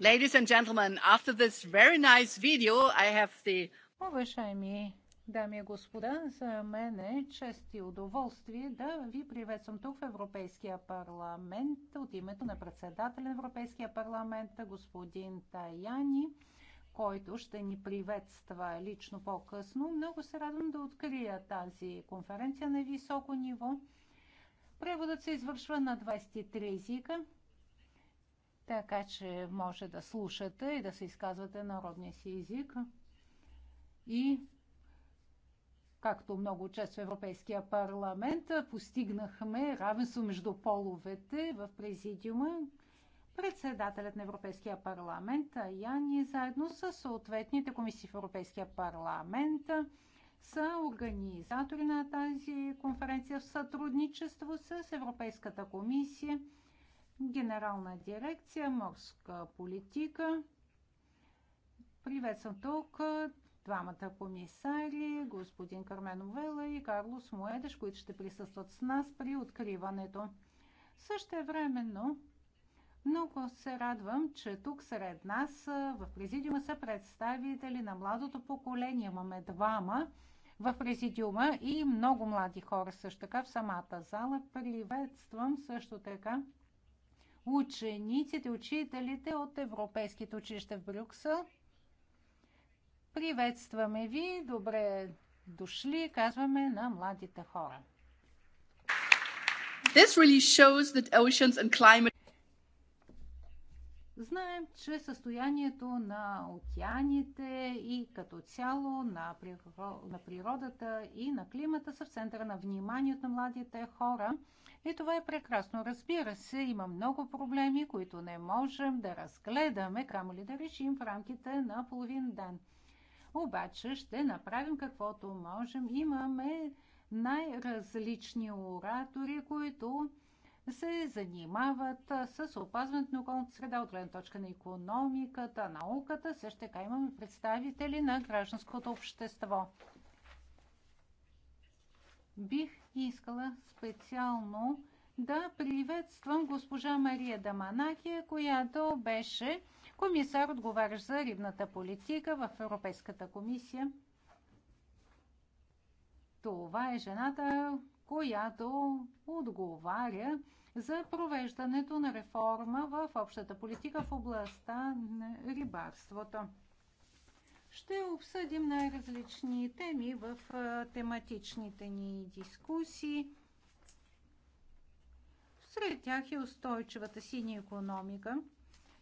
Ladies and gentlemen, after this very nice video, I have the... Уважаеми дами и господа, за мен е чест и удоволствие да ви приветствам тук в Европейския парламент от името на председателя на Европейския парламент, господин Таяни, който ще ни приветства лично по-късно. Много се радвам да открия тази конференция на високо ниво. Преводът се извършва на 23 езика така че може да слушате и да се изказвате народния си език. И както много често в Европейския парламент, постигнахме равенство между половете в президиума. Председателят на Европейския парламент Яни заедно с съответните комисии в Европейския парламент са организатори на тази конференция в сътрудничество с Европейската комисия – Генерална дирекция морска политика. Приветствам тук двамата комисари, господин Кармен Вела и Карлос Моедеш, които ще присъстват с нас при откриването. Също времено много се радвам, че тук сред нас в президиума са представители на младото поколение. Имаме двама в президиума и много млади хора също така в самата зала. Приветствам също така учениците, учителите от европейските училища в Брюксел. Приветстваме ви, добре дошли, казваме на младите хора. This really shows that oceans and climate Знаем, че състоянието на океаните и като цяло на, природата и на климата са в центъра на вниманието на младите хора. И това е прекрасно. Разбира се, има много проблеми, които не можем да разгледаме, камо ли да решим в рамките на половин ден. Обаче ще направим каквото можем. Имаме най-различни оратори, които се занимават с опазването на околната среда от гледна точка на економиката, науката. Също така имаме представители на гражданското общество бих искала специално да приветствам госпожа Мария Даманахия, която беше комисар, отговарящ за рибната политика в Европейската комисия. Това е жената, която отговаря за провеждането на реформа в общата политика в областта на рибарството ще обсъдим най-различни теми в тематичните ни дискусии. Сред тях е устойчивата синя економика.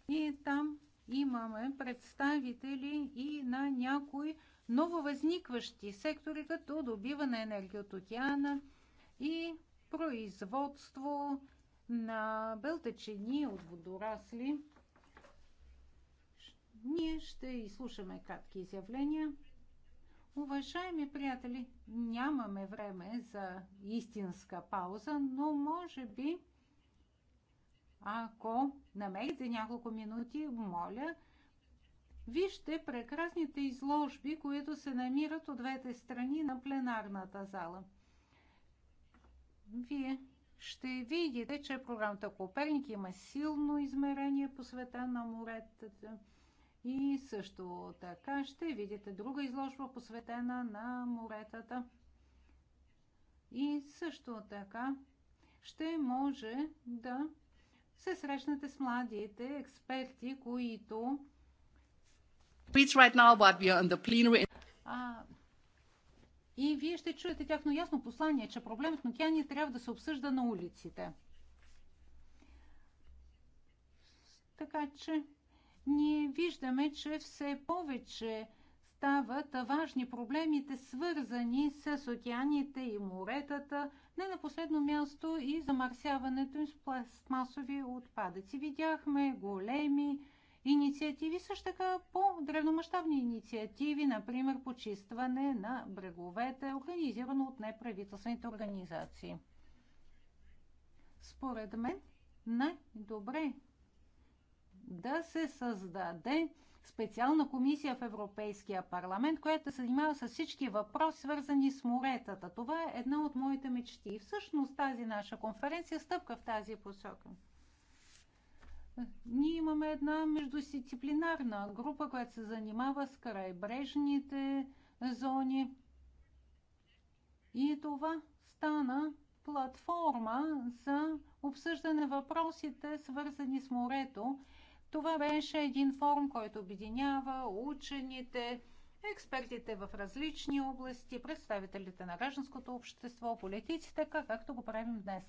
И там имаме представители и на някои нововъзникващи сектори, като добиване енергия от океана и производство на белтечени от водорасли. Ние ще изслушаме кратки изявления. Уважаеми приятели, нямаме време за истинска пауза, но може би, ако намерите няколко минути, моля, вижте прекрасните изложби, които се намират от двете страни на пленарната зала. Вие ще видите, че програмата Коперник има силно измерение по света на моретата. И също така ще видите друга изложба, посветена на моретата. И също така ще може да се срещнете с младите експерти, които а, и вие ще чуете тяхно ясно послание, че проблемът на океания трябва да се обсъжда на улиците. Така че ние виждаме, че все повече стават важни проблемите, свързани с океаните и моретата, не на последно място и замърсяването им с пластмасови отпадъци. Видяхме големи инициативи, също така по-древномащабни инициативи, например почистване на бреговете, организирано от неправителствените организации. Според мен най-добре да се създаде специална комисия в Европейския парламент, която се занимава с всички въпроси, свързани с моретата. Това е една от моите мечти. И всъщност тази наша конференция стъпка в тази посока. Ние имаме една междудисциплинарна група, която се занимава с крайбрежните зони. И това стана платформа за обсъждане въпросите, свързани с морето това беше един форум, който обединява учените, експертите в различни области, представителите на гражданското общество, политиците, така както го правим днес.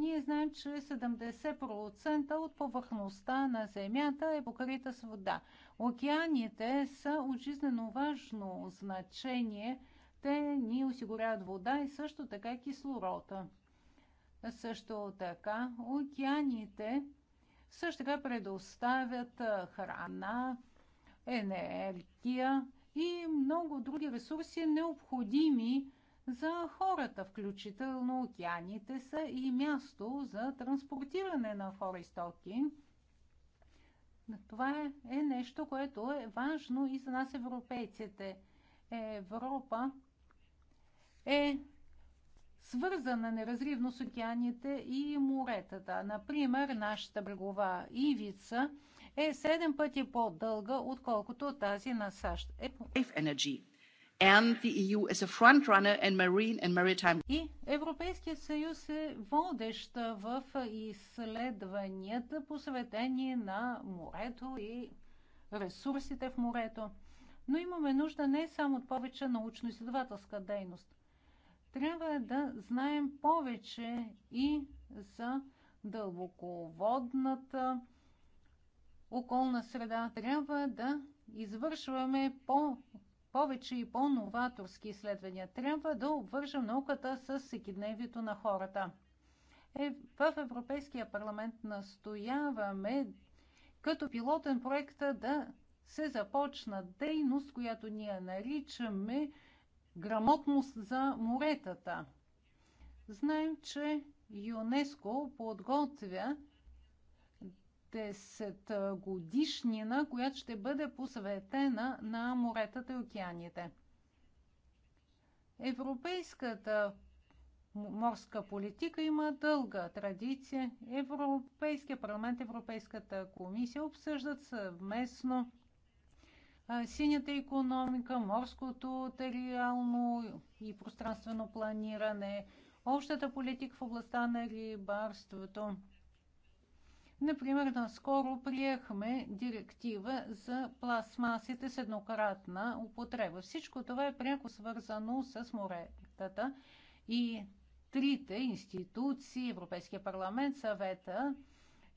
Ние знаем, че 70% от повърхността на Земята е покрита с вода. Океаните са от жизнено важно значение. Те ни осигуряват вода и също така кислорода. Също така океаните също така предоставят храна, енергия и много други ресурси, необходими за хората, включително океаните са и място за транспортиране на хора и стоки. Това е, е нещо, което е важно и за нас, европейците. Европа е свързана неразривно с океаните и моретата. Например, нашата брегова ивица е 7 пъти по-дълга, отколкото тази на САЩ. Е, e и Европейският съюз е водещ в изследванията, посветени на морето и ресурсите в морето. Но имаме нужда не само от повече научно-изследователска дейност. Трябва да знаем повече и за дълбоководната околна среда. Трябва да извършваме по повече и по-новаторски изследвания. Трябва да обвържем науката с всекидневието на хората. Е, в Европейския парламент настояваме като пилотен проект да се започна дейност, която ние наричаме грамотност за моретата. Знаем, че ЮНЕСКО подготвя 10 годишнина, която ще бъде посветена на моретата и океаните. Европейската морска политика има дълга традиция. Европейския парламент, Европейската комисия обсъждат съвместно синята економика, морското териално и пространствено планиране, общата политика в областта на рибарството. Например, наскоро приехме директива за пластмасите с еднократна употреба. Всичко това е пряко свързано с моретата и трите институции, Европейския парламент, съвета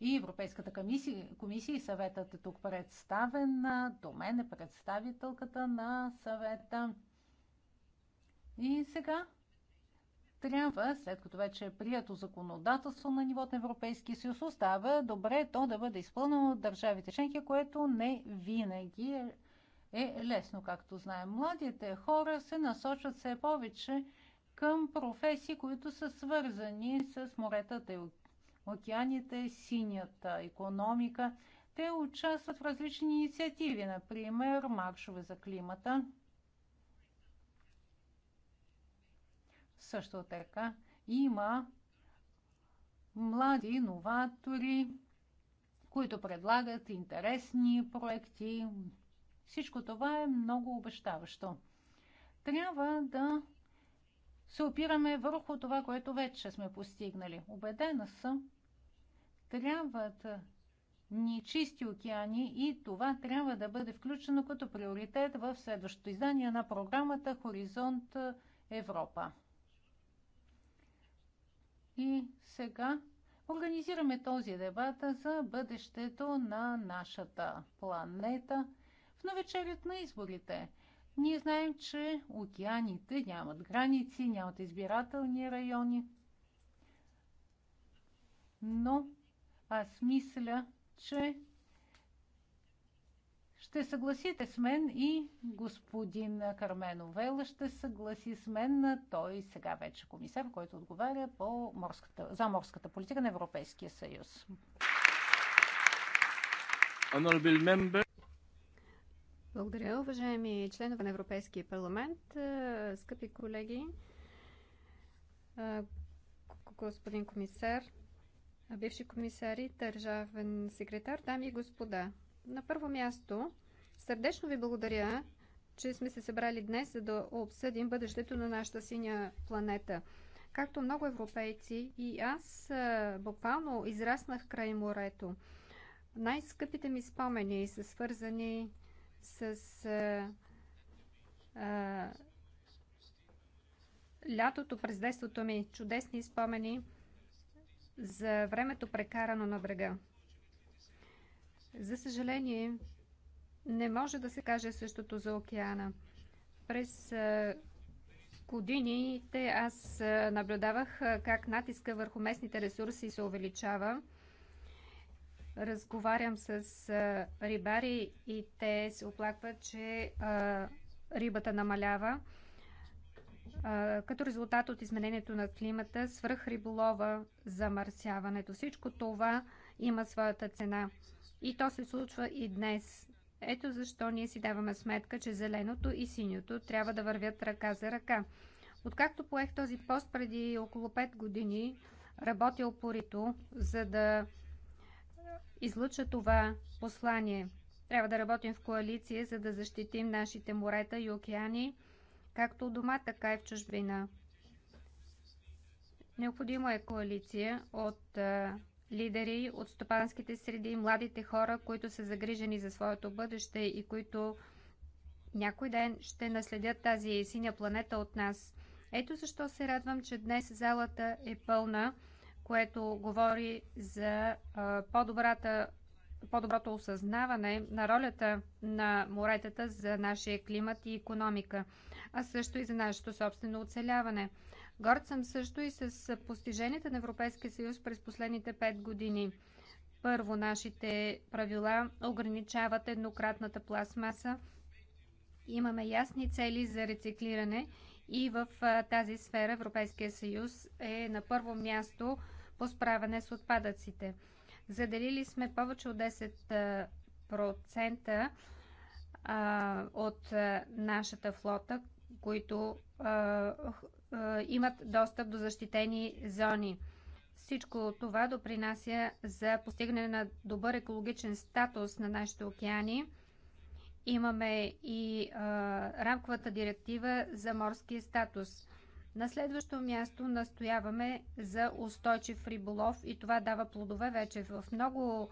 и Европейската комисия, комисия и съветът е тук представен. До мен е представителката на съвета. И сега трябва, след като вече е прието законодателство на нивото на Европейския съюз, остава добре то да бъде изпълнено от държавите членки, което не винаги е, е лесно, както знаем. Младите хора се насочват все повече към професии, които са свързани с моретата и океаните, синята економика. Те участват в различни инициативи, например, маршове за климата. Също така има млади иноватори, които предлагат интересни проекти. Всичко това е много обещаващо. Трябва да се опираме върху това, което вече сме постигнали. Обедена съм, трябват ни чисти океани и това трябва да бъде включено като приоритет в следващото издание на програмата Хоризонт Европа. И сега организираме този дебат за бъдещето на нашата планета в навечерят на изборите – ние знаем, че океаните нямат граници, нямат избирателни райони. Но аз мисля, че ще съгласите с мен и господин Кармено Вела ще съгласи с мен. Той сега вече комисар, който отговаря по морската, за морската политика на Европейския съюз. Благодаря, уважаеми членове на Европейския парламент, скъпи колеги, господин комисар, бивши комисари, държавен секретар, дами и господа. На първо място, сърдечно ви благодаря, че сме се събрали днес, за да обсъдим бъдещето на нашата синя планета. Както много европейци, и аз буквално израснах край морето. Най-скъпите ми спомени са свързани с а, лятото през детството ми чудесни спомени за времето прекарано на брега. За съжаление, не може да се каже същото за океана. През годините аз наблюдавах как натиска върху местните ресурси се увеличава Разговарям с рибари и те се оплакват, че рибата намалява. Като резултат от изменението на климата, свръхриболова, замърсяването, всичко това има своята цена. И то се случва и днес. Ето защо ние си даваме сметка, че зеленото и синьото трябва да вървят ръка за ръка. Откакто поех този пост преди около 5 години, работя опорито, за да излъча това послание. Трябва да работим в коалиция, за да защитим нашите морета и океани, както у дома, така и в чужбина. Необходима е коалиция от а, лидери, от стопанските среди, младите хора, които са загрижени за своето бъдеще и които някой ден ще наследят тази синя планета от нас. Ето защо се радвам, че днес залата е пълна което говори за по-добрата по-доброто осъзнаване на ролята на моретата за нашия климат и економика, а също и за нашето собствено оцеляване. Горд съм също и с постиженията на Европейския съюз през последните 5 години. Първо, нашите правила ограничават еднократната пластмаса. Имаме ясни цели за рециклиране и в тази сфера Европейския съюз е на първо място – по справяне с отпадъците. Заделили сме повече от 10% от нашата флота, които имат достъп до защитени зони. Всичко това допринася за постигане на добър екологичен статус на нашите океани. Имаме и рамковата директива за морския статус – на следващо място настояваме за устойчив риболов и това дава плодове вече в много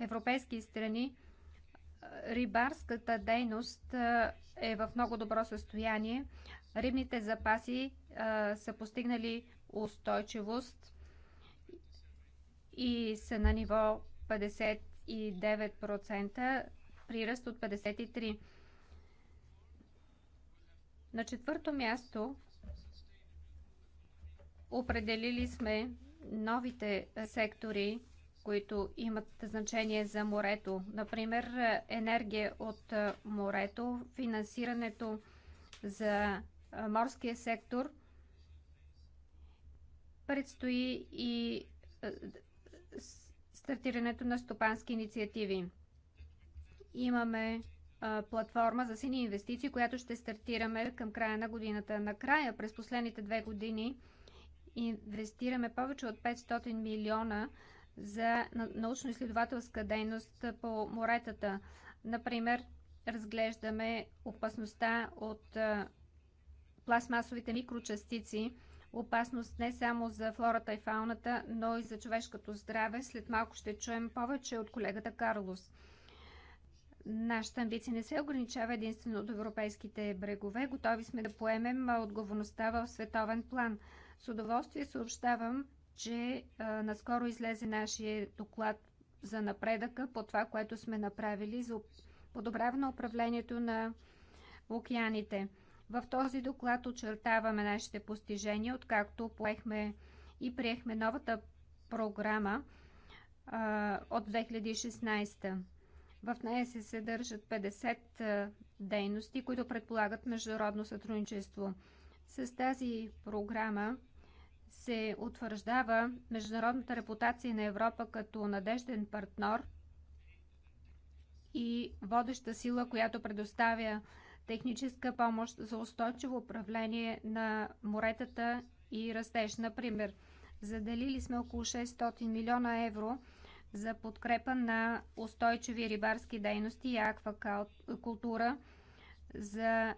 европейски страни. Рибарската дейност е в много добро състояние. Рибните запаси а, са постигнали устойчивост и са на ниво 59%, приръст от 53%. На четвърто място Определили сме новите сектори, които имат значение за морето. Например, енергия от морето, финансирането за морския сектор. Предстои и стартирането на стопански инициативи. Имаме платформа за сини инвестиции, която ще стартираме към края на годината. Накрая, през последните две години, инвестираме повече от 500 милиона за научно-изследователска дейност по моретата. Например, разглеждаме опасността от пластмасовите микрочастици, опасност не само за флората и фауната, но и за човешкото здраве. След малко ще чуем повече от колегата Карлос. Нашата амбиция не се ограничава единствено до европейските брегове. Готови сме да поемем отговорността в световен план – с удоволствие съобщавам, че а, наскоро излезе нашия доклад за напредъка по това, което сме направили за подобряване на управлението на океаните. В този доклад очертаваме нашите постижения, откакто поехме и приехме новата програма а, от 2016. В нея се съдържат 50 дейности, които предполагат международно сътрудничество. С тази програма се утвърждава международната репутация на Европа като надежден партньор и водеща сила, която предоставя техническа помощ за устойчиво управление на моретата и растеж. Например, заделили сме около 600 милиона евро за подкрепа на устойчиви рибарски дейности и аквакултура за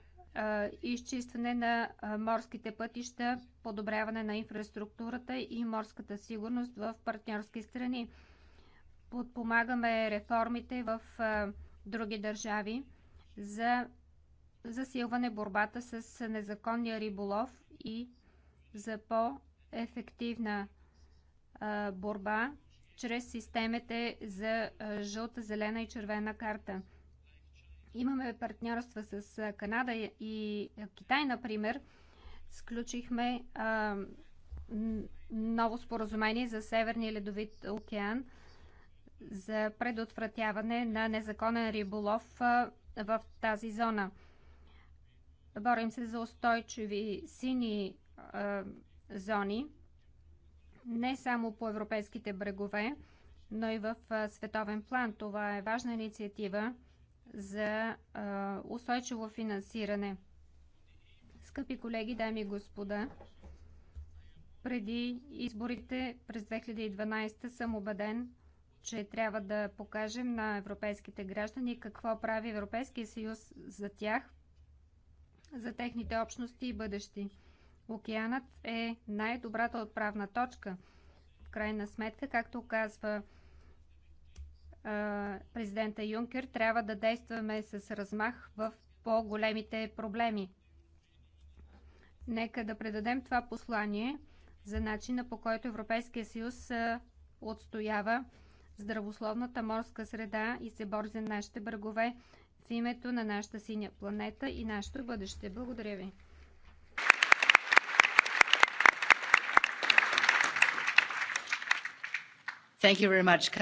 изчистване на морските пътища, подобряване на инфраструктурата и морската сигурност в партньорски страни. Подпомагаме реформите в други държави за засилване борбата с незаконния риболов и за по-ефективна борба чрез системите за жълта, зелена и червена карта. Имаме партньорства с Канада и Китай, например. Сключихме а, ново споразумение за Северния ледовит океан за предотвратяване на незаконен риболов а, в тази зона. Борим се за устойчиви сини а, зони, не само по европейските брегове, но и в а, световен план. Това е важна инициатива за а, устойчиво финансиране. Скъпи колеги, дами и господа, преди изборите през 2012 съм убеден, че трябва да покажем на европейските граждани какво прави Европейския съюз за тях, за техните общности и бъдещи. Океанът е най-добрата отправна точка. В крайна сметка, както казва президента Юнкер, трябва да действаме с размах в по-големите проблеми. Нека да предадем това послание за начина по който Европейския съюз отстоява здравословната морска среда и се бори за нашите брегове в името на нашата синя планета и нашето бъдеще. Благодаря ви! Thank you very much.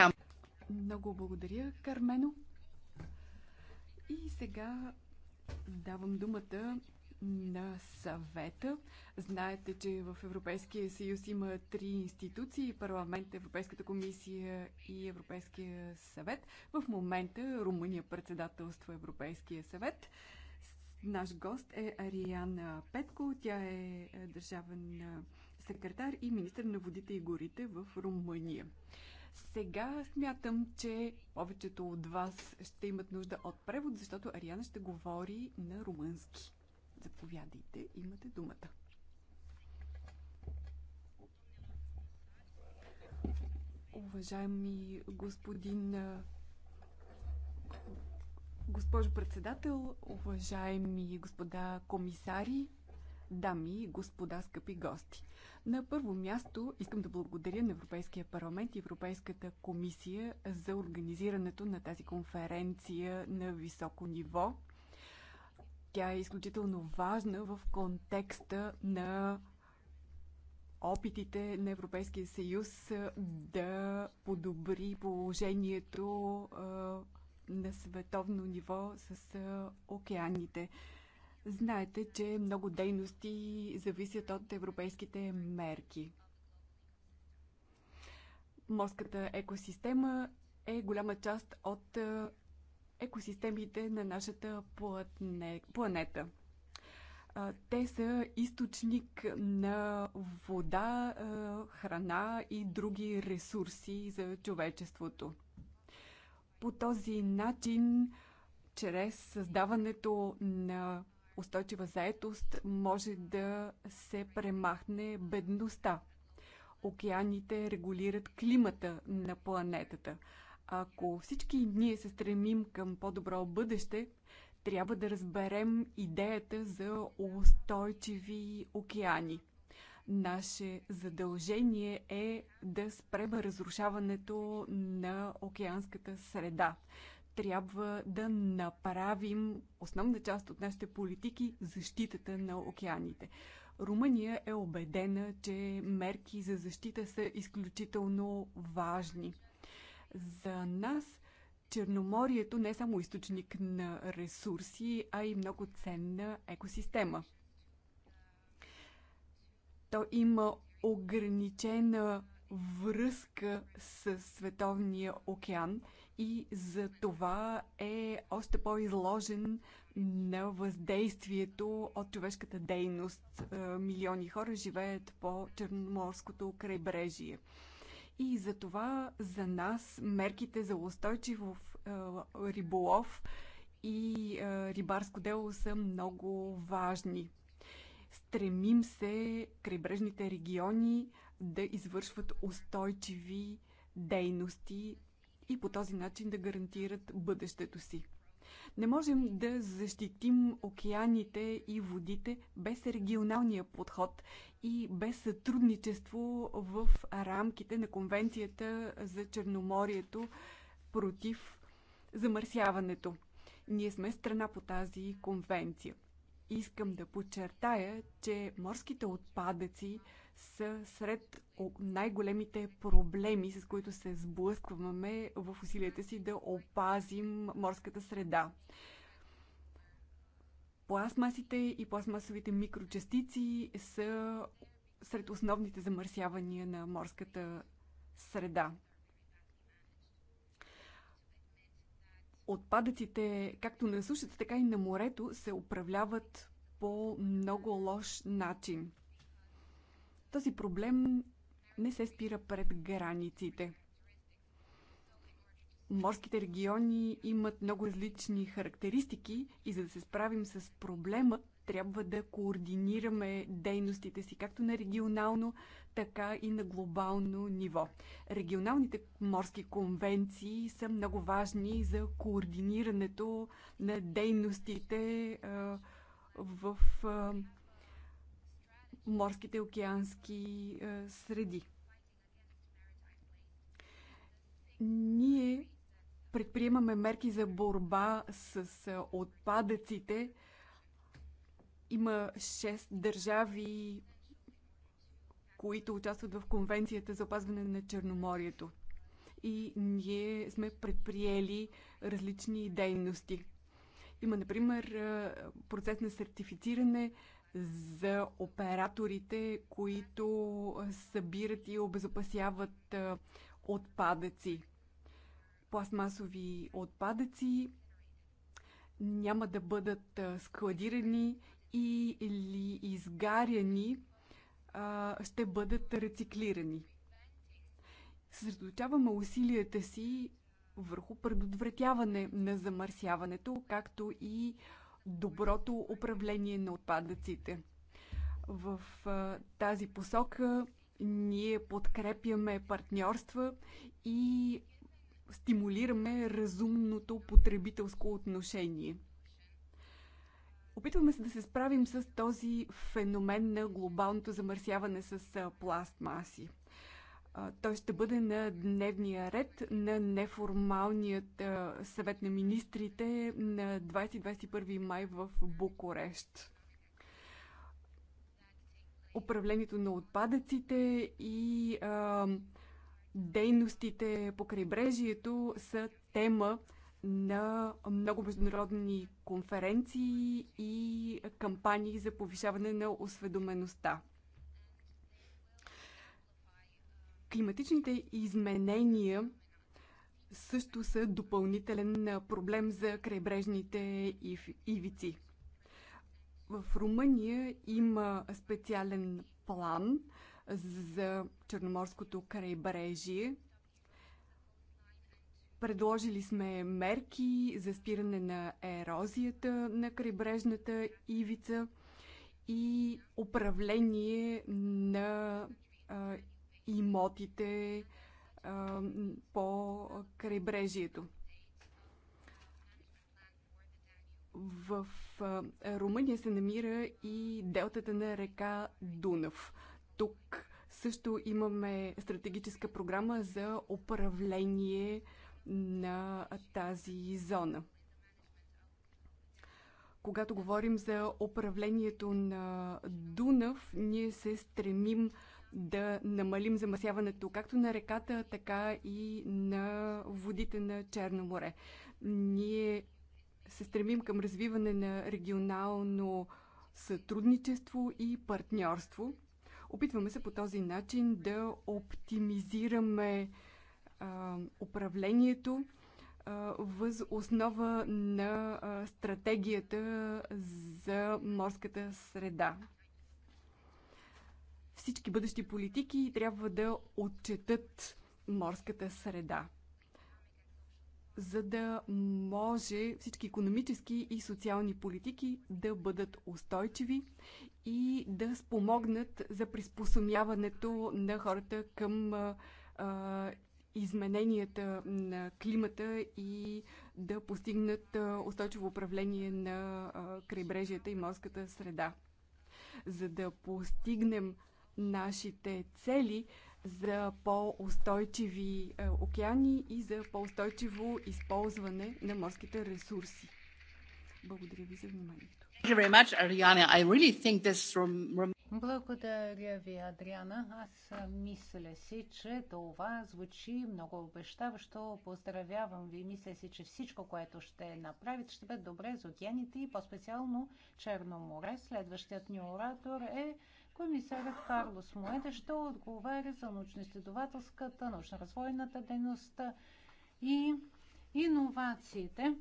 Много благодаря, Кармено. И сега давам думата на съвета. Знаете, че в Европейския съюз има три институции парламент, Европейската комисия и Европейския съвет. В момента Румъния председателства Европейския съвет. Наш гост е Ариана Петко. Тя е държавен секретар и министр на водите и горите в Румъния. Сега смятам, че повечето от вас ще имат нужда от превод, защото Ариана ще говори на румънски. Заповядайте, имате думата. Уважаеми господин госпожо председател, уважаеми господа комисари, дами и господа, скъпи гости! На първо място искам да благодаря на Европейския парламент и Европейската комисия за организирането на тази конференция на високо ниво. Тя е изключително важна в контекста на опитите на Европейския съюз да подобри положението на световно ниво с океаните. Знаете, че много дейности зависят от европейските мерки. Морската екосистема е голяма част от е, екосистемите на нашата планета. Те са източник на вода, е, храна и други ресурси за човечеството. По този начин, чрез създаването на устойчива заетост може да се премахне бедността. Океаните регулират климата на планетата. Ако всички ние се стремим към по-добро бъдеще, трябва да разберем идеята за устойчиви океани. Наше задължение е да спрем разрушаването на океанската среда трябва да направим основна част от нашите политики защитата на океаните. Румъния е убедена, че мерки за защита са изключително важни. За нас Черноморието не е само източник на ресурси, а и много ценна екосистема. То има ограничена връзка с Световния океан – и за това е още по-изложен на въздействието от човешката дейност. Е, милиони хора живеят по Черноморското крайбрежие. И за това за нас мерките за устойчив е, риболов и е, рибарско дело са много важни. Стремим се крайбрежните региони да извършват устойчиви дейности и по този начин да гарантират бъдещето си. Не можем да защитим океаните и водите без регионалния подход и без сътрудничество в рамките на Конвенцията за Черноморието против замърсяването. Ние сме страна по тази конвенция. Искам да подчертая, че морските отпадъци са сред най-големите проблеми, с които се сблъскваме в усилията си да опазим морската среда. Пластмасите и пластмасовите микрочастици са сред основните замърсявания на морската среда. Отпадъците, както на сушата, така и на морето, се управляват по много лош начин. Този проблем не се спира пред границите. Морските региони имат много различни характеристики и за да се справим с проблема, трябва да координираме дейностите си както на регионално, така и на глобално ниво. Регионалните морски конвенции са много важни за координирането на дейностите в морските океански е, среди. Ние предприемаме мерки за борба с, е, отпадъците. Има 6 държави, които участват в Конвенцията за опазване на Черноморието. И ние сме предприели различни дейности. Има, например, е, процес на сертифициране, за операторите, които събират и обезопасяват отпадъци. Пластмасови отпадъци няма да бъдат складирани или изгаряни, ще бъдат рециклирани. Съсредоточаваме усилията си върху предотвратяване на замърсяването, както и доброто управление на отпадъците. В тази посока ние подкрепяме партньорства и стимулираме разумното потребителско отношение. Опитваме се да се справим с този феномен на глобалното замърсяване с пластмаси. Той ще бъде на дневния ред на неформалният съвет на министрите на 20-21 май в Букурещ. Управлението на отпадъците и а, дейностите по крайбрежието са тема на много международни конференции и кампании за повишаване на осведомеността. Климатичните изменения също са допълнителен проблем за крайбрежните ивици. В Румъния има специален план за Черноморското крайбрежие. Предложили сме мерки за спиране на ерозията на крайбрежната ивица и управление на имотите по крайбрежието. В Румъния се намира и делтата на река Дунав. Тук също имаме стратегическа програма за управление на тази зона. Когато говорим за управлението на Дунав, ние се стремим да намалим замърсяването както на реката, така и на водите на Черно море. Ние се стремим към развиване на регионално сътрудничество и партньорство. Опитваме се по този начин да оптимизираме а, управлението а, въз основа на а, стратегията за морската среда. Всички бъдещи политики трябва да отчетат морската среда, за да може всички економически и социални политики да бъдат устойчиви и да спомогнат за приспособяването на хората към а, измененията на климата и да постигнат устойчиво управление на крайбрежията и морската среда. За да постигнем нашите цели за по-устойчиви е, океани и за по-устойчиво използване на морските ресурси. Благодаря ви за вниманието. Благодаря ви, Адриана. Аз мисля си, че това звучи много обещаващо. Поздравявам ви. Мисля си, че всичко, което ще направите, ще бъде добре за океаните и по-специално Черно море. Следващият ни оратор е Комисарът Карлос Моеда ще отговаря за научно-изследователската, научно-развойната дейност и иновациите.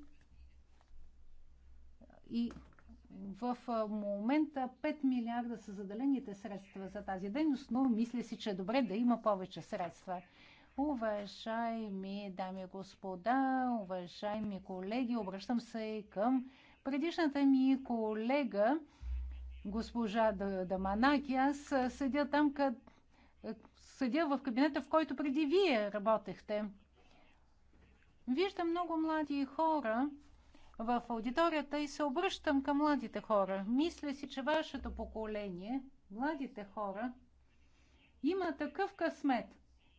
И в момента 5 милиарда са заделените средства за тази дейност, но мисля си, че е добре да има повече средства. Уважаеми дами и господа, уважаеми колеги, обръщам се и към предишната ми колега, госпожа Даманаки. Аз седя там, къд... седя в кабинета, в който преди вие работехте. Виждам много млади хора в аудиторията и се обръщам към младите хора. Мисля си, че вашето поколение, младите хора, има такъв късмет.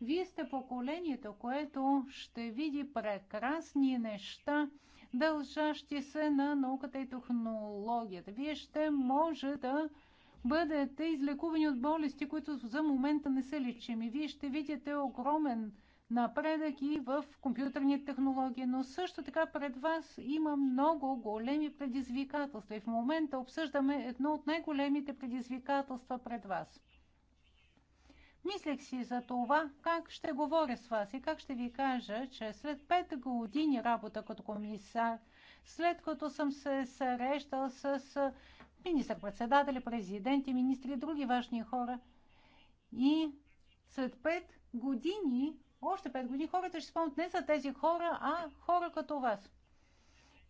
Вие сте поколението, което ще види прекрасни неща, дължащи се на науката и технологията. Вие ще може да бъдете излекувани от болести, които за момента не са лечими. Вие ще видите огромен напредък и в компютърни технологии, но също така пред вас има много големи предизвикателства и в момента обсъждаме едно от най-големите предизвикателства пред вас. Мислех си за това как ще говоря с вас и как ще ви кажа, че след пет години работа като комисар, след като съм се срещал с министър-председатели, президенти, министри и други важни хора, и след пет години, още пет години, хората ще спомнят не за тези хора, а хора като вас.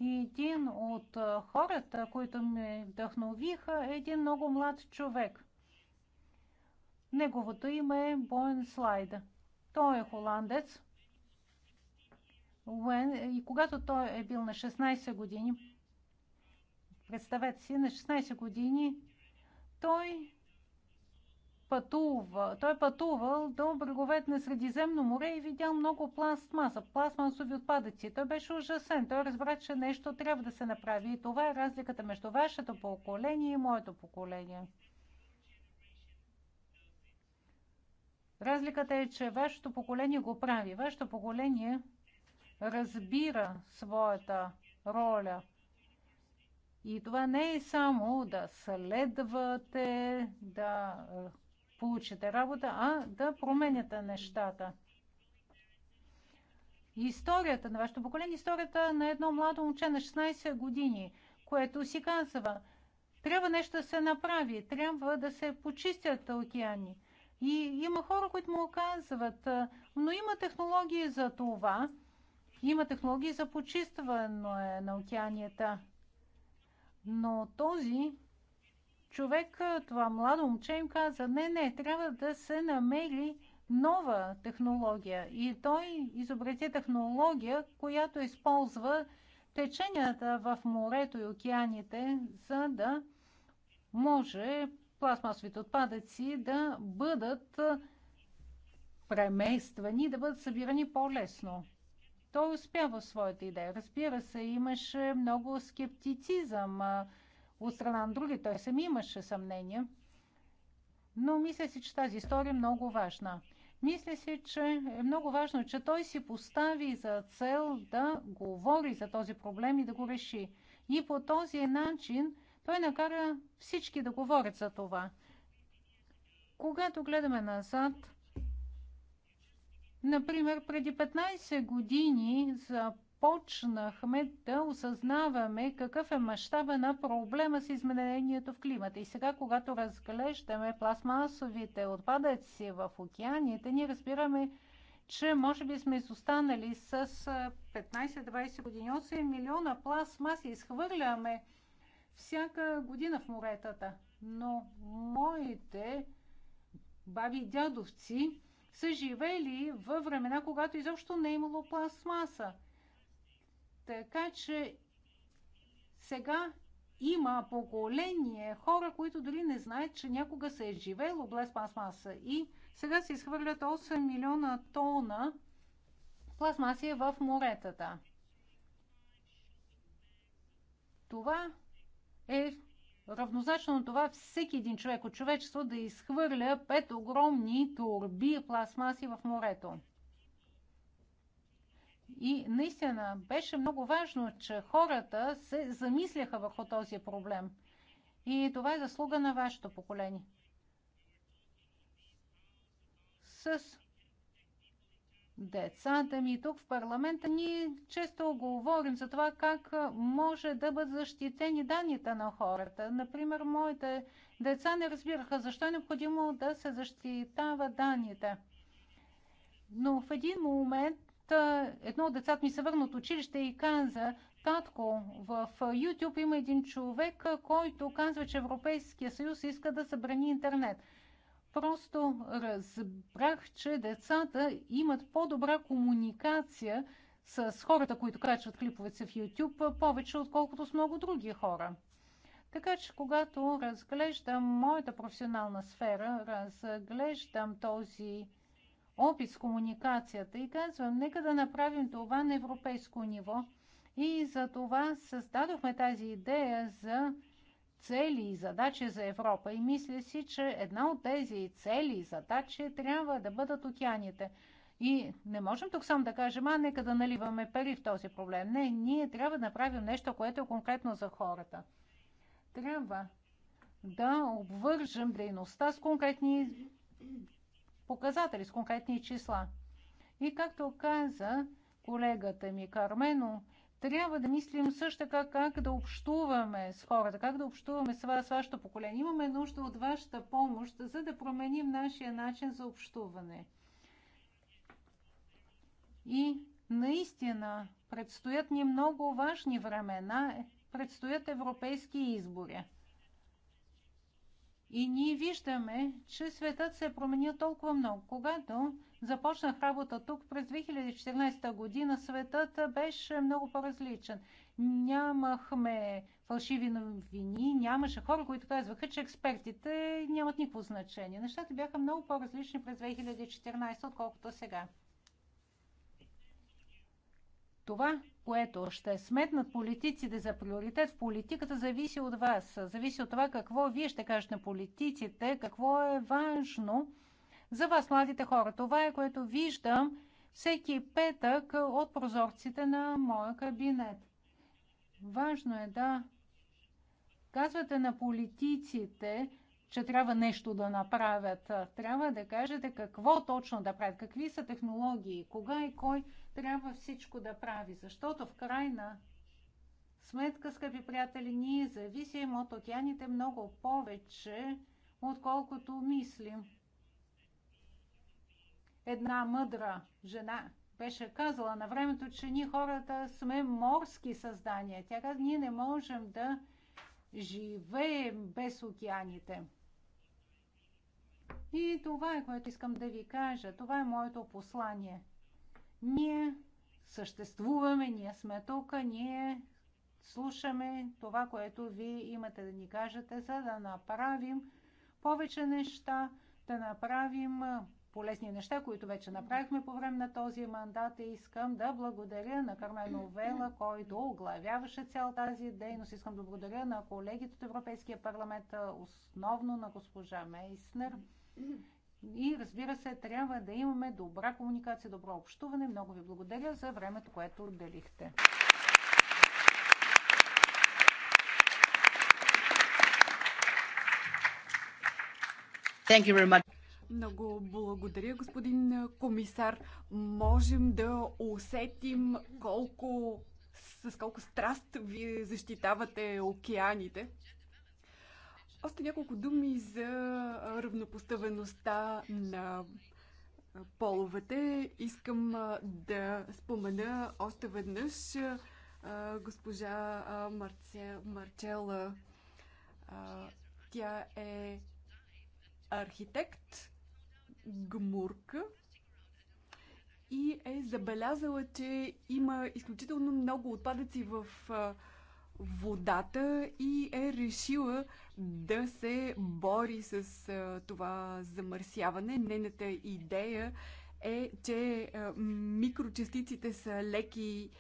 И един от хората, които ме вдъхновиха, е един много млад човек – Неговото име е Боен Слайд. Той е холандец. И когато той е бил на 16 години, представете си, на 16 години той пътува. Той е пътувал до бреговете на Средиземно море и видял много пластмаса, пластмасови отпадъци. Той беше ужасен. Той разбра, че нещо трябва да се направи. И това е разликата между вашето поколение и моето поколение. Разликата е, че вашето поколение го прави. Вашето поколение разбира своята роля. И това не е само да следвате, да е, получите работа, а да променяте нещата. Историята на вашето поколение, историята на едно младо момче на 16 години, което си казва, трябва нещо да се направи, трябва да се почистят океани. И има хора, които му казват, но има технологии за това, има технологии за почистване на океанията. Но този човек, това младо момче им каза, не, не, трябва да се намери нова технология. И той изобрети технология, която използва теченията в морето и океаните, за да може пластмасовите отпадъци да бъдат премествани, да бъдат събирани по-лесно. Той успява в своята идея. Разбира се, имаше много скептицизъм от страна на други. Той сами имаше съмнение. Но мисля си, че тази история е много важна. Мисля си, че е много важно, че той си постави за цел да говори за този проблем и да го реши. И по този начин той накара всички да говорят за това. Когато гледаме назад, например, преди 15 години започнахме да осъзнаваме какъв е мащаба на проблема с изменението в климата. И сега, когато разглеждаме пластмасовите отпадъци в океаните, ние разбираме, че може би сме изостанали с 15-20 години. 8 милиона пластмаси изхвърляме всяка година в моретата. Но моите баби и дядовци са живели във времена, когато изобщо не е имало пластмаса. Така че сега има поколение хора, които дори не знаят, че някога се е живело без пластмаса. И сега се изхвърлят 8 милиона тона пластмаси в моретата. Това е равнозначно на това всеки един човек от човечество да изхвърля пет огромни турби пластмаси в морето. И наистина беше много важно, че хората се замисляха върху този проблем. И това е заслуга на вашето поколение. С децата ми. Тук в парламента ние често говорим за това как може да бъдат защитени данните на хората. Например, моите деца не разбираха защо е необходимо да се защитава данните. Но в един момент едно от децата ми се върна от училище и каза, татко, в YouTube има един човек, който казва, че Европейския съюз иска да събрани интернет. Просто разбрах, че децата имат по-добра комуникация с хората, които качват клипове в YouTube, повече отколкото с много други хора. Така че, когато разглеждам моята професионална сфера, разглеждам този опит с комуникацията и казвам, нека да направим това на европейско ниво. И за това създадохме тази идея за цели и задачи за Европа и мисля си, че една от тези цели и задачи трябва да бъдат океаните. И не можем тук само да кажем, а нека да наливаме пари в този проблем. Не, ние трябва да направим нещо, което е конкретно за хората. Трябва да обвържем дейността с конкретни показатели, с конкретни числа. И както каза колегата ми Кармено, трябва да мислим също така как да общуваме с хората, как да общуваме с вас, с вашето поколение. Имаме нужда от вашата помощ, за да променим нашия начин за общуване. И наистина предстоят ни много важни времена, предстоят европейски избори. И ние виждаме, че светът се е променил толкова много, когато започнах работа тук през 2014 година, светът беше много по-различен. Нямахме фалшиви новини, нямаше хора, които казваха, че експертите нямат никакво значение. Нещата бяха много по-различни през 2014, отколкото сега. Това, което ще сметнат политиците за приоритет в политиката, зависи от вас. Зависи от това какво вие ще кажете на политиците, какво е важно – за вас, младите хора. Това е което виждам всеки петък от прозорците на моя кабинет. Важно е да казвате на политиците, че трябва нещо да направят. Трябва да кажете какво точно да правят, какви са технологии, кога и кой трябва всичко да прави. Защото в крайна сметка, скъпи приятели, ние зависим от океаните много повече, отколкото мислим една мъдра жена беше казала на времето, че ние хората сме морски създания. Тя каза, ние не можем да живеем без океаните. И това е, което искам да ви кажа. Това е моето послание. Ние съществуваме, ние сме тук, ние слушаме това, което ви имате да ни кажете, за да направим повече неща, да направим полезни неща, които вече направихме по време на този мандат и искам да благодаря на Кармено Вела, който оглавяваше цял тази дейност. Искам да благодаря на колегите от Европейския парламент, основно на госпожа Мейснер. И разбира се, трябва да имаме добра комуникация, добро общуване. Много ви благодаря за времето, което отделихте. Thank you very much. Много благодаря, господин комисар. Можем да усетим колко, с колко страст вие защитавате океаните. Още няколко думи за равнопоставеността на половете. Искам да спомена още веднъж госпожа Марце, Марчела. Тя е архитект гмурка и е забелязала, че има изключително много отпадъци в водата и е решила да се бори с това замърсяване. Нената идея е, че микрочастиците са леки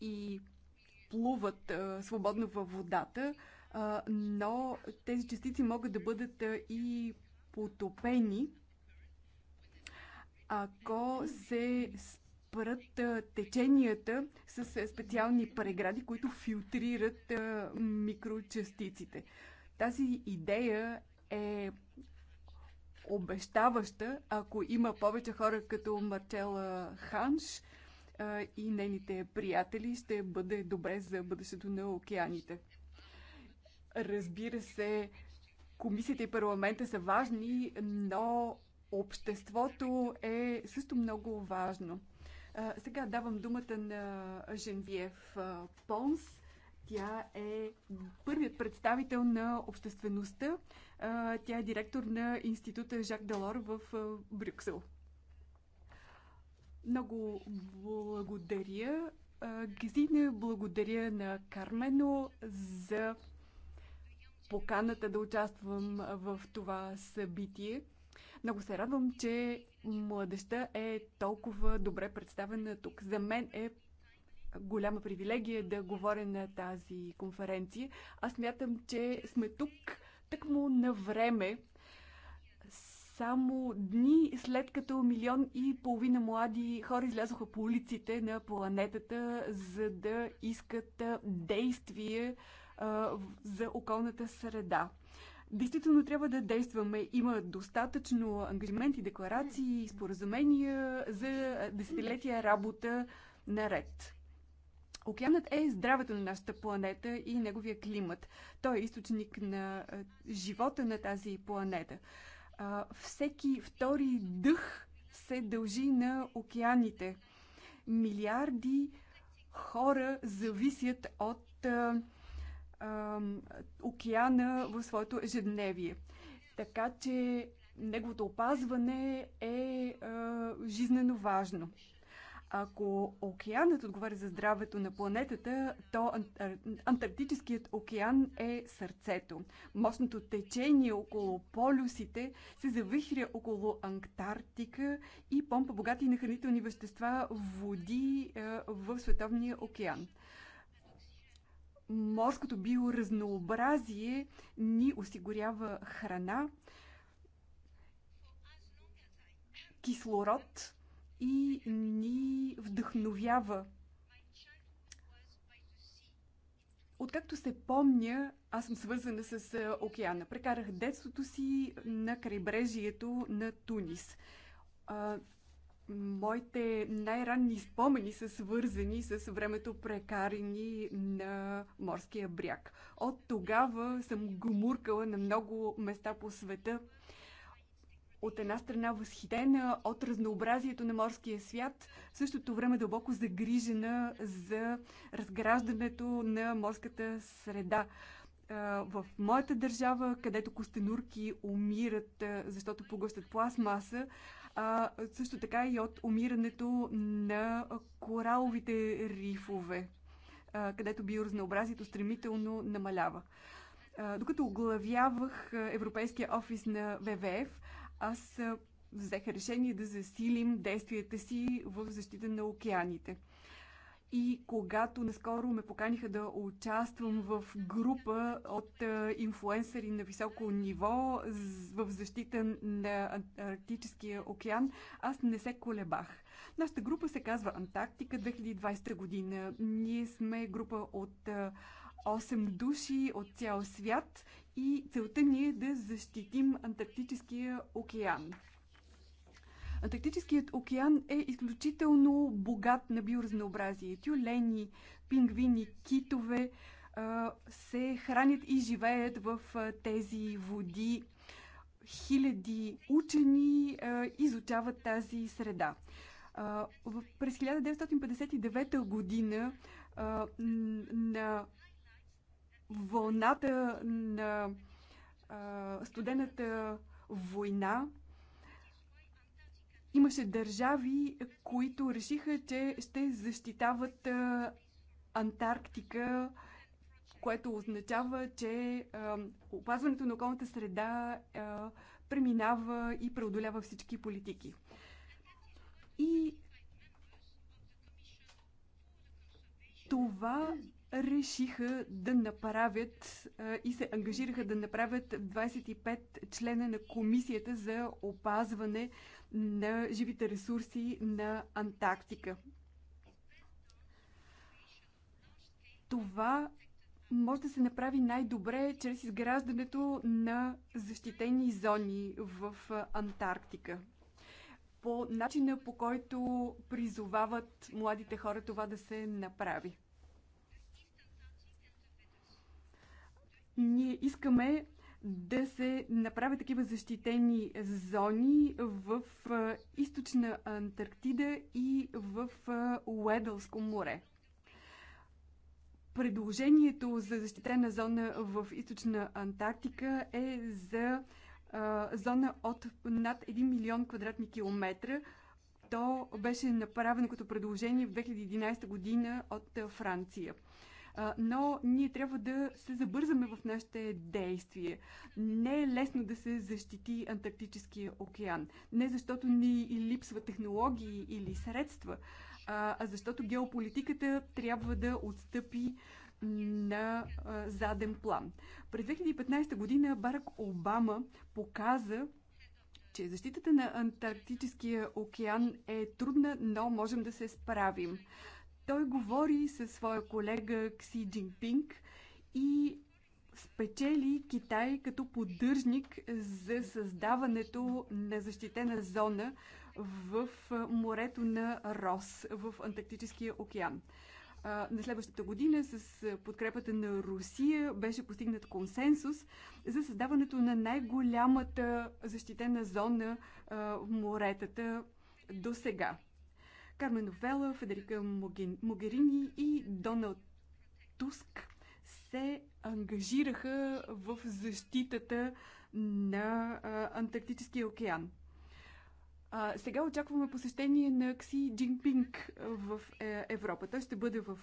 и плуват свободно във водата, но тези частици могат да бъдат и потопени ако се спрат теченията с специални прегради, които филтрират микрочастиците. Тази идея е обещаваща, ако има повече хора като Марчела Ханш и нейните приятели, ще бъде добре за бъдещето на океаните. Разбира се, комисията и парламента са важни, но обществото е също много важно. Сега давам думата на Женвиев Понс. Тя е първият представител на обществеността. Тя е директор на института Жак Делор в Брюксел. Много благодаря. Гезине, благодаря на Кармено за поканата да участвам в това събитие. Много се радвам, че младеща е толкова добре представена тук. За мен е голяма привилегия да говоря на тази конференция. Аз мятам, че сме тук тъкмо на време, само дни след като милион и половина млади хора излязоха по улиците на планетата, за да искат действие а, за околната среда. Действително трябва да действаме. Има достатъчно ангажименти, декларации, споразумения за десетилетия работа наред. Океанът е здравето на нашата планета и неговия климат. Той е източник на живота на тази планета. Всеки втори дъх се дължи на океаните. Милиарди хора зависят от океана в своето ежедневие. Така че неговото опазване е а, жизнено важно. Ако океанът отговаря за здравето на планетата, то Антарктическият океан е сърцето. Мощното течение около полюсите се завихря около Антарктика и помпа богати на хранителни вещества води в Световния океан морското биоразнообразие ни осигурява храна, кислород и ни вдъхновява. Откакто се помня, аз съм свързана с океана. Прекарах детството си на крайбрежието на Тунис моите най-ранни спомени са свързани с времето прекарани на морския бряг. От тогава съм гомуркала на много места по света. От една страна възхитена от разнообразието на морския свят, в същото време дълбоко загрижена за разграждането на морската среда в моята държава, където костенурки умират, защото погъщат пластмаса, а също така и от умирането на кораловите рифове, където биоразнообразието стремително намалява. Докато оглавявах Европейския офис на ВВФ, аз взех решение да засилим действията си в защита на океаните – и когато наскоро ме поканиха да участвам в група от е, инфлуенсъри на високо ниво в защита на Арктическия океан, аз не се колебах. Нашата група се казва Антарктика 2020 година. Ние сме група от 8 е, души от цял свят и целта ни е да защитим Антарктическия океан. Антарктическият океан е изключително богат на биоразнообразие. Тюлени, пингвини, китове се хранят и живеят в тези води. Хиляди учени изучават тази среда. През 1959 година на вълната на студената война Имаше държави, които решиха, че ще защитават Антарктика, което означава, че опазването на околната среда преминава и преодолява всички политики. И това решиха да направят и се ангажираха да направят 25 члена на Комисията за опазване на живите ресурси на Антарктика. Това може да се направи най-добре чрез изграждането на защитени зони в Антарктика. По начина по който призовават младите хора това да се направи. Ние искаме да се направят такива защитени зони в източна Антарктида и в Уедълско море. Предложението за защитена зона в източна Антарктика е за зона от над 1 милион квадратни километра. То беше направено като предложение в 2011 година от Франция но ние трябва да се забързаме в нашите действия. Не е лесно да се защити Антарктическия океан. Не защото ни липсва технологии или средства, а защото геополитиката трябва да отстъпи на заден план. През 2015 година Барак Обама показа, че защитата на Антарктическия океан е трудна, но можем да се справим. Той говори със своя колега Кси Джинпинг и спечели Китай като поддръжник за създаването на защитена зона в морето на Рос в Антарктическия океан. На следващата година с подкрепата на Русия беше постигнат консенсус за създаването на най-голямата защитена зона в моретата до сега. Кармен Новела, Федерика Могерини и Доналд Туск се ангажираха в защитата на Антарктическия океан. А, сега очакваме посещение на Кси Джинпинг в е, Европа. Той ще бъде в,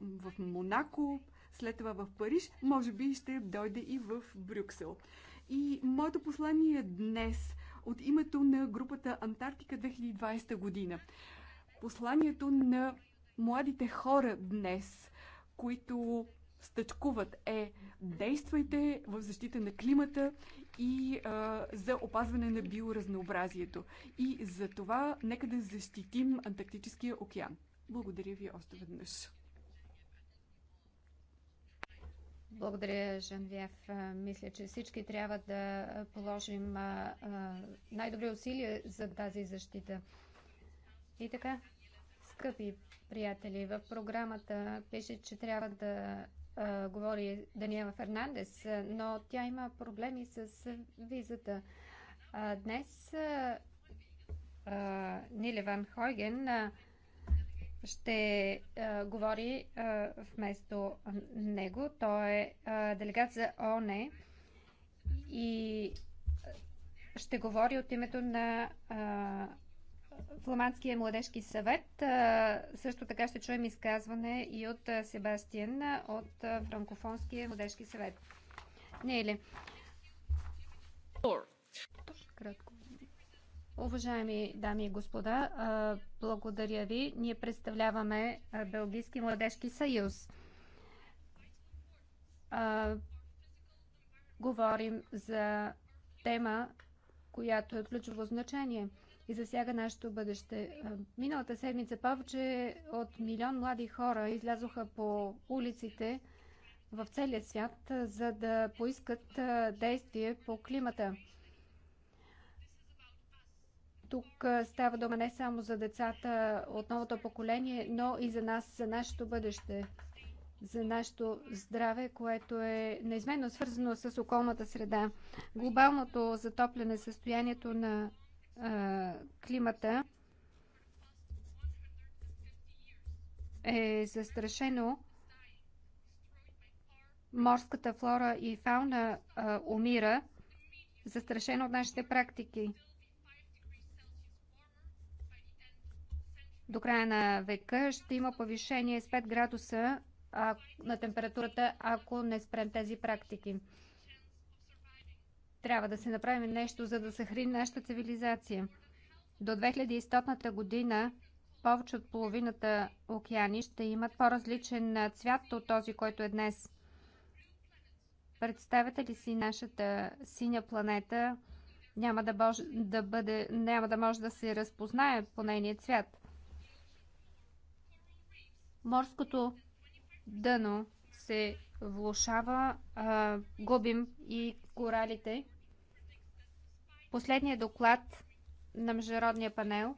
в Монако, след това в Париж, може би ще дойде и в Брюксел. И моето послание днес от името на групата Антарктика 2020 година. Посланието на младите хора днес, които стъчкуват е действайте в защита на климата и а, за опазване на биоразнообразието. И за това нека да защитим Антарктическия океан. Благодаря ви още веднъж. Благодаря, Жанвиев. Мисля, че всички трябва да положим най-добри усилия за тази защита. И така, Скъпи приятели, в програмата пише, че трябва да а, говори Даниела Фернандес, но тя има проблеми с визата. А, днес а, Ниле Ван Хойген а, ще а, говори а, вместо него. Той е а, делегат за ОНЕ и ще говори от името на а, Фламандския младежки съвет. Също така ще чуем изказване и от Себастиен от Франкофонския младежки съвет. Не е ли? кратко. Уважаеми дами и господа, благодаря ви. Ние представляваме Белгийски младежки съюз. Говорим за тема, която е ключово значение – и засяга нашето бъдеще. Миналата седмица повече от милион млади хора излязоха по улиците в целия свят, за да поискат действие по климата. Тук става дума не само за децата от новото поколение, но и за нас, за нашето бъдеще, за нашето здраве, което е неизменно свързано с околната среда. Глобалното затопляне, състоянието на климата е застрашено. Морската флора и фауна умира, застрашено от нашите практики. До края на века ще има повишение с 5 градуса на температурата, ако не спрем тези практики. Трябва да се направим нещо, за да съхрани нашата цивилизация. До 2100 година повече от половината океани ще имат по-различен цвят от този, който е днес. Представете ли си нашата синя планета няма да, бож, да бъде, няма да може да се разпознае по нейния цвят. Морското дъно се влушава, а, губим и коралите. Последният доклад на Международния панел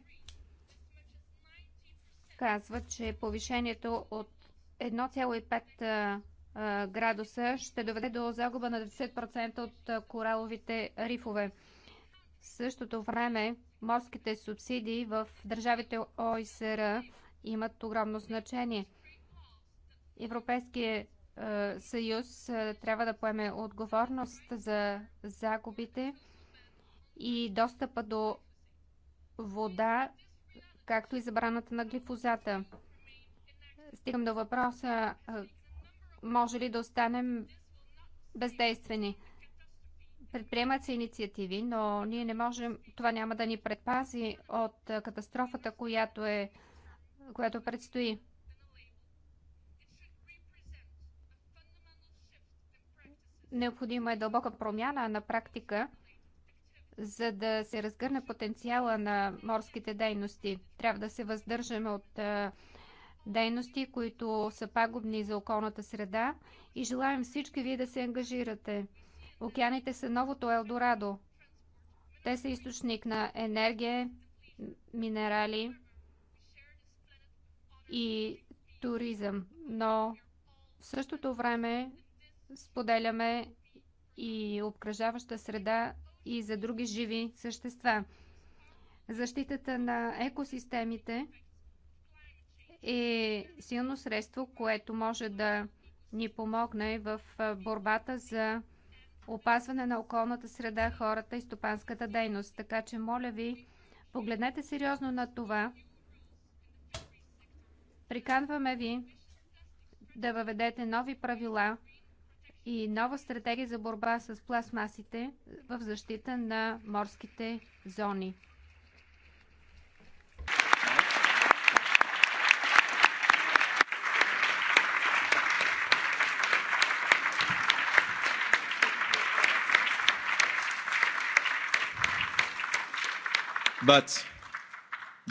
казва, че повишението от 1,5 градуса ще доведе до загуба на 90% от кораловите рифове. В същото време морските субсидии в държавите ОИСР имат огромно значение. Европейския е, съюз е, трябва да поеме отговорност за загубите и достъпа до вода, както и забраната на глифозата. Стигам до въпроса, е, може ли да останем бездействени? Предприемат се инициативи, но ние не можем, това няма да ни предпази от катастрофата, която, е, която предстои. Необходима е дълбока промяна на практика, за да се разгърне потенциала на морските дейности. Трябва да се въздържаме от дейности, които са пагубни за околната среда и желаем всички вие да се ангажирате. Океаните са новото Елдорадо. Те са източник на енергия, минерали и туризъм. Но в същото време споделяме и обкръжаваща среда и за други живи същества. Защитата на екосистемите е силно средство, което може да ни помогне в борбата за опазване на околната среда, хората и стопанската дейност. Така че, моля ви, погледнете сериозно на това. Приканваме ви да въведете нови правила – и нова стратегия за борба с пластмасите в защита на морските зони. But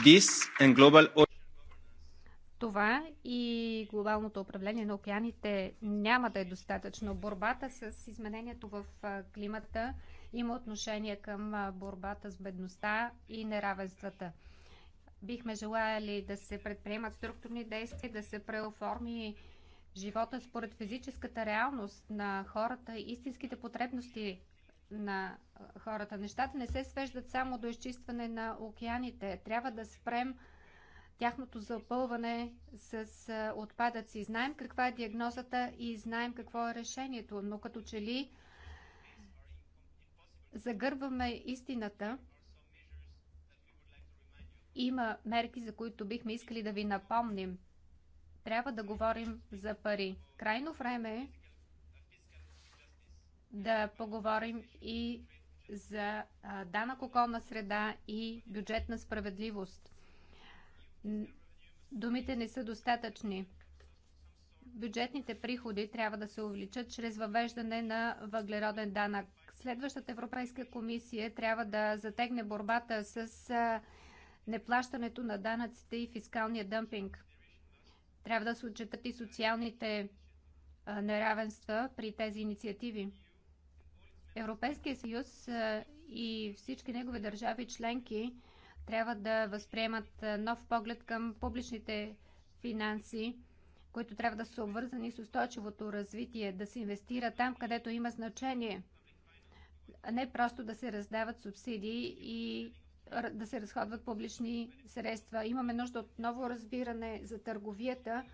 this and global глобалното управление на океаните няма да е достатъчно. Борбата с изменението в климата има отношение към борбата с бедността и неравенствата. Бихме желаяли да се предприемат структурни действия, да се преоформи живота според физическата реалност на хората, истинските потребности на хората. Нещата не се свеждат само до изчистване на океаните. Трябва да спрем тяхното запълване с отпадъци. Знаем каква е диагнозата и знаем какво е решението, но като че ли загърваме истината, има мерки, за които бихме искали да ви напомним. Трябва да говорим за пари. Крайно време е да поговорим и за данък околна среда и бюджетна справедливост. Думите не са достатъчни. Бюджетните приходи трябва да се увеличат чрез въвеждане на въглероден данък. Следващата Европейска комисия трябва да затегне борбата с неплащането на данъците и фискалния дъмпинг. Трябва да се отчитат и социалните неравенства при тези инициативи. Европейския съюз и всички негови държави членки – трябва да възприемат е, нов поглед към публичните финанси, които трябва да са обвързани с устойчивото развитие, да се инвестира там, където има значение, а не просто да се раздават субсидии и да се разходват публични средства. Имаме нужда от ново разбиране за търговията,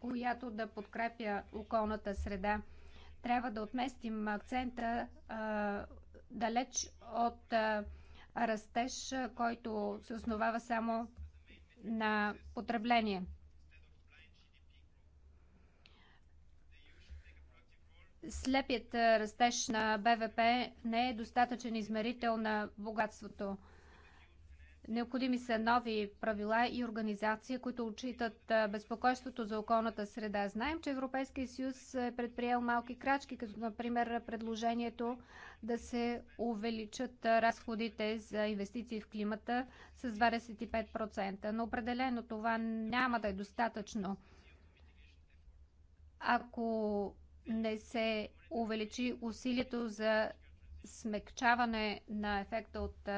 която да подкрепя околната среда. Трябва да отместим акцента а, далеч от а, растеж, който се основава само на потребление. Слепият растеж на БВП не е достатъчен измерител на богатството. Необходими са нови правила и организации, които отчитат безпокойството за околната среда. Знаем, че Европейския съюз е предприел малки крачки, като например предложението да се увеличат разходите за инвестиции в климата с 25%. Но определено това няма да е достатъчно. Ако не се увеличи усилието за смекчаване на ефекта от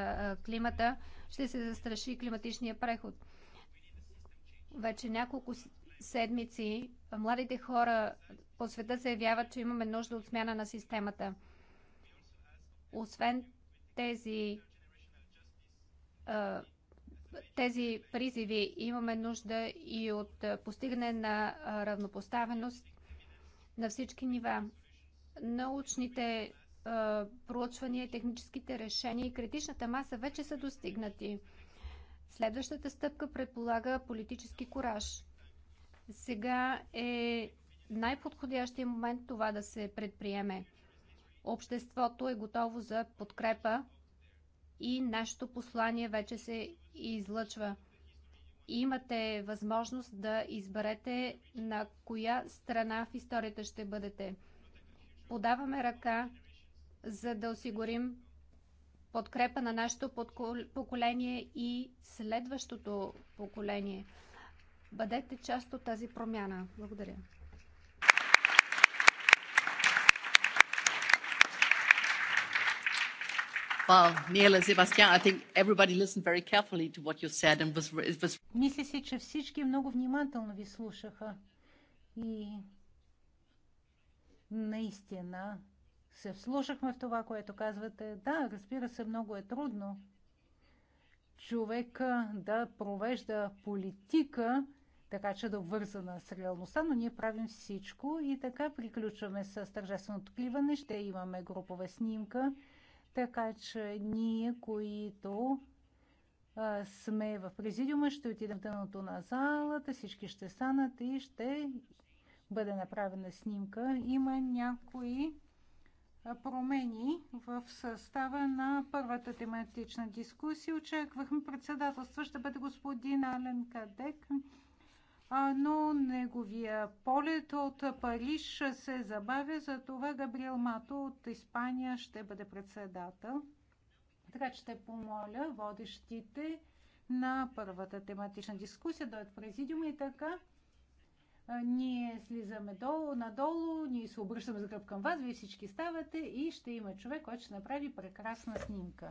климата, ще се застраши климатичния преход. Вече няколко седмици младите хора по света заявяват, че имаме нужда от смяна на системата. Освен тези тези призиви имаме нужда и от постигане на равнопоставеност на всички нива. Научните проучвания, техническите решения и критичната маса вече са достигнати. Следващата стъпка предполага политически кураж. Сега е най-подходящия момент това да се предприеме. Обществото е готово за подкрепа и нашето послание вече се излъчва. Имате възможност да изберете на коя страна в историята ще бъдете. Подаваме ръка за да осигурим подкрепа на нашето поколение и следващото поколение. Бъдете част от тази промяна. Благодаря. Well, Niela, Sebastian, I think everybody listened very carefully to what you said and was, it was... Мисля си, че всички много внимателно ви слушаха и наистина се вслушахме в това, което казвате. Да, разбира се, много е трудно човека да провежда политика, така че да обвързана на реалността, но ние правим всичко и така приключваме с тържественото кливане. Ще имаме групова снимка, така че ние, които а, сме в президиума, ще отидем в дъното на залата, всички ще станат и ще бъде направена снимка. Има някои промени в състава на първата тематична дискусия. Очаквахме председателство ще бъде господин Ален Кадек, но неговия полет от Париж се забавя, затова Габриел Мато от Испания ще бъде председател. Така че ще помоля водещите на първата тематична дискусия, дойдат в президиума и така ние слизаме долу, надолу, ние се обръщаме с гръб към вас, вие всички ставате и ще има човек, който ще направи прекрасна снимка.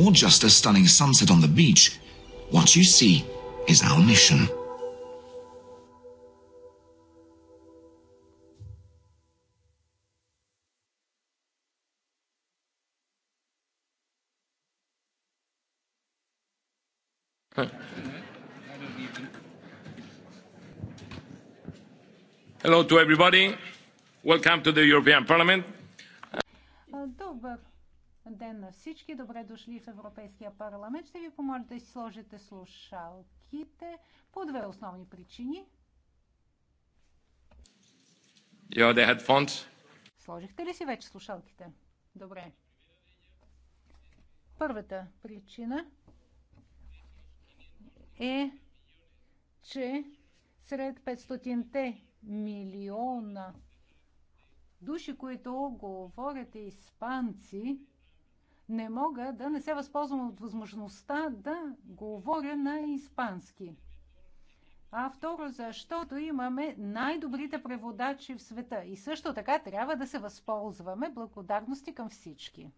or just a stunning sunset on the beach, what you see is our mission. Hello to everybody. Welcome to the European Parliament. Uh, ден на всички. Добре дошли в Европейския парламент. Ще ви помоля да си сложите слушалките по две основни причини. Сложихте ли си вече слушалките? Добре. Първата причина е, че сред 500-те милиона души, които говорят е испанци, не мога да не се възползвам от възможността да говоря на испански. А второ, защото имаме най-добрите преводачи в света. И също така трябва да се възползваме. Благодарности към всички.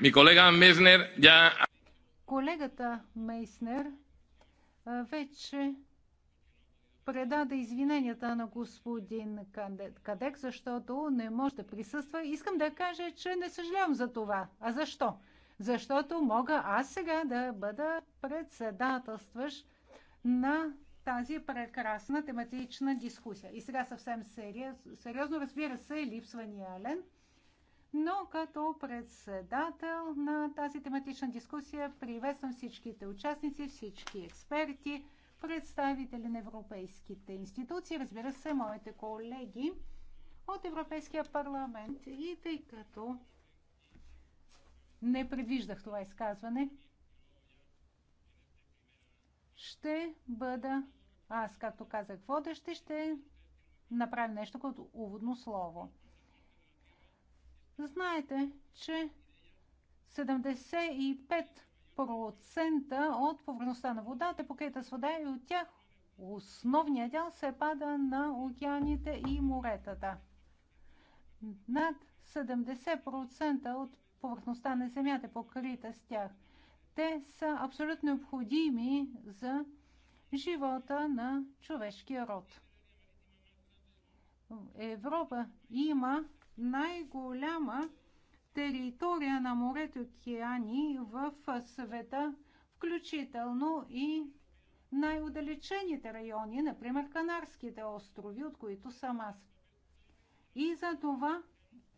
Ми колега Мейснер, я... Колегата Мейснер вече предаде извиненията на господин Кадек, защото не може да присъства. Искам да кажа, че не съжалявам за това. А защо? Защото мога аз сега да бъда председателстваш на тази прекрасна тематична дискусия. И сега съвсем сериозно, разбира се, липсва ни Ален, но като председател на тази тематична дискусия приветствам всичките участници, всички експерти, представители на европейските институции, разбира се, моите колеги от Европейския парламент. И тъй като не предвиждах това изказване, ще бъда аз, както казах, водещи, ще направим нещо като уводно слово. Знаете, че 75 процента от повърхността на водата, покрита с вода и от тях основният дял се пада на океаните и моретата. Над 70% от повърхността на Земята е покрита с тях. Те са абсолютно необходими за живота на човешкия род. Европа има най-голяма територия на морето и океани в света, включително и най-удалечените райони, например Канарските острови, от които съм аз. И за това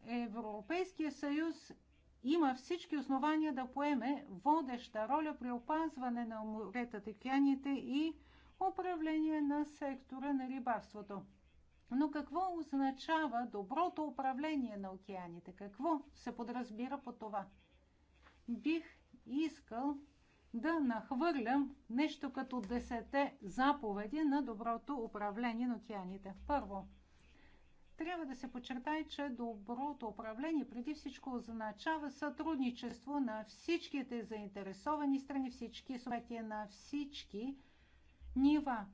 Европейския съюз има всички основания да поеме водеща роля при опазване на моретата, океаните и управление на сектора на рибарството. Но какво означава доброто управление на океаните? Какво се подразбира по това? Бих искал да нахвърлям нещо като десете заповеди на доброто управление на океаните. Първо, трябва да се подчертай, че доброто управление преди всичко означава сътрудничество на всичките заинтересовани страни, всички субекти на всички нива.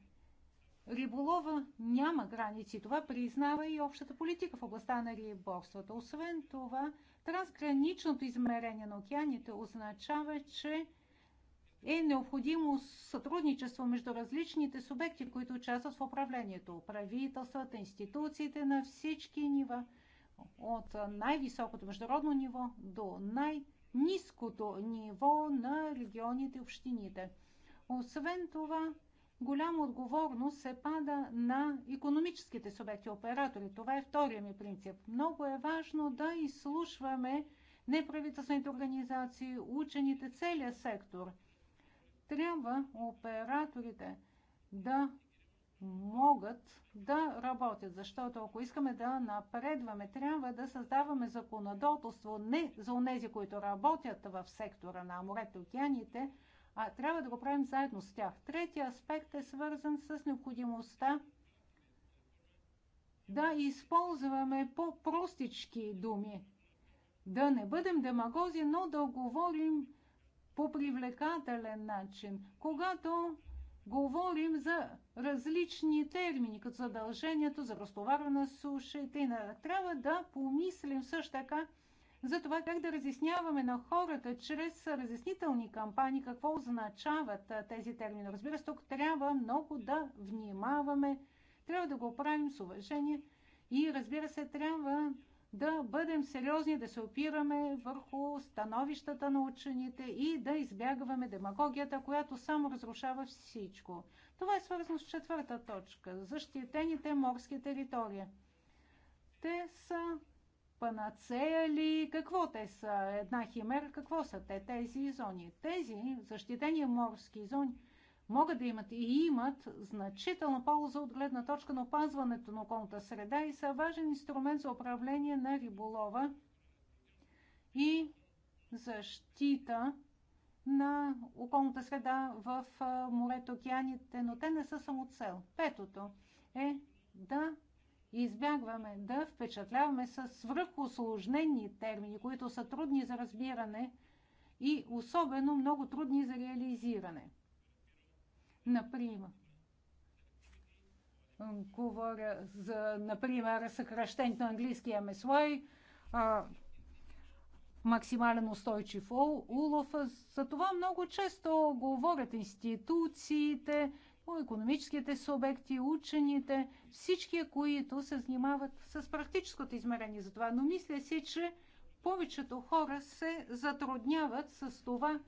Риболова няма граници. Това признава и общата политика в областта на риборството. Освен това, трансграничното измерение на океаните означава, че е необходимо сътрудничество между различните субекти, които участват в управлението. Правителствата, институциите на всички нива, от най-високото международно ниво до най-низкото ниво на регионите и общините. Освен това, голяма отговорност се пада на економическите субекти, оператори. Това е втория ми принцип. Много е важно да изслушваме неправителствените организации, учените, целия сектор. Трябва операторите да могат да работят, защото ако искаме да напредваме, трябва да създаваме законодателство не за онези, които работят в сектора на морето, океаните, а трябва да го правим заедно с тях. Третия аспект е свързан с необходимостта да използваме по-простички думи, да не бъдем демагози, но да говорим по привлекателен начин. Когато говорим за различни термини, като задължението за разтоварване на суша и т.н. Трябва да помислим също така за това как да разясняваме на хората чрез разяснителни кампании какво означават тези термини. Разбира се, тук трябва много да внимаваме, трябва да го правим с уважение и разбира се, трябва да бъдем сериозни, да се опираме върху становищата на учените и да избягваме демагогията, която само разрушава всичко. Това е свързано с четвърта точка – защитените морски територии. Те са панацея ли? Какво те са? Една химера? Какво са те? Тези зони. Тези защитени морски зони могат да имат и имат значителна полза от гледна точка на опазването на околната среда и са важен инструмент за управление на риболова и защита на околната среда в морето, океаните, но те не са само цел. Петото е да избягваме да впечатляваме с свръхосложнени термини, които са трудни за разбиране и особено много трудни за реализиране. Например, говоря за, например, съкръщението на английския меслай, максимален устойчив улов. За това много често говорят институциите, економическите субекти, учените, всички, които се занимават с практическото измерение за това. Но мисля си, че повечето хора се затрудняват с това,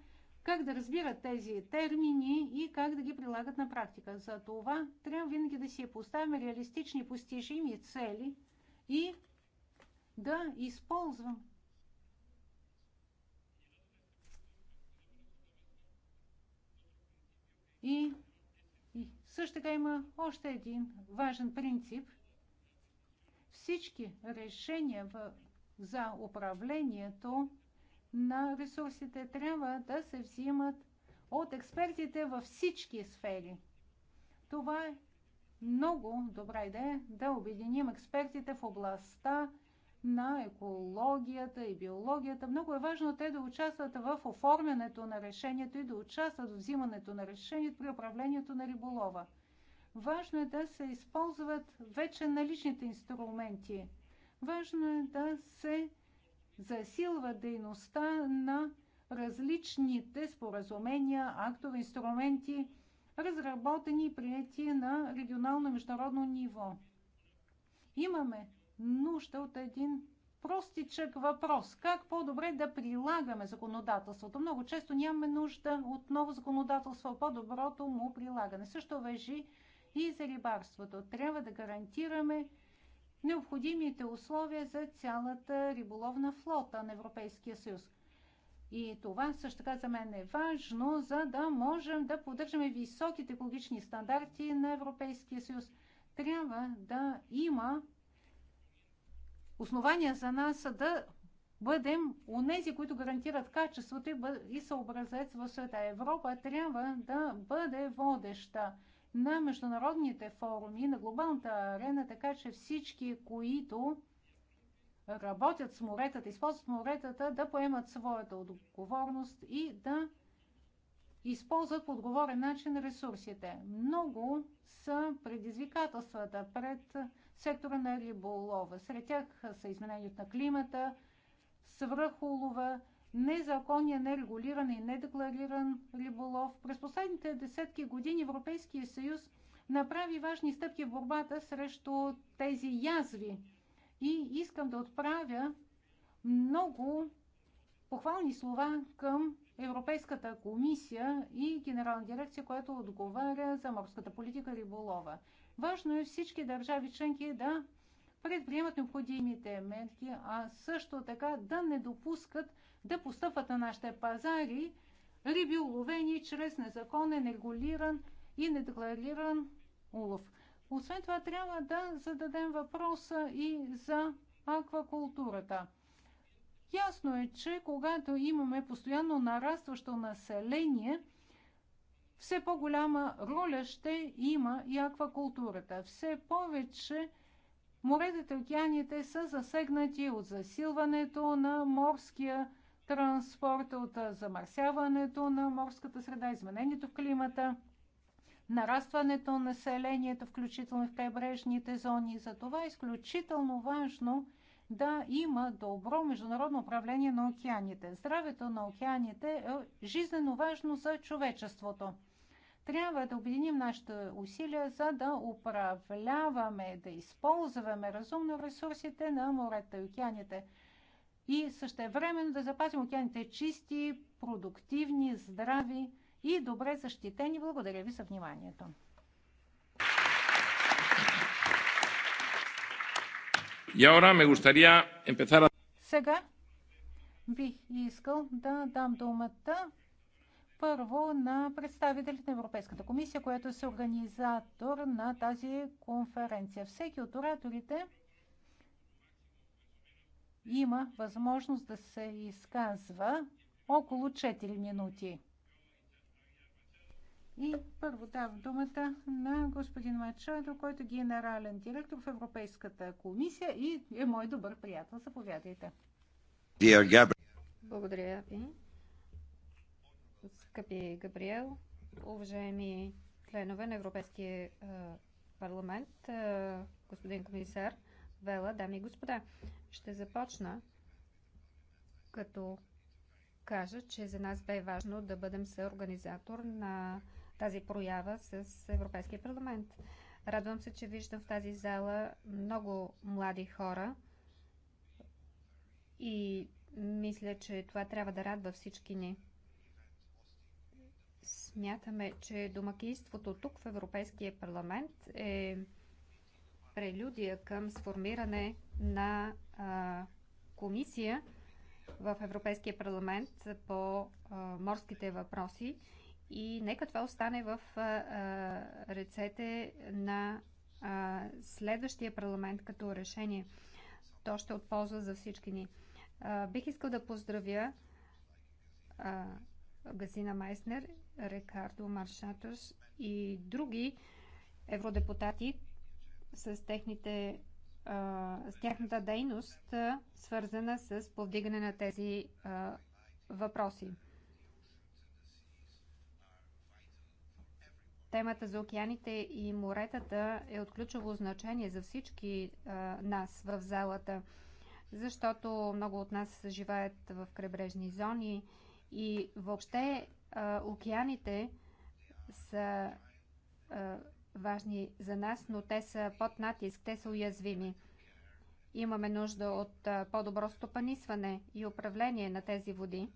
как да разбират тези термини и как да ги прилагат на практика. За това трябва винаги да си поставим реалистични, постижими цели и да използвам и също така има още един важен принцип. Всички решения в, за управлението на ресурсите трябва да се взимат от експертите във всички сфери. Това е много добра идея да обединим експертите в областта на екологията и биологията. Много е важно те да участват в оформянето на решението и да участват в взимането на решението при управлението на риболова. Важно е да се използват вече наличните инструменти. Важно е да се засилва дейността на различните споразумения, актове, инструменти, разработени и прияти на регионално и международно ниво. Имаме нужда от един простичък въпрос. Как по-добре да прилагаме законодателството? Много често нямаме нужда от ново законодателство, по-доброто му прилагане. Също въжи и за рибарството. Трябва да гарантираме необходимите условия за цялата риболовна флота на Европейския съюз. И това също така за мен е важно, за да можем да поддържаме високите екологични стандарти на Европейския съюз. Трябва да има основания за нас да бъдем унези, които гарантират качеството и съобразец в света. Европа трябва да бъде водеща на международните форуми, на глобалната арена, така че всички, които работят с моретата, използват моретата, да поемат своята отговорност и да използват по отговорен начин ресурсите. Много са предизвикателствата пред сектора на риболова. Сред тях са изменението на климата, свръхулова, незаконния, нерегулиран и недеклариран риболов. През последните десетки години Европейския съюз направи важни стъпки в борбата срещу тези язви. И искам да отправя много похвални слова към Европейската комисия и Генерална дирекция, която отговаря за морската политика риболова. Важно е всички държави членки да предприемат необходимите мерки, а също така да не допускат да постъпват на нашите пазари риби уловени чрез незаконен, регулиран и недеклариран улов. Освен това трябва да зададем въпроса и за аквакултурата – Ясно е, че когато имаме постоянно нарастващо население, все по-голяма роля ще има и аквакултурата. Все повече моретата и океаните са засегнати от засилването на морския транспорт, от замърсяването на морската среда, изменението в климата, нарастването на населението, включително в крайбрежните зони. Затова е изключително важно – да има добро международно управление на океаните. Здравето на океаните е жизненно важно за човечеството. Трябва да обединим нашите усилия, за да управляваме, да използваме разумно ресурсите на морета и океаните и същевременно да запазим океаните чисти, продуктивни, здрави и добре защитени. Благодаря ви за вниманието. Сега бих искал да дам думата първо на представителите на Европейската комисия, която е организатор на тази конференция. Всеки от ораторите има възможност да се изказва около 4 минути. И първо давам думата на господин Мачадо, който е генерален директор в Европейската комисия и е мой добър приятел. Заповядайте. Благодаря ви. Скъпи Габриел, уважаеми членове на Европейския е, парламент, е, господин комисар Вела, дами и господа, ще започна като кажа, че за нас бе важно да бъдем съорганизатор на тази проява с Европейския парламент. Радвам се, че виждам в тази зала много млади хора и мисля, че това трябва да радва всички ни. Смятаме, че домакинството тук в Европейския парламент е прелюдия към сформиране на а, комисия в Европейския парламент по а, морските въпроси и нека това остане в ръцете на следващия парламент като решение. То ще отползва за всички ни. Бих искал да поздравя Газина Майснер, Рекардо Маршатус и други евродепутати с, техните, с тяхната дейност, свързана с повдигане на тези въпроси. Темата за океаните и моретата е от ключово значение за всички а, нас в залата, защото много от нас живеят в крайбрежни зони и въобще а, океаните са а, важни за нас, но те са под натиск, те са уязвими. Имаме нужда от по-добро стопанисване и управление на тези води.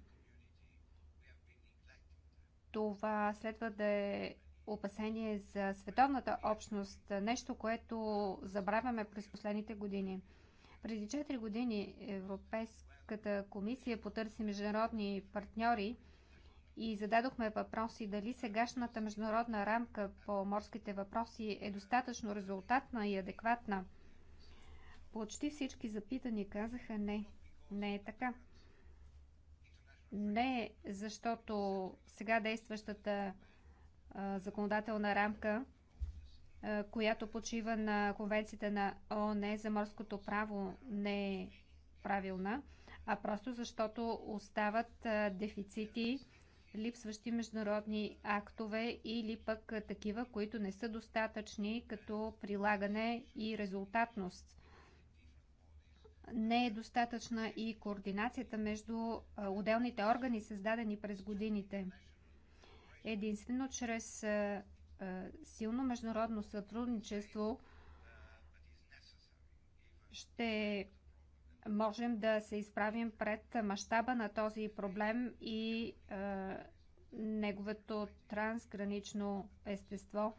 Това следва да е опасение за световната общност, нещо, което забравяме през последните години. Преди 4 години Европейската комисия потърси международни партньори и зададохме въпроси дали сегашната международна рамка по морските въпроси е достатъчно резултатна и адекватна. Почти всички запитани казаха не. Не е така. Не, е защото сега действащата законодателна рамка, която почива на конвенцията на ООН за морското право, не е правилна, а просто защото остават дефицити, липсващи международни актове или пък такива, които не са достатъчни като прилагане и резултатност. Не е достатъчна и координацията между отделните органи, създадени през годините. Единствено чрез е, е, силно международно сътрудничество ще можем да се изправим пред мащаба на този проблем и е, неговото трансгранично естество.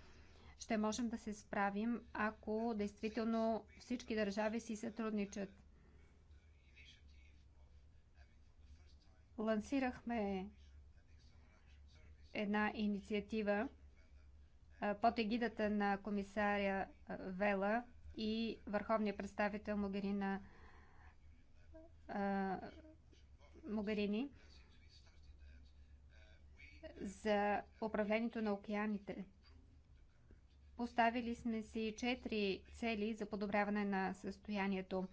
Ще можем да се справим, ако действително всички държави си сътрудничат. Лансирахме една инициатива под егидата на комисаря Вела и върховния представител Могерина Могарини за управлението на океаните. Поставили сме си четири цели за подобряване на състоянието.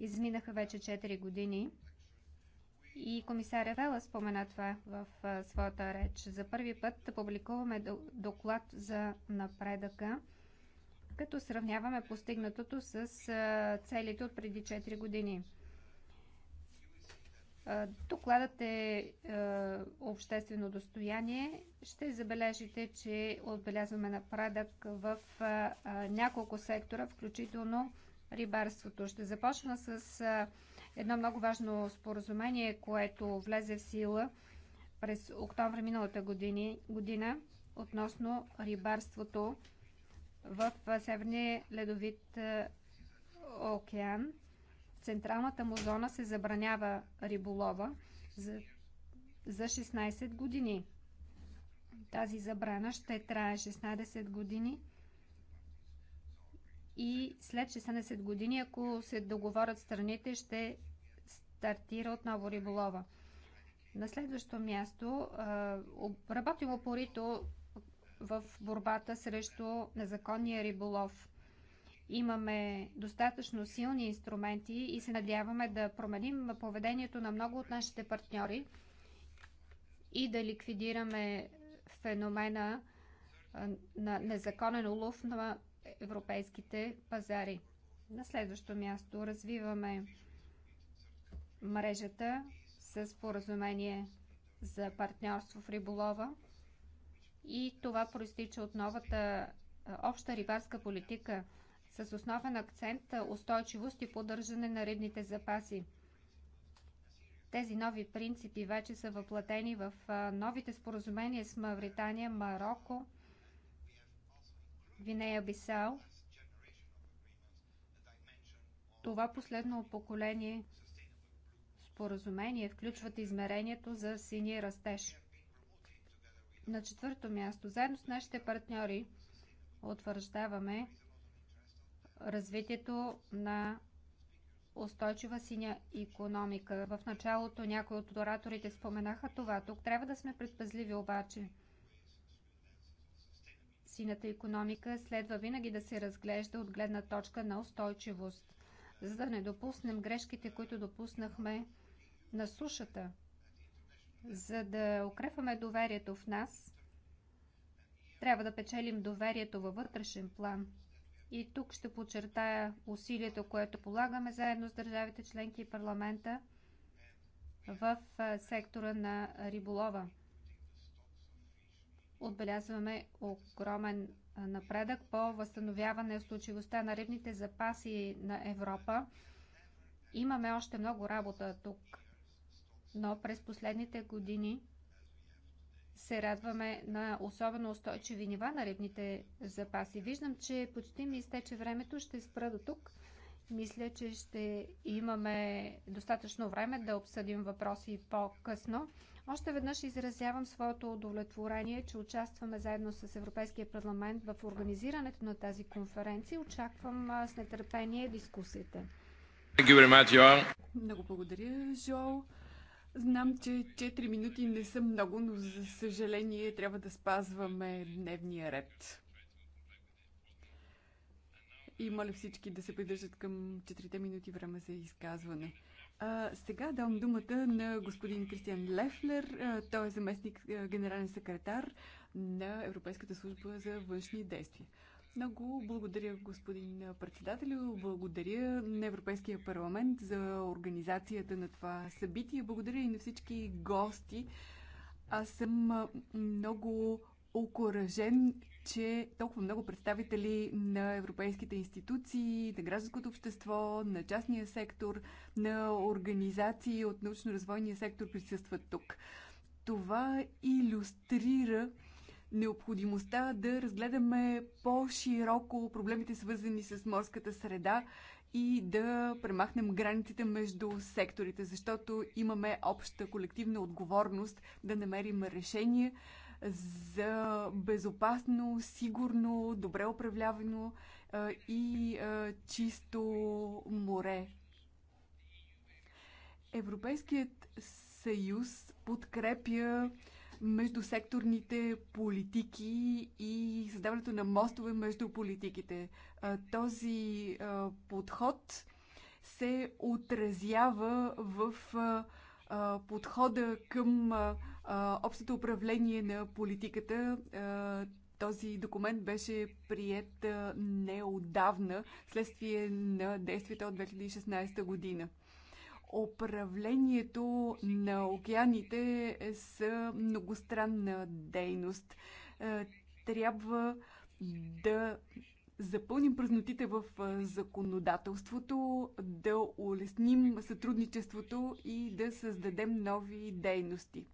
Изминаха вече 4 години и комисаря Вела спомена това в своята реч. За първи път публикуваме доклад за напредъка, като сравняваме постигнатото с целите от преди 4 години. Докладът е, обществено достояние. Ще забележите, че отбелязваме напредък в няколко сектора, включително рибарството. Ще започна с едно много важно споразумение, което влезе в сила през октомври миналата години, година относно рибарството в Северния ледовит океан. В централната му зона се забранява риболова за, за 16 години. Тази забрана ще трае 16 години – и след 16 години, ако се договорят страните, ще стартира отново риболова. На следващо място работим опорито в борбата срещу незаконния риболов. Имаме достатъчно силни инструменти и се надяваме да променим поведението на много от нашите партньори и да ликвидираме феномена на незаконен улов на европейските пазари. На следващо място развиваме мрежата с споразумение за партньорство в риболова и това проистича от новата обща рибарска политика с основен акцент устойчивост и поддържане на рибните запаси. Тези нови принципи вече са въплатени в новите споразумения с Мавритания, Марокко – Гвинея Бисао. Това последно поколение споразумение включват измерението за синия растеж. На четвърто място, заедно с нашите партньори, утвърждаваме развитието на устойчива синя економика. В началото някои от ораторите споменаха това. Тук трябва да сме предпазливи обаче – синята економика следва винаги да се разглежда от гледна точка на устойчивост, за да не допуснем грешките, които допуснахме на сушата, за да укрепваме доверието в нас, трябва да печелим доверието във вътрешен план. И тук ще подчертая усилието, което полагаме заедно с държавите членки и парламента в сектора на риболова отбелязваме огромен напредък по възстановяване устойчивостта на рибните запаси на Европа. Имаме още много работа тук, но през последните години се радваме на особено устойчиви нива на рибните запаси. Виждам, че почти ми изтече времето. Ще спра до тук. Мисля, че ще имаме достатъчно време да обсъдим въпроси по-късно. Още веднъж изразявам своето удовлетворение, че участваме заедно с Европейския парламент в организирането на тази конференция. Очаквам с нетърпение дискусията. Много благодаря, Жоу. Знам, че 4 минути не са много, но за съжаление трябва да спазваме дневния ред и моля всички да се придържат към 4 минути време за изказване. А, сега давам думата на господин Кристиан Лефлер. А, той е заместник а, генерален секретар на Европейската служба за външни действия. Много благодаря, господин председател, Благодаря на Европейския парламент за организацията на това събитие. Благодаря и на всички гости. Аз съм много окоръжен че толкова много представители на европейските институции, на гражданското общество, на частния сектор, на организации от научно-развойния сектор присъстват тук. Това иллюстрира необходимостта да разгледаме по-широко проблемите, свързани с морската среда и да премахнем границите между секторите, защото имаме обща колективна отговорност да намерим решение за безопасно, сигурно, добре управлявано и чисто море. Европейският съюз подкрепя междусекторните политики и създаването на мостове между политиките. Този подход се отразява в подхода към общото управление на политиката. Този документ беше прият неодавна, следствие на действията от 2016 година. Управлението на океаните е с многостранна дейност. Трябва да запълним празнотите в законодателството, да улесним сътрудничеството и да създадем нови дейности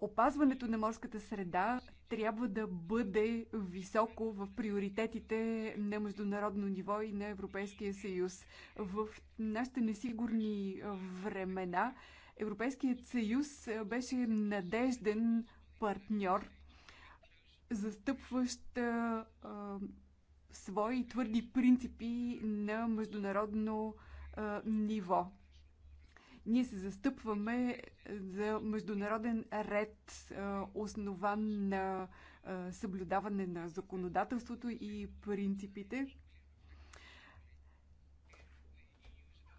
опазването на морската среда трябва да бъде високо в приоритетите на международно ниво и на Европейския съюз. В нашите несигурни времена Европейският съюз беше надежден партньор, застъпващ а, свои твърди принципи на международно а, ниво. Ние се застъпваме е, за международен ред, е, основан на е, съблюдаване на законодателството и принципите.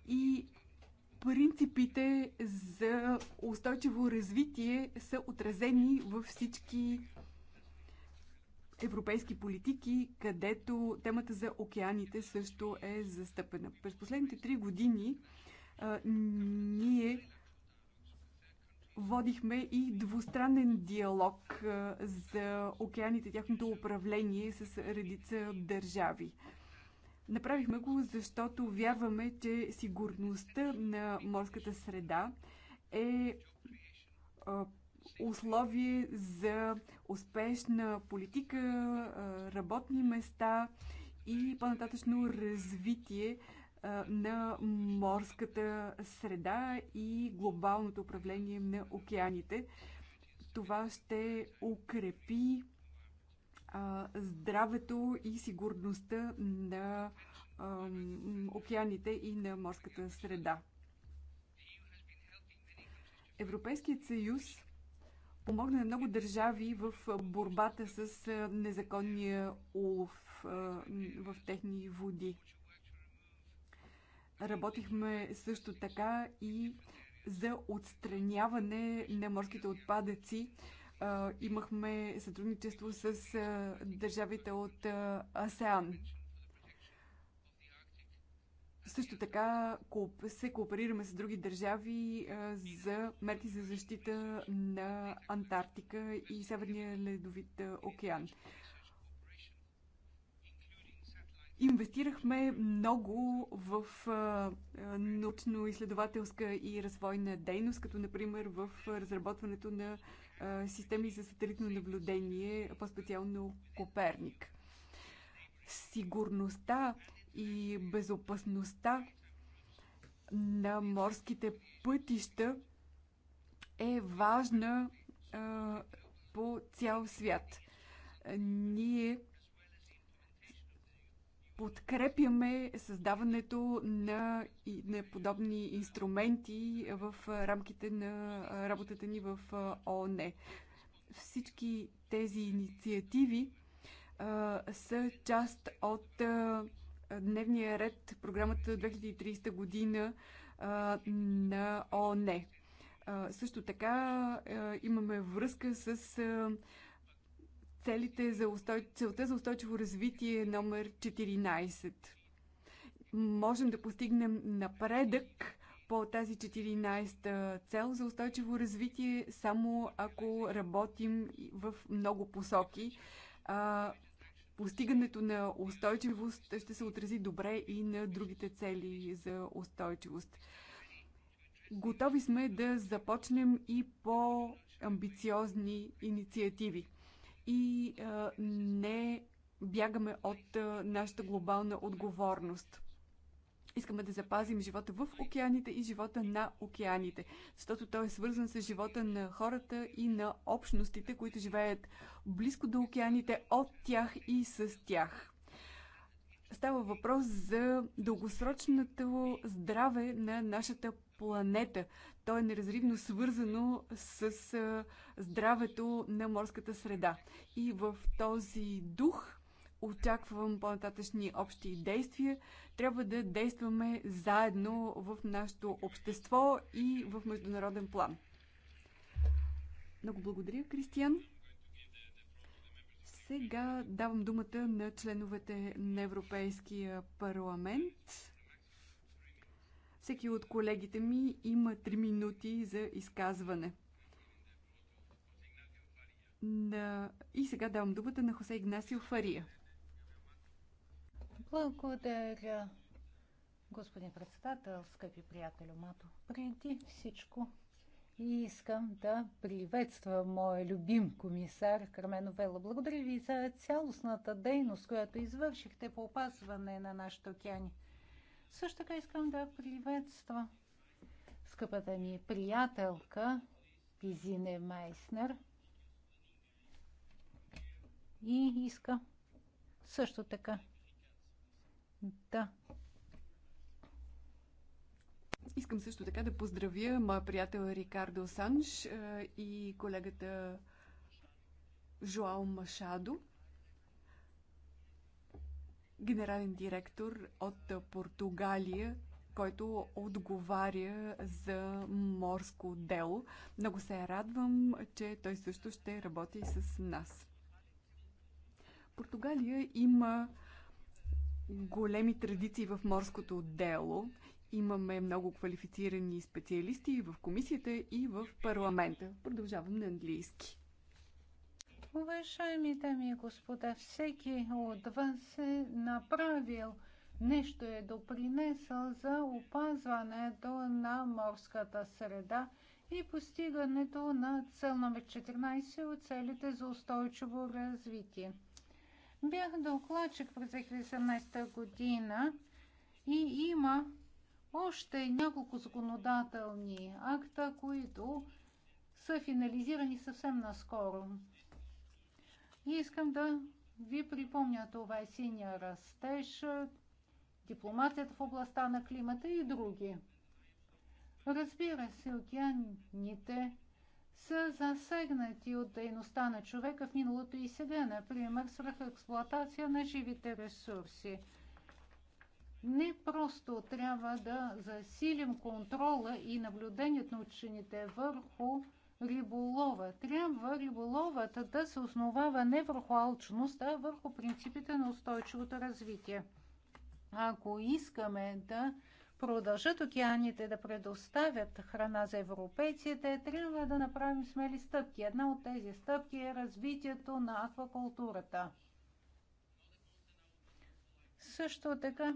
И принципите за устойчиво развитие са отразени във всички европейски политики, където темата за океаните също е застъпена. През последните три години ние водихме и двустранен диалог за океаните, тяхното управление с редица държави. Направихме го, защото вярваме, че сигурността на морската среда е условие за успешна политика, работни места и по-нататъчно развитие на морската среда и глобалното управление на океаните. Това ще укрепи здравето и сигурността на океаните и на морската среда. Европейският съюз помогна на много държави в борбата с незаконния улов в техни води. Работихме също така и за отстраняване на морските отпадъци. Имахме сътрудничество с държавите от АСЕАН. Също така се кооперираме с други държави за мерки за защита на Антарктика и Северния ледовит океан. Инвестирахме много в научно-изследователска и развойна дейност, като например в разработването на системи за сателитно наблюдение, по-специално Коперник. Сигурността и безопасността на морските пътища е важна а, по цял свят. Ние подкрепяме създаването на, на подобни инструменти в рамките на работата ни в ООН. Всички тези инициативи а, са част от а, дневния ред, програмата 2030 година а, на ООН. А, също така а, имаме връзка с. А, целите за устой... целта за устойчиво развитие номер 14. Можем да постигнем напредък по тази 14-та цел за устойчиво развитие, само ако работим в много посоки. А, постигането на устойчивост ще се отрази добре и на другите цели за устойчивост. Готови сме да започнем и по-амбициозни инициативи и не бягаме от нашата глобална отговорност. Искаме да запазим живота в океаните и живота на океаните, защото той е свързан с живота на хората и на общностите, които живеят близко до океаните, от тях и с тях. Става въпрос за дългосрочното здраве на нашата планета. То е неразривно свързано с здравето на морската среда. И в този дух очаквам по-нататъчни общи действия. Трябва да действаме заедно в нашето общество и в международен план. Много благодаря, Кристиян. Сега давам думата на членовете на Европейския парламент. Всеки от колегите ми има 3 минути за изказване. На... И сега давам думата на Хосе Игнасио Фария. Благодаря, господин председател, скъпи приятели Мато. Преди всичко искам да приветствам моя любим комисар Кармено Вела. Благодаря ви за цялостната дейност, която извършихте по опазване на нашите океани. Също така искам да приветства скъпата ми приятелка Пизине Майснер и иска също така да Искам също така да поздравя моя приятел Рикардо Санш е, и колегата Жоао Машадо генерален директор от Португалия, който отговаря за морско дело. Много се радвам, че той също ще работи с нас. Португалия има големи традиции в морското дело. Имаме много квалифицирани специалисти в комисията и в парламента. Продължавам на английски. Уважаеми дами и господа, всеки от вас е направил нещо е допринесъл за опазването на морската среда и постигането на цел номер 14 от целите за устойчиво развитие. Бях докладчик през 2017 година и има още няколко законодателни акта, които са финализирани съвсем наскоро. И искам да ви припомня това е синия растеж, дипломацията в областта на климата и други. Разбира се, океаните са засегнати от дейността на човека в миналото и сега, например, свръх експлуатация на живите ресурси. Не просто трябва да засилим контрола и наблюдението на учените върху риболова. Трябва риболовата да се основава не върху алчност, а върху принципите на устойчивото развитие. Ако искаме да продължат океаните да предоставят храна за европейците, трябва да направим смели стъпки. Една от тези стъпки е развитието на аквакултурата. Също така,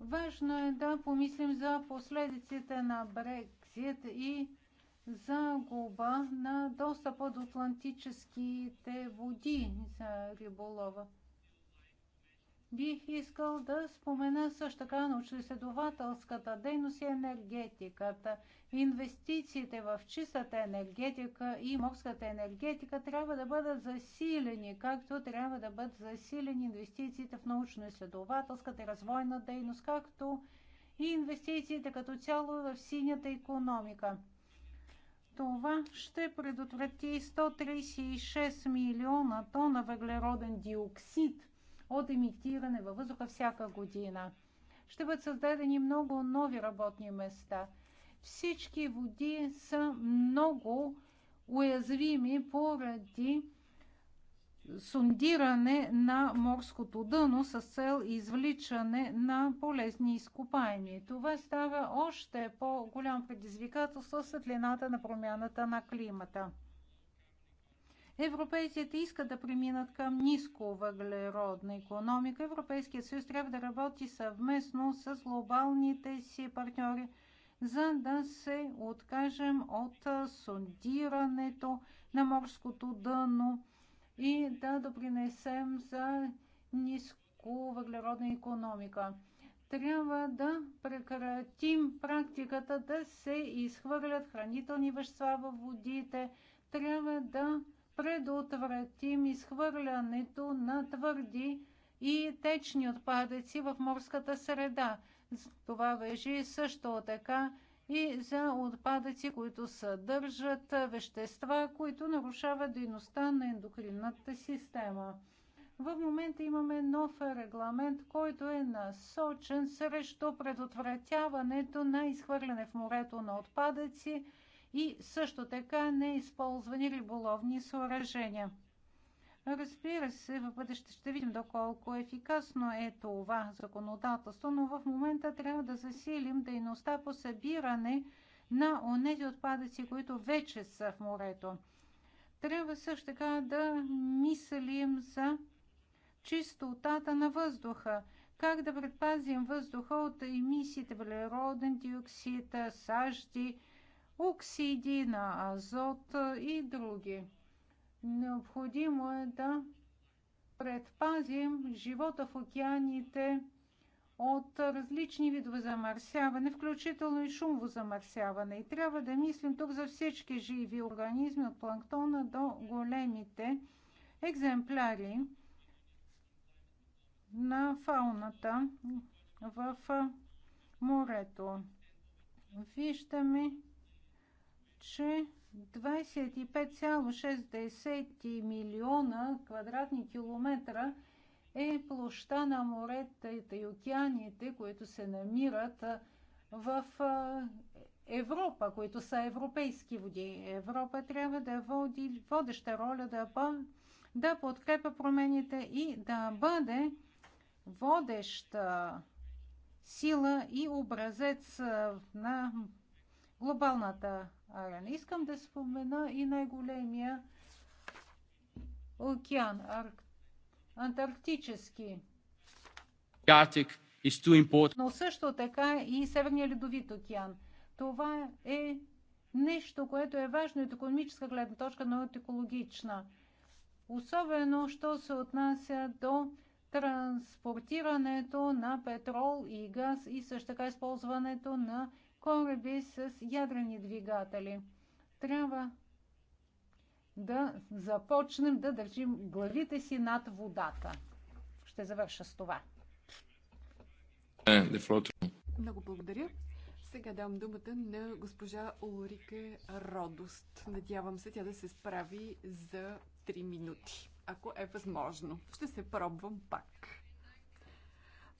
важно е да помислим за последиците на Брексит и загуба на достъпа до атлантическите води за риболова. Бих искал да спомена също така научно-изследователската дейност и енергетиката. Инвестициите в чистата енергетика и морската енергетика трябва да бъдат засилени, както трябва да бъдат засилени инвестициите в научно-изследователската и развойна дейност, както и инвестициите като цяло в синята економика. Това ще предотврати 136 милиона тона въглероден диоксид от емитиране във въздуха всяка година. Ще бъдат създадени много нови работни места. Всички води са много уязвими поради сундиране на морското дъно с цел извличане на полезни изкопаеми. Това става още по-голям предизвикателство светлината на промяната на климата. Европейците искат да преминат към ниско въглеродна економика. Европейският съюз трябва да работи съвместно с глобалните си партньори, за да се откажем от сундирането на морското дъно и да допринесем за ниско въглеродна економика. Трябва да прекратим практиката да се изхвърлят хранителни вещества във водите. Трябва да предотвратим изхвърлянето на твърди и течни отпадъци в морската среда. Това вежи също така и за отпадъци, които съдържат вещества, които нарушават дейността на ендокринната система. В момента имаме нов регламент, който е насочен срещу предотвратяването на изхвърляне в морето на отпадъци и също така неизползвани риболовни съоръжения. Разбира се, в бъдеще ще видим доколко ефикасно е това законодателство, но в момента трябва да засилим дейността по събиране на онези отпадъци, които вече са в морето. Трябва също така да мислим за чистотата на въздуха. Как да предпазим въздуха от емисиите въглероден диоксид, сажди, оксиди на азот и други. Необходимо е да предпазим живота в океаните от различни видове замърсяване, включително и шумово замърсяване. И трябва да мислим тук за всички живи организми, от планктона до големите екземпляри на фауната в морето. Виждаме, че 25,6 милиона квадратни километра е площа на моретата и океаните, които се намират в Европа, които са европейски води. Европа трябва да води водеща роля, да, да подкрепя промените и да бъде водеща сила и образец на глобалната Аран. Искам да спомена и най-големия океан, Арк... Антарктически. Arctic is too important. Но също така и Северния ледовит океан. Това е нещо, което е важно от економическа гледна точка, но от екологична. Особено, що се отнася до транспортирането на петрол и газ и също така използването на кораби с ядрени двигатели. Трябва да започнем да държим главите си над водата. Ще завърша с това. Е, Много благодаря. Сега дам думата на госпожа Олрике Родост. Надявам се тя да се справи за 3 минути, ако е възможно. Ще се пробвам пак.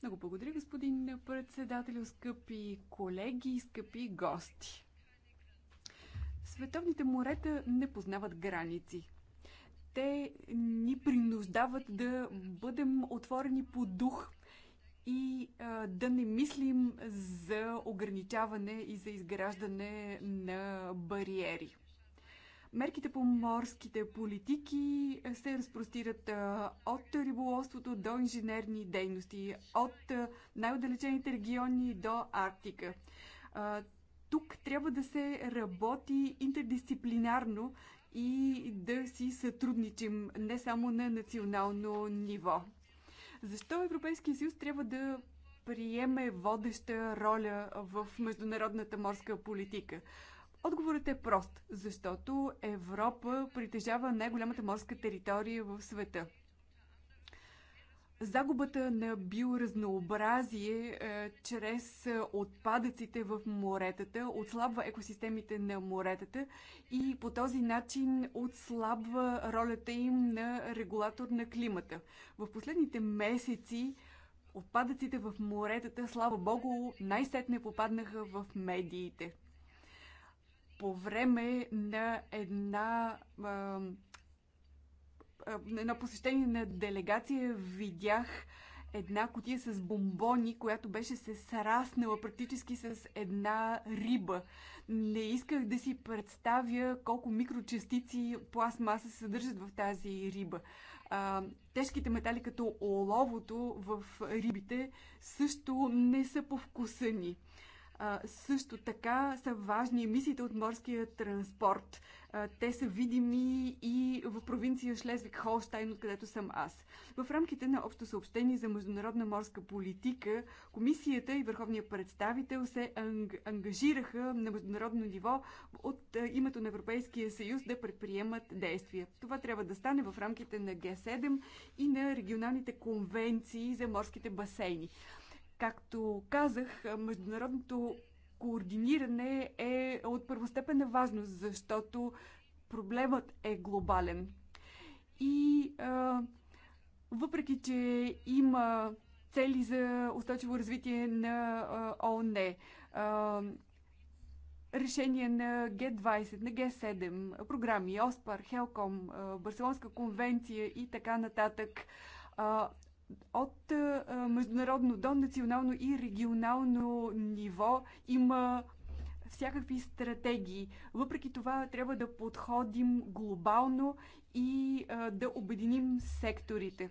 Много благодаря, господин председател, скъпи колеги, скъпи гости. Световните морета не познават граници. Те ни принуждават да бъдем отворени по дух и а, да не мислим за ограничаване и за изграждане на бариери. Мерките по морските политики е, се разпростират е, от риболовството до инженерни дейности, от е, най-отдалечените региони до Арктика. Тук трябва да се работи интердисциплинарно и да си сътрудничим не само на национално ниво. Защо Европейския съюз трябва да приеме водеща роля в международната морска политика? Отговорът е прост, защото Европа притежава най-голямата морска територия в света. Загубата на биоразнообразие е, чрез отпадъците в моретата отслабва екосистемите на моретата и по този начин отслабва ролята им на регулатор на климата. В последните месеци отпадъците в моретата, слава богу, най-сетне попаднаха в медиите по време на една на посещение на делегация видях една котия с бомбони, която беше се сраснала практически с една риба. Не исках да си представя колко микрочастици пластмаса се съдържат в тази риба. А, тежките метали, като оловото в рибите, също не са повкусани. А, също така са важни емисиите от морския транспорт. А, те са видими и в провинция Шлезвик Холштайн, откъдето съм аз. В рамките на общо съобщение за международна морска политика, комисията и върховния представител се анг- ангажираха на международно ниво от а, името на Европейския съюз да предприемат действия. Това трябва да стане в рамките на Г7 и на регионалните конвенции за морските басейни. Както казах, международното координиране е от първостепенна важност, защото проблемът е глобален. И а, въпреки, че има цели за устойчиво развитие на ООН, а, решение на Г20, на Г7, програми, ОСПАР, Хелком, Барселонска конвенция и така нататък, а, от е, е, международно до национално и регионално ниво има всякакви стратегии. Въпреки това трябва да подходим глобално и е, да обединим секторите.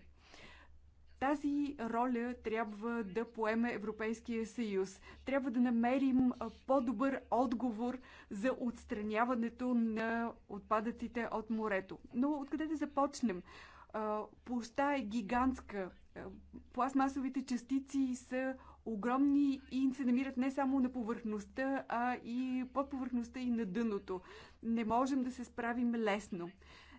Тази роля трябва да поеме Европейския съюз. Трябва да намерим по-добър отговор за отстраняването на отпадъците от морето. Но откъде да започнем? Поста е гигантска. Пластмасовите частици са огромни и се намират не само на повърхността, а и под повърхността и на дъното. Не можем да се справим лесно.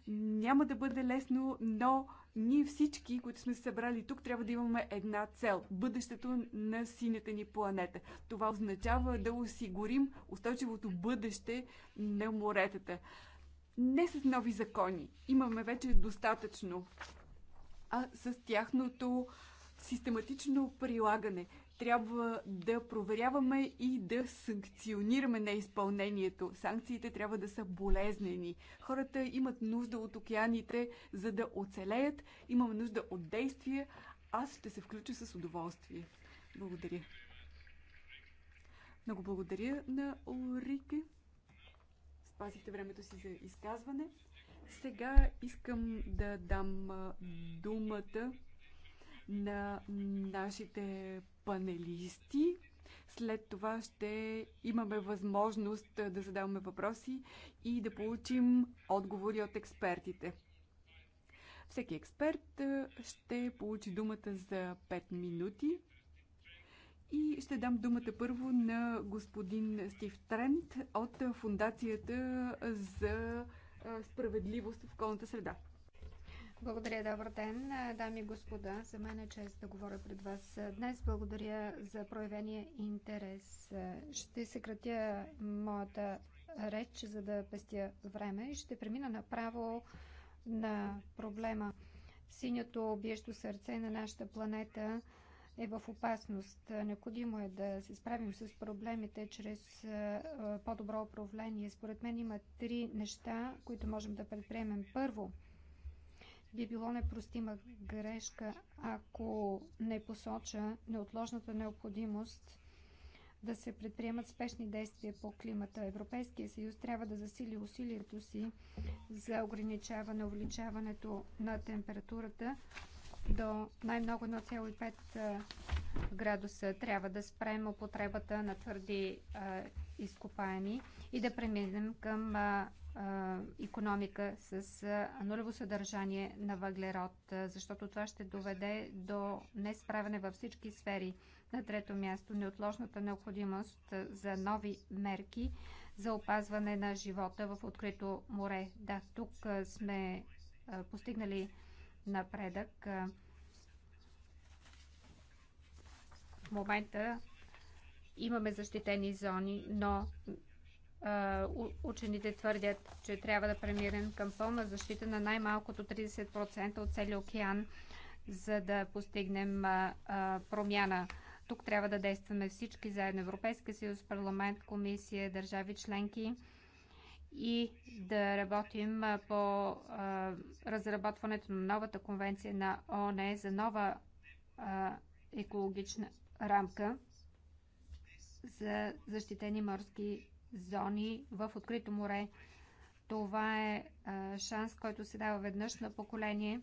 Няма да бъде лесно, но ние всички, които сме се събрали тук, трябва да имаме една цел бъдещето на синята ни планета. Това означава да осигурим устойчивото бъдеще на моретата. Не с нови закони. Имаме вече достатъчно а с тяхното систематично прилагане. Трябва да проверяваме и да санкционираме неизпълнението. Санкциите трябва да са болезнени. Хората имат нужда от океаните, за да оцелеят. Имаме нужда от действия. Аз ще се включа с удоволствие. Благодаря. Много благодаря на Орике. Спазихте времето си за изказване. Сега искам да дам думата на нашите панелисти. След това ще имаме възможност да задаваме въпроси и да получим отговори от експертите. Всеки експерт ще получи думата за 5 минути. И ще дам думата първо на господин Стив Трент от Фундацията за справедливост в околната среда. Благодаря, добър ден, дами и господа. За мен е чест да говоря пред вас днес. Благодаря за проявения интерес. Ще съкратя моята реч, за да пестя време и ще премина направо на проблема. Синьото биещо сърце на нашата планета е в опасност. Необходимо е да се справим с проблемите чрез е, по-добро управление. Според мен има три неща, които можем да предприемем. Първо, би било непростима грешка, ако не посоча неотложната необходимост да се предприемат спешни действия по климата. Европейския съюз трябва да засили усилието си за ограничаване увеличаването на температурата до най-много 1,5 градуса. Трябва да спрем употребата на твърди изкопаеми и да преминем към а, а, економика с а, нулево съдържание на въглерод, а, защото това ще доведе до несправяне във всички сфери. На трето място, неотложната необходимост за нови мерки за опазване на живота в открито море. Да, тук сме постигнали напредък. В момента имаме защитени зони, но учените твърдят, че трябва да премирем към пълна защита на най-малкото 30% от целия океан, за да постигнем промяна. Тук трябва да действаме всички заедно Европейския съюз, парламент, комисия, държави членки и да работим по разработването на новата конвенция на ООН за нова екологична рамка за защитени морски зони в открито море. Това е шанс, който се дава веднъж на поколение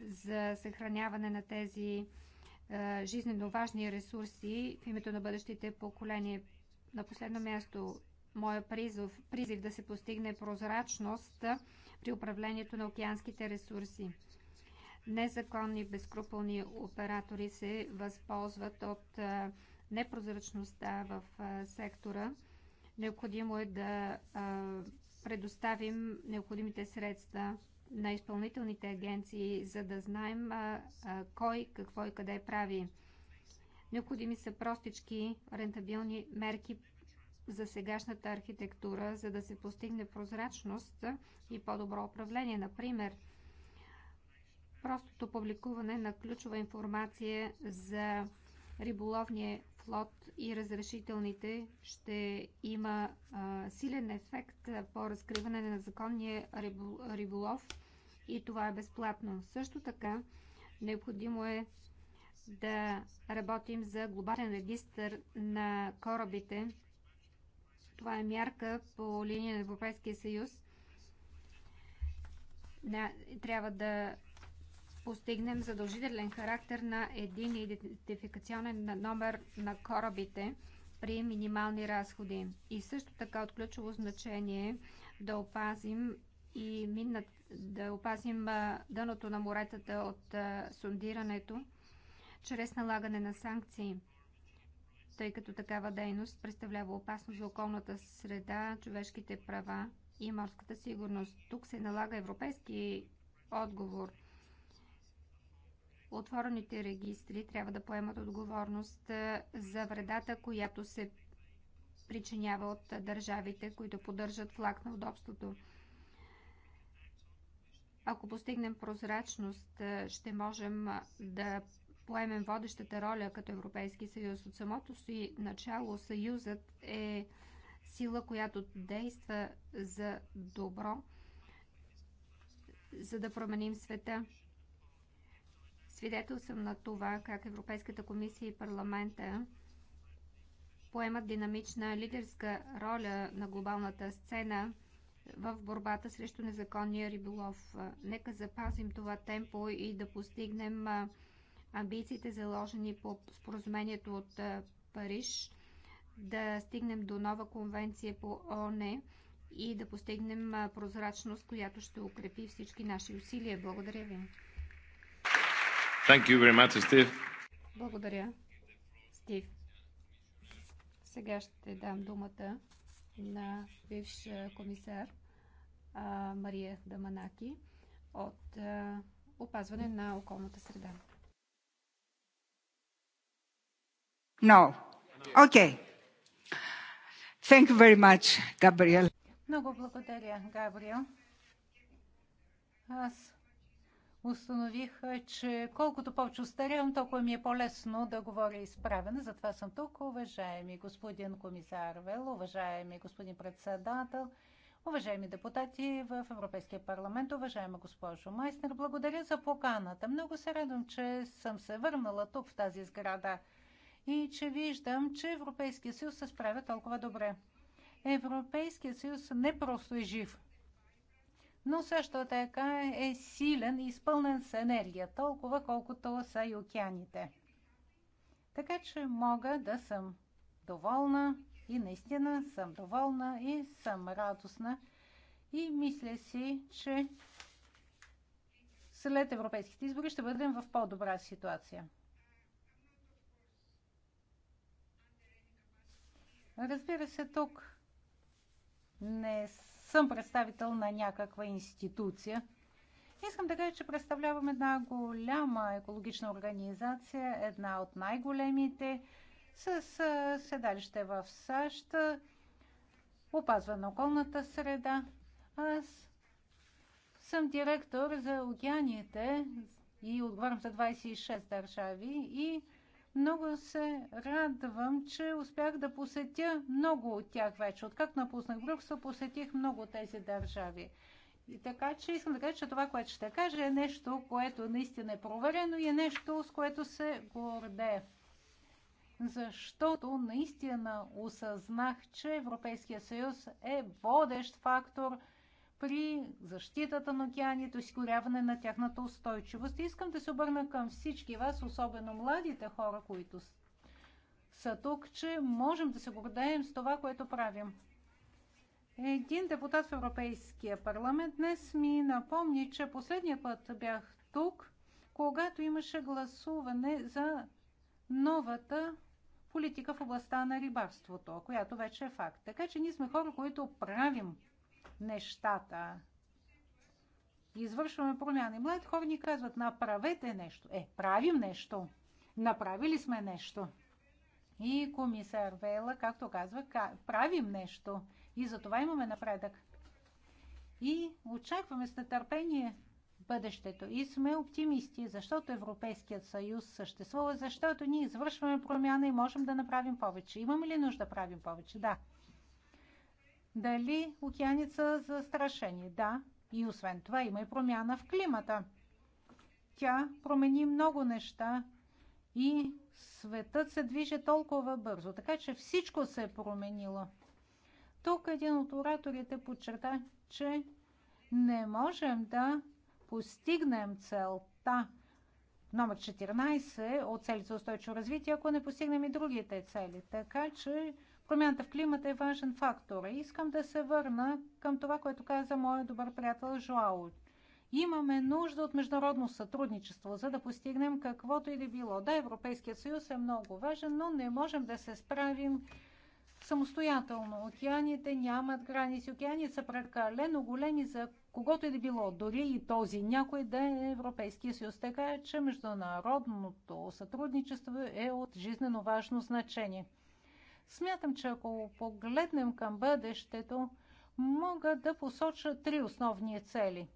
за съхраняване на тези жизненно важни ресурси в името на бъдещите поколения. На последно място моя призов, призив да се постигне прозрачност при управлението на океанските ресурси. Незаконни безкруполни оператори се възползват от непрозрачността в сектора. Необходимо е да предоставим необходимите средства на изпълнителните агенции, за да знаем кой, какво и къде прави. Необходими са простички рентабилни мерки за сегашната архитектура, за да се постигне прозрачност и по-добро управление. Например, простото публикуване на ключова информация за риболовния флот и разрешителните ще има а, силен ефект по разкриване на законния риболов и това е безплатно. Също така, необходимо е да работим за глобален регистр на корабите, това е мярка по линия на Европейския съюз. Трябва да постигнем задължителен характер на един идентификационен номер на корабите при минимални разходи. И също така от ключово значение да опазим и минна, да опазим дъното на моретата от сундирането чрез налагане на санкции тъй като такава дейност представлява опасност за околната среда, човешките права и морската сигурност. Тук се налага европейски отговор. Отворените регистри трябва да поемат отговорност за вредата, която се причинява от държавите, които поддържат флаг на удобството. Ако постигнем прозрачност, ще можем да поемем водещата роля като Европейски съюз. От самото си начало съюзът е сила, която действа за добро, за да променим света. Свидетел съм на това как Европейската комисия и парламента поемат динамична лидерска роля на глобалната сцена в борбата срещу незаконния риболов. Нека запазим това темпо и да постигнем амбициите заложени по споразумението от Париж, да стигнем до нова конвенция по ОНЕ и да постигнем прозрачност, която ще укрепи всички наши усилия. Благодаря ви. Thank you very much, Steve. Благодаря, Стив. Сега ще дам думата на бивш комисар Мария Даманаки от опазване на околната среда. No. Okay. Thank you very much, Gabriel. Много благодаря, Габриел. Аз установих, че колкото повече устарявам, толкова ми е по-лесно да говоря изправено. Затова съм тук, уважаеми господин комисар Вел, уважаеми господин председател, уважаеми депутати в Европейския парламент, уважаема госпожо Майснер, благодаря за поканата. Много се радвам, че съм се върнала тук в тази сграда и че виждам, че Европейския съюз се справя толкова добре. Европейския съюз не просто е жив, но също така е силен и изпълнен с енергия, толкова колкото са и океаните. Така че мога да съм доволна и наистина съм доволна и съм радостна и мисля си, че след европейските избори ще бъдем в по-добра ситуация. Разбира се, тук не съм представител на някаква институция. Искам да кажа, че представлявам една голяма екологична организация, една от най-големите, с седалище в САЩ, опазва на околната среда. Аз съм директор за океаните и отговарям за 26 държави и много се радвам, че успях да посетя много от тях вече. Откакто напуснах Брюксел, посетих много от тези държави. И така че искам да кажа, че това, което ще кажа, е нещо, което наистина е проверено и е нещо, с което се горде. Защото наистина осъзнах, че Европейския съюз е водещ фактор – при защитата на океаните, осигуряване на тяхната устойчивост. И искам да се обърна към всички вас, особено младите хора, които са тук, че можем да се гордеем с това, което правим. Един депутат в Европейския парламент днес ми напомни, че последния път бях тук, когато имаше гласуване за новата политика в областта на рибарството, която вече е факт. Така че ние сме хора, които правим нещата. Извършваме промяна. И младите хора ни казват, направете нещо. Е, правим нещо. Направили сме нещо. И комисар Вела, както казва, правим нещо. И за това имаме напредък. И очакваме с нетърпение бъдещето. И сме оптимисти, защото Европейският съюз съществува, защото ние извършваме промяна и можем да направим повече. Имаме ли нужда да правим повече? Да. Дали океаните са застрашени? Да. И освен това има и промяна в климата. Тя промени много неща и светът се движи толкова бързо, така че всичко се е променило. Тук един от ораторите подчерта, че не можем да постигнем целта номер 14 е от целите за устойчиво развитие, ако не постигнем и другите цели. Така че Промяната в климата е важен фактор. Искам да се върна към това, което каза моят добър приятел Жоао. Имаме нужда от международно сътрудничество, за да постигнем каквото и да било. Да, Европейският съюз е много важен, но не можем да се справим самостоятелно. Океаните нямат граници. Океаните са прекалено големи за когото и да било, дори и този някой да е Европейския съюз. Така че международното сътрудничество е от жизнено важно значение. Смятам, че ако погледнем към бъдещето, мога да посоча три основни цели.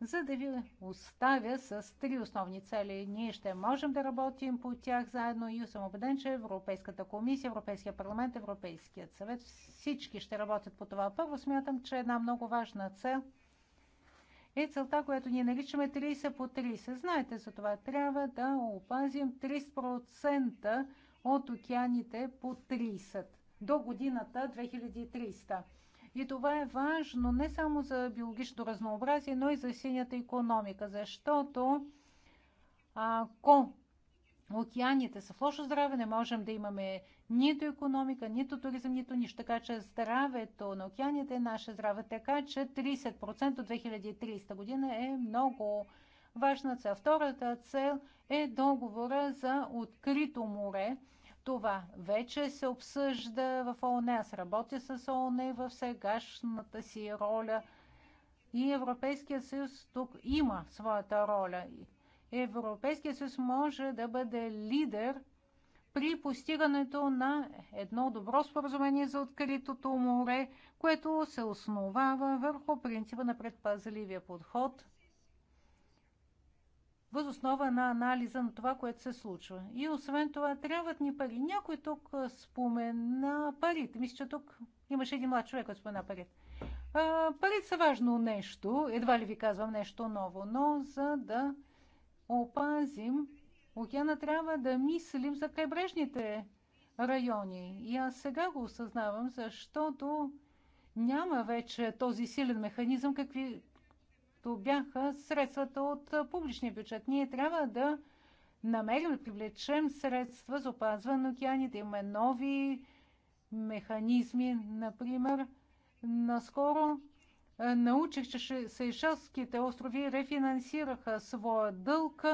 За да ви оставя с три основни цели, ние ще можем да работим по тях заедно и съм убеден, че Европейската комисия, Европейския парламент, Европейският съвет, всички ще работят по това. Първо смятам, че една много важна цел е целта, която ние наричаме 30 по 30. Знаете, за това трябва да опазим 30% от океаните по 30 до годината 2300. И това е важно не само за биологичното разнообразие, но и за синята економика, защото ако океаните са в лошо здраве, не можем да имаме нито економика, нито туризъм, нито нищо. Така че здравето на океаните е наше здраве. Така че 30% от 2300 година е много важна цел. Втората цел е договора за открито море. Това вече се обсъжда в ООН. Аз работя с ООН в сегашната си роля. И Европейския съюз тук има своята роля. Европейския съюз може да бъде лидер при постигането на едно добро споразумение за откритото море, което се основава върху принципа на предпазливия подход въз основа на анализа на това, което се случва. И освен това, трябват ни пари. Някой тук спомена парите. Мисля, че тук имаше един млад човек, който спомена парите. парите са важно нещо, едва ли ви казвам нещо ново, но за да опазим океана, трябва да мислим за крайбрежните райони. И аз сега го осъзнавам, защото няма вече този силен механизъм, какви, както бяха средствата от публичния бюджет. Ние трябва да намерим да привлечем средства за опазване на океаните. Да имаме нови механизми, например. Наскоро научих, че Сейшелските острови рефинансираха своя дълг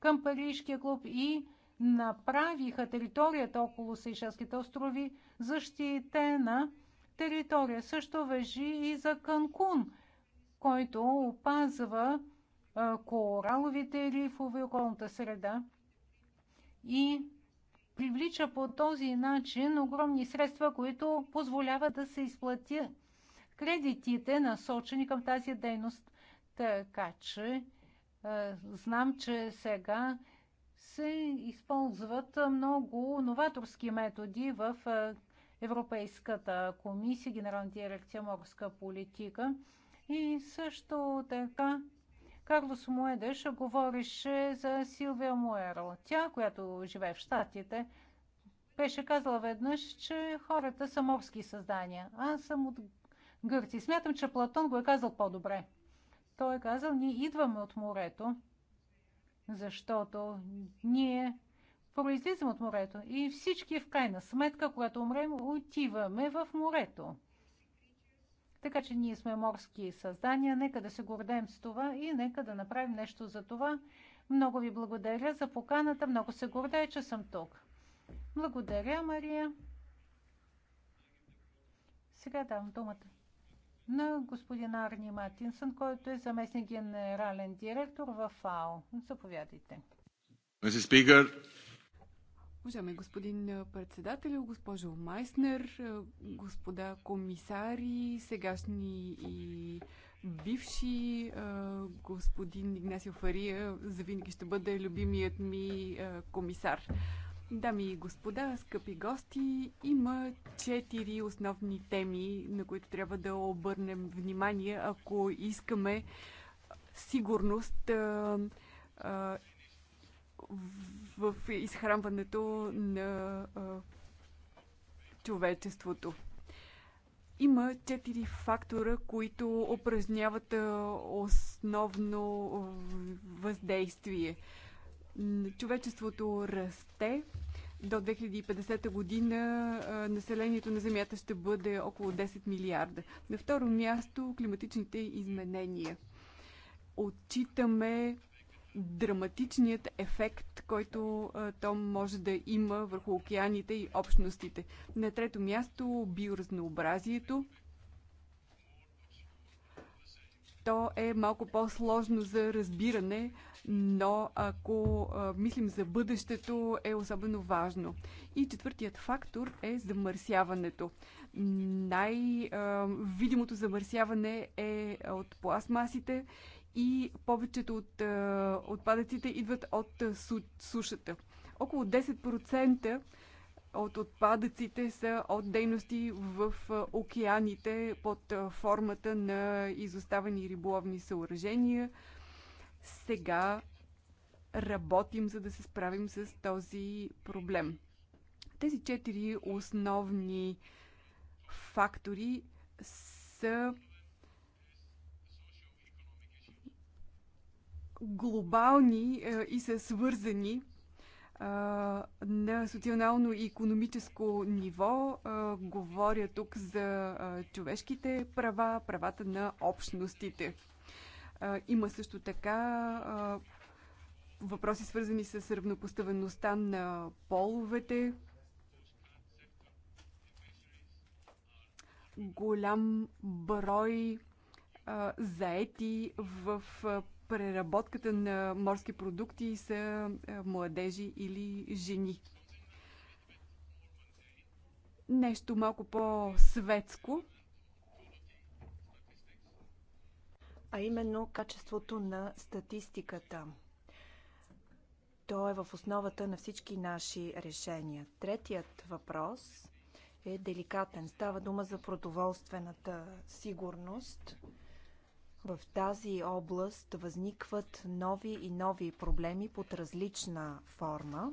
към Парижкия клуб и направиха територията около Сейшелските острови защитена територия. Също въжи и за Канкун който опазва кораловите рифове, околната среда и привлича по този начин огромни средства, които позволяват да се изплати кредитите, насочени към тази дейност. Така че знам, че сега се използват много новаторски методи в Европейската комисия, Генерална дирекция морска политика. И също така Карлос Муедеш говореше за Силвия Муеро. Тя, която живее в Штатите, беше казала веднъж, че хората са морски създания. Аз съм от Гърци. Смятам, че Платон го е казал по-добре. Той е казал, ние идваме от морето, защото ние произлизаме от морето и всички в крайна сметка, когато умрем, отиваме в морето. Така че ние сме морски създания, нека да се гордеем с това и нека да направим нещо за това. Много ви благодаря за поканата, много се гордея, че съм тук. Благодаря, Мария. Сега давам думата на господин Арни Матинсън, който е заместник генерален директор в Ао. Заповядайте. Уважаеми господин председател, госпожо Майснер, господа комисари, сегашни и бивши, господин Игнасио Фария, завинаги ще бъде любимият ми комисар. Дами и господа, скъпи гости, има четири основни теми, на които трябва да обърнем внимание, ако искаме сигурност в изхранването на човечеството. Има четири фактора, които упражняват основно въздействие. Човечеството расте. До 2050 година населението на Земята ще бъде около 10 милиарда. На второ място климатичните изменения. Отчитаме драматичният ефект, който то може да има върху океаните и общностите. На трето място биоразнообразието. То е малко по-сложно за разбиране, но ако мислим за бъдещето, е особено важно. И четвъртият фактор е замърсяването. Най-видимото замърсяване е от пластмасите и повечето от е, отпадъците идват от е, сушата. Около 10% от отпадъците са от дейности в е, океаните под формата на изоставени риболовни съоръжения. Сега работим, за да се справим с този проблем. Тези четири основни фактори са глобални е, и са свързани е, на социално и економическо ниво. Е, говоря тук за човешките права, правата на общностите. Има също така въпроси свързани с равнопоставеността на половете. Голям брой заети в преработката на морски продукти са е, младежи или жени. Нещо малко по-светско. А именно качеството на статистиката. То е в основата на всички наши решения. Третият въпрос е деликатен. Става дума за продоволствената сигурност – в тази област възникват нови и нови проблеми под различна форма.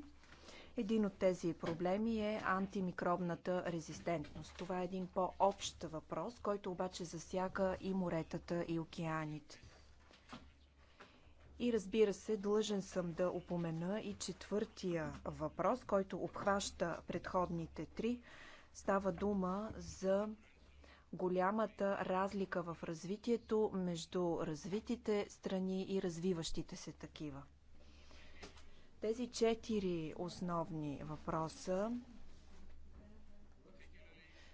Един от тези проблеми е антимикробната резистентност. Това е един по-общ въпрос, който обаче засяга и моретата, и океаните. И разбира се, длъжен съм да упомена и четвъртия въпрос, който обхваща предходните три. Става дума за голямата разлика в развитието между развитите страни и развиващите се такива. Тези четири основни въпроса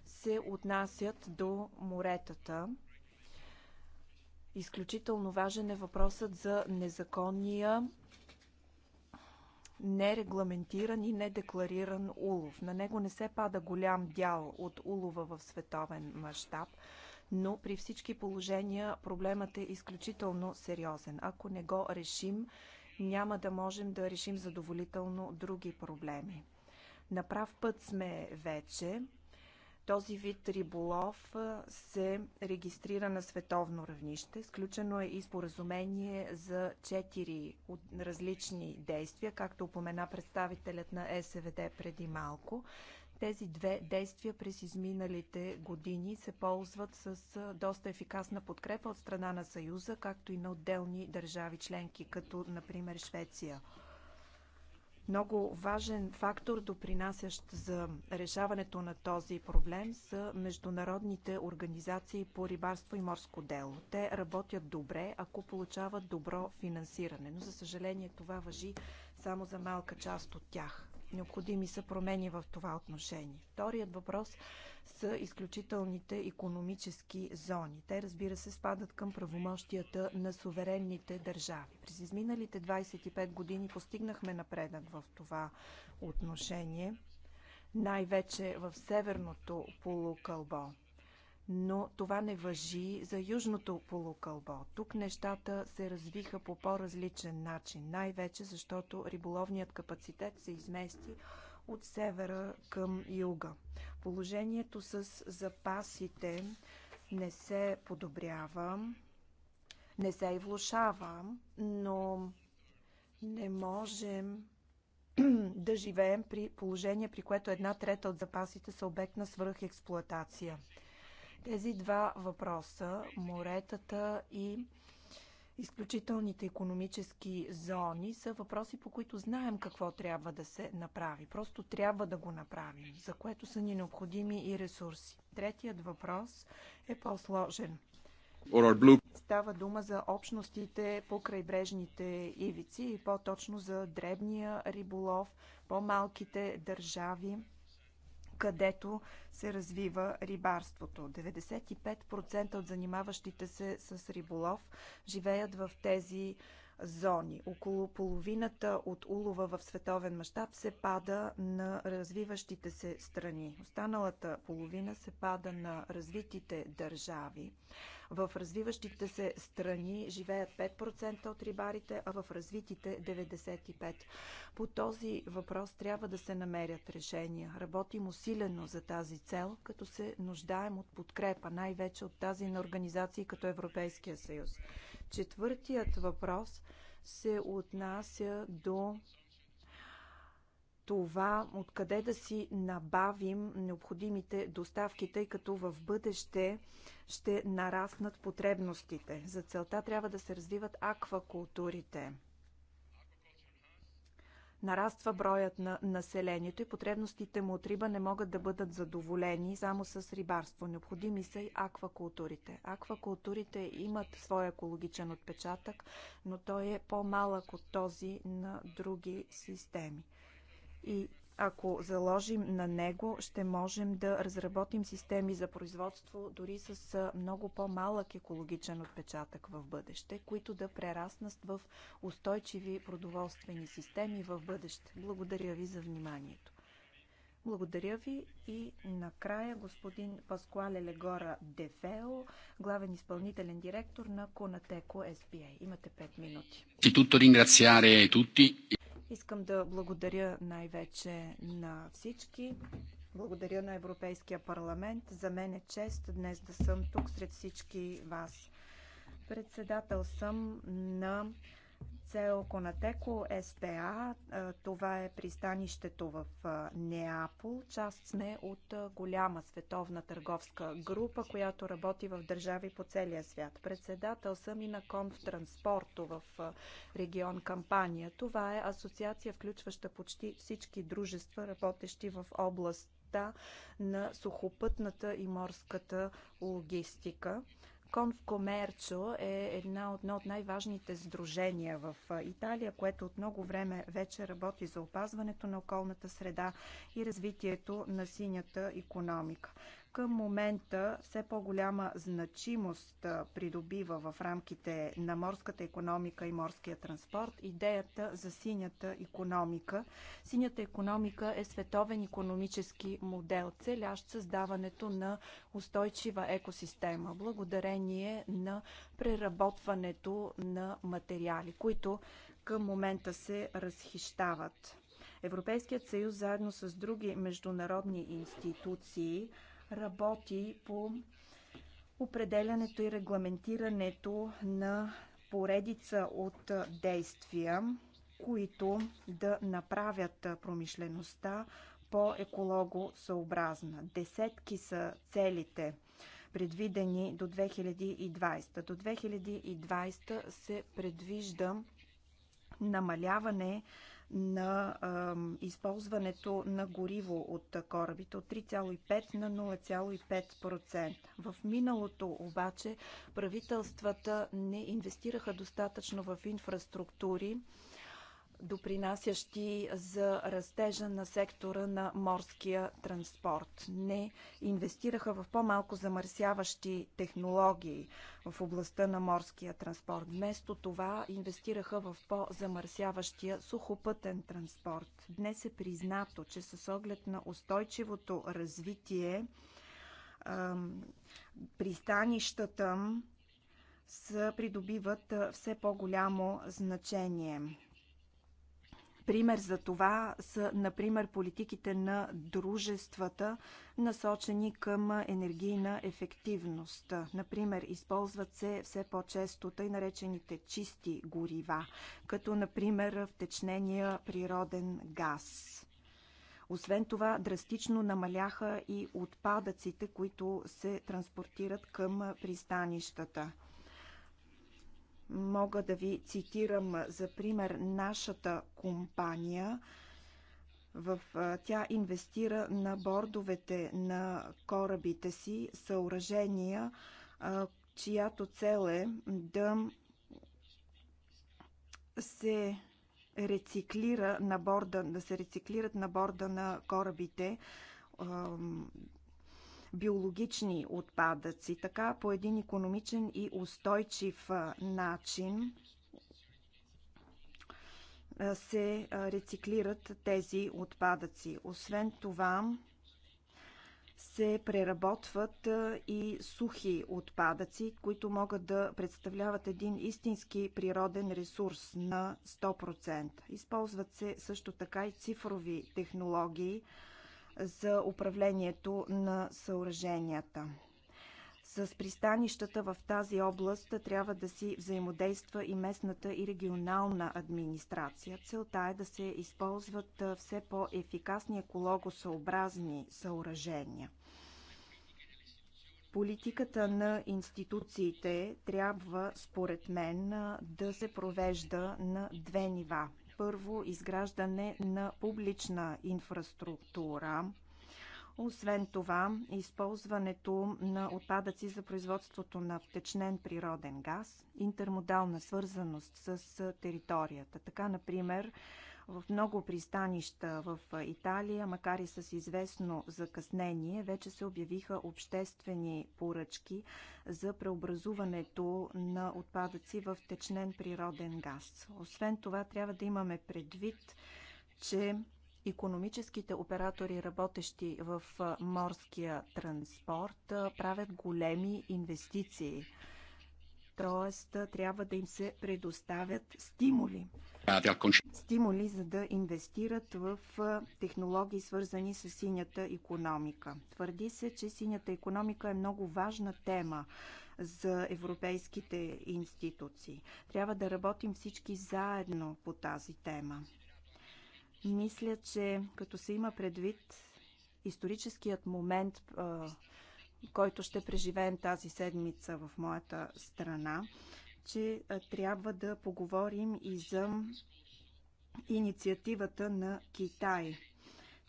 се отнасят до моретата. Изключително важен е въпросът за незаконния нерегламентиран и недеклариран улов. На него не се пада голям дял от улова в световен мащаб, но при всички положения проблемът е изключително сериозен. Ако не го решим, няма да можем да решим задоволително други проблеми. На прав път сме вече. Този вид риболов се регистрира на световно равнище. Сключено е и споразумение за четири различни действия, както упомена представителят на СВД преди малко. Тези две действия през изминалите години се ползват с доста ефикасна подкрепа от страна на Съюза, както и на отделни държави членки, като например Швеция. Много важен фактор, допринасящ за решаването на този проблем, са международните организации по рибарство и морско дело. Те работят добре, ако получават добро финансиране, но за съжаление това въжи само за малка част от тях. Необходими са промени в това отношение. Вторият въпрос са изключителните економически зони. Те, разбира се, спадат към правомощията на суверенните държави. През изминалите 25 години постигнахме напредък в това отношение, най-вече в северното полукълбо но това не въжи за Южното полукълбо. Тук нещата се развиха по по-различен начин, най-вече защото риболовният капацитет се измести от севера към юга. Положението с запасите не се подобрява, не се и влушава, но не можем да живеем при положение, при което една трета от запасите са обект на свръхексплоатация. Тези два въпроса, моретата и изключителните економически зони, са въпроси, по които знаем какво трябва да се направи. Просто трябва да го направим, за което са ни необходими и ресурси. Третият въпрос е по-сложен. Става дума за общностите по крайбрежните ивици и по-точно за дребния риболов, по-малките държави където се развива рибарството. 95% от занимаващите се с риболов живеят в тези зони. Около половината от улова в световен мащаб се пада на развиващите се страни. Останалата половина се пада на развитите държави. В развиващите се страни живеят 5% от рибарите, а в развитите 95%. По този въпрос трябва да се намерят решения. Работим усилено за тази цел, като се нуждаем от подкрепа, най-вече от тази на организации като Европейския съюз. Четвъртият въпрос се отнася до това откъде да си набавим необходимите доставки, тъй като в бъдеще ще нараснат потребностите. За целта трябва да се развиват аквакултурите – нараства броят на населението и потребностите му от риба не могат да бъдат задоволени само с рибарство. Необходими са и аквакултурите. Аквакултурите имат своя екологичен отпечатък, но той е по-малък от този на други системи. И ако заложим на него, ще можем да разработим системи за производство дори с много по-малък екологичен отпечатък в бъдеще, които да прераснат в устойчиви продоволствени системи в бъдеще. Благодаря ви за вниманието. Благодаря ви и накрая господин Паскуале Легора Дефео, главен изпълнителен директор на Конатеко СПА. Имате 5 минути. Искам да благодаря най-вече на всички. Благодаря на Европейския парламент. За мен е чест днес да съм тук сред всички вас. Председател съм на Цел Конатеко СПА. Това е пристанището в Неапол. Част сме от голяма световна търговска група, която работи в държави по целия свят. Председател съм и на Конф Транспорто в регион Кампания. Това е асоциация, включваща почти всички дружества, работещи в област на сухопътната и морската логистика. Конфкомерчо е една от, едно от най-важните сдружения в Италия, което от много време вече работи за опазването на околната среда и развитието на синята економика към момента все по-голяма значимост придобива в рамките на морската економика и морския транспорт идеята за синята економика. Синята економика е световен економически модел, целящ създаването на устойчива екосистема, благодарение на преработването на материали, които към момента се разхищават. Европейският съюз заедно с други международни институции работи по определянето и регламентирането на поредица от действия, които да направят промишлеността по-екологосъобразна. Десетки са целите, предвидени до 2020. До 2020 се предвижда намаляване на използването на гориво от корабите от 3,5 на 0,5%. В миналото обаче правителствата не инвестираха достатъчно в инфраструктури, допринасящи за растежа на сектора на морския транспорт. Не инвестираха в по-малко замърсяващи технологии в областта на морския транспорт. Вместо това инвестираха в по-замърсяващия сухопътен транспорт. Днес е признато, че с оглед на устойчивото развитие пристанищата са придобиват все по-голямо значение Пример за това са, например, политиките на дружествата, насочени към енергийна ефективност. Например, използват се все по-често тъй наречените чисти горива, като, например, втечнения природен газ. Освен това, драстично намаляха и отпадъците, които се транспортират към пристанищата. Мога да ви цитирам за пример нашата компания. В тя инвестира на бордовете на корабите си съоръжения, чиято цел е да се рециклира на борда, да се рециклират на борда на корабите биологични отпадъци. Така по един економичен и устойчив начин се рециклират тези отпадъци. Освен това, се преработват и сухи отпадъци, които могат да представляват един истински природен ресурс на 100%. Използват се също така и цифрови технологии, за управлението на съоръженията. С пристанищата в тази област трябва да си взаимодейства и местната и регионална администрация. Целта е да се използват все по-ефикасни екологосъобразни съоръжения. Политиката на институциите трябва, според мен, да се провежда на две нива. Първо, изграждане на публична инфраструктура. Освен това, използването на отпадъци за производството на втечнен природен газ, интермодална свързаност с територията. Така, например, в много пристанища в Италия, макар и с известно закъснение, вече се обявиха обществени поръчки за преобразуването на отпадъци в течнен природен газ. Освен това, трябва да имаме предвид, че Икономическите оператори, работещи в морския транспорт, правят големи инвестиции. Тоест, трябва да им се предоставят стимули стимули за да инвестират в технологии, свързани с синята економика. Твърди се, че синята економика е много важна тема за европейските институции. Трябва да работим всички заедно по тази тема. Мисля, че като се има предвид историческият момент, който ще преживеем тази седмица в моята страна, че трябва да поговорим и за инициативата на Китай.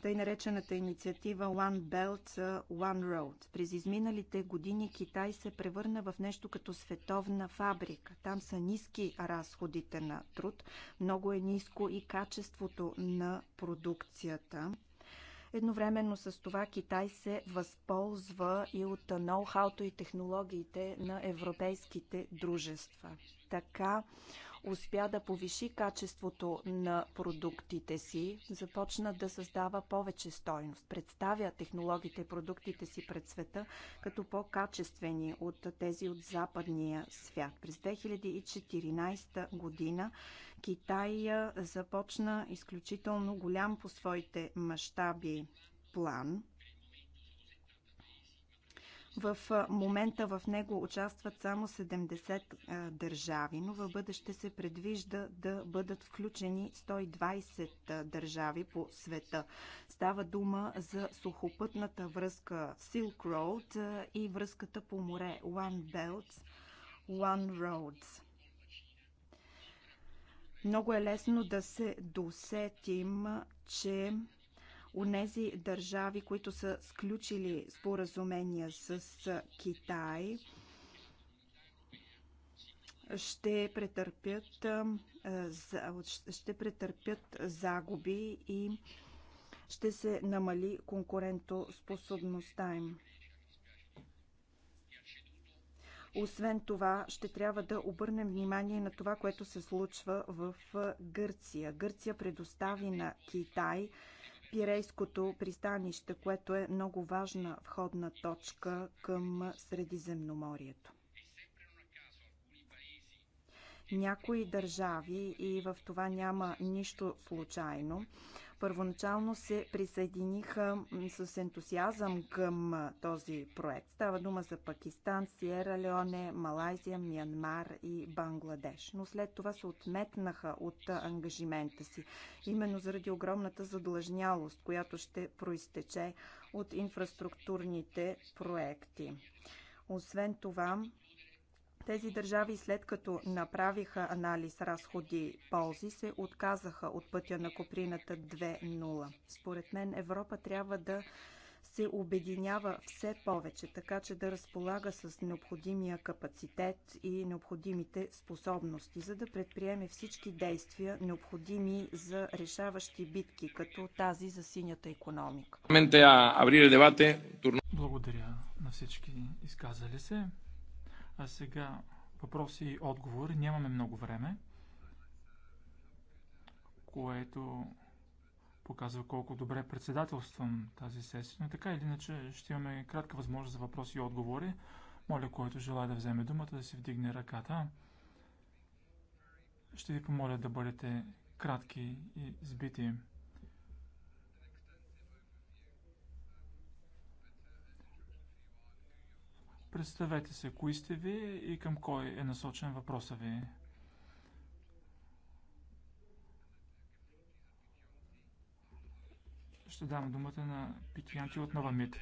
Тъй наречената инициатива One Belt, One Road. През изминалите години Китай се превърна в нещо като световна фабрика. Там са ниски разходите на труд, много е ниско и качеството на продукцията. Едновременно с това Китай се възползва и от ноу-хауто и технологиите на европейските дружества. Така успя да повиши качеството на продуктите си, започна да създава повече стойност, представя технологиите и продуктите си пред света като по-качествени от тези от западния свят. През 2014 година Китай започна изключително голям по своите мащаби план – в момента в него участват само 70 държави, но в бъдеще се предвижда да бъдат включени 120 държави по света. Става дума за сухопътната връзка Silk Road и връзката по море One Belt, One Roads. Много е лесно да се досетим, че Унези държави, които са сключили споразумения с Китай, ще претърпят, ще претърпят загуби и ще се намали конкурентоспособността им. Освен това, ще трябва да обърнем внимание на това, което се случва в Гърция. Гърция предостави на Китай Пирейското пристанище, което е много важна входна точка към Средиземноморието. Някои държави, и в това няма нищо случайно, първоначално се присъединиха с ентусиазъм към този проект. Става дума за Пакистан, Сиера Леоне, Малайзия, Миянмар и Бангладеш. Но след това се отметнаха от ангажимента си, именно заради огромната задлъжнялост, която ще проистече от инфраструктурните проекти. Освен това, тези държави, след като направиха анализ разходи-ползи, се отказаха от пътя на Коприната 2.0. Според мен Европа трябва да се обединява все повече, така че да разполага с необходимия капацитет и необходимите способности, за да предприеме всички действия, необходими за решаващи битки, като тази за синята економика. Благодаря на всички изказали се. А сега въпроси и отговори. Нямаме много време, което показва колко добре председателствам тази сесия, но така или иначе ще имаме кратка възможност за въпроси и отговори. Моля, който желая да вземе думата, да си вдигне ръката. Ще ви помоля да бъдете кратки и сбити. Представете се кои сте ви и към кой е насочен въпроса ви. Ще дам думата на Питианти от Нова Мит.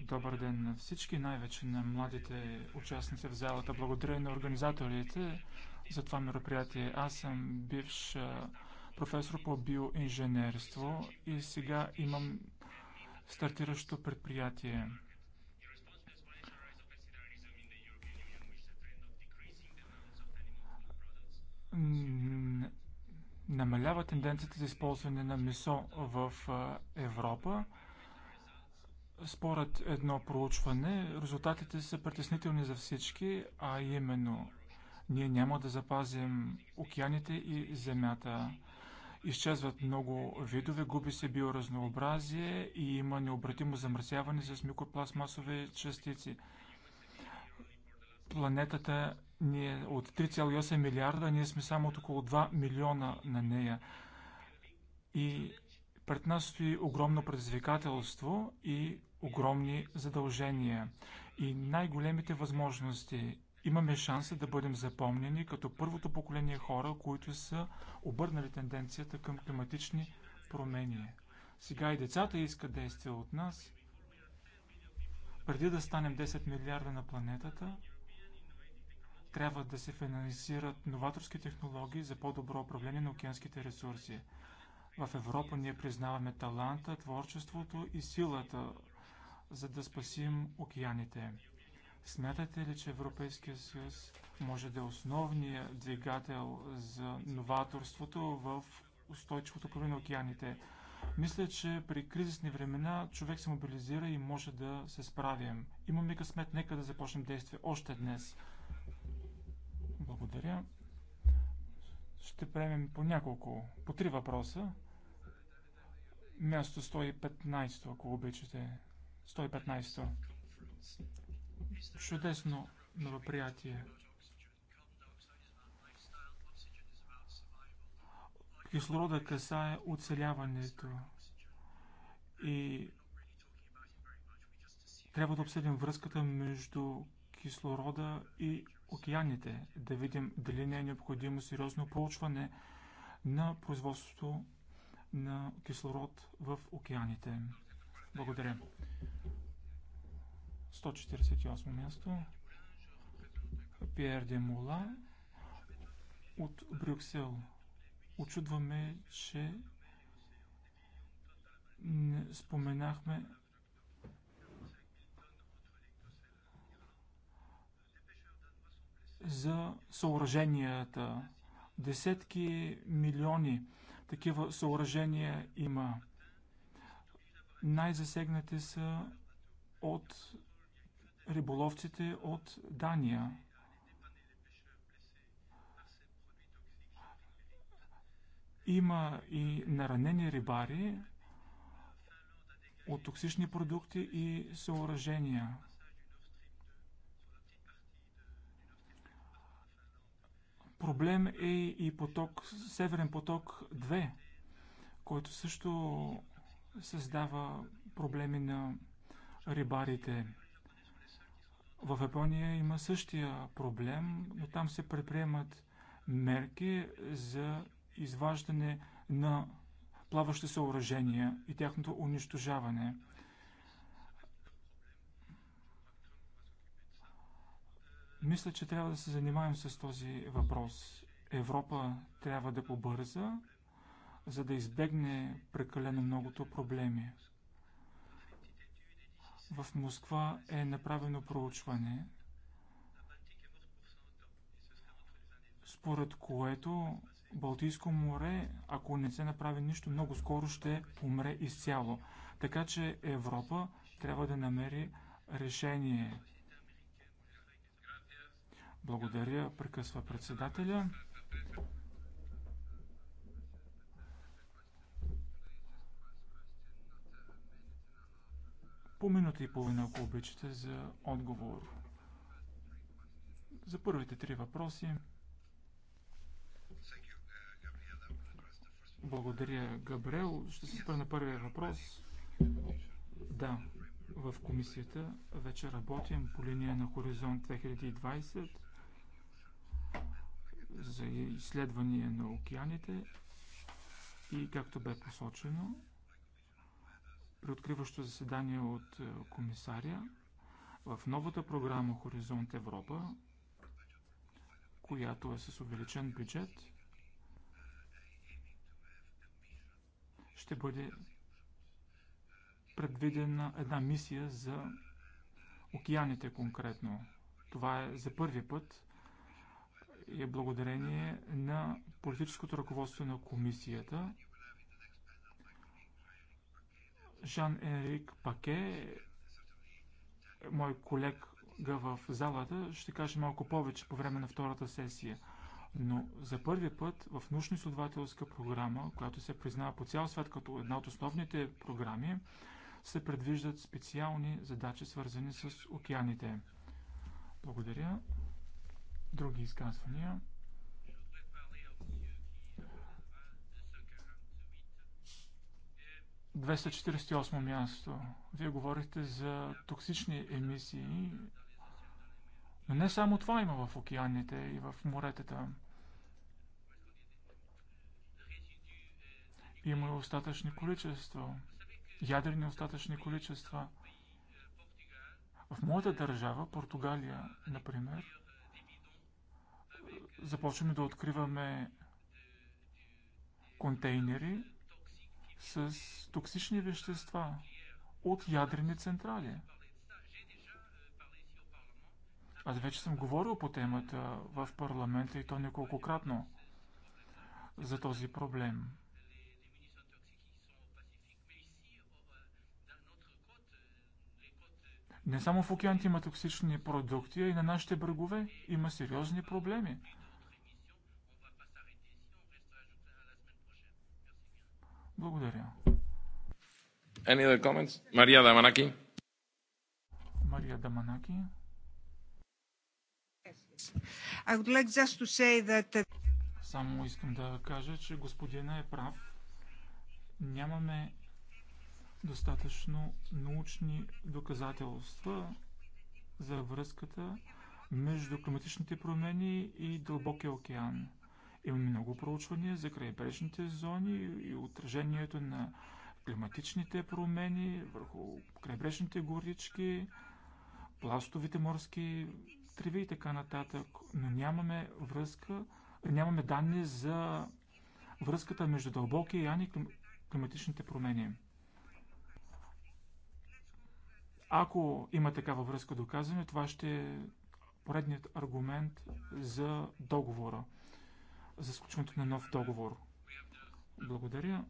Добър ден на всички, най-вече на младите участници в залата. Благодаря на организаторите за това мероприятие. Аз съм бивш професор по биоинженерство и сега имам стартиращо предприятие. намалява тенденцията за използване на месо в Европа. Според едно проучване, резултатите са притеснителни за всички, а именно ние няма да запазим океаните и земята. Изчезват много видове, губи се биоразнообразие и има необратимо замърсяване с микропластмасови частици. Планетата ние от 3,8 милиарда, ние сме само от около 2 милиона на нея. И пред нас стои огромно предизвикателство и огромни задължения и най-големите възможности. Имаме шанса да бъдем запомнени като първото поколение хора, които са обърнали тенденцията към климатични промени. Сега и децата искат действия от нас. Преди да станем 10 милиарда на планетата, трябва да се финансират новаторски технологии за по-добро управление на океанските ресурси. В Европа ние признаваме таланта, творчеството и силата, за да спасим океаните. Смятате ли, че Европейския съюз може да е основният двигател за новаторството в устойчивото управление на океаните? Мисля, че при кризисни времена човек се мобилизира и може да се справим. Имаме късмет, нека да започнем действие още днес. Благодаря. Ще приемем по няколко, по три въпроса. Място 115, ако обичате. 115. Чудесно мероприятие. Кислорода касае оцеляването и трябва да обсъдим връзката между кислорода и океаните, да видим дали не е необходимо сериозно проучване на производството на кислород в океаните. Благодаря. 148 място. Пьер де Мула от Брюксел. Очудваме, че не споменахме за съоръженията. Десетки милиони такива съоръжения има. Най-засегнати са от риболовците от Дания. Има и наранени рибари от токсични продукти и съоръжения. Проблем е и поток, Северен поток 2, който също създава проблеми на рибарите. В Япония има същия проблем, но там се предприемат мерки за изваждане на плаващи съоръжения и тяхното унищожаване. Мисля, че трябва да се занимаем с този въпрос. Европа трябва да побърза, за да избегне прекалено многото проблеми. В Москва е направено проучване, според което Балтийско море, ако не се направи нищо, много скоро ще умре изцяло. Така че Европа трябва да намери решение благодаря, прекъсва председателя. По минута и половина, ако обичате, за отговор. За първите три въпроси. Благодаря, Габриел. Ще се спра на първия въпрос. Да, в комисията вече работим по линия на Хоризонт 2020 за изследвания на океаните и, както бе посочено, при откриващо заседание от е, комисаря в новата програма Хоризонт Европа, която е с увеличен бюджет, ще бъде предвидена една мисия за океаните конкретно. Това е за първи път е благодарение на политическото ръководство на комисията. Жан-Енрик Паке, мой колега в залата, ще каже малко повече по време на втората сесия. Но за първи път в научно-изследователска програма, която се признава по цял свят като една от основните програми, се предвиждат специални задачи, свързани с океаните. Благодаря. Други изказвания? ...248 място. Вие говорите за токсични емисии, но не само това има в океаните и в моретата. Има и остатъчни количества, ядрени остатъчни количества. В моята държава, Португалия, например, започваме да откриваме контейнери с токсични вещества от ядрени централи. Аз вече съм говорил по темата в парламента и то неколкократно за този проблем. Не само в океанти има токсични продукти, а и на нашите брегове има сериозни проблеми. Благодаря. Any other comments? Мария Даманаки. Мария Даманаки. I would like just to say that... Uh, Само искам да кажа, че господина е прав. Нямаме достатъчно научни доказателства за връзката между климатичните промени и дълбокия океан. Имаме много проучвания за крайбрежните зони и отражението на климатичните промени върху крайбрежните горички, пластовите морски треви и така нататък. Но нямаме връзка, нямаме данни за връзката между дълбоки и ани климатичните промени. Ако има такава връзка доказана, това ще е поредният аргумент за договора за сключването на нов договор. Благодаря.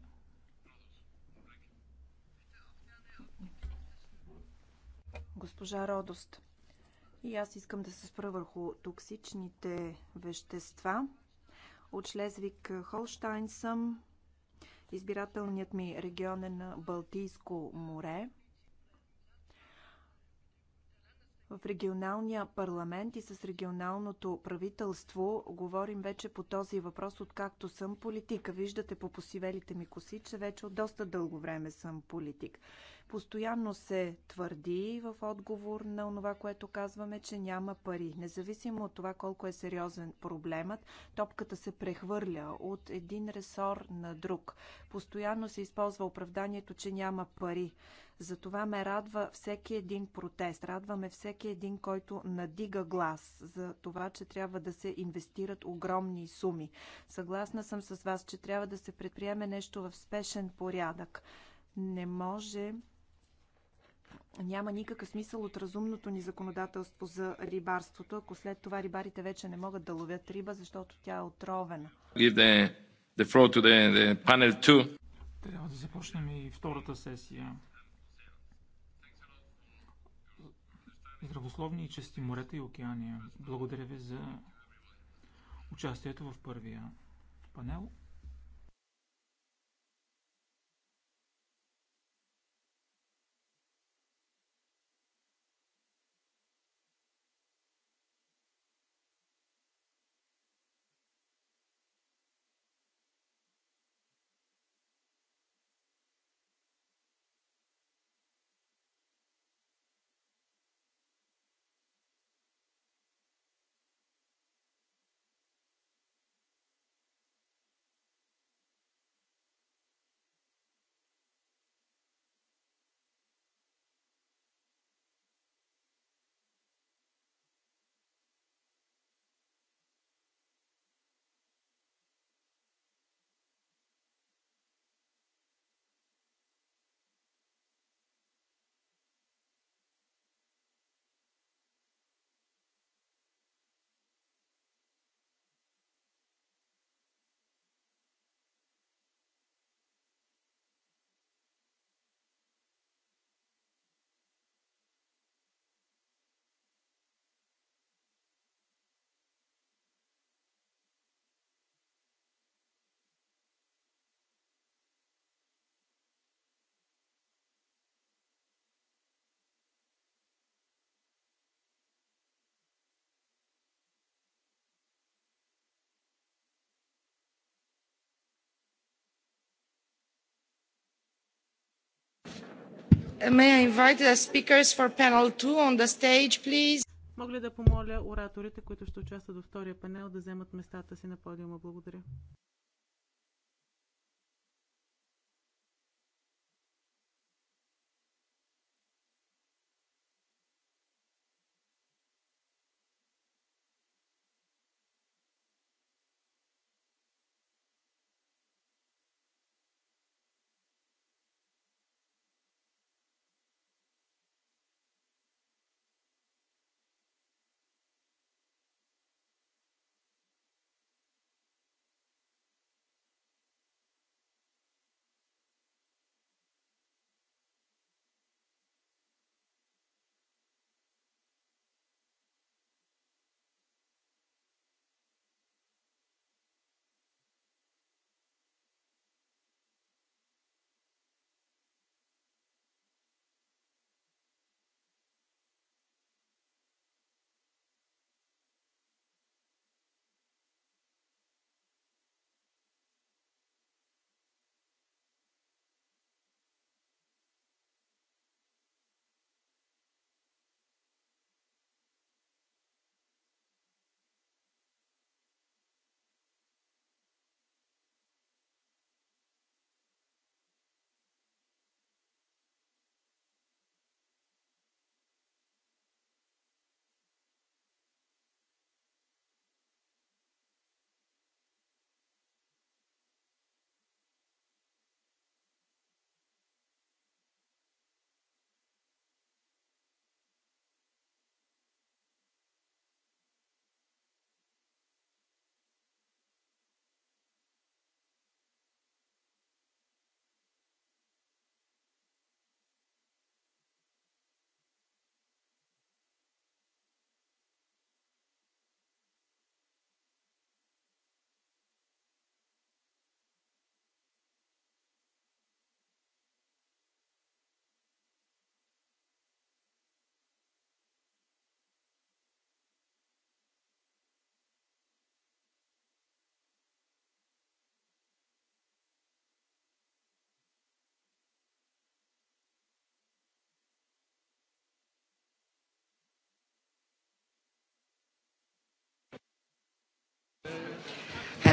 Госпожа Родост, и аз искам да се спра върху токсичните вещества. От Шлезвик Холштайн съм. Избирателният ми регион е на Балтийско море – В регионалния парламент и с регионалното правителство говорим вече по този въпрос, откакто съм политика. Виждате по посивелите ми коси, че вече от доста дълго време съм политик. Постоянно се твърди в отговор на това, което казваме, че няма пари. Независимо от това колко е сериозен проблемът, топката се прехвърля от един ресор на друг. Постоянно се използва оправданието, че няма пари. Затова ме радва всеки един протест. Радваме всеки един, който надига глас за това, че трябва да се инвестират огромни суми. Съгласна съм с вас, че трябва да се предприеме нещо в спешен порядък. Не може няма никакъв смисъл от разумното ни законодателство за рибарството, ако след това рибарите вече не могат да ловят риба, защото тя е отровена. Трябва да започнем и втората сесия. Здравословни и чести морета и океания. Благодаря ви за участието в първия панел. May I invite the speakers for panel 2 on the stage, please? Мога ли да помоля ораторите, които ще участват във втория панел, да вземат местата си на подиума? Благодаря.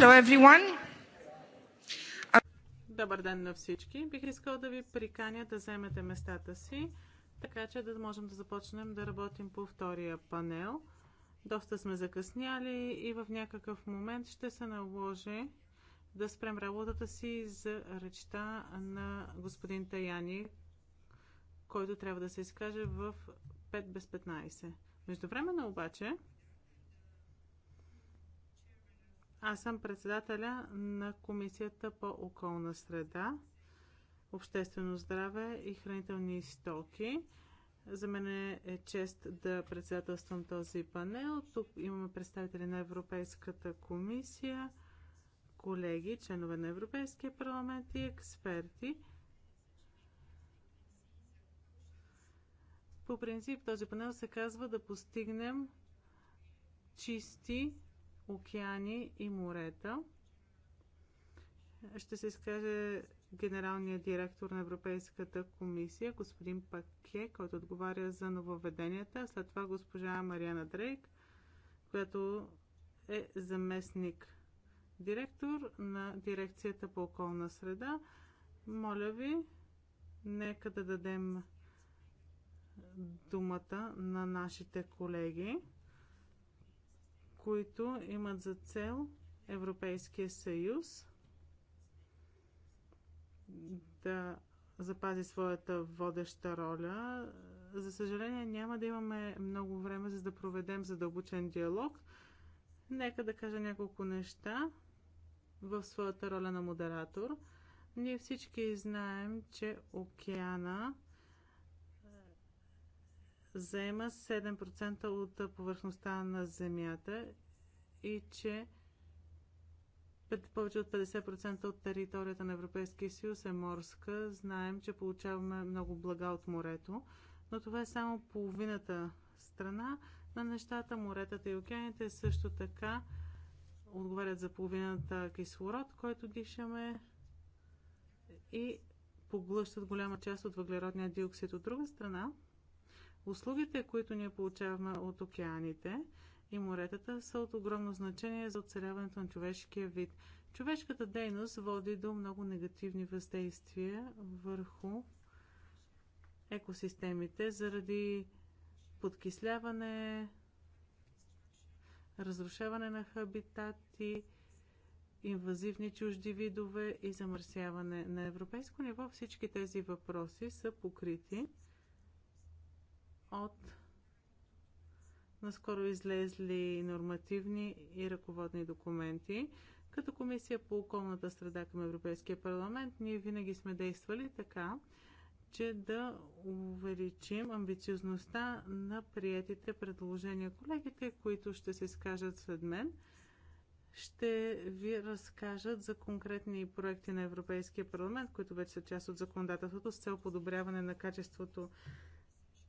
Hello everyone. Добър ден на всички. Бих искал да ви приканя да вземете местата си, така че да можем да започнем да работим по втория панел. Доста сме закъсняли и в някакъв момент ще се наложи да спрем работата си за речта на господин Таяни, който трябва да се изкаже в 5 без 15. Междувременно обаче, аз съм председателя на Комисията по околна среда, обществено здраве и хранителни стоки. За мен е чест да председателствам този панел. Тук имаме представители на Европейската комисия, колеги, членове на Европейския парламент и експерти. По принцип този панел се казва да постигнем чисти океани и морета. Ще се изкаже генералният директор на Европейската комисия, господин Паке, който отговаря за нововведенията. След това госпожа Мариана Дрейк, която е заместник директор на дирекцията по околна среда. Моля ви, нека да дадем думата на нашите колеги които имат за цел Европейския съюз да запази своята водеща роля. За съжаление няма да имаме много време за да проведем задълбочен диалог. Нека да кажа няколко неща в своята роля на модератор. Ние всички знаем, че океана заема 7% от повърхността на Земята и че повече от 50% от територията на Европейския съюз е морска. Знаем, че получаваме много блага от морето, но това е само половината страна на нещата. Моретата и океаните също така отговарят за половината кислород, който дишаме и поглъщат голяма част от въглеродния диоксид. От друга страна, Услугите, които ние получаваме от океаните и моретата, са от огромно значение за оцеляването на човешкия вид. Човешката дейност води до много негативни въздействия върху екосистемите заради подкисляване, разрушаване на хабитати, инвазивни чужди видове и замърсяване. На европейско ниво всички тези въпроси са покрити от наскоро излезли нормативни и ръководни документи. Като Комисия по околната среда към Европейския парламент, ние винаги сме действали така, че да увеличим амбициозността на приятите предложения. Колегите, които ще се изкажат след мен, ще ви разкажат за конкретни проекти на Европейския парламент, които вече са част от законодателството с цел подобряване на качеството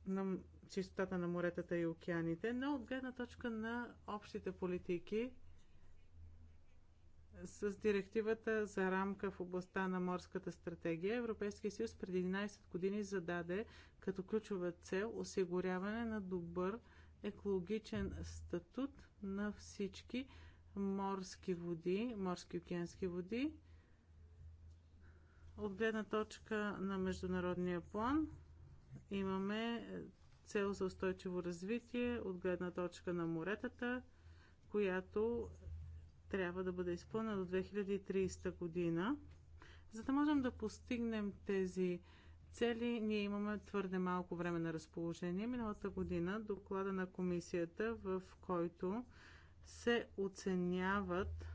на чистотата на моретата и океаните, но от гледна точка на общите политики с директивата за рамка в областта на морската стратегия, Европейския съюз преди 11 години зададе като ключова цел осигуряване на добър екологичен статут на всички морски води, морски океански води. От гледна точка на международния план, имаме е, цел за устойчиво развитие от гледна точка на моретата, която трябва да бъде изпълнена до 2030 година. За да можем да постигнем тези цели, ние имаме твърде малко време на разположение. Миналата година доклада на комисията, в който се оценяват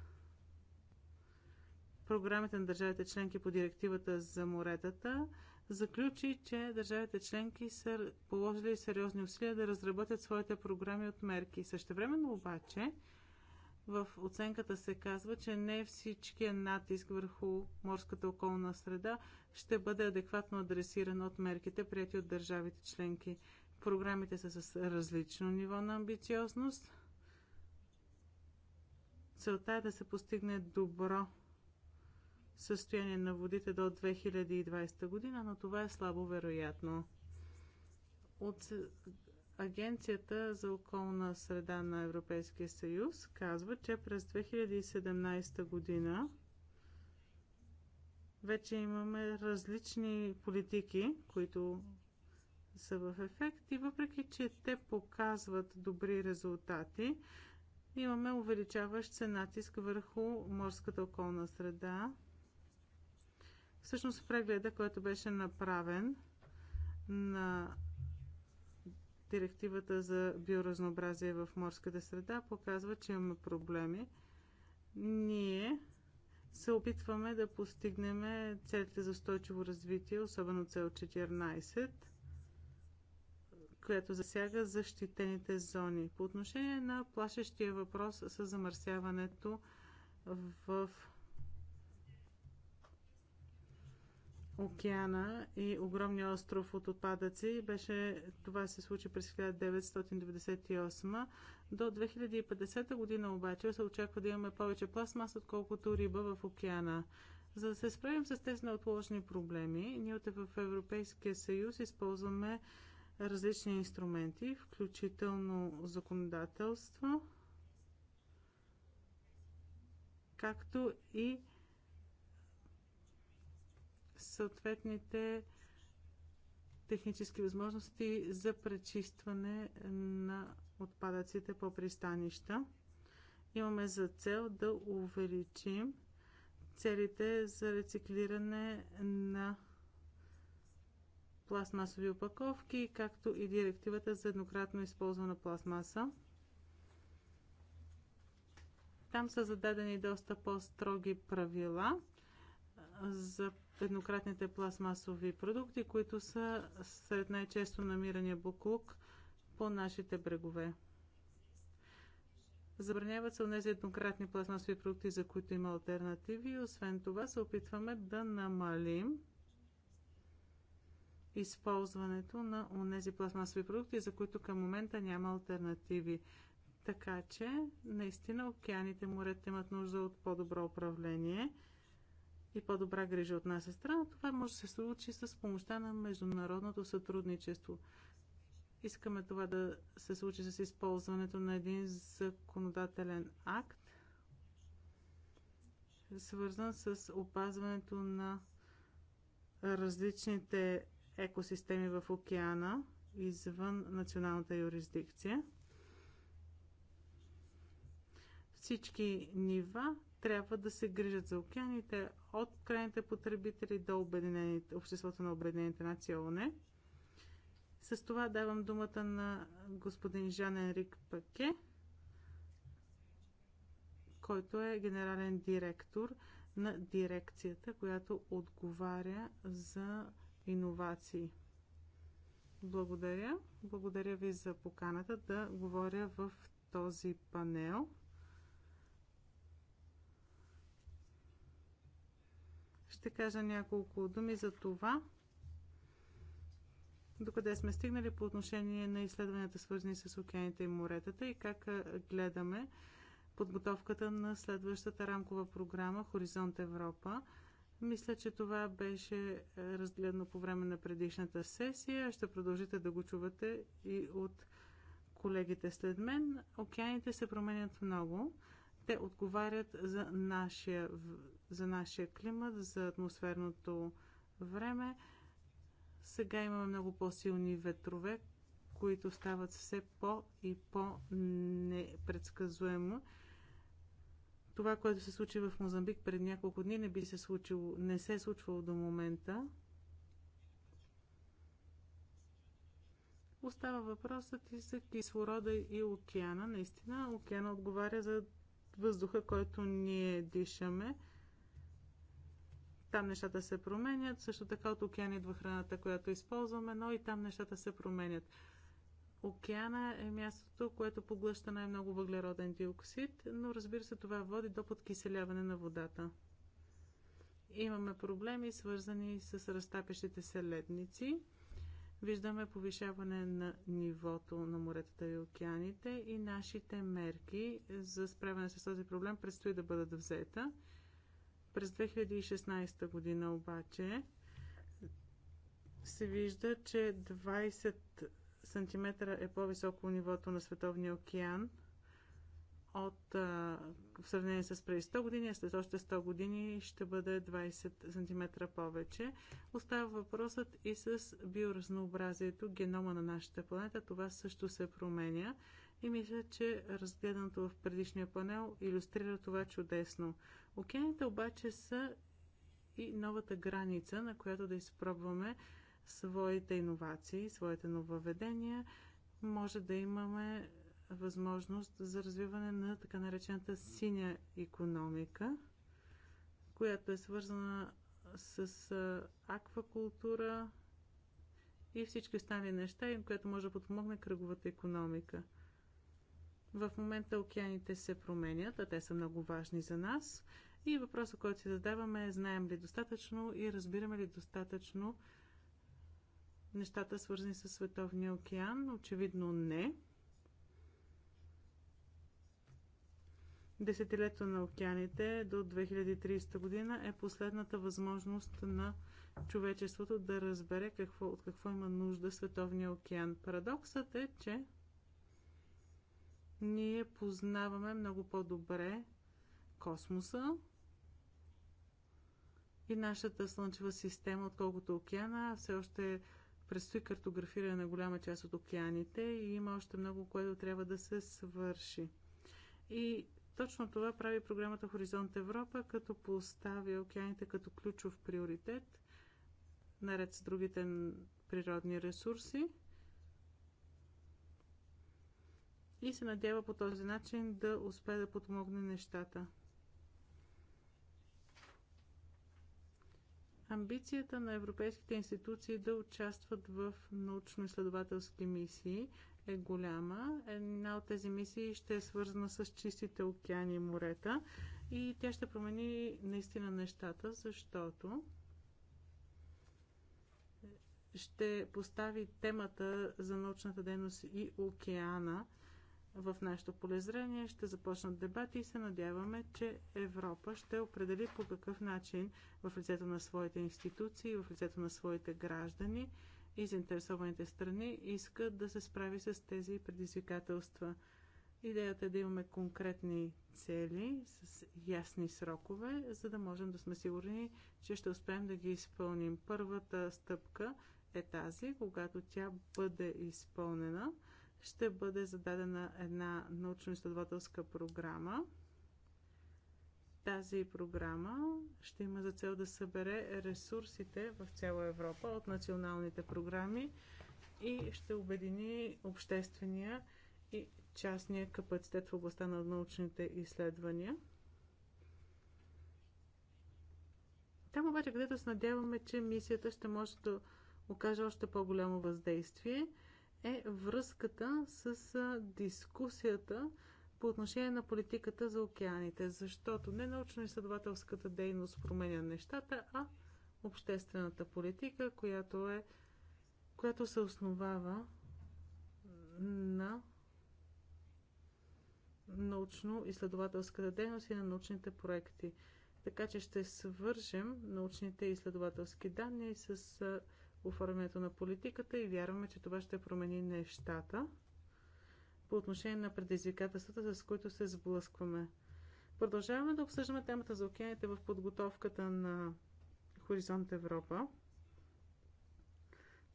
програмите на държавите членки по директивата за моретата заключи, че държавите членки са положили сериозни усилия да разработят своите програми от мерки. Същевременно обаче в оценката се казва, че не всичкият натиск върху морската околна среда ще бъде адекватно адресиран от мерките, прияти от държавите членки. Програмите са с различно ниво на амбициозност. Целта е да се постигне добро състояние на водите до 2020 година, но това е слабо вероятно. От Агенцията за околна среда на Европейския съюз казва, че през 2017 година вече имаме различни политики, които са в ефект и въпреки, че те показват добри резултати, имаме увеличаващ се натиск върху морската околна среда Всъщност прегледа, който беше направен на директивата за биоразнообразие в морската среда, показва, че имаме проблеми. Ние се опитваме да постигнем целите за устойчиво развитие, особено цел 14, която засяга защитените зони. По отношение на плашещия въпрос с замърсяването в океана и огромния остров от отпадъци. Беше, това се случи през 1998 до 2050 година обаче се очаква да имаме повече пластмас, отколкото риба в океана. За да се справим с тези неотложни проблеми, ние от в Европейския съюз използваме различни инструменти, включително законодателство, както и съответните технически възможности за пречистване на отпадъците по пристанища. Имаме за цел да увеличим целите за рециклиране на пластмасови опаковки, както и директивата за еднократно използвана пластмаса. Там са зададени доста по-строги правила за еднократните пластмасови продукти, които са сред най-често намирания буклук по нашите брегове. Забраняват се тези еднократни пластмасови продукти, за които има альтернативи и освен това се опитваме да намалим използването на тези пластмасови продукти, за които към момента няма альтернативи. Така че, наистина, океаните, морете имат нужда от по-добро управление – и по-добра грижа от наша страна, това може да се случи с помощта на международното сътрудничество. Искаме това да се случи с използването на един законодателен акт, свързан с опазването на различните екосистеми в океана извън националната юрисдикция. Всички нива трябва да се грижат за океаните от крайните потребители до обществото на Обединените нации ООН. С това давам думата на господин Жан Енрик Паке, който е генерален директор на дирекцията, която отговаря за иновации. Благодаря. Благодаря ви за поканата да говоря в този панел. ще кажа няколко думи за това, докъде сме стигнали по отношение на изследванията, свързани с океаните и моретата и как гледаме подготовката на следващата рамкова програма Хоризонт Европа. Мисля, че това беше разгледано по време на предишната сесия. Ще продължите да го чувате и от колегите след мен. Океаните се променят много. Те отговарят за нашия, за нашия климат, за атмосферното време. Сега имаме много по-силни ветрове, които стават все по- и по-непредсказуемо. Това, което се случи в Мозамбик пред няколко дни, не би се случило, не се е случвало до момента. Остава въпросът и за кислорода и океана. Наистина, океана отговаря за въздуха, който ние дишаме. Там нещата се променят. Също така от океана идва храната, която използваме, но и там нещата се променят. Океана е мястото, което поглъща най-много въглероден диоксид, но разбира се това води до подкиселяване на водата. Имаме проблеми, свързани с разтапящите се ледници Виждаме повишаване на нивото на моретата и океаните и нашите мерки за справяне с този проблем предстои да бъдат взета. През 2016 година обаче се вижда, че 20 см е по-високо нивото на Световния океан – от, в сравнение с преди 100 години, а след още 100 години ще бъде 20 см повече. Остава въпросът и с биоразнообразието, генома на нашата планета. Това също се променя и мисля, че разгледаното в предишния панел иллюстрира това чудесно. Океаните обаче са и новата граница, на която да изпробваме своите иновации, своите нововведения. Може да имаме възможност за развиване на така наречената синя економика, която е свързана с аквакултура и всички останали неща, което може да подпомогне кръговата економика. В момента океаните се променят, а те са много важни за нас. И въпросът, който си задаваме е знаем ли достатъчно и разбираме ли достатъчно нещата свързани с Световния океан. Очевидно не. Десетилетието на океаните до 2030 година е последната възможност на човечеството да разбере какво, от какво има нужда Световния океан. Парадоксът е, че ние познаваме много по-добре космоса и нашата Слънчева система, отколкото океана. Все още предстои картографиране на голяма част от океаните и има още много, което трябва да се свърши. И точно това прави програмата Хоризонт Европа, като поставя океаните като ключов приоритет, наред с другите природни ресурси. И се надява по този начин да успее да подмогне нещата. Амбицията на европейските институции е да участват в научно-изследователски мисии е голяма. Една от тези мисии ще е свързана с чистите океани и морета и тя ще промени наистина нещата, защото ще постави темата за научната дейност и океана в нашето полезрение. Ще започнат дебати и се надяваме, че Европа ще определи по какъв начин в лицето на своите институции, в лицето на своите граждани – и заинтересованите страни искат да се справи с тези предизвикателства. Идеята е да имаме конкретни цели с ясни срокове, за да можем да сме сигурни, че ще успеем да ги изпълним. Първата стъпка е тази, когато тя бъде изпълнена, ще бъде зададена една научно-изследователска програма, тази програма ще има за цел да събере ресурсите в цяла Европа от националните програми и ще обедини обществения и частния капацитет в областта на научните изследвания. Там обаче, където се надяваме, че мисията ще може да окаже още по-голямо въздействие, е връзката с дискусията по отношение на политиката за океаните, защото не научно-изследователската дейност променя нещата, а обществената политика, която, е, която се основава на научно-изследователската дейност и на научните проекти. Така че ще свържем научните и изследователски данни с оформянето на политиката и вярваме, че това ще промени нещата по отношение на предизвикателствата, с които се сблъскваме. Продължаваме да обсъждаме темата за океаните в подготовката на Хоризонт Европа.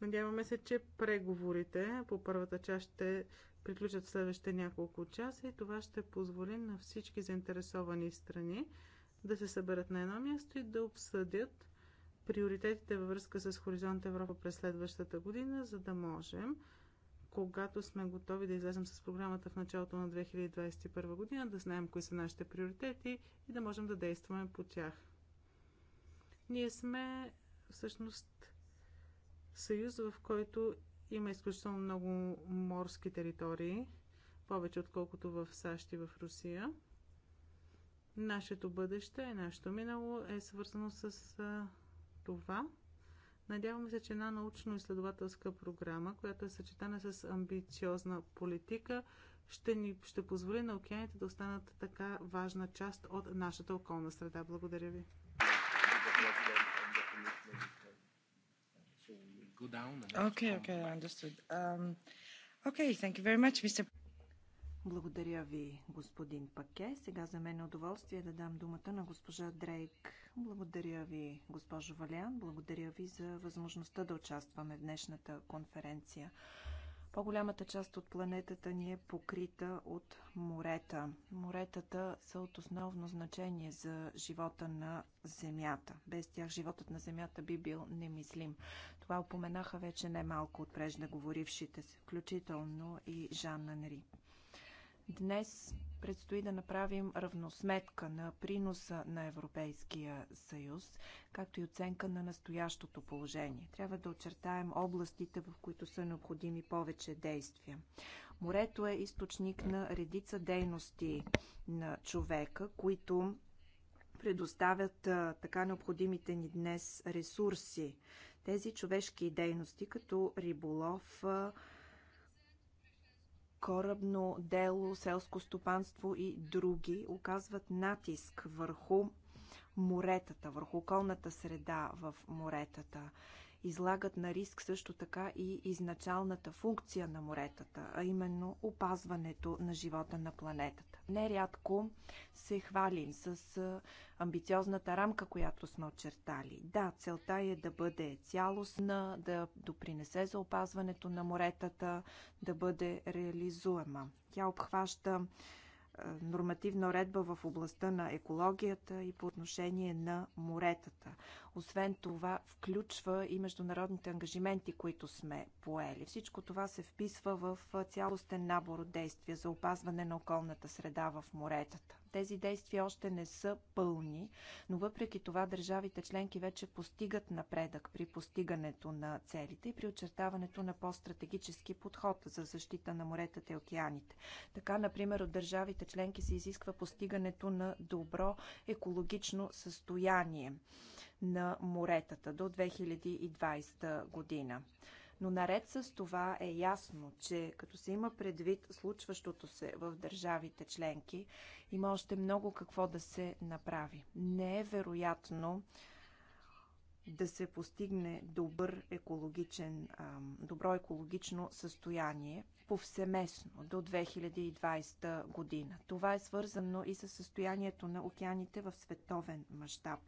Надяваме се, че преговорите по първата част ще приключат в следващите няколко часа и това ще позволи на всички заинтересовани страни да се съберат на едно място и да обсъдят приоритетите във връзка с Хоризонт Европа през следващата година, за да можем когато сме готови да излезем с програмата в началото на 2021 година, да знаем кои са нашите приоритети и да можем да действаме по тях. Ние сме всъщност съюз, в който има изключително много морски територии, повече отколкото в САЩ и в Русия. Нашето бъдеще, нашето минало е свързано с това Надяваме се, че една научно-изследователска програма, която е съчетана с амбициозна политика, ще, ни, ще позволи на океаните да останат така важна част от нашата околна среда. Благодаря ви. Okay, okay, understood. Um, okay, thank you very much, Mr. Благодаря ви, господин Паке. Сега за мен е удоволствие да дам думата на госпожа Дрейк. Благодаря ви, госпожо Валян. Благодаря ви за възможността да участваме в днешната конференция. По-голямата част от планетата ни е покрита от морета. Моретата са от основно значение за живота на Земята. Без тях животът на Земята би бил немислим. Това упоменаха вече немалко от преждеговорившите се, включително и Жан Анри Днес предстои да направим равносметка на приноса на Европейския съюз, както и оценка на настоящото положение. Трябва да очертаем областите, в които са необходими повече действия. Морето е източник на редица дейности на човека, които предоставят така необходимите ни днес ресурси. Тези човешки дейности, като риболов, корабно дело, селско стопанство и други оказват натиск върху моретата, върху околната среда в моретата излагат на риск също така и изначалната функция на моретата, а именно опазването на живота на планетата. Нерядко се хвалим с амбициозната рамка, която сме очертали. Да, целта е да бъде цялостна, да допринесе за опазването на моретата, да бъде реализуема. Тя обхваща е, нормативна редба в областта на екологията и по отношение на моретата. Освен това, включва и международните ангажименти, които сме поели. Всичко това се вписва в е, цялостен набор от действия за опазване на околната среда в моретата. Тези действия още не са пълни, но въпреки това държавите членки вече постигат напредък при постигането на целите и при очертаването на по-стратегически подход за защита на моретата и океаните. Така, например, от държавите членки се изисква постигането на добро екологично състояние на моретата до 2020 година. Но наред с това е ясно, че като се има предвид случващото се в държавите членки, има още много какво да се направи. Не е вероятно да се постигне добър екологичен, добро екологично състояние повсеместно до 2020 година. Това е свързано и с състоянието на океаните в световен мащаб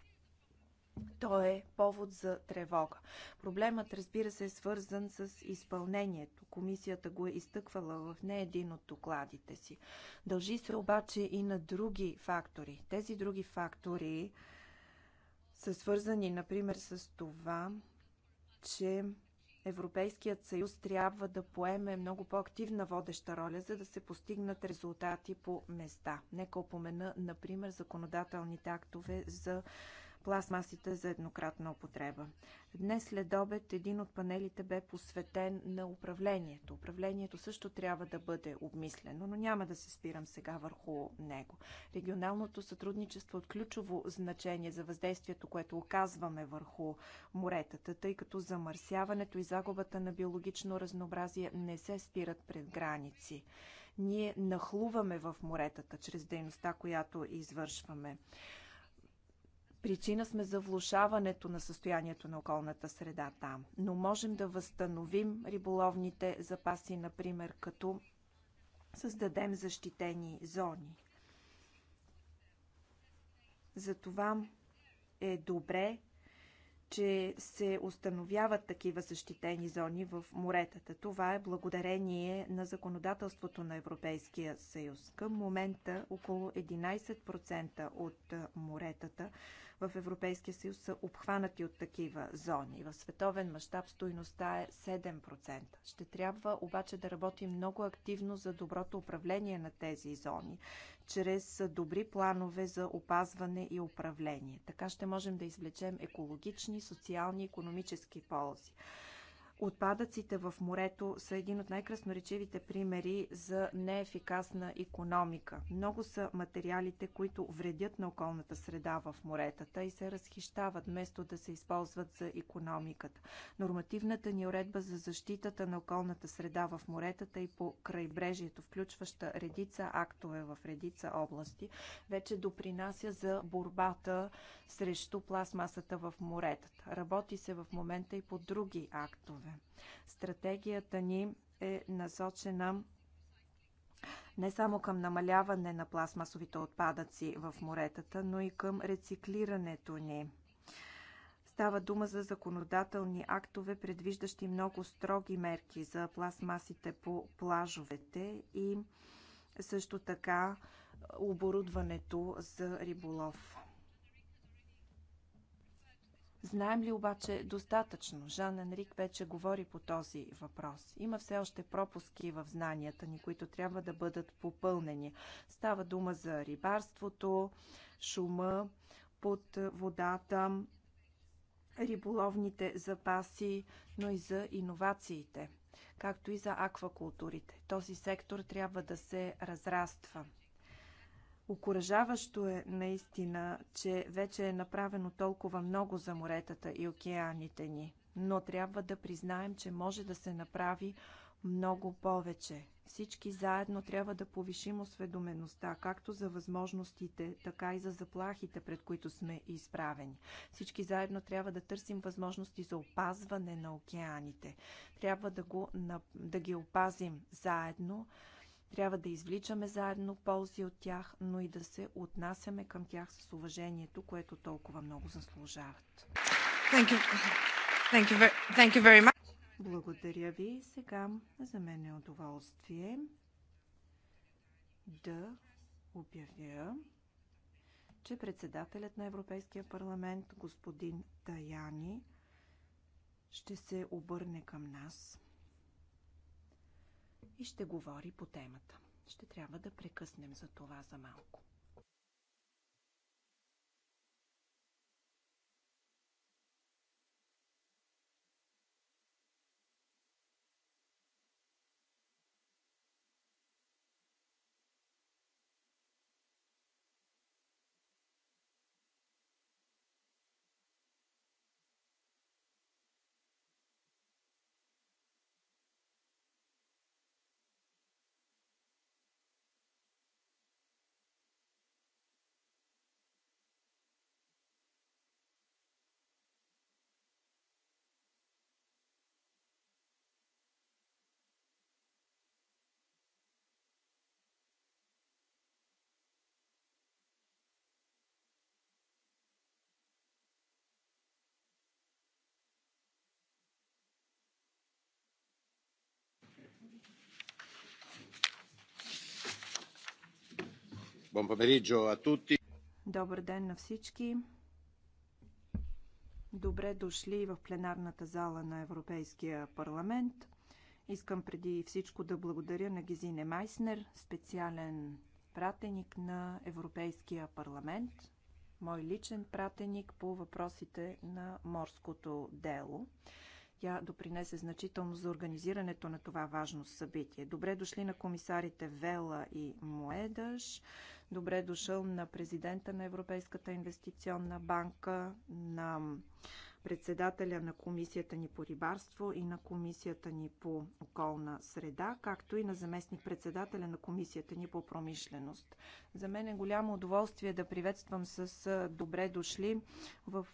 то е повод за тревога. Проблемът, разбира се, е свързан с изпълнението. Комисията го е изтъквала в не един от докладите си. Дължи се обаче и на други фактори. Тези други фактори са свързани, например, с това, че Европейският съюз трябва да поеме много по-активна водеща роля, за да се постигнат резултати по места. Нека опомена, например, законодателните актове за пластмасите за еднократна употреба. Днес след обед един от панелите бе посветен на управлението. Управлението също трябва да бъде обмислено, но няма да се спирам сега върху него. Регионалното сътрудничество е от ключово значение за въздействието, което оказваме върху моретата, тъй като замърсяването и загубата на биологично разнообразие не се спират пред граници ние нахлуваме в моретата чрез дейността, която извършваме. Причина сме за влушаването на състоянието на околната среда там. Но можем да възстановим риболовните запаси, например, като създадем защитени зони. Затова е добре, че се установяват такива защитени зони в моретата. Това е благодарение на законодателството на Европейския съюз. Към момента около 11% от моретата в Европейския съюз са обхванати от такива зони. В световен мащаб стоиността е 7%. Ще трябва обаче да работим много активно за доброто управление на тези зони, чрез добри планове за опазване и управление. Така ще можем да извлечем екологични, социални и економически ползи. Отпадъците в морето са един от най-красноречивите примери за неефикасна економика. Много са материалите, които вредят на околната среда в моретата и се разхищават, вместо да се използват за економиката. Нормативната ни уредба за защитата на околната среда в моретата и по крайбрежието, включваща редица актове в редица области, вече допринася за борбата срещу пластмасата в моретата. Работи се в момента и по други актове фондове. Стратегията ни е насочена не само към намаляване на пластмасовите отпадъци в моретата, но и към рециклирането ни. Става дума за законодателни актове, предвиждащи много строги мерки за пластмасите по плажовете и също така оборудването за риболов. Знаем ли обаче достатъчно? Жан Енрик вече говори по този въпрос. Има все още пропуски в знанията ни, които трябва да бъдат попълнени. Става дума за рибарството, шума под водата, риболовните запаси, но и за иновациите, както и за аквакултурите. Този сектор трябва да се разраства. Окоръжаващо е наистина, че вече е направено толкова много за моретата и океаните ни, но трябва да признаем, че може да се направи много повече. Всички заедно трябва да повишим осведомеността, както за възможностите, така и за заплахите, пред които сме изправени. Всички заедно трябва да търсим възможности за опазване на океаните. Трябва да, го, да ги опазим заедно, трябва да извличаме заедно ползи от тях, но и да се отнасяме към тях с уважението, което толкова много заслужават. Thank you. Thank you very, thank you very much. Благодаря ви. Сега за мен е удоволствие да обявя, че председателят на Европейския парламент, господин Таяни, ще се обърне към нас и ще говори по темата. Ще трябва да прекъснем за това за малко. Добър ден на всички. Добре дошли в пленарната зала на Европейския парламент. Искам преди всичко да благодаря на Гизине Майснер, специален пратеник на Европейския парламент, мой личен пратеник по въпросите на морското дело. Тя допринесе значително за организирането на това важно събитие. Добре дошли на комисарите Вела и Моедаш. Добре дошъл на президента на Европейската инвестиционна банка, на председателя на комисията ни по рибарство и на комисията ни по околна среда, както и на заместник председателя на комисията ни по промишленост. За мен е голямо удоволствие да приветствам с добре дошли в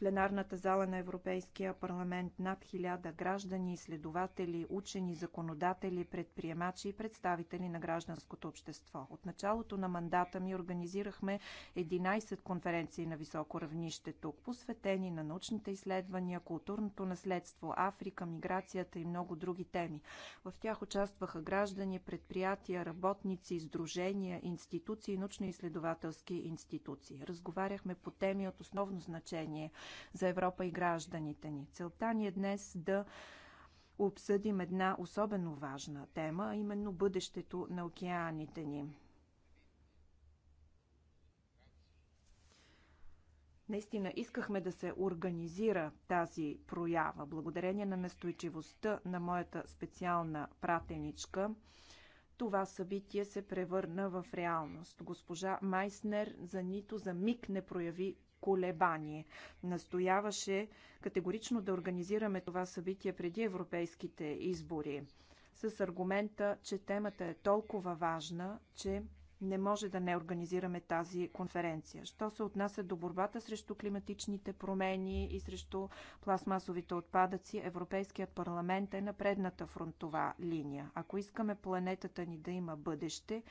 пленарната зала на Европейския парламент над хиляда граждани, изследователи, учени, законодатели, предприемачи и представители на гражданското общество. От началото на мандата ми организирахме 11 конференции на високо равнище тук, посветени на научните изследвания, културното наследство, Африка, миграцията и много други теми. В тях участваха граждани, предприятия, работници, издружения, институции, научно-изследователски институции. Разговаряхме по теми от основно значение за Европа и гражданите ни. Целта ни е днес да обсъдим една особено важна тема, а именно бъдещето на океаните ни. Наистина искахме да се организира тази проява. Благодарение на настойчивостта на моята специална пратеничка, това събитие се превърна в реалност. Госпожа Майснер за нито за миг не прояви колебание. Настояваше категорично да организираме това събитие преди европейските избори с аргумента, че темата е толкова важна, че не може да не организираме тази конференция. Що се отнася до борбата срещу климатичните промени и срещу пластмасовите отпадъци, Европейският парламент е на предната фронтова линия. Ако искаме планетата ни да има бъдеще,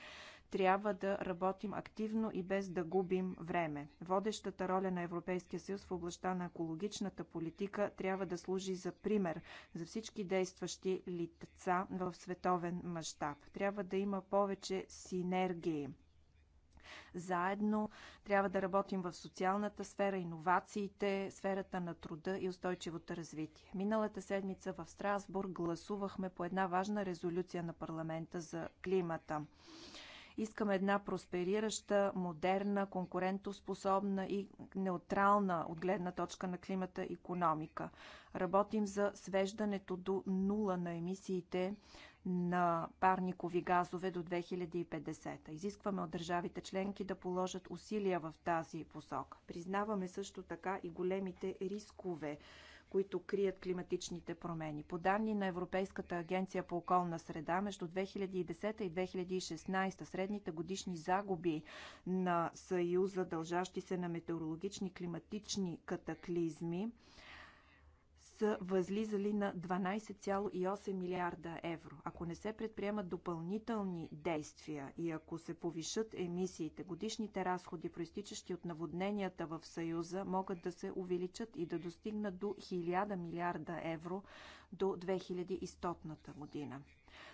трябва да работим активно и без да губим време. Водещата роля на Европейския съюз в областта на екологичната политика трябва да служи за пример за всички действащи лица в световен мащаб. Трябва да има повече синергии заедно. Трябва да работим в социалната сфера, иновациите, сферата на труда и устойчивото развитие. Миналата седмица в Страсбург гласувахме по една важна резолюция на парламента за климата. Искаме една просперираща, модерна, конкурентоспособна и неутрална от гледна точка на климата економика. Работим за свеждането до нула на емисиите на парникови газове до 2050. Изискваме от държавите членки да положат усилия в тази посока. Признаваме също така и големите рискове, които крият климатичните промени. По данни на Европейската агенция по околна среда, между 2010 и 2016 средните годишни загуби на Съюза, дължащи се на метеорологични климатични катаклизми, са възлизали на 12,8 милиарда евро. Ако не се предприемат допълнителни действия и ако се повишат емисиите, годишните разходи, проистичащи от наводненията в Съюза, могат да се увеличат и да достигнат до 1000 милиарда евро до 2100 година.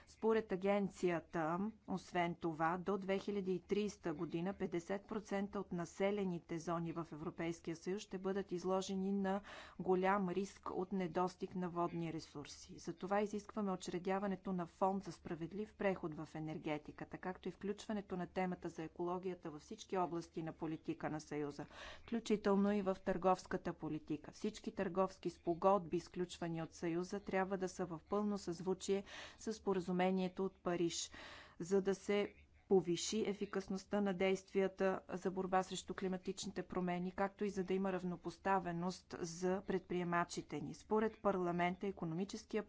Според агенцията, освен това, до 2030 година 50% от населените зони в Европейския съюз ще бъдат изложени на голям риск от недостиг на водни ресурси. Затова изискваме очредяването на фонд за справедлив преход в енергетиката, както и включването на темата за екологията във всички области на политика на Съюза, включително и в търговската политика. Всички търговски спогодби, изключвани от Съюза, трябва да са в пълно съзвучие с поразумението споразумението от Париж, за да се повиши ефикасността на действията за борба срещу климатичните промени, както и за да има равнопоставеност за предприемачите ни. Според парламента, економическия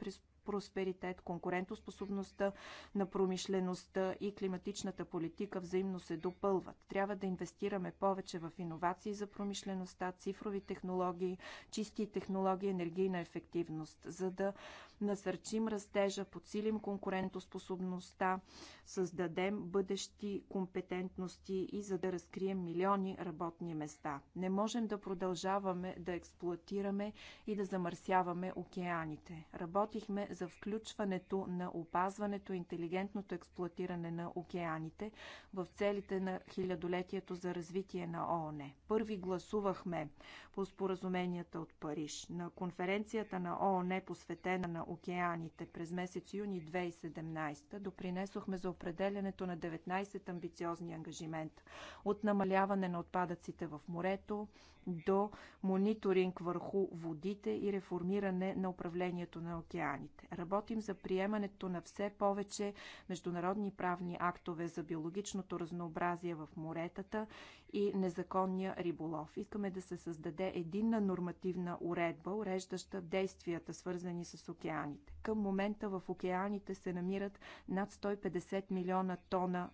просперитет, конкурентоспособността на промишлеността и климатичната политика взаимно се допълват. Трябва да инвестираме повече в иновации за промишлеността, цифрови технологии, чисти технологии, енергийна ефективност, за да насърчим растежа, подсилим конкурентоспособността, създадем бъдещи компетентности и за да разкрием милиони работни места. Не можем да продължаваме да експлуатираме и да замърсяваме океаните. Работихме за включването на опазването, интелигентното експлуатиране на океаните в целите на хилядолетието за развитие на ООН. Първи гласувахме по споразуменията от Париж. На конференцията на ООН, посветена на океаните. През месец юни 2017 допринесохме за определенето на 19 амбициозни ангажимента от намаляване на отпадъците в морето, до мониторинг върху водите и реформиране на управлението на океаните. Работим за приемането на все повече международни правни актове за биологичното разнообразие в моретата и незаконния риболов. Искаме да се създаде единна нормативна уредба, уреждаща действията, свързани с океаните. Към момента в океаните се намират над 150 милиона тона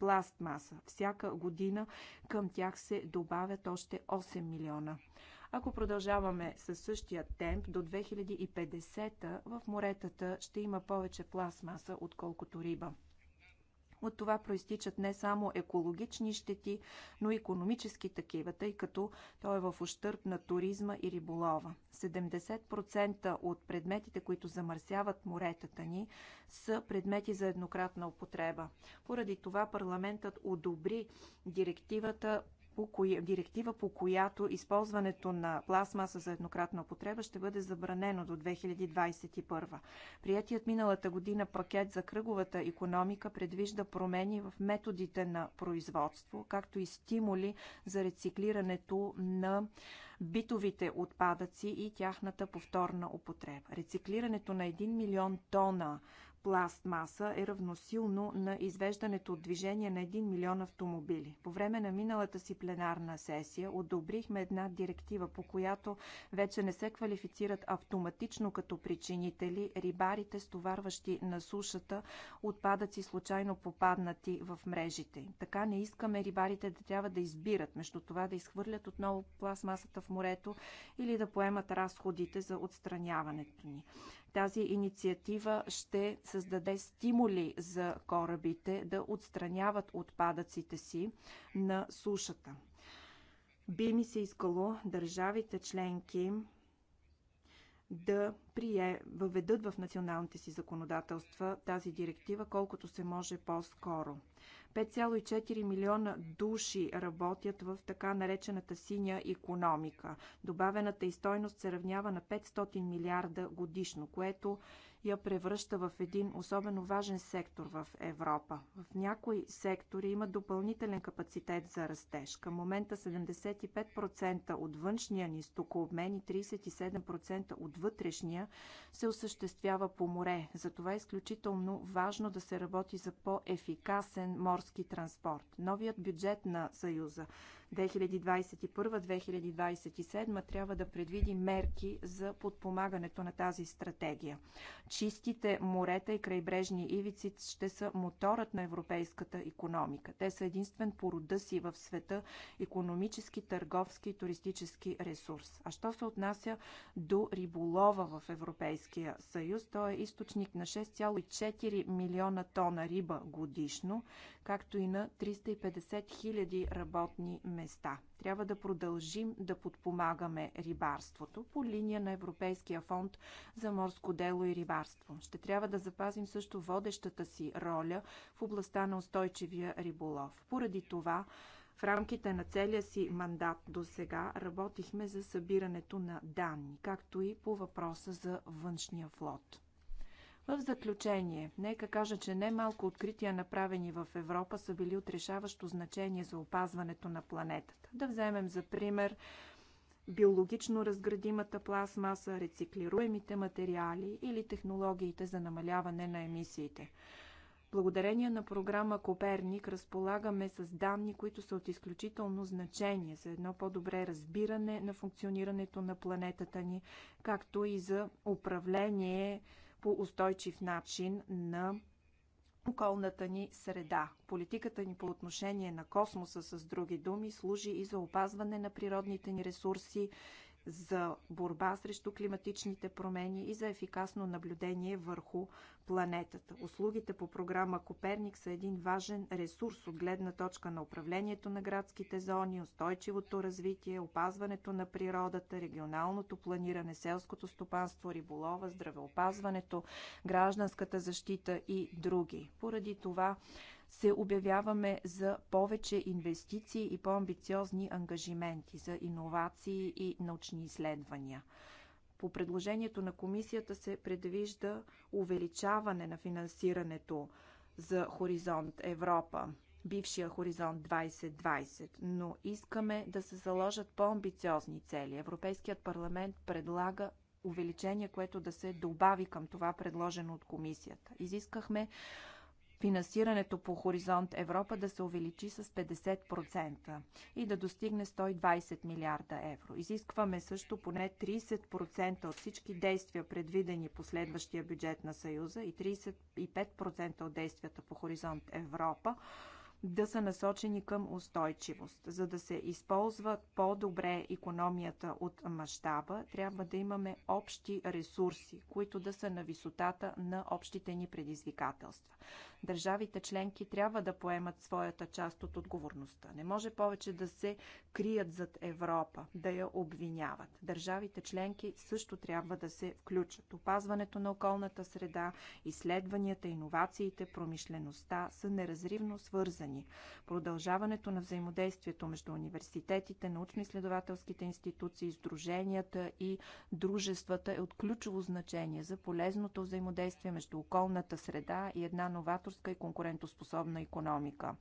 пластмаса. Всяка година към тях се добавят още 8 милиона. Ако продължаваме със същия темп, до 2050 в моретата ще има повече пластмаса, отколкото риба. От това проистичат не само екологични щети, но и економически такива, тъй като той е в ущърп на туризма и риболова. 70% от предметите, които замърсяват моретата ни, са предмети за еднократна употреба. Поради това парламентът одобри директивата по коя, директива, по която използването на пластмаса за еднократна употреба ще бъде забранено до 2021. Приятият миналата година пакет за кръговата економика предвижда промени в методите на производство, както и стимули за рециклирането на битовите отпадъци и тяхната повторна употреба. Рециклирането на 1 милион тона пластмаса е равносилно на извеждането от движение на 1 милион автомобили. По време на миналата си пленарна сесия одобрихме една директива, по която вече не се квалифицират автоматично като причинители рибарите, стоварващи на сушата отпадъци, случайно попаднати в мрежите. Така не искаме рибарите да трябва да избират между това да изхвърлят отново пластмасата в морето или да поемат разходите за отстраняването ни. Тази инициатива ще създаде стимули за корабите да отстраняват отпадъците си на сушата. Би ми се искало държавите членки да прие, въведат в националните си законодателства тази директива колкото се може по-скоро. 5,4 милиона души работят в така наречената синя икономика. Добавената и стойност се равнява на 500 милиарда годишно, което я превръща в един особено важен сектор в Европа. В някои сектори има допълнителен капацитет за растеж. Към момента 75% от външния ни стокообмен и 37% от вътрешния се осъществява по море. Затова е изключително важно да се работи за по-ефикасен морски транспорт. Новият бюджет на Съюза 2021-2027 трябва да предвиди мерки за подпомагането на тази стратегия. Чистите морета и крайбрежни ивици ще са моторът на европейската економика. Те са единствен по рода си в света економически, търговски и туристически ресурс. А що се отнася до риболова в Европейския съюз, той е източник на 6,4 милиона тона риба годишно, както и на 350 хиляди работни места места. Трябва да продължим да подпомагаме рибарството по линия на Европейския фонд за морско дело и рибарство. Ще трябва да запазим също водещата си роля в областта на устойчивия риболов. Поради това, в рамките на целия си мандат до сега работихме за събирането на данни, както и по въпроса за външния флот. В заключение, нека кажа, че немалко открития направени в Европа са били от решаващо значение за опазването на планетата. Да вземем за пример биологично разградимата пластмаса, рециклируемите материали или технологиите за намаляване на емисиите. Благодарение на програма Коперник разполагаме с данни, които са от изключително значение за едно по-добре разбиране на функционирането на планетата ни, както и за управление по устойчив начин на околната ни среда. Политиката ни по отношение на космоса, с други думи, служи и за опазване на природните ни ресурси за борба срещу климатичните промени и за ефикасно наблюдение върху планетата. Услугите по програма Коперник са един важен ресурс от гледна точка на управлението на градските зони, устойчивото развитие, опазването на природата, регионалното планиране, селското стопанство, риболова, здравеопазването, гражданската защита и други. Поради това се обявяваме за повече инвестиции и по-амбициозни ангажименти за иновации и научни изследвания. По предложението на комисията се предвижда увеличаване на финансирането за Хоризонт Европа, бившия Хоризонт 2020, но искаме да се заложат по-амбициозни цели. Европейският парламент предлага увеличение, което да се добави към това предложено от комисията. Изискахме финансирането по Хоризонт Европа да се увеличи с 50% и да достигне 120 милиарда евро. Изискваме също поне 30% от всички действия, предвидени по следващия бюджет на Съюза и 35% от действията по Хоризонт Европа да са насочени към устойчивост. За да се използва по-добре економията от мащаба, трябва да имаме общи ресурси, които да са на висотата на общите ни предизвикателства. Държавите членки трябва да поемат своята част от отговорността. Не може повече да се крият зад Европа, да я обвиняват. Държавите членки също трябва да се включат. Опазването на околната среда, изследванията, иновациите, промишлеността са неразривно свързани ни. Продължаването на взаимодействието между университетите, научно-изследователските институции, сдруженията и дружествата е от ключово значение за полезното взаимодействие между околната среда и една новаторска и конкурентоспособна економика.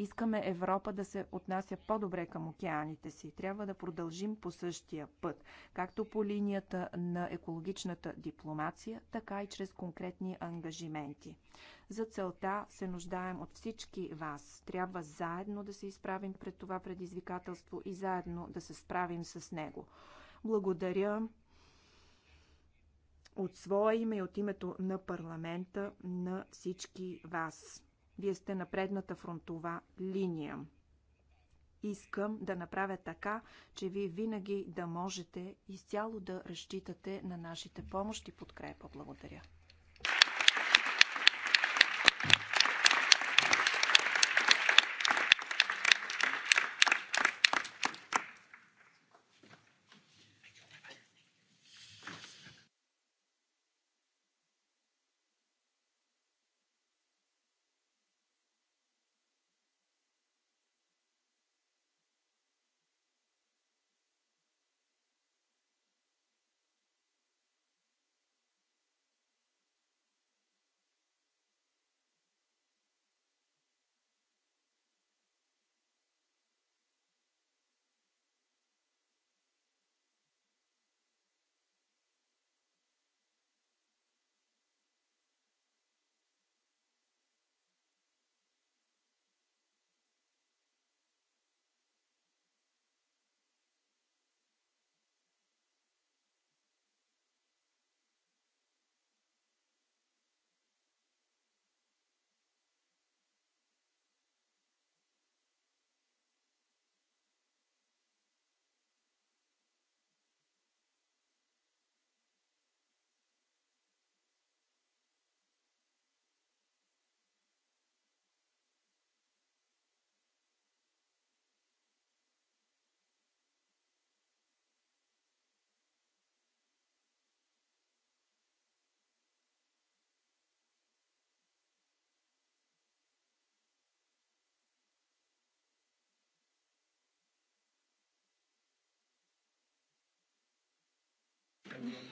Искаме Европа да се отнася по-добре към океаните си. Трябва да продължим по същия път, както по линията на екологичната дипломация, така и чрез конкретни ангажименти. За целта се нуждаем от всички вас. Трябва заедно да се изправим пред това предизвикателство и заедно да се справим с него. Благодаря от своя име и от името на парламента на всички вас. Вие сте на предната фронтова линия. Искам да направя така, че вие винаги да можете изцяло да разчитате на нашите помощи и подкрепа. Благодаря.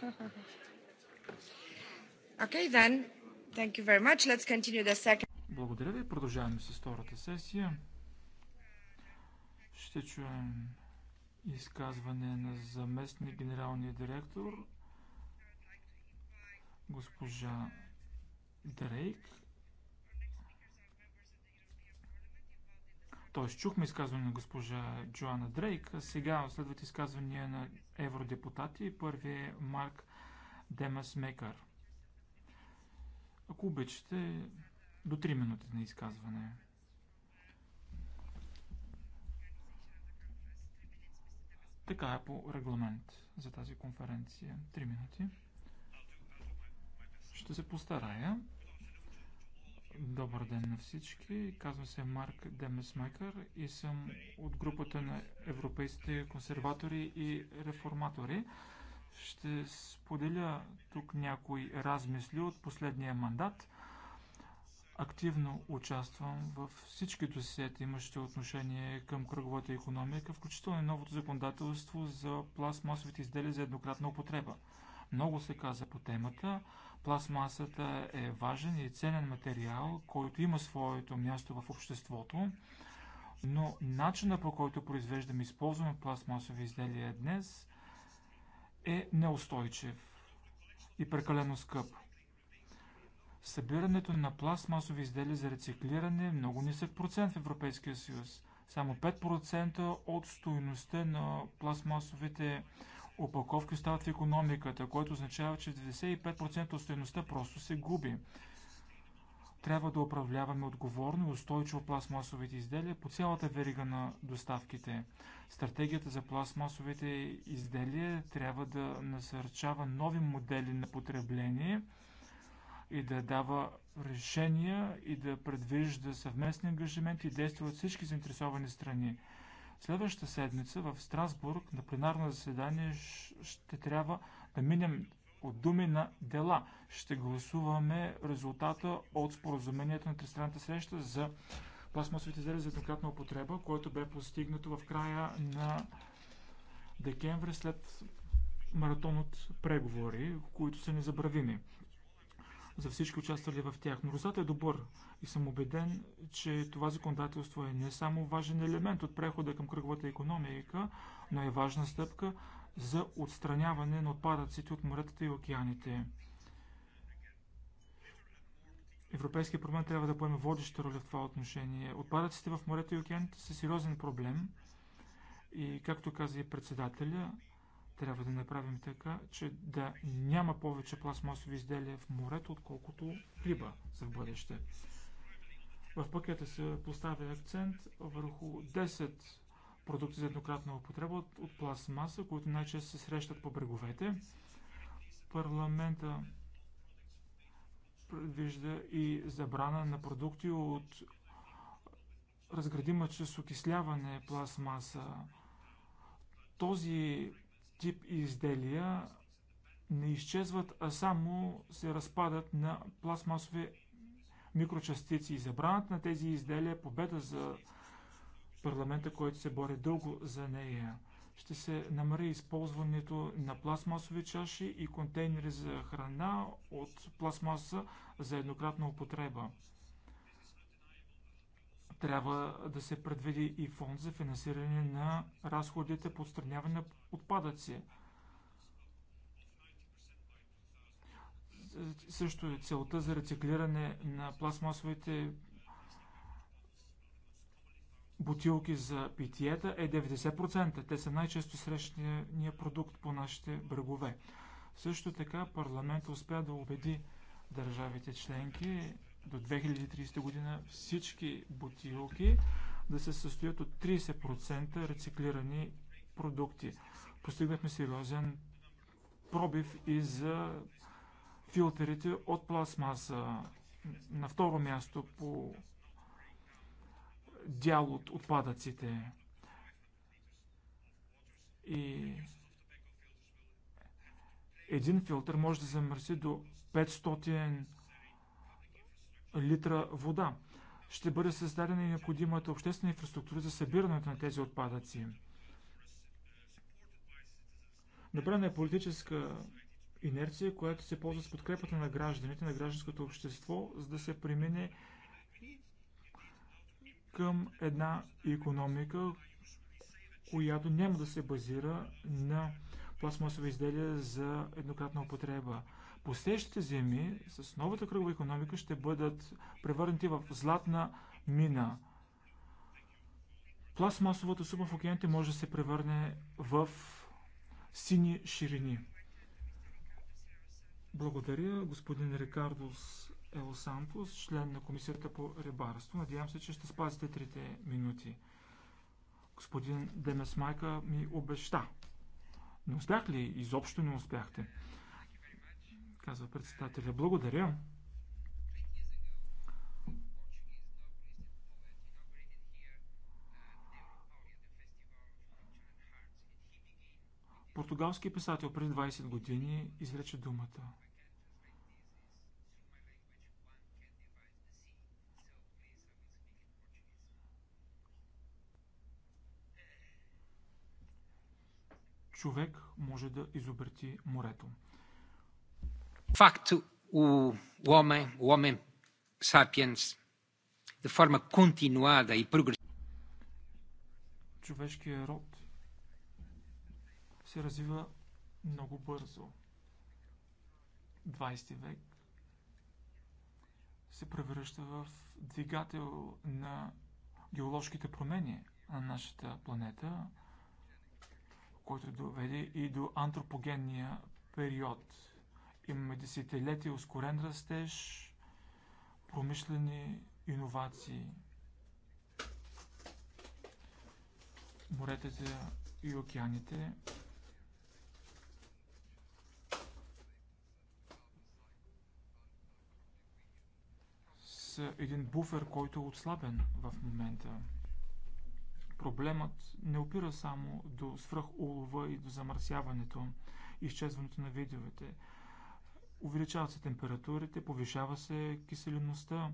Okay, then. Thank you very much. Let's continue the second. Благодаря ви. Продължаваме с втората сесия. Ще чуем изказване на заместник генералния директор госпожа Дрейк Тоест, чухме изказване на госпожа Джоана Дрейк. Сега следват изказвания на евродепутати. Първи е Марк Демас Мекър. Ако обичате, до 3 минути на изказване. Така е по регламент за тази конференция. 3 минути. Ще се постарая. Добър ден на всички. Казвам се Марк Демесмекър и съм от групата на европейските консерватори и реформатори. Ще споделя тук някои размисли от последния мандат. Активно участвам в всички досиета, имащи отношение към кръговата економика, включително и новото законодателство за пластмасовите изделия за еднократна употреба. Много се каза по темата. Пластмасата е важен и ценен материал, който има своето място в обществото, но начина по който произвеждаме и използваме пластмасови изделия днес е неустойчив и прекалено скъп. Събирането на пластмасови изделия за рециклиране е много нисък процент в Европейския съюз. Само 5% от стоеността на пластмасовите изделия опаковки остават в економиката, което означава, че 95% от стоеността просто се губи. Трябва да управляваме отговорно и устойчиво пластмасовите изделия по цялата верига на доставките. Стратегията за пластмасовите изделия трябва да насърчава нови модели на потребление и да дава решения и да предвижда съвместни ангажименти и действия от всички заинтересовани страни. Следващата седмица в Страсбург на пленарно заседание ще трябва да минем от думи на дела. Ще гласуваме резултата от споразумението на тристранната среща за пластмасовите изделия за еднократна употреба, което бе постигнато в края на декември след маратон от преговори, които са незабравими за всички участвали в тях. Но резултатът е добър и съм убеден, че това законодателство е не само важен елемент от прехода към кръговата економика, но е важна стъпка за отстраняване на отпадъците от моретата и океаните. Европейския проблем трябва да поеме водеща роля в това отношение. Отпадъците в морето и океаните са сериозен проблем и, както каза и председателя, трябва да направим така, че да няма повече пластмасови изделия в морето, отколкото риба за в бъдеще. В пакета се поставя акцент върху 10 продукти за еднократна употреба от пластмаса, които най-често се срещат по бреговете. Парламента предвижда и забрана на продукти от разградима чрез окисляване пластмаса. Този тип изделия не изчезват, а само се разпадат на пластмасови микрочастици. И забраната на тези изделия е победа за парламента, който се бори дълго за нея. Ще се намари използването на пластмасови чаши и контейнери за храна от пластмаса за еднократна употреба. Трябва да се предвиди и фонд за финансиране на разходите по отстраняване на отпадъци. Също е целта за рециклиране на пластмасовите бутилки за питиета е 90%. Те са най-често срещания продукт по нашите брегове. Също така парламент успя да убеди държавите членки до 2030 година всички бутилки да се състоят от 30% рециклирани продукти. Постигнахме сериозен пробив и за филтрите от пластмаса. На второ място по дял от отпадъците. И един филтър може да замърси до 500 литра вода. Ще бъде създадена и необходимата обществена инфраструктура за събирането на тези отпадъци. Направена е политическа инерция, която се ползва с подкрепата на гражданите, на гражданското общество, за да се премине към една економика, която няма да се базира на пластмасови изделия за еднократна употреба. Посещите земи с новата кръгова економика ще бъдат превърнати в златна мина. Пластмасовата суба в океаните може да се превърне в сини ширини. Благодаря господин Рикардос Ел Сантос, член на Комисията по рибарство. Надявам се, че ще спазите трите минути. Господин Демес Майка ми обеща. Не успях ли? Изобщо не успяхте. Казва председателя. Благодаря. Португалски писател преди 20 години изрече думата. Човек може да изобрети морето. Факт у ломе, ломе сапиенс, sapiens, de forma и progressiva. Човешкият род се развива много бързо. 20 век се превръща в двигател на геоложките промени на нашата планета, който доведе и до антропогенния период. Имаме десетилетия ускорен растеж, промишлени иновации. Моретата и океаните един буфер, който е отслабен в момента. Проблемът не опира само до свръхулова и до замърсяването, изчезването на видовете. Увеличават се температурите, повишава се киселеността.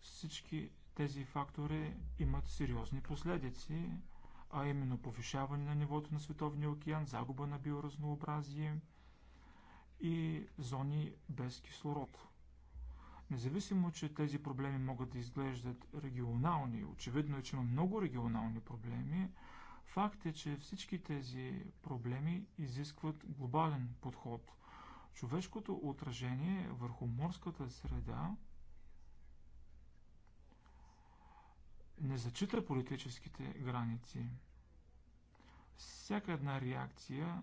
Всички тези фактори имат сериозни последици, а именно повишаване на нивото на Световния океан, загуба на биоразнообразие и зони без кислород. Независимо, че тези проблеми могат да изглеждат регионални, очевидно е, че има много регионални проблеми, факт е, че всички тези проблеми изискват глобален подход. Човешкото отражение върху морската среда не зачита политическите граници. Всяка една реакция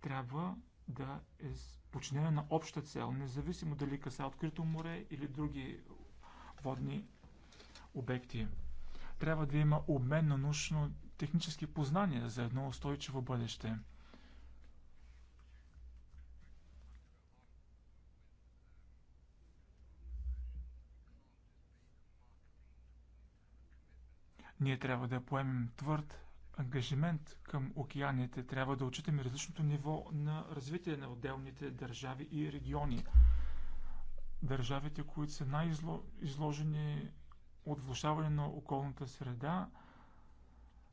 трябва да е подчинена на обща цел, независимо дали каса е открито море или други водни обекти. Трябва да има обмен на научно-технически познания за едно устойчиво бъдеще. Ние трябва да поемем твърд ангажимент към океаните трябва да отчитаме различното ниво на развитие на отделните държави и региони. Държавите, които са най-изложени от влушаване на околната среда,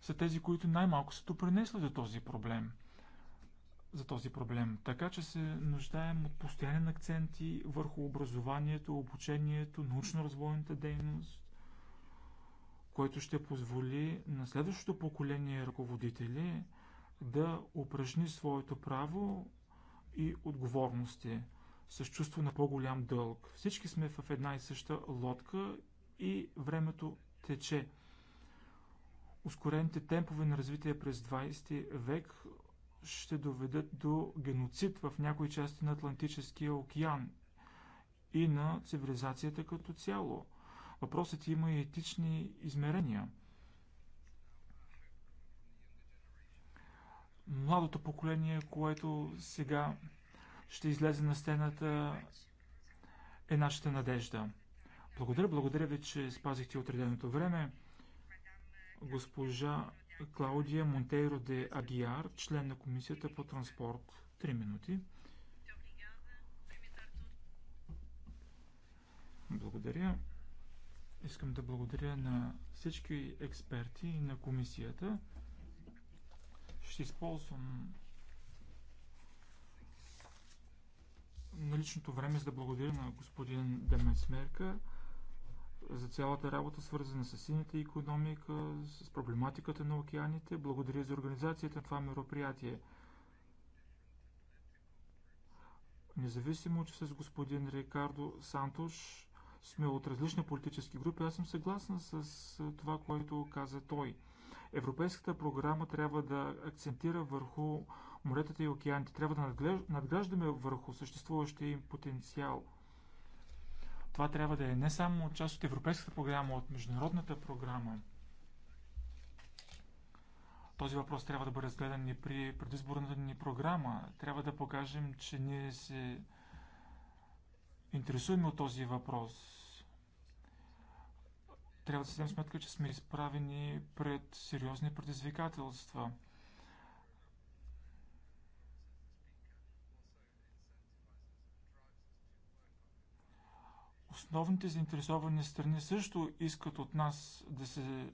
са тези, които най-малко са допринесли до този проблем. За този проблем. Така че се нуждаем от постоянен акцент и върху образованието, обучението, научно-развойната дейност, което ще позволи на следващото поколение ръководители да упражни своето право и отговорности с чувство на по-голям дълг. Всички сме в една и съща лодка и времето тече. Ускорените темпове на развитие през 20 век ще доведат до геноцид в някои части на Атлантическия океан и на цивилизацията като цяло. Въпросът има и етични измерения. Младото поколение, което сега ще излезе на стената, е нашата надежда. Благодаря, благодаря ви, че спазихте отреденото време. Госпожа Клаудия Монтейро де Агиар, член на Комисията по транспорт. Три минути. Благодаря. Искам да благодаря на всички експерти и на комисията. Ще използвам наличното време за да благодаря на господин Демесмерка за цялата работа, свързана с сините економика, с проблематиката на океаните. Благодаря за организацията на това мероприятие. Независимо, че с господин Рикардо Сантош сме от различни политически групи, аз съм съгласен с това, което каза той. Европейската програма трябва да акцентира върху моретата и океаните. Трябва да надграждаме върху съществуващия им потенциал. Това трябва да е не само част от Европейската програма, от Международната програма. Този въпрос трябва да бъде разгледан и при предизборната ни програма. Трябва да покажем, че ние се си Интересува ме от този въпрос. Трябва да се дадем сметка, че сме изправени пред сериозни предизвикателства. Основните заинтересовани страни също искат от нас да се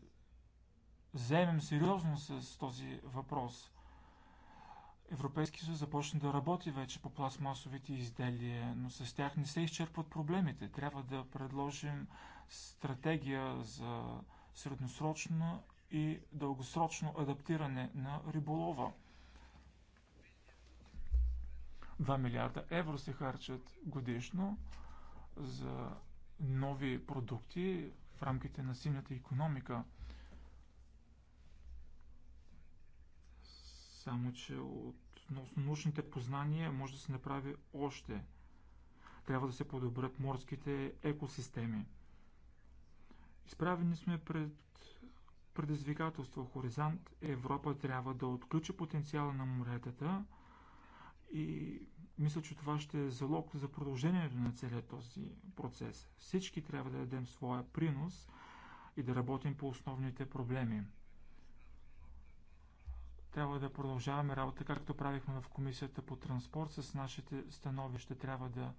заемем сериозно с този въпрос – Европейски съюз започна да работи вече по пластмасовите изделия, но с тях не се изчерпват проблемите. Трябва да предложим стратегия за средносрочно и дългосрочно адаптиране на риболова. 2 милиарда евро се харчат годишно за нови продукти в рамките на синята економика – Само, че относно научните познания може да се направи още. Трябва да се подобрят морските екосистеми. Изправени сме пред предизвикателство. Хоризонт Европа трябва да отключи потенциала на моретата и мисля, че това ще е залог за продължението на целият този процес. Всички трябва да дадем своя принос и да работим по основните проблеми. Трябва да продължаваме работа, както правихме в Комисията по транспорт. С нашите становища трябва да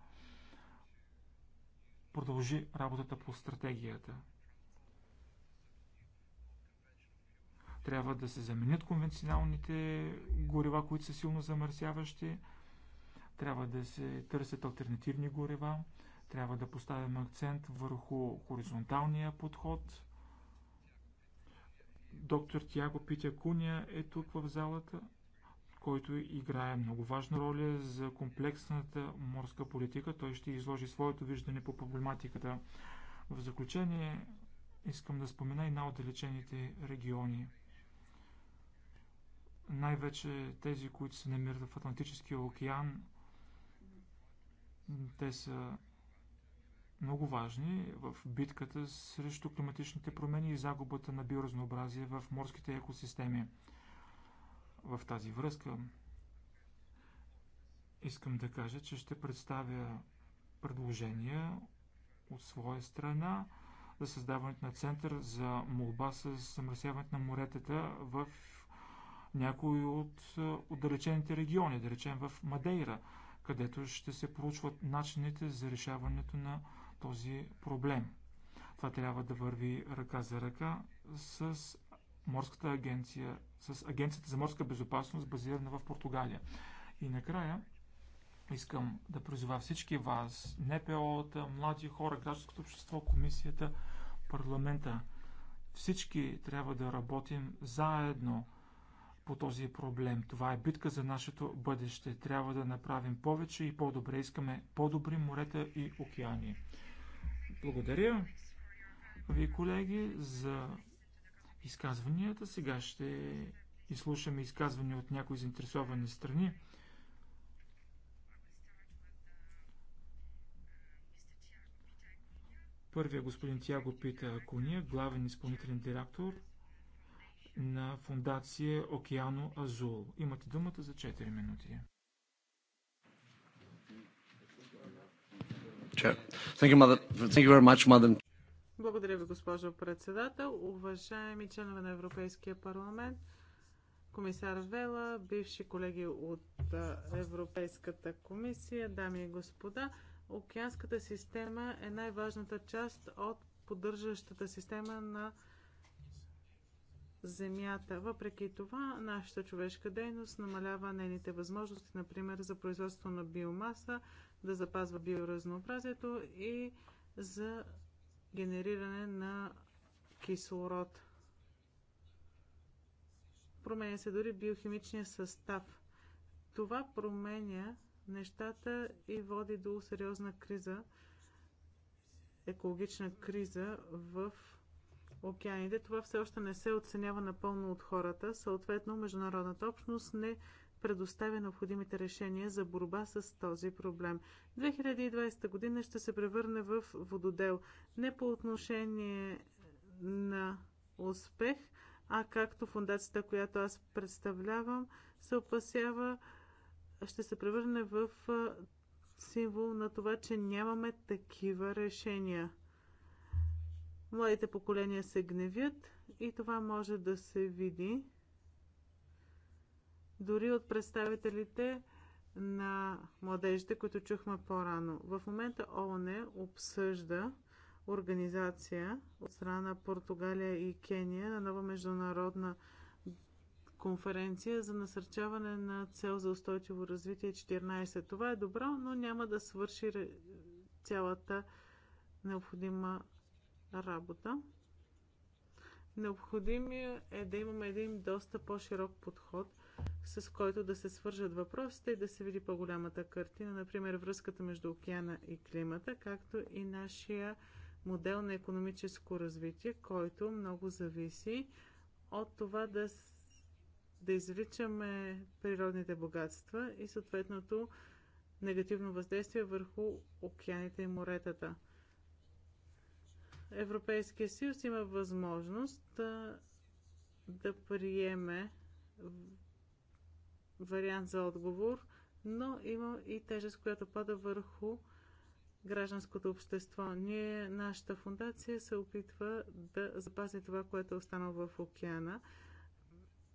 продължи работата по стратегията. Трябва да се заменят конвенционалните горива, които са силно замърсяващи. Трябва да се търсят альтернативни горива. Трябва да поставим акцент върху хоризонталния подход – Доктор Тяго Питя Куния е тук в залата, който играе много важна роля за комплексната морска политика. Той ще изложи своето виждане по проблематиката. В заключение искам да спомена и на отдалечените региони. Най-вече тези, които се намират в Атлантическия океан, те са много важни в битката срещу климатичните промени и загубата на биоразнообразие в морските екосистеми. В тази връзка искам да кажа, че ще представя предложения от своя страна за създаването на център за молба с замърсяването на моретата в някои от е, отдалечените региони, да речем в Мадейра, където ще се проучват начините за решаването на този проблем. Това трябва да върви ръка за ръка с морската агенция, с Агенцията за морска безопасност, базирана в Португалия. И накрая искам да призова всички вас, НПО-та, млади хора, гражданското общество, комисията, парламента. Всички трябва да работим заедно по този проблем. Това е битка за нашето бъдеще. Трябва да направим повече и по-добре. Искаме по-добри морета и океани. Благодаря ви, колеги, за изказванията. Сега ще изслушаме изказвания от някои заинтересовани страни. Първият господин Тяго Пита Акуния, главен изпълнителен директор на фундация Океано Азул. Имате думата за 4 минути. Благодаря ви, госпожо председател. Уважаеми членове на Европейския парламент, комисар Вела, бивши колеги от Европейската комисия, дами и господа, океанската система е най-важната част от поддържащата система на Земята. Въпреки това, нашата човешка дейност намалява нейните възможности, например за производство на биомаса, да запазва биоразнообразието и за генериране на кислород. Променя се дори биохимичния състав. Това променя нещата и води до сериозна криза, екологична криза в океаните. Това все още не се оценява напълно от хората. Съответно, международната общност не предоставя необходимите решения за борба с този проблем. 2020 година ще се превърне в вододел не по отношение на успех, а както фундацията, която аз представлявам, се опасява, ще се превърне в символ на това, че нямаме такива решения. Младите поколения се гневят и това може да се види дори от представителите на младежите, които чухме по-рано. В момента ООН обсъжда организация от страна на Португалия и Кения на нова международна конференция за насърчаване на цел за устойчиво развитие 14. Това е добро, но няма да свърши цялата необходима работа. Необходимо е да имаме един доста по-широк подход с който да се свържат въпросите и да се види по-голямата картина, например връзката между океана и климата, както и нашия модел на економическо развитие, който много зависи от това да, да извличаме природните богатства и съответното негативно въздействие върху океаните и моретата. Европейския съюз има възможност да, да приеме вариант за отговор, но има и тежест, която пада върху гражданското общество. Ние, нашата фундация се опитва да запази това, което е останало в океана,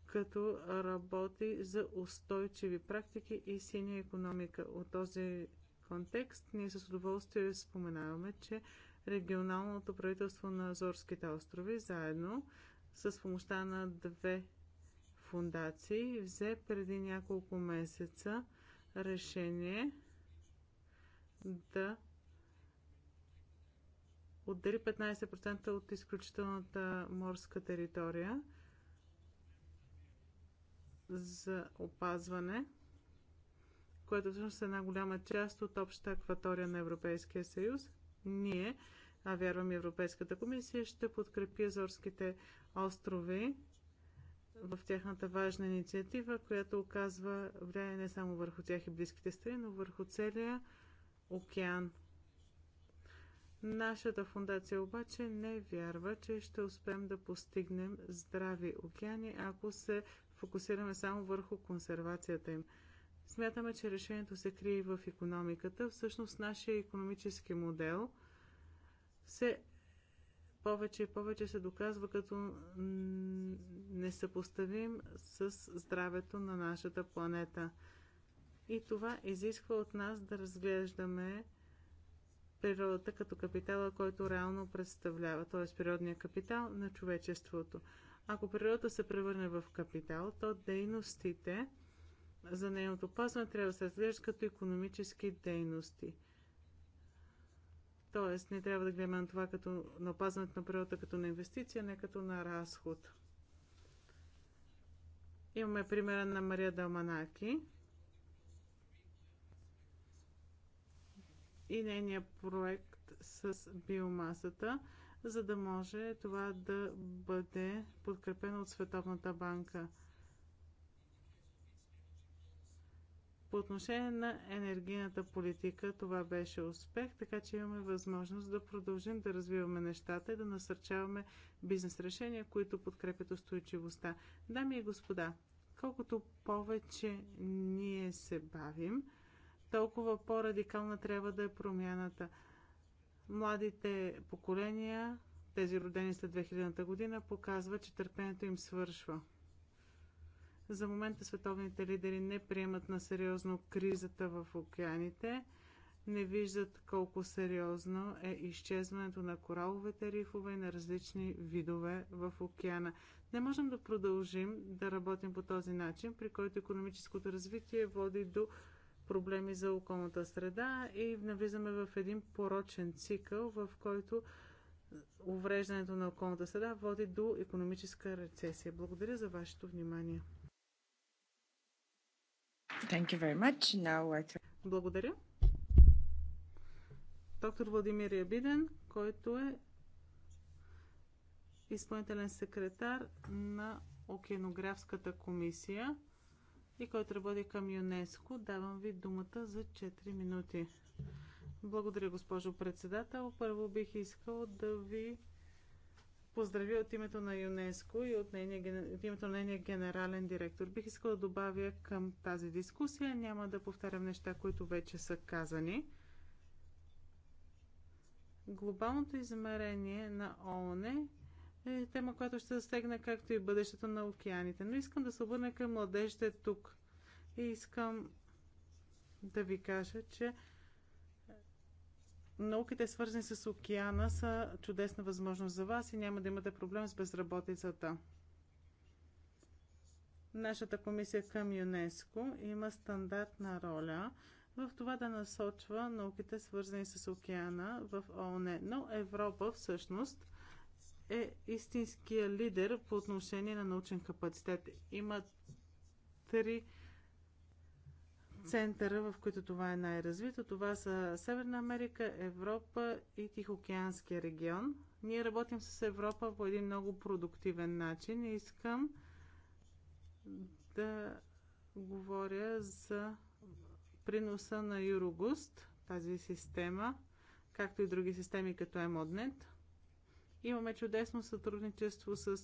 като работи за устойчиви практики и синя економика. От този контекст ние с удоволствие споменаваме, че регионалното правителство на Азорските острови заедно с помощта на две фундации взе преди няколко месеца решение да отдели 15% от изключителната морска територия за опазване, което всъщност е една голяма част от общата акватория на Европейския съюз. Ние, а вярвам Европейската комисия, ще подкрепи Азорските острови в тяхната важна инициатива, която оказва влияние не само върху тях и близките страни, но върху целия океан. Нашата фундация обаче не вярва, че ще успеем да постигнем здрави океани, ако се фокусираме само върху консервацията им. Смятаме, че решението се крие в економиката. Всъщност нашия економически модел се повече и повече се доказва като несъпоставим с здравето на нашата планета. И това изисква от нас да разглеждаме природата като капитала, който реално представлява, т.е. природния капитал на човечеството. Ако природата се превърне в капитал, то дейностите за нейното опазване трябва да се разглеждат като економически дейности – Тоест, не трябва да гледаме на това като на опазването на природата като на инвестиция, не като на разход. Имаме примера на Мария Далманаки и нейния проект с биомасата, за да може това да бъде подкрепено от Световната банка – По отношение на енергийната политика, това беше успех, така че имаме възможност да продължим да развиваме нещата и да насърчаваме бизнес решения, които подкрепят устойчивостта. Дами и господа, колкото повече ние се бавим, толкова по-радикална трябва да е промяната. Младите поколения, тези родени след 2000 година, показва, че търпението им свършва. За момента световните лидери не приемат на сериозно кризата в океаните, не виждат колко сериозно е изчезването на кораловете рифове и на различни видове в океана. Не можем да продължим да работим по този начин, при който економическото развитие води до проблеми за околната среда и навлизаме в един порочен цикъл, в който увреждането на околната среда води до економическа рецесия. Благодаря за вашето внимание. Thank you very much. Now I... Благодаря. Доктор Владимир Ябиден, е който е изпълнителен секретар на Океанографската комисия и който работи към ЮНЕСКО. Давам ви думата за 4 минути. Благодаря, госпожо председател. Първо бих искал да ви поздравя от името на ЮНЕСКО и от, нейния, от името на нейния генерален директор. Бих искал да добавя към тази дискусия. Няма да повтарям неща, които вече са казани. Глобалното измерение на ООН е тема, която ще засегне както и бъдещето на океаните. Но искам да се обърна към младежите тук. И искам да ви кажа, че науките, свързани с океана, са чудесна възможност за вас и няма да имате проблем с безработицата. Нашата комисия към ЮНЕСКО има стандартна роля в това да насочва науките, свързани с океана в ООН. Но Европа всъщност е истинския лидер по отношение на научен капацитет. Има три центъра, в които това е най-развито. Това са Северна Америка, Европа и Тихоокеанския регион. Ние работим с Европа по един много продуктивен начин и искам да говоря за приноса на Юрогуст, тази система, както и други системи като Емоднет. Имаме чудесно сътрудничество с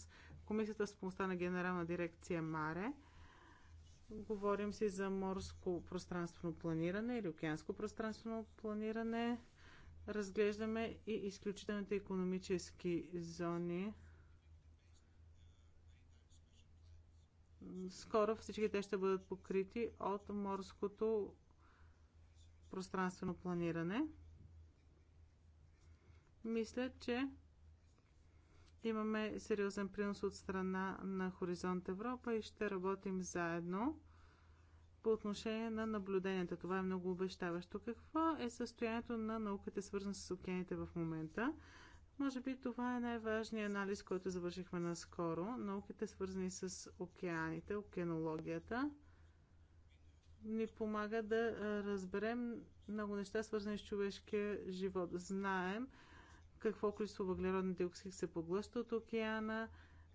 Комисията с помощта на Генерална дирекция МАРЕ – Говорим си за морско пространствено планиране или океанско пространствено планиране. Разглеждаме и изключителните економически зони. Скоро всички те ще бъдат покрити от морското пространствено планиране. Мисля, че имаме сериозен принос от страна на Хоризонт Европа и ще работим заедно по отношение на наблюденията. Това е много обещаващо. Какво е състоянието на науката, свързано с океаните в момента? Може би това е най-важният анализ, който завършихме наскоро. Науките, свързани с океаните, океанологията, ни помага да разберем много неща, свързани с човешкия живот. Знаем, какво количество въглероден диоксид се поглъща от океана,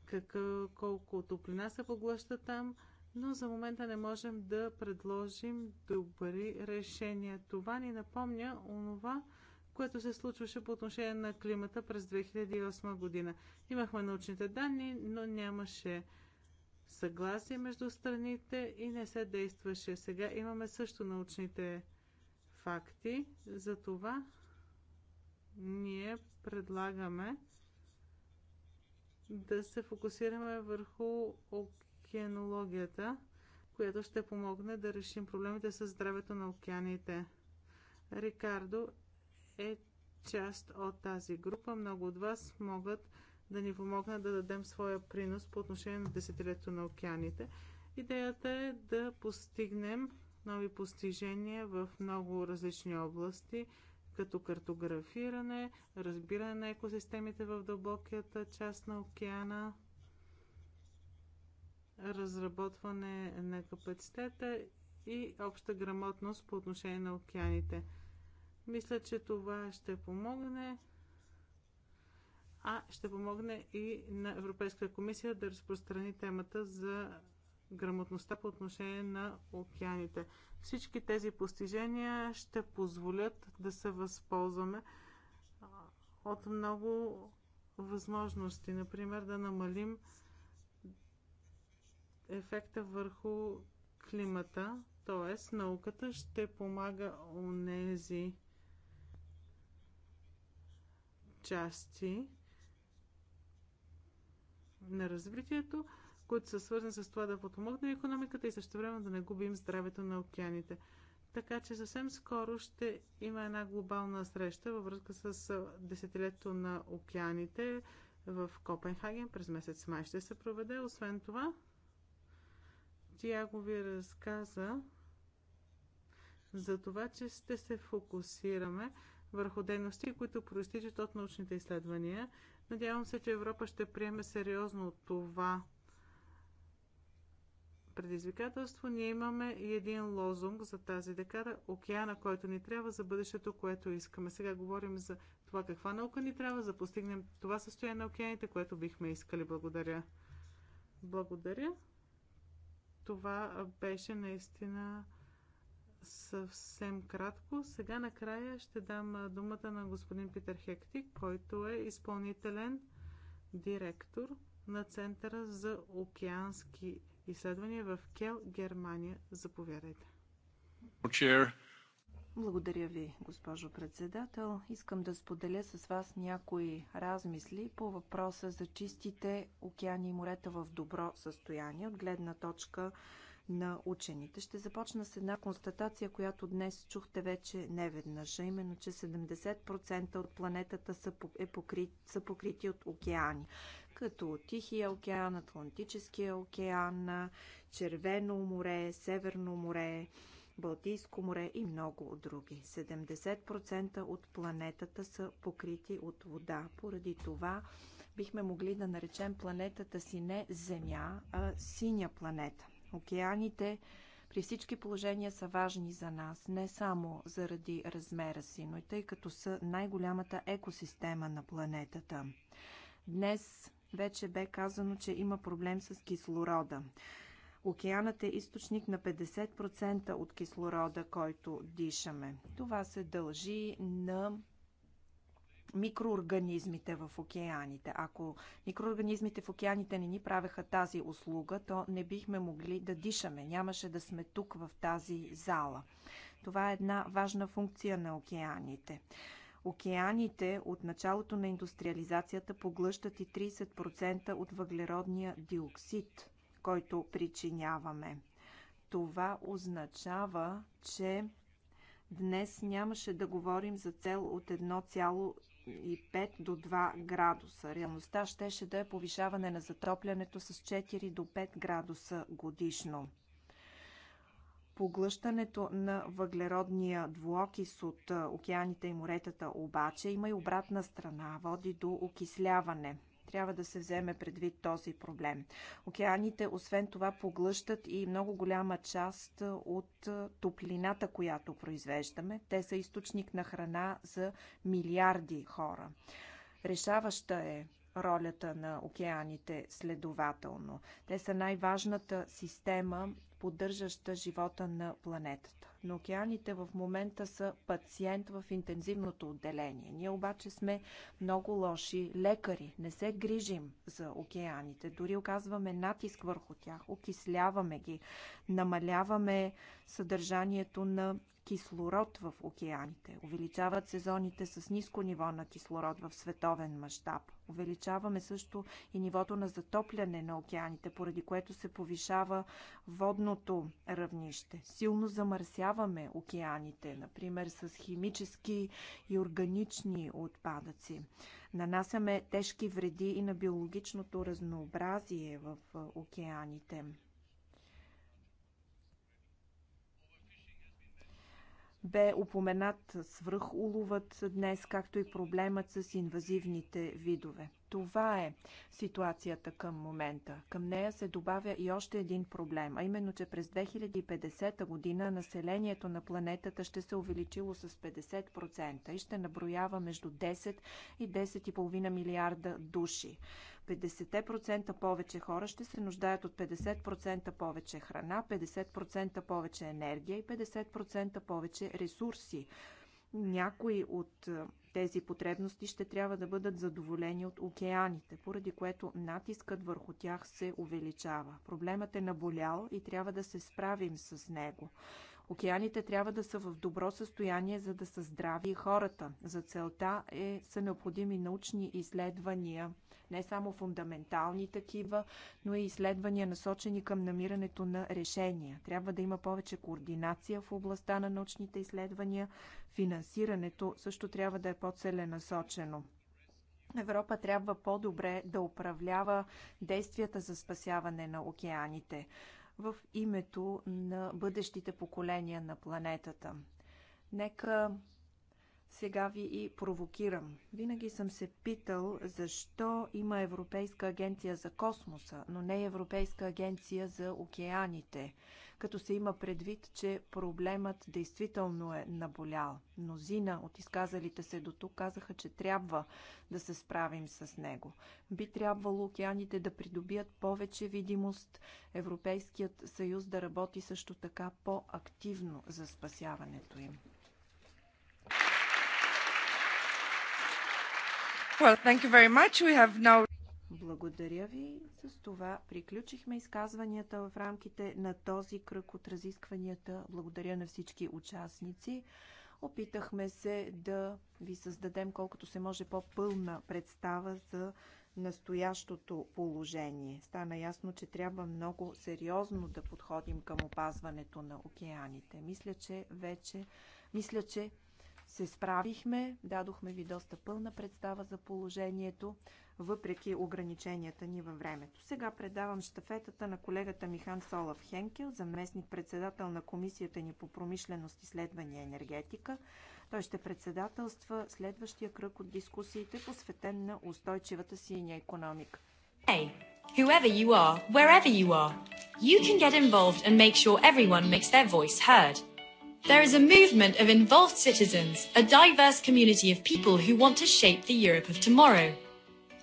какъв, колко топлина се поглъща там, но за момента не можем да предложим добри решения. Това ни напомня онова, което се случваше по отношение на климата през 2008 година. Имахме научните данни, но нямаше съгласие между страните и не се действаше. Сега имаме също научните факти за това ние предлагаме да се фокусираме върху океанологията, която ще помогне да решим проблемите с здравето на океаните. Рикардо е част от тази група. Много от вас могат да ни помогнат да дадем своя принос по отношение на десетилетието на океаните. Идеята е да постигнем нови постижения в много различни области като картографиране, разбиране на екосистемите в дълбокията част на океана, разработване на капацитета и обща грамотност по отношение на океаните. Мисля, че това ще помогне а ще помогне и на Европейска комисия да разпространи темата за грамотността по отношение на океаните. Всички тези постижения ще позволят да се възползваме от много възможности. Например, да намалим ефекта върху климата, т.е. науката ще помага онези части на развитието, които са свързани с това да подпомогнем економиката и също време да не губим здравето на океаните. Така че съвсем скоро ще има една глобална среща във връзка с десетилетието на океаните в Копенхаген през месец май ще се проведе. Освен това, Тиаго ви разказа за това, че ще се фокусираме върху дейности, които проистичат от научните изследвания. Надявам се, че Европа ще приеме сериозно това предизвикателство, ние имаме и един лозунг за тази декада океана, който ни трябва за бъдещето, което искаме. Сега говорим за това каква наука ни трябва, за да постигнем това състояние на океаните, което бихме искали. Благодаря. Благодаря. Това беше наистина съвсем кратко. Сега накрая ще дам думата на господин Питер Хекти, който е изпълнителен директор на Центъра за океански изследвания в Кел, Германия. Заповядайте. Благодаря ви, госпожо председател. Искам да споделя с вас някои размисли по въпроса за чистите океани и морета в добро състояние от гледна точка на учените. Ще започна с една констатация, която днес чухте вече неведнъж, а именно, че 70% от планетата са, е покрит, са покрити от океани, като Тихия океан, Атлантическия океан, Червено море, Северно море, Балтийско море и много други. 70% от планетата са покрити от вода. Поради това бихме могли да наречем планетата си не Земя, а синя планета. Океаните при всички положения са важни за нас, не само заради размера си, но и тъй като са най-голямата екосистема на планетата. Днес вече бе казано, че има проблем с кислорода. Океанът е източник на 50% от кислорода, който дишаме. Това се дължи на микроорганизмите в океаните. Ако микроорганизмите в океаните не ни правеха тази услуга, то не бихме могли да дишаме. Нямаше да сме тук в тази зала. Това е една важна функция на океаните. Океаните от началото на индустриализацията поглъщат и 30% от въглеродния диоксид, който причиняваме. Това означава, че днес нямаше да говорим за цел от 4,5 до 2 градуса. Реалността щеше да е повишаване на затоплянето с 4 до 5 градуса годишно. Поглъщането на въглеродния двуокис от океаните и моретата обаче има и обратна страна, води до окисляване трябва да се вземе предвид този проблем. Океаните, освен това, поглъщат и много голяма част от топлината, която произвеждаме. Те са източник на храна за милиарди хора. Решаваща е ролята на океаните следователно. Те са най-важната система поддържаща живота на планетата. Но океаните в момента са пациент в интензивното отделение. Ние обаче сме много лоши лекари. Не се грижим за океаните. Дори оказваме натиск върху тях. Окисляваме ги. Намаляваме съдържанието на кислород в океаните. Увеличават се зоните с ниско ниво на кислород в световен мащаб. Увеличаваме също и нивото на затопляне на океаните, поради което се повишава водно въглеродното равнище. Силно замърсяваме океаните, например с химически и органични отпадъци. Нанасяме тежки вреди и на биологичното разнообразие в океаните. бе упоменат свръхуловът днес, както и проблемът с инвазивните видове. Това е ситуацията към момента. Към нея се добавя и още един проблем, а именно, че през 2050 година населението на планетата ще се увеличило с 50% и ще наброява между 10 и 10,5 милиарда души. 50% повече хора ще се нуждаят от 50% повече храна, 50% повече енергия и 50% повече ресурси. Някои от е, тези потребности ще трябва да бъдат задоволени от океаните, поради което натискът върху тях се увеличава. Проблемът е наболял и трябва да се справим с него. Океаните трябва да са в добро състояние, за да са здрави и хората. За целта е, са необходими научни изследвания не само фундаментални такива, но и изследвания насочени към намирането на решения. Трябва да има повече координация в областта на научните изследвания. Финансирането също трябва да е по-целенасочено. Европа трябва по-добре да управлява действията за спасяване на океаните в името на бъдещите поколения на планетата. Нека сега ви и провокирам. Винаги съм се питал защо има Европейска агенция за космоса, но не Европейска агенция за океаните, като се има предвид, че проблемът действително е наболял. Мнозина от изказалите се до тук казаха, че трябва да се справим с него. Би трябвало океаните да придобият повече видимост, Европейският съюз да работи също така по-активно за спасяването им. Well, thank you very much. We have now... Благодаря ви. С това приключихме изказванията в рамките на този кръг от разискванията. Благодаря на всички участници. Опитахме се да ви създадем колкото се може по-пълна представа за настоящото положение. Стана ясно, че трябва много сериозно да подходим към опазването на океаните. Мисля, че вече, мисля, че се справихме, дадохме ви доста пълна представа за положението, въпреки ограниченията ни във времето. Сега предавам штафетата на колегата Михан Солав Хенкел, заместник председател на Комисията ни по промишленост, и и енергетика. Той ще председателства следващия кръг от дискусиите, посветен на устойчивата синя економика. Hey, whoever you are, wherever you are, you can get involved and make sure everyone makes their voice heard. There is a movement of involved citizens, a diverse community of people who want to shape the Europe of tomorrow.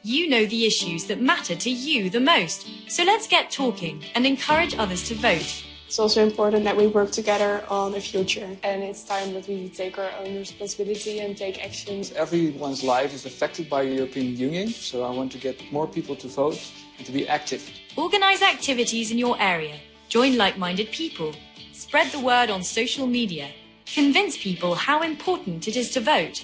You know the issues that matter to you the most, so let's get talking and encourage others to vote. It's also important that we work together on a future. And it's time that we take our own responsibility and take actions. Everyone's life is affected by the European Union, so I want to get more people to vote and to be active. Organize activities in your area. Join like-minded people spread the word on social media. Convince people how important it is to vote.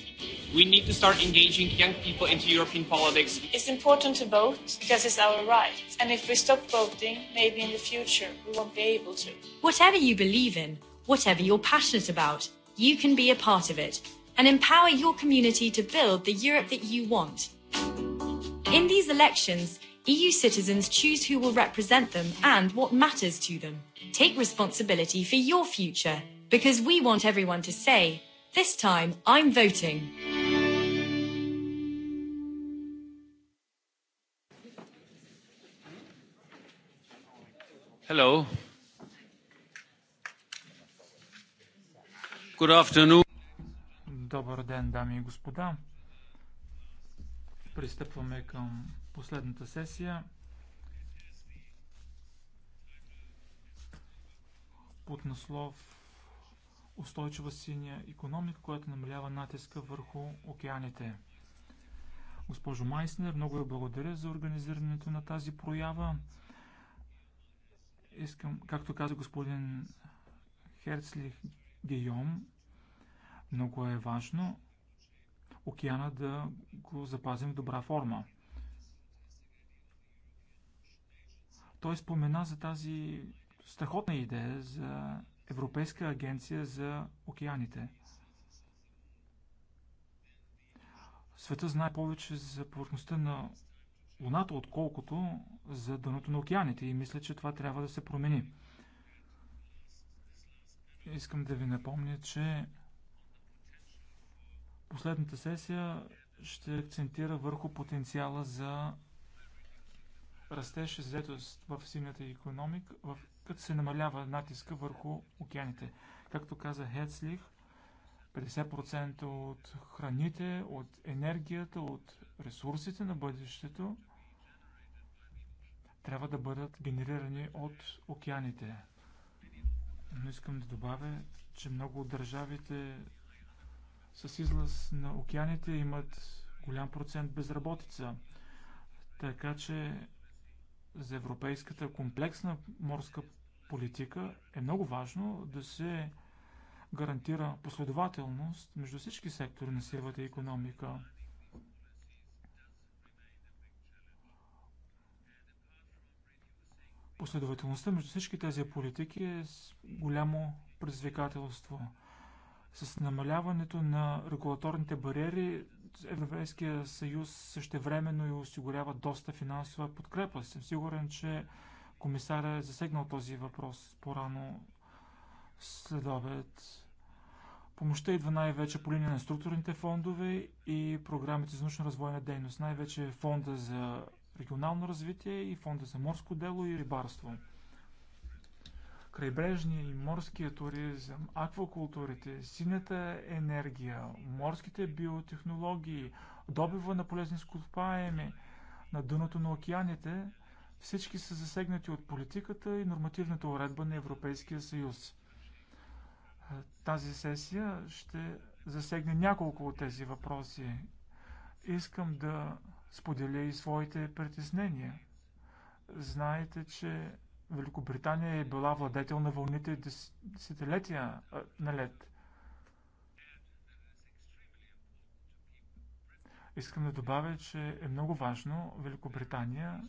We need to start engaging young people into European politics. It's important to vote because it's our right. And if we stop voting, maybe in the future we won't be able to. Whatever you believe in, whatever you're passionate about, you can be a part of it and empower your community to build the Europe that you want. In these elections, EU citizens choose who will represent them and what matters to them. Take responsibility for your future, because we want everyone to say, this time I'm voting. Hello. Good afternoon. Добър ден, дами и господа. Пристъпваме към последната сесия под наслов Устойчива синя економика, която намалява натиска върху океаните. Госпожо Майснер, много ви благодаря за организирането на тази проява. Искам, както каза господин Херцли Гейом, много е важно океана да го запазим в добра форма. Той спомена за тази страхотна идея за Европейска агенция за океаните. Света знае повече за повърхността на Луната, отколкото за дъното на океаните и мисля, че това трябва да се промени. Искам да ви напомня, че последната сесия ще акцентира върху потенциала за растеж и заетост в силната економика, в... като се намалява натиска върху океаните. Както каза Хецлих, 50% от храните, от енергията, от ресурсите на бъдещето трябва да бъдат генерирани от океаните. Но искам да добавя, че много от държавите с излаз на океаните имат голям процент безработица. Така че за европейската комплексна морска политика е много важно да се гарантира последователност между всички сектори на сивата економика. Последователността между всички тези политики е с голямо предизвикателство. С намаляването на регулаторните бариери Европейския съюз същевременно и осигурява доста финансова подкрепа. Съм сигурен, че комисаря е засегнал този въпрос по-рано след обед. Помощта идва най-вече по линия на структурните фондове и програмите за научно-развойна дейност, най-вече фонда за регионално развитие и фонда за морско дело и рибарство крайбрежния и морския туризъм, аквакултурите, синята енергия, морските биотехнологии, добива на полезни изкопаеми на дъното на океаните, всички са засегнати от политиката и нормативната уредба на Европейския съюз. Тази сесия ще засегне няколко от тези въпроси. Искам да споделя и своите притеснения. Знаете, че Великобритания е била владетел на вълните десетилетия на лед. Искам да добавя, че е много важно Великобритания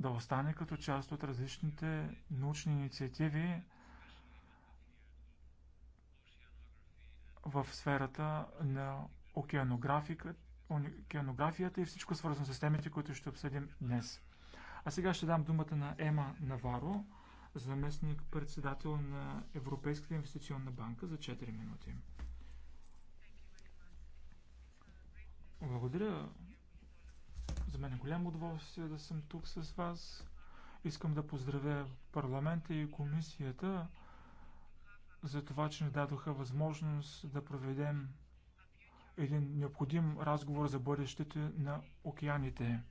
да остане като част от различните научни инициативи в сферата на океанографията и всичко свързано с темите, които ще обсъдим днес. А сега ще дам думата на Ема Наваро, заместник председател на Европейската инвестиционна банка за 4 минути. Благодаря. За мен е голямо удоволствие да съм тук с вас. Искам да поздравя парламента и комисията за това, че ни дадоха възможност да проведем един необходим разговор за бъдещето на океаните.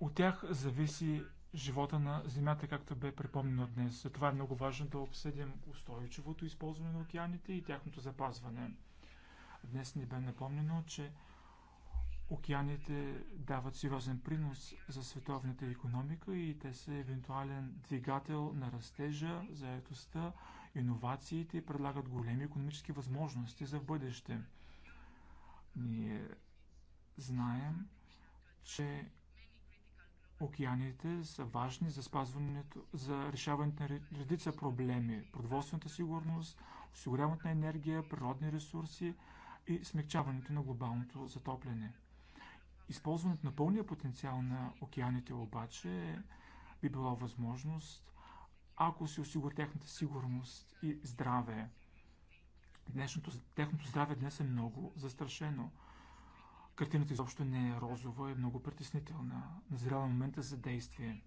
От тях зависи живота на Земята, както бе припомнено днес. Затова е много важно да обсъдим устойчивото използване на океаните и тяхното запазване. Днес ни бе напомнено, че океаните дават сериозен принос за световната економика и те са евентуален двигател на растежа, заетостта, иновациите и предлагат големи економически възможности за бъдеще. Ние знаем, че Океаните са важни за, спазването, за решаването на редица проблеми – продоволствената сигурност, осигуряването на енергия, природни ресурси и смягчаването на глобалното затопляне. Използването на пълния потенциал на океаните обаче би била възможност, ако се осигури тяхната сигурност и здраве. Днешното, техното здраве днес е много застрашено – Картината изобщо не е розова, е много притеснителна. Назрява момента за действие.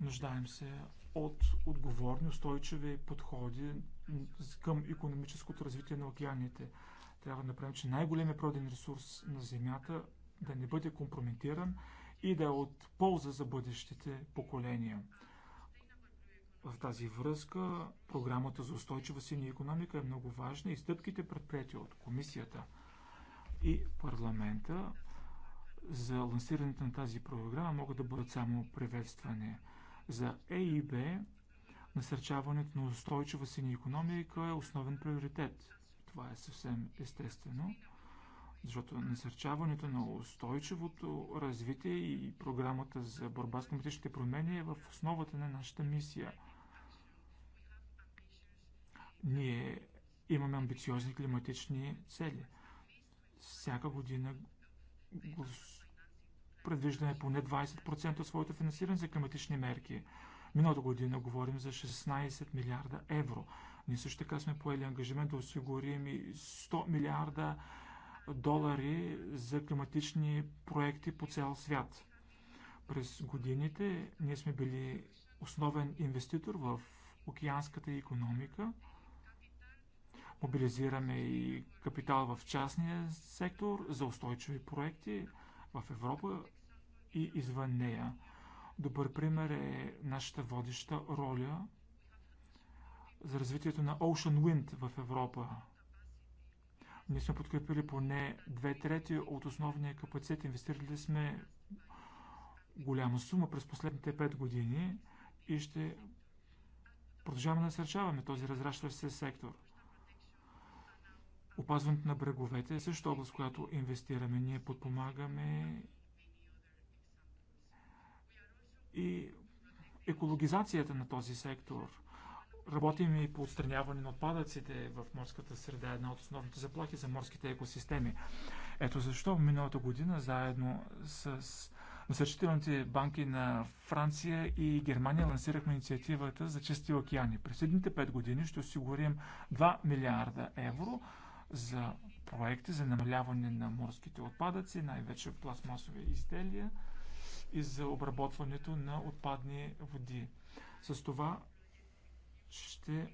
Нуждаем се от отговорни, устойчиви подходи към економическото развитие на океаните. Трябва да направим, че най-големият проден ресурс на Земята да не бъде компрометиран и да е от полза за бъдещите поколения. В тази връзка програмата за устойчива синя економика е много важна и стъпките предприяти от комисията – и парламента за лансирането на тази програма могат да бъдат само приветствани. За ЕИБ насърчаването на устойчива сини економика е основен приоритет. Това е съвсем естествено, защото насърчаването на устойчивото развитие и програмата за борба с климатичните промени е в основата на нашата мисия. Ние имаме амбициозни климатични цели – всяка година предвиждаме поне 20% от своето финансиране за климатични мерки. Миналата година говорим за 16 милиарда евро. Ние също така сме поели ангажимент да осигурим и 100 милиарда долари за климатични проекти по цял свят. През годините ние сме били основен инвеститор в океанската економика – Мобилизираме и капитал в частния сектор за устойчиви проекти в Европа и извън нея. Добър пример е нашата водеща роля за развитието на Ocean Wind в Европа. Ние сме подкрепили поне две трети от основния капацитет. Инвестирали сме голяма сума през последните пет години и ще продължаваме да насърчаваме този разращащ се сектор. Опазването на бреговете е също област, която инвестираме. Ние подпомагаме и екологизацията на този сектор. Работим и по отстраняване на отпадъците в морската среда, една от основните заплахи за морските екосистеми. Ето защо миналата година, заедно с насърчителните банки на Франция и Германия, лансирахме инициативата за чисти океани. През следните 5 години ще осигурим 2 милиарда евро за проекти за намаляване на морските отпадъци, най-вече пластмасови изделия и за обработването на отпадни води. С това ще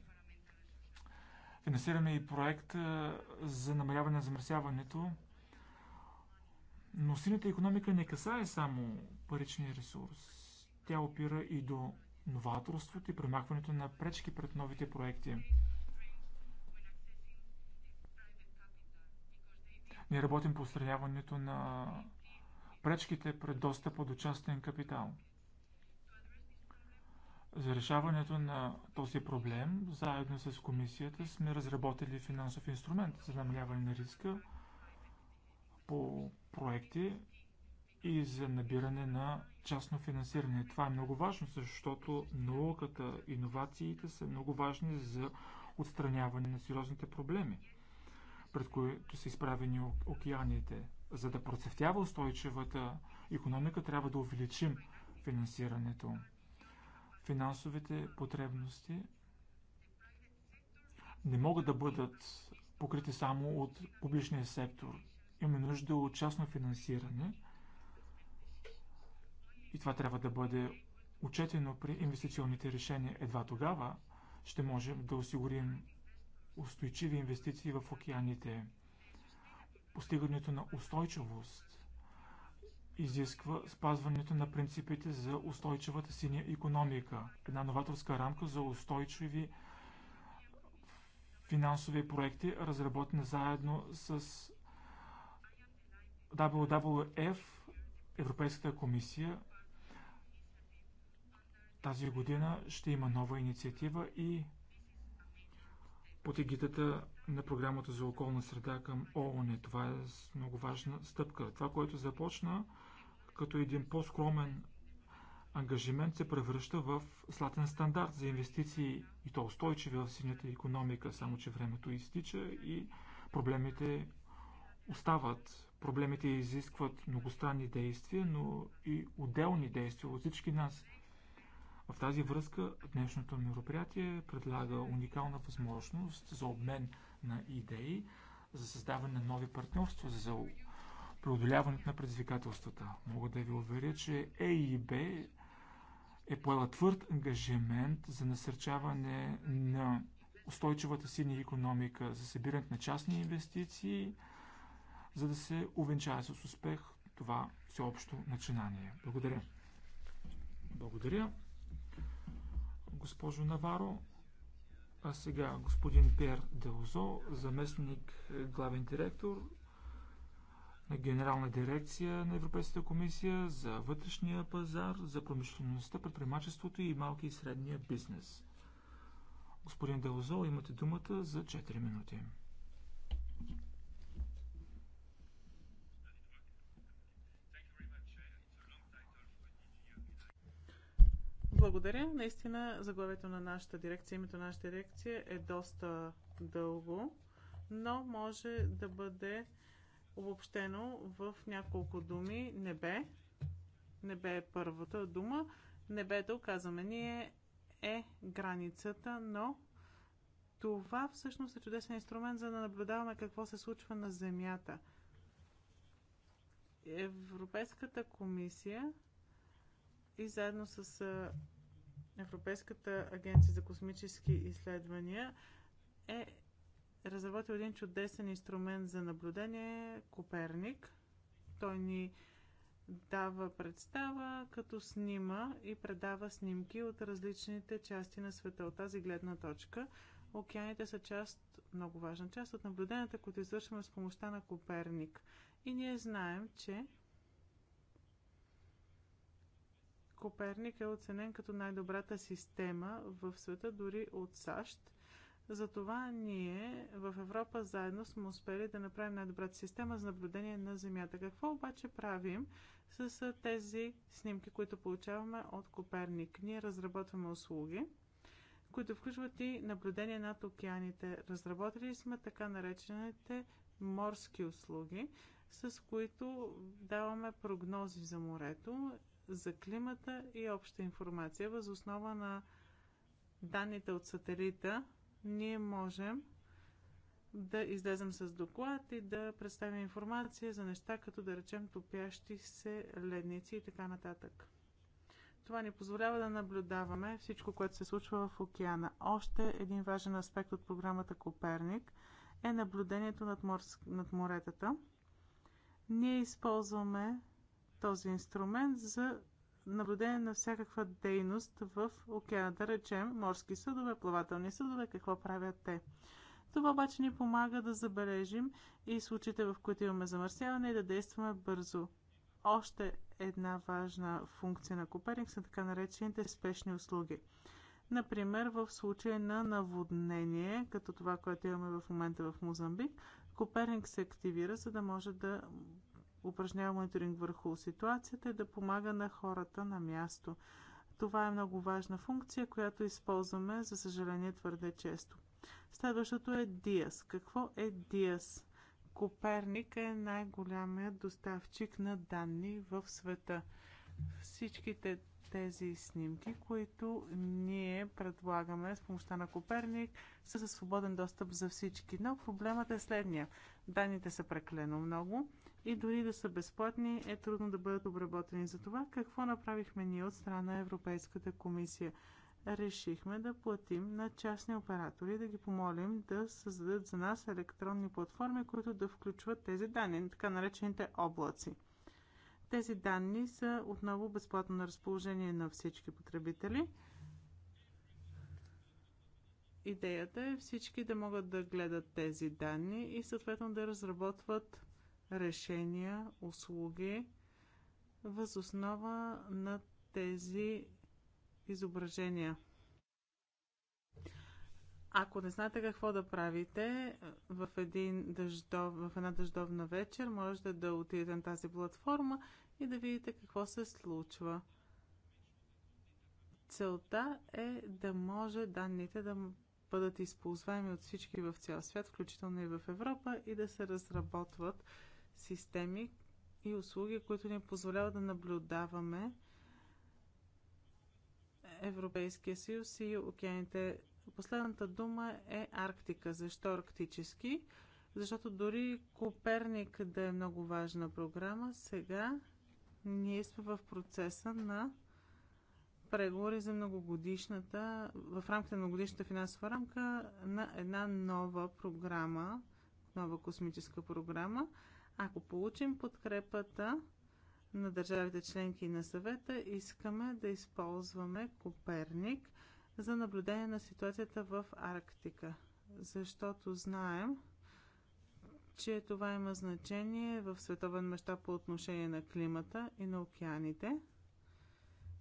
финансираме и проект за намаляване на замърсяването. Но синята економика не касае само паричния ресурс. Тя опира и до новаторството и премахването на пречки пред новите проекти. Ние работим по устраняването на пречките пред достъпа до частен капитал. За решаването на този проблем, заедно с комисията, сме разработили финансов инструмент за намаляване на риска по проекти и за набиране на частно финансиране. Това е много важно, защото науката, иновациите са много важни за отстраняване на сериозните проблеми пред които са изправени океаните. За да процъфтява устойчивата економика, трябва да увеличим финансирането. Финансовите потребности не могат да бъдат покрити само от публичния сектор. Имаме нужда от частно финансиране и това трябва да бъде учетено при инвестиционните решения. Едва тогава ще можем да осигурим устойчиви инвестиции в океаните. Постигането на устойчивост изисква спазването на принципите за устойчивата синя економика, една новаторска рамка за устойчиви финансови проекти, разработена заедно с WWF, Европейската комисия. Тази година ще има нова инициатива и под егитата на програмата за околна среда към ООН. Това е много важна стъпка. Това, което започна като един по-скромен ангажимент се превръща в златен стандарт за инвестиции и то устойчиви в синята економика, само че времето изтича и проблемите остават. Проблемите изискват многостранни действия, но и отделни действия от всички нас – в тази връзка днешното мероприятие предлага уникална възможност за обмен на идеи, за създаване на нови партньорства, за преодоляването на предизвикателствата. Мога да ви уверя, че ЕИБ е поела твърд ангажимент за насърчаване на устойчивата синя економика, за събирането на частни инвестиции, за да се увенчае с успех това всеобщо начинание. Благодаря. Благодаря госпожо Наваро. А сега господин Пьер Деозо, заместник е, главен директор на Генерална дирекция на Европейската комисия за вътрешния пазар, за промишлеността, предприемачеството и малки и средния бизнес. Господин Деозо, имате думата за 4 минути. Благодаря. Наистина заглавието на нашата дирекция, името на нашата дирекция е доста дълго, но може да бъде обобщено в няколко думи. Небе. Небе е първата дума. Небето, казваме ние, е границата, но това всъщност е чудесен инструмент за да наблюдаваме какво се случва на Земята. Европейската комисия и заедно с Европейската агенция за космически изследвания е разработил един чудесен инструмент за наблюдение Коперник. Той ни дава представа, като снима и предава снимки от различните части на света. От тази гледна точка океаните са част, много важна част от наблюденията, които извършваме с помощта на Коперник. И ние знаем, че Коперник е оценен като най-добрата система в света, дори от САЩ. Затова ние в Европа заедно сме успели да направим най-добрата система за наблюдение на Земята. Какво обаче правим с тези снимки, които получаваме от Коперник? Ние разработваме услуги, които включват и наблюдение над океаните. Разработили сме така наречените морски услуги, с които даваме прогнози за морето за климата и обща информация. Въз основа на данните от сателита ние можем да излезем с доклад и да представим информация за неща, като да речем топящи се ледници и така нататък. Това ни позволява да наблюдаваме всичко, което се случва в океана. Още един важен аспект от програмата Коперник е наблюдението над, морс... над моретата. Ние използваме този инструмент за наблюдение на всякаква дейност в океана, да речем морски съдове, плавателни съдове, какво правят те. Това обаче ни помага да забележим и случаите, в които имаме замърсяване и да действаме бързо. Още една важна функция на Куперник са така наречените спешни услуги. Например, в случай на наводнение, като това, което имаме в момента в Мозамбик, Куперник се активира, за да може да упражнява мониторинг върху ситуацията и да помага на хората на място. Това е много важна функция, която използваме, за съжаление, твърде често. Следващото е Диас. Какво е Диас? Коперник е най-голямият доставчик на данни в света. Всичките тези снимки, които ние предлагаме с помощта на Коперник, са със свободен достъп за всички. Но проблемът е следния. Данните са преклено много и дори да са безплатни, е трудно да бъдат обработени. За това какво направихме ние от страна на Европейската комисия? Решихме да платим на частни оператори, да ги помолим да създадат за нас електронни платформи, които да включват тези данни, така наречените облаци. Тези данни са отново безплатно на разположение на всички потребители. Идеята е всички да могат да гледат тези данни и съответно да разработват решения, услуги, възоснова на тези изображения. Ако не знаете какво да правите в, един дъждов, в една дъждовна вечер, можете да отидете на тази платформа и да видите какво се случва. Целта е да може данните да бъдат използваеми от всички в цял свят, включително и в Европа, и да се разработват системи и услуги, които ни позволяват да наблюдаваме Европейския съюз и океаните. Последната дума е Арктика. Защо арктически? Защото дори Коперник да е много важна програма, сега ние сме в процеса на преговори за многогодишната, в рамките на многогодишната финансова рамка на една нова програма, нова космическа програма. Ако получим подкрепата на държавите членки на съвета, искаме да използваме Коперник за наблюдение на ситуацията в Арктика, защото знаем, че това има значение в световен мащаб по отношение на климата и на океаните.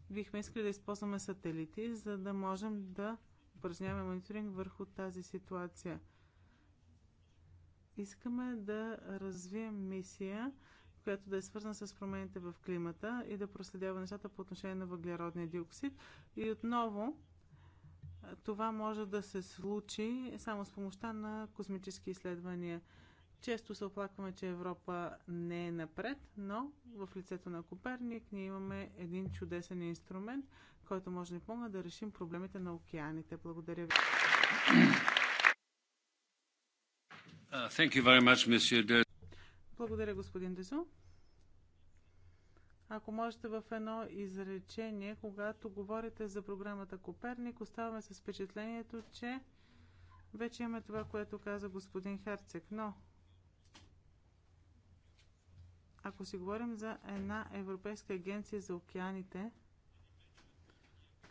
Бихме искали да използваме сателити, за да можем да упражняваме мониторинг върху тази ситуация – искаме да развием мисия, която да е свързана с промените в климата и да проследява нещата по отношение на въглеродния диоксид. И отново, това може да се случи само с помощта на космически изследвания. Често се оплакваме, че Европа не е напред, но в лицето на Коперник ние имаме един чудесен инструмент, който може да ни помогне да решим проблемите на океаните. Благодаря ви. Uh, Благодаря, господин Дезо. Ако можете в едно изречение, когато говорите за програмата Коперник, оставаме с впечатлението, че вече имаме това, което каза господин Херцег. Но ако си говорим за една Европейска агенция за океаните,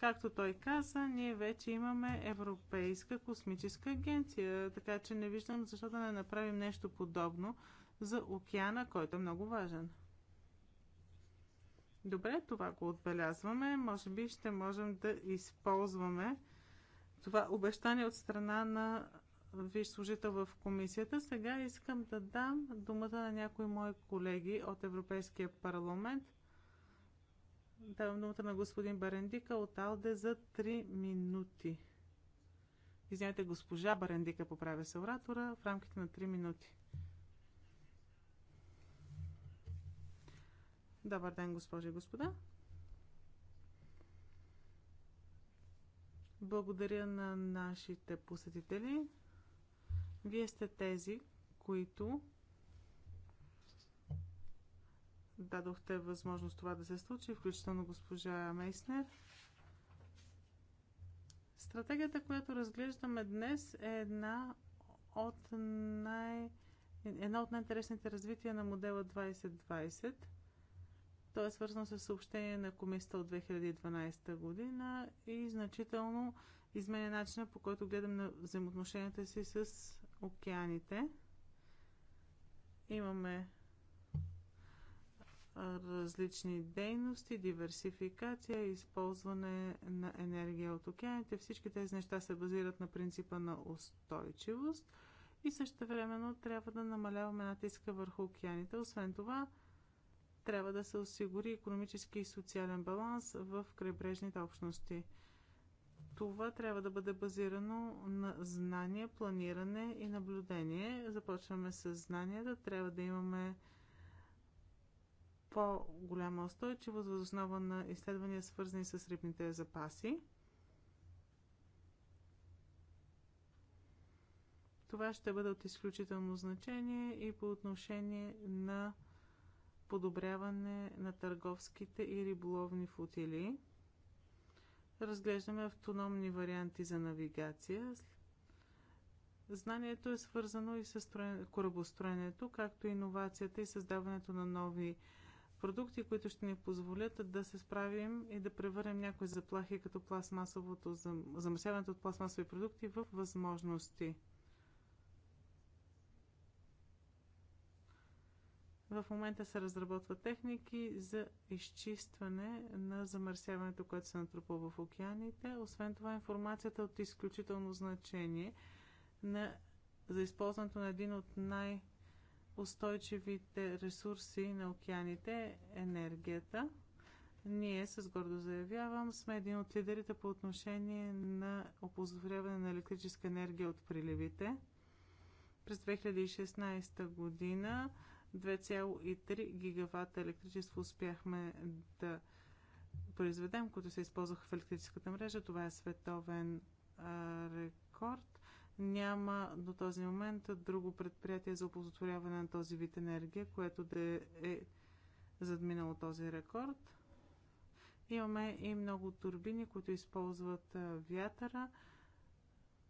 Както той каза, ние вече имаме Европейска космическа агенция, така че не виждам защо да не направим нещо подобно за океана, който е много важен. Добре, това го отбелязваме. Може би ще можем да използваме това обещание от страна на виж служител в комисията. Сега искам да дам думата на някои мои колеги от Европейския парламент – Давам думата на господин Барендика от Алде за 3 минути. Извинете, госпожа Барендика поправя се оратора в рамките на 3 минути. Добър ден, госпожи и господа. Благодаря на нашите посетители. Вие сте тези, които дадохте възможност това да се случи, включително госпожа Мейснер. Стратегията, която разглеждаме днес е една от най- една от най-интересните развития на модела 2020. Той е свързан с съобщение на комисията от 2012 година и значително изменя начина по който гледам на взаимоотношенията си с океаните. Имаме различни дейности, диверсификация, използване на енергия от океаните. Всички тези неща се базират на принципа на устойчивост и също времено трябва да намаляваме натиска върху океаните. Освен това, трябва да се осигури економически и социален баланс в крайбрежните общности. Това трябва да бъде базирано на знания, планиране и наблюдение. Започваме с знанията. Трябва да имаме по-голяма устойчивост възоснова на изследвания, свързани с рибните запаси. Това ще бъде от изключително значение и по отношение на подобряване на търговските и риболовни флотили. Разглеждаме автономни варианти за навигация. Знанието е свързано и с корабостроенето, както и иновацията и създаването на нови продукти, които ще ни позволят да се справим и да превърнем някои заплахи като пластмасовото, замърсяването от пластмасови продукти в възможности. В момента се разработват техники за изчистване на замърсяването, което се натрупва в океаните. Освен това, информацията е от изключително значение на, за използването на един от най- устойчивите ресурси на океаните, енергията. Ние с гордо заявявам, сме един от лидерите по отношение на оползотворяване на електрическа енергия от приливите. През 2016 година 2,3 гигавата електричество успяхме да произведем, които се използваха в електрическата мрежа. Това е световен а, рекорд. Няма до този момент друго предприятие за оползотворяване на този вид енергия, което да е задминало този рекорд. Имаме и много турбини, които използват вятъра,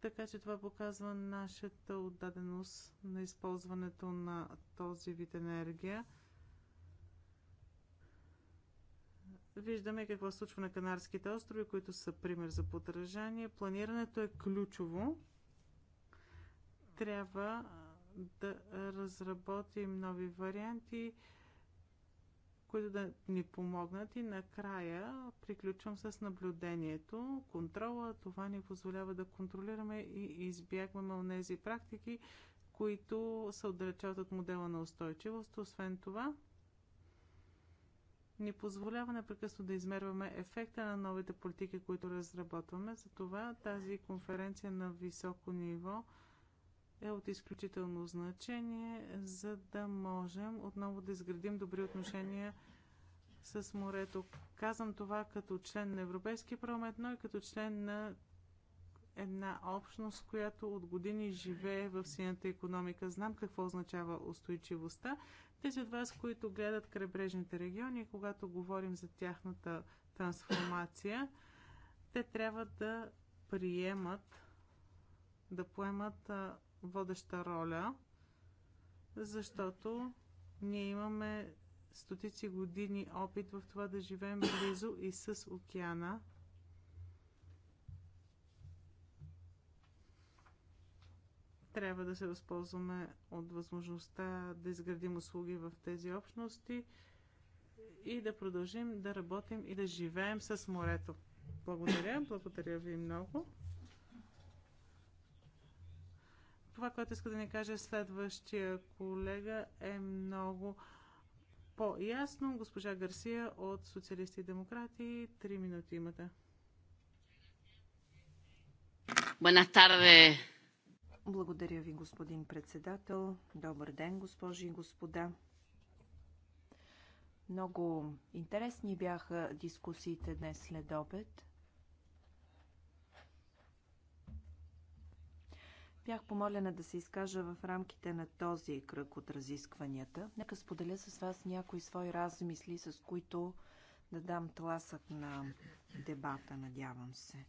така че това показва нашата отдаденост на използването на този вид енергия. Виждаме какво случва на Канарските острови, които са пример за подражание. Планирането е ключово трябва да разработим нови варианти, които да ни помогнат и накрая приключвам с наблюдението. Контрола, това ни позволява да контролираме и избягваме от тези практики, които се отдалечават от модела на устойчивост. Освен това, ни позволява непрекъснато да измерваме ефекта на новите политики, които разработваме. Затова тази конференция на високо ниво – е от изключително значение, за да можем отново да изградим добри отношения с морето. Казвам това като член на Европейския парламент, но и като член на една общност, която от години живее в синята економика. Знам какво означава устойчивостта. Тези от вас, които гледат крайбрежните региони, когато говорим за тяхната трансформация, те трябва да приемат, да поемат водеща роля, защото ние имаме стотици години опит в това да живеем близо и с океана. Трябва да се възползваме от възможността да изградим услуги в тези общности и да продължим да работим и да живеем с морето. Благодаря, благодаря ви много. Това, което иска да ни каже следващия колега е много по-ясно. Госпожа Гарсия от Социалисти и Демократи. Три минути имате. Благодаря ви, господин председател. Добър ден, госпожи и господа. Много интересни бяха дискусиите днес след обед. Бях помолена да се изкажа в рамките на този кръг от разискванията. Нека споделя с вас някои свои размисли, с които да дам тласък на дебата, надявам се.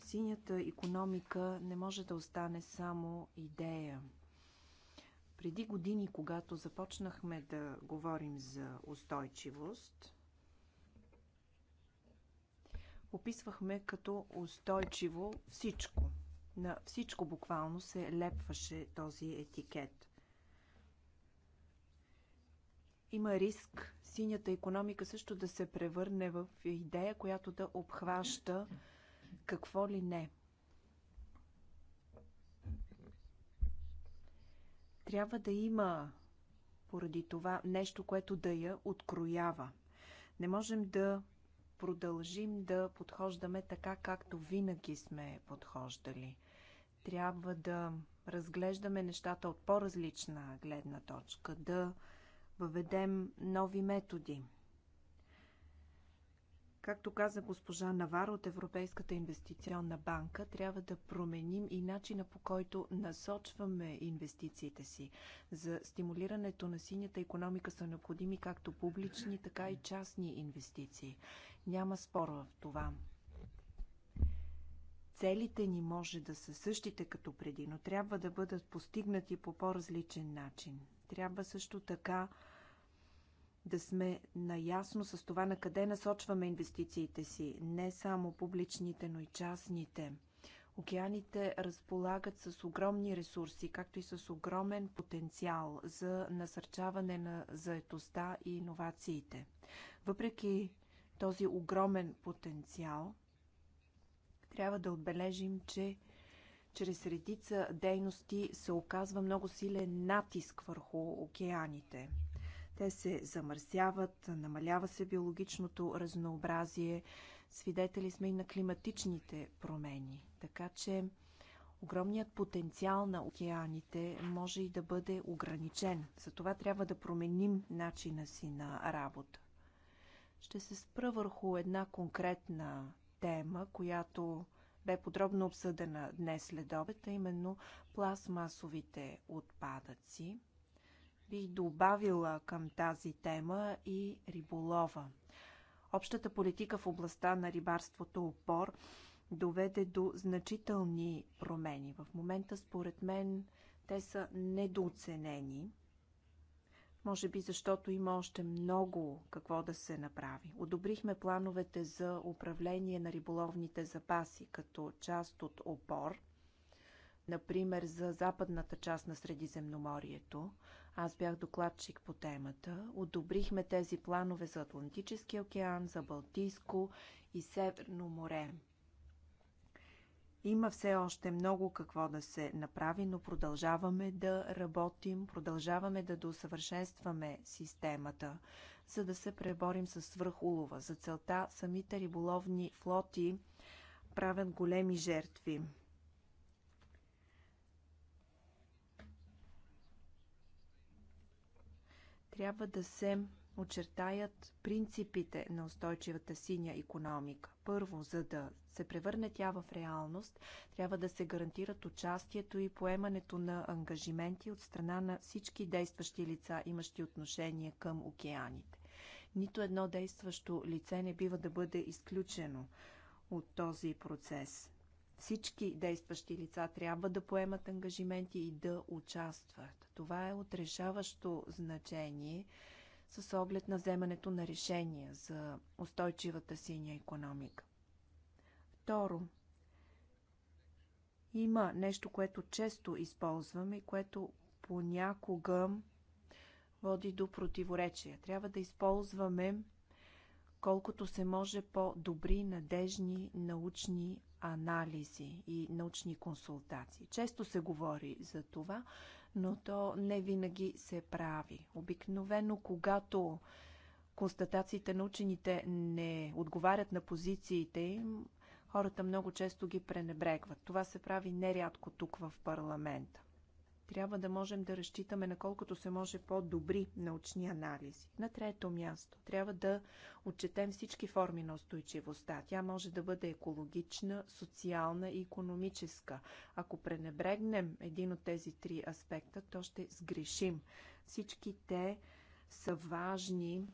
Синята економика не може да остане само идея. Преди години, когато започнахме да говорим за устойчивост, описвахме като устойчиво всичко – на всичко буквално се лепваше този етикет. Има риск синята економика също да се превърне в идея, която да обхваща какво ли не. Трябва да има поради това нещо, което да я откроява. Не можем да продължим да подхождаме така, както винаги сме подхождали – трябва да разглеждаме нещата от по-различна гледна точка, да въведем нови методи. Както каза госпожа Навар от Европейската инвестиционна банка, трябва да променим и начина по който насочваме инвестициите си. За стимулирането на синята економика са необходими както публични, така и частни инвестиции. Няма спор в това. Целите ни може да са същите като преди, но трябва да бъдат постигнати по по-различен начин. Трябва също така да сме наясно с това на къде насочваме инвестициите си, не само публичните, но и частните. Океаните разполагат с огромни ресурси, както и с огромен потенциал за насърчаване на заетостта и иновациите. Въпреки този огромен потенциал, трябва да отбележим, че чрез редица дейности се оказва много силен натиск върху океаните. Те се замърсяват, намалява се биологичното разнообразие, свидетели сме и на климатичните промени. Така че огромният потенциал на океаните може и да бъде ограничен. Затова трябва да променим начина си на работа. Ще се спра върху една конкретна тема, която бе подробно обсъдена днес след обед, а именно пластмасовите отпадъци. Бих добавила към тази тема и риболова. Общата политика в областта на рибарството опор доведе до значителни промени. В момента, според мен, те са недооценени може би защото има още много какво да се направи. Одобрихме плановете за управление на риболовните запаси като част от опор, например за западната част на Средиземноморието. Аз бях докладчик по темата. Одобрихме тези планове за Атлантическия океан, за Балтийско и Северно море. Има все още много какво да се направи, но продължаваме да работим, продължаваме да доусъвършенстваме системата, за да се преборим с свръхулова. За целта самите риболовни флоти правят големи жертви. Трябва да се очертаят принципите на устойчивата синя економика. Първо, за да се превърне тя в реалност, трябва да се гарантират участието и поемането на ангажименти от страна на всички действащи лица, имащи отношение към океаните. Нито едно действащо лице не бива да бъде изключено от този процес. Всички действащи лица трябва да поемат ангажименти и да участват. Това е решаващо значение – с оглед на вземането на решения за устойчивата синя економика. Второ, има нещо, което често използваме и което понякога води до противоречия. Трябва да използваме колкото се може по-добри, надежни научни анализи и научни консултации. Често се говори за това, но то не винаги се прави. Обикновено, когато констатациите на учените не отговарят на позициите им, хората много често ги пренебрегват. Това се прави нерядко тук в парламента. Трябва да можем да разчитаме на колкото се може по-добри научни анализи. На трето място, трябва да отчетем всички форми на устойчивостта. Тя може да бъде екологична, социална и економическа. Ако пренебрегнем един от тези три аспекта, то ще сгрешим. Всички те са важни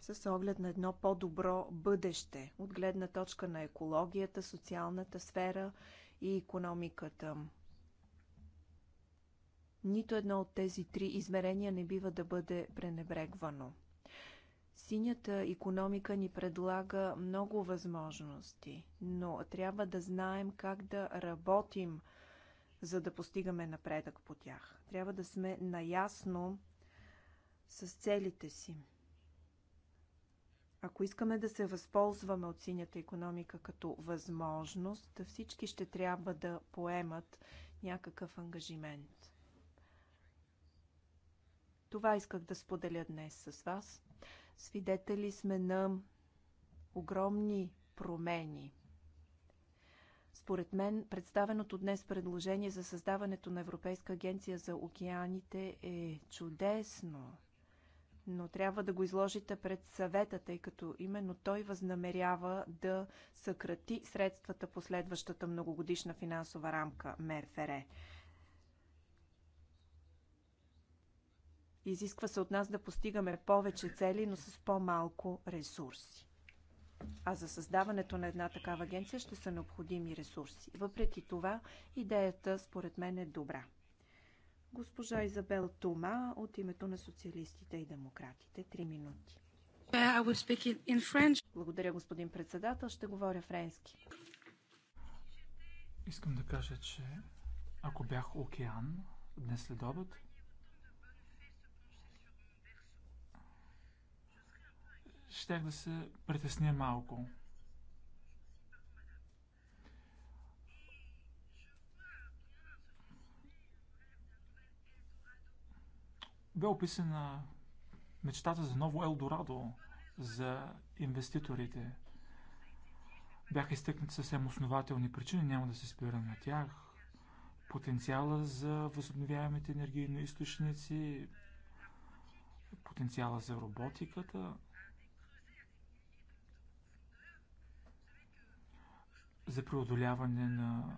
с оглед на едно по-добро бъдеще от гледна точка на екологията, социалната сфера и економиката. Нито едно от тези три измерения не бива да бъде пренебрегвано. Синята економика ни предлага много възможности, но трябва да знаем как да работим, за да постигаме напредък по тях. Трябва да сме наясно с целите си. Ако искаме да се възползваме от синята економика като възможност, всички ще трябва да поемат някакъв ангажимент. Това исках да споделя днес с вас. Свидетели сме на огромни промени. Според мен, представеното днес предложение за създаването на Европейска агенция за океаните е чудесно, но трябва да го изложите пред съвета, тъй като именно той възнамерява да съкрати средствата по следващата многогодишна финансова рамка МЕРФЕРЕ. Изисква се от нас да постигаме повече цели, но с по-малко ресурси. А за създаването на една такава агенция ще са необходими ресурси. Въпреки това, идеята според мен е добра. Госпожа Изабел Тума, от името на социалистите и демократите. Три минути. Благодаря, господин председател. Ще говоря френски. Искам да кажа, че ако бях океан днес след обед, щях да се притесня малко. Бе описана мечтата за ново Елдорадо за инвеститорите. Бяха изтъкнати съвсем основателни причини, няма да се спирам на тях. Потенциала за възобновяемите енергийни източници, потенциала за роботиката, за преодоляване на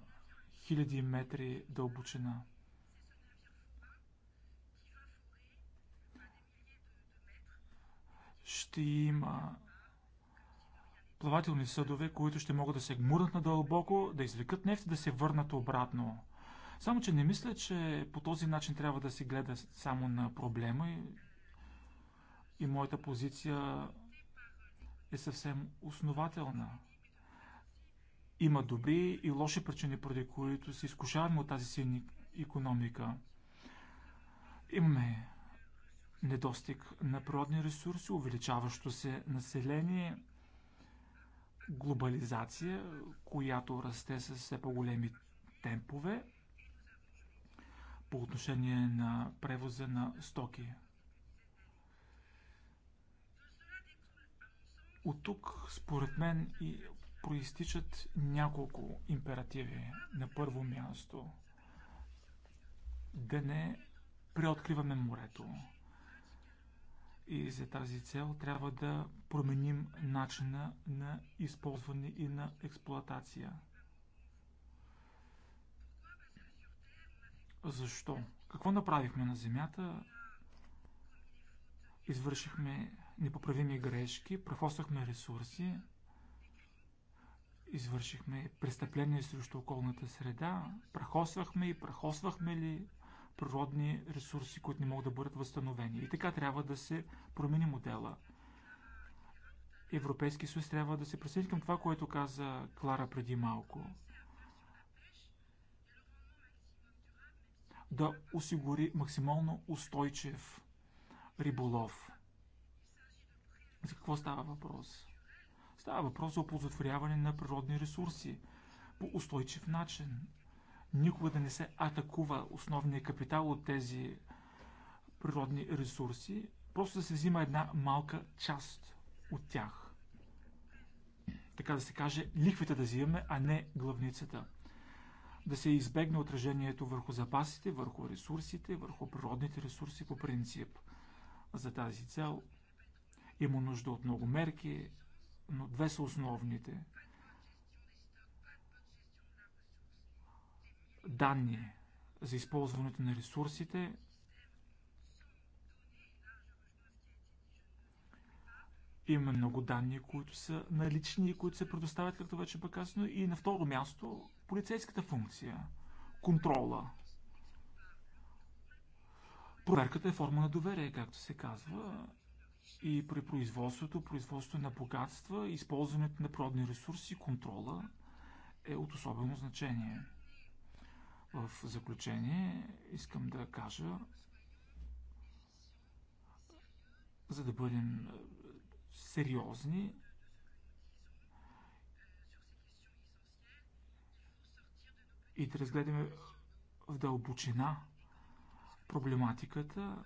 хиляди метри дълбочина. Ще има плавателни съдове, които ще могат да се гмурнат надълбоко, да извлекат нефт и да се върнат обратно. Само, че не мисля, че по този начин трябва да се гледа само на проблема и, и моята позиция е съвсем основателна. Има добри и лоши причини, поради които се изкушаваме от тази силна економика. Имаме недостиг на природни ресурси, увеличаващо се население, глобализация, която расте с все по-големи темпове по отношение на превоза на стоки. От тук, според мен, и проистичат няколко императиви. На първо място да не преоткриваме морето. И за тази цел трябва да променим начина на използване и на експлоатация. Защо? Какво направихме на Земята? Извършихме непоправими грешки, прахосахме ресурси, извършихме престъпление срещу околната среда, прахосвахме и прахосвахме ли природни ресурси, които не могат да бъдат възстановени. И така трябва да се промени модела. Европейски съюз трябва да се присъедини към това, което каза Клара преди малко. Да осигури максимално устойчив риболов. За какво става въпрос? Става въпрос за оползотворяване на природни ресурси по устойчив начин. Никога да не се атакува основния капитал от тези природни ресурси, просто да се взима една малка част от тях. Така да се каже, лихвите да взимаме, а не главницата. Да се избегне отражението върху запасите, върху ресурсите, върху природните ресурси по принцип. За тази цел има нужда от много мерки, но две са основните. Данни за използването на ресурсите, Има много данни, които са налични и които се предоставят, както вече бе казано. И на второ място, полицейската функция. Контрола. Проверката е форма на доверие, както се казва и при производството, производството на богатства, използването на природни ресурси, контрола е от особено значение. В заключение искам да кажа, за да бъдем е, сериозни, и да разгледаме в дълбочина проблематиката,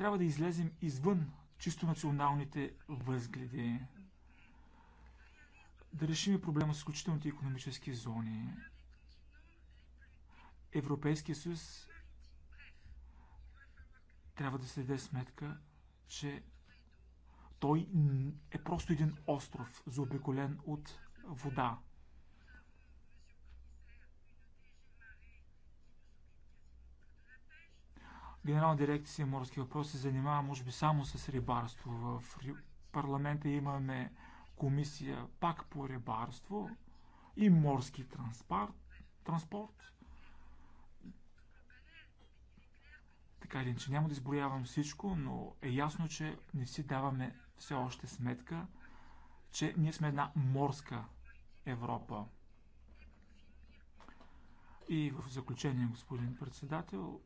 трябва да излезем извън чисто националните възгледи, да решим проблема с изключителните економически зони. Европейския съюз трябва да се даде сметка, че той е просто един остров, заобиколен от вода. Генерална дирекция морски въпроси се занимава, може би, само с рибарство. В парламента имаме комисия пак по рибарство и морски транспорт. транспорт. Така или иначе, няма да изброявам всичко, но е ясно, че не си даваме все още сметка, че ние сме една морска Европа. И в заключение, господин председател,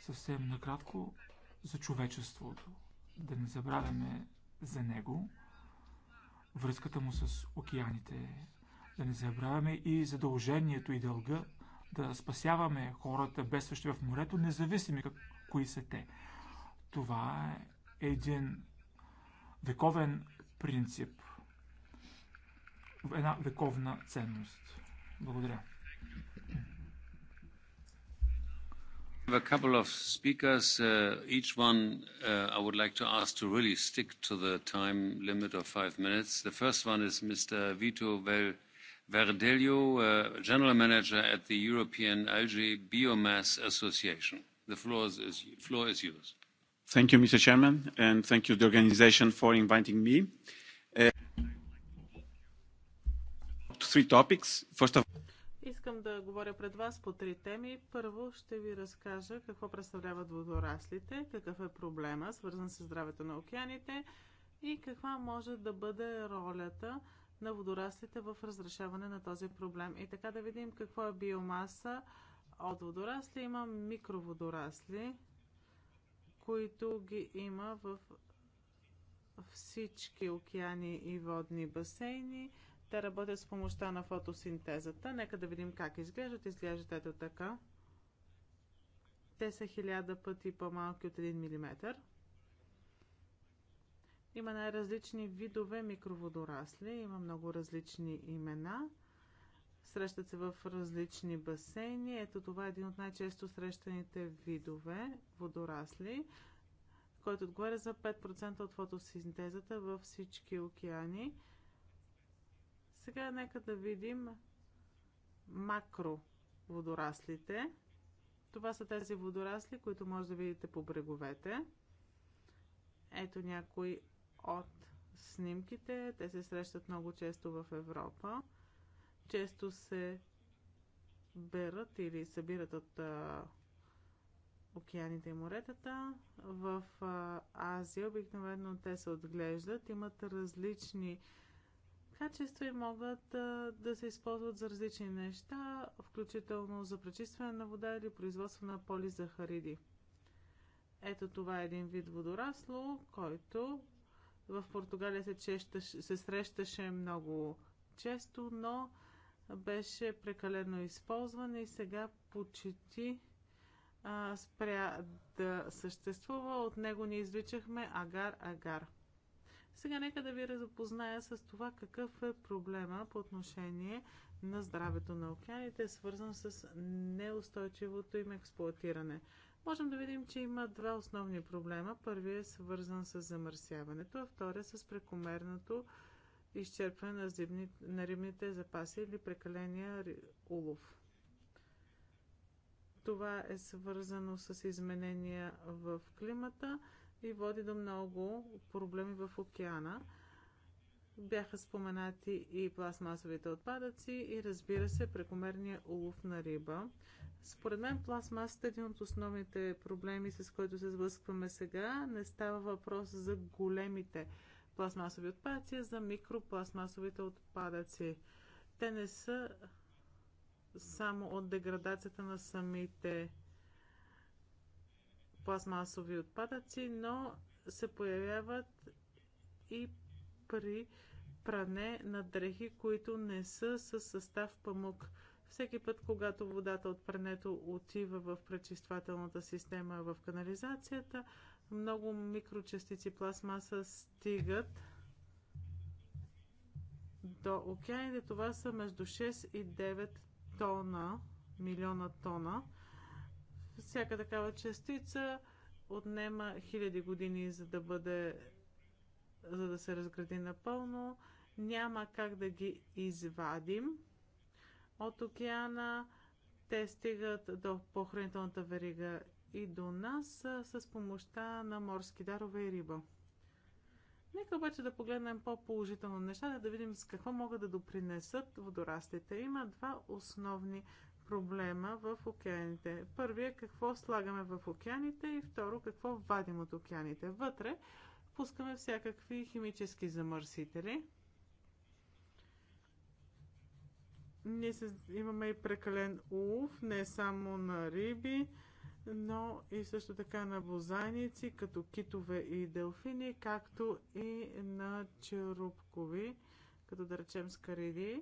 Съвсем накратко за човечеството. Да не забравяме за него, връзката му с океаните. Да не забравяме и задължението и дълга да спасяваме хората бедстващи в морето, независими как, кои са те. Това е един вековен принцип, една вековна ценност. Благодаря. have a couple of speakers. each one I would like to ask to really stick to the time limit of five minutes. The first one is Mr. Vito Vel Verdelho, General Manager at the European Algae Biomass Association. The floor is, yours. Thank you, Mr. Chairman, and thank you, to the organization, for inviting me. three topics. First of all, Искам да говоря пред вас по три теми. Първо ще ви разкажа какво представляват водораслите, какъв е проблема, свързан с здравето на океаните и каква може да бъде ролята на водораслите в разрешаване на този проблем. И така да видим какво е биомаса от водорасли. Има микроводорасли, които ги има в всички океани и водни басейни. Те работят с помощта на фотосинтезата. Нека да видим как изглеждат. Изглеждат ето така. Те са хиляда пъти по-малки от 1 мм. Има най-различни видове микроводорасли, има много различни имена. Срещат се в различни басейни. Ето това е един от най-често срещаните видове водорасли, който отговаря за 5% от фотосинтезата във всички океани. Сега нека да видим макро водораслите. Това са тези водорасли, които може да видите по бреговете. Ето някои от снимките. Те се срещат много често в Европа. Често се берат или събират от а, океаните и моретата. В а, Азия обикновено те се отглеждат, имат различни качества и могат а, да се използват за различни неща, включително за пречистване на вода или производство на полизахариди. Ето това е един вид водорасло, който в Португалия се, чещаш, се срещаше много често, но беше прекалено използван и сега почти а, спря да съществува. От него ни извличахме агар-агар. Сега нека да ви разпозная с това какъв е проблема по отношение на здравето на океаните, свързан с неустойчивото им експлуатиране. Можем да видим, че има два основни проблема. Първият е свързан с замърсяването, а вторият е с прекомерното изчерпване на, зимни, на рибните запаси или прекаления улов. Това е свързано с изменения в климата – и води до много проблеми в океана. Бяха споменати и пластмасовите отпадъци и разбира се прекомерния улов на риба. Според мен пластмасата е един от основните проблеми, с който се сблъскваме сега. Не става въпрос за големите пластмасови отпадъци, а за микропластмасовите отпадъци. Те не са само от деградацията на самите пластмасови отпадъци, но се появяват и при пране на дрехи, които не са с състав памук. Всеки път, когато водата от прането отива в пречиствателната система в канализацията, много микрочастици пластмаса стигат до океаните. Това са между 6 и 9 тона, милиона тона. Всяка такава частица отнема хиляди години, за да бъде за да се разгради напълно. Няма как да ги извадим от океана. Те стигат до похранителната верига и до нас с помощта на морски дарове и риба. Нека обаче да погледнем по-положително нещата, да видим с какво могат да допринесат водорастите. Има два основни проблема в океаните. Първият е какво слагаме в океаните и второ какво вадим от океаните. Вътре пускаме всякакви химически замърсители. Ние се, имаме и прекален улов, не само на риби, но и също така на бозайници, като китове и делфини, както и на черупкови, като да речем скариди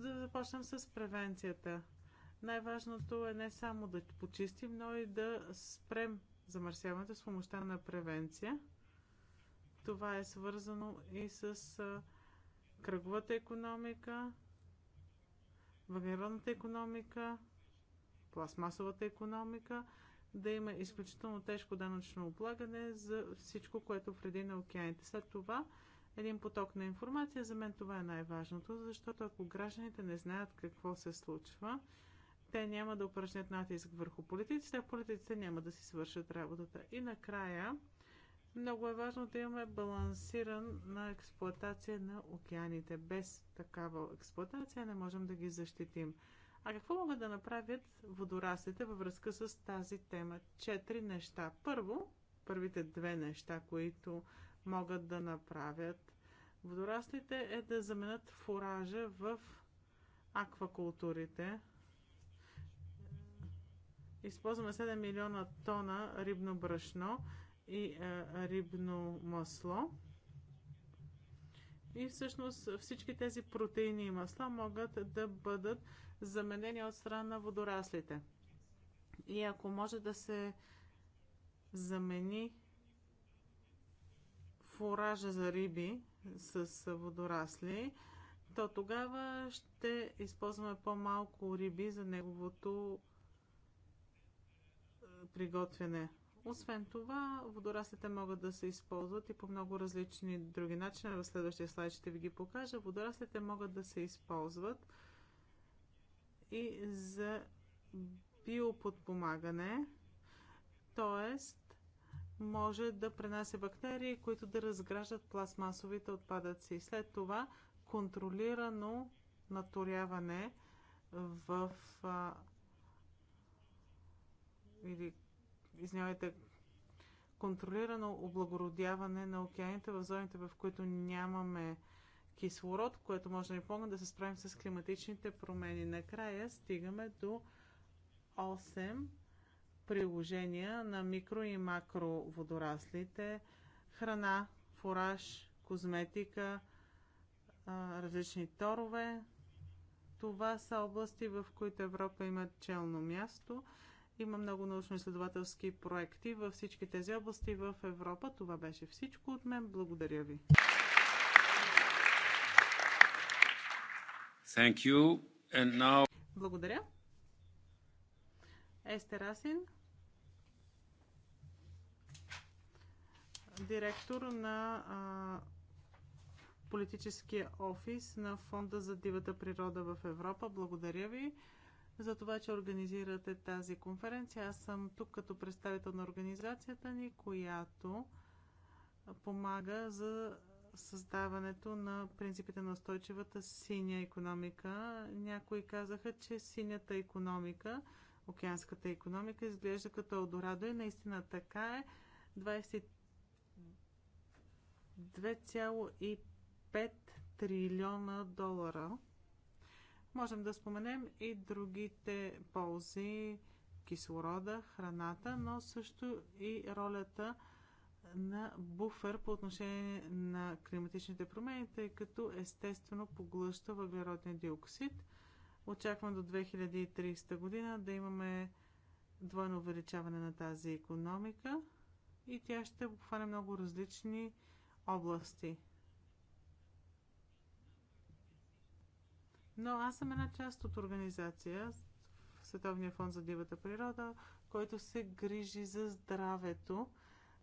за да започнем с превенцията. Най-важното е не само да почистим, но и да спрем замърсяването с помощта на превенция. Това е свързано и с кръговата економика, въглеродната економика, пластмасовата економика, да има изключително тежко данъчно облагане за всичко, което вреди на океаните. След това един поток на информация. За мен това е най-важното, защото ако гражданите не знаят какво се случва, те няма да упражнят натиск върху политиците, а политиците няма да си свършат работата. И накрая, много е важно да имаме балансиран на експлоатация на океаните. Без такава експлоатация не можем да ги защитим. А какво могат да направят водораслите във връзка с тази тема? Четири неща. Първо, първите две неща, които могат да направят водораслите е да заменят фуража в аквакултурите. Използваме 7 милиона тона рибно брашно и е, рибно масло. И всъщност всички тези протеини и масла могат да бъдат заменени от страна на водораслите. И ако може да се замени фуража за риби с водорасли, то тогава ще използваме по-малко риби за неговото е, приготвяне. Освен това, водораслите могат да се използват и по много различни други начини. В следващия слайд ще ви ги покажа. Водораслите могат да се използват и за биоподпомагане, т.е може да пренася бактерии, които да разграждат пластмасовите отпадъци. След това контролирано наторяване в а, или извинявайте, контролирано облагородяване на океаните в зоните, в които нямаме кислород, което може да ни помогне да се справим с климатичните промени. Накрая стигаме до 8 приложения на микро и макро водораслите, храна, фураж, козметика, различни торове. Това са области, в които Европа има челно място. Има много научно-изследователски проекти във всички тези области в Европа. Това беше всичко от мен. Благодаря ви. Thank you. And now... Благодаря. Естерасин. директор на а, политическия офис на Фонда за дивата природа в Европа. Благодаря ви за това, че организирате тази конференция. Аз съм тук като представител на организацията ни, която помага за създаването на принципите на устойчивата синя економика. Някои казаха, че синята економика, океанската економика, изглежда като Елдорадо и наистина така е. 23 2,5 трилиона долара. Можем да споменем и другите ползи кислорода, храната, но също и ролята на буфер по отношение на климатичните промени, тъй като естествено поглъща въглеродния диоксид. Очаквам до 2030 година да имаме двойно увеличаване на тази економика и тя ще обхване много различни области. Но аз съм една част от организация в Световния фонд за дивата природа, който се грижи за здравето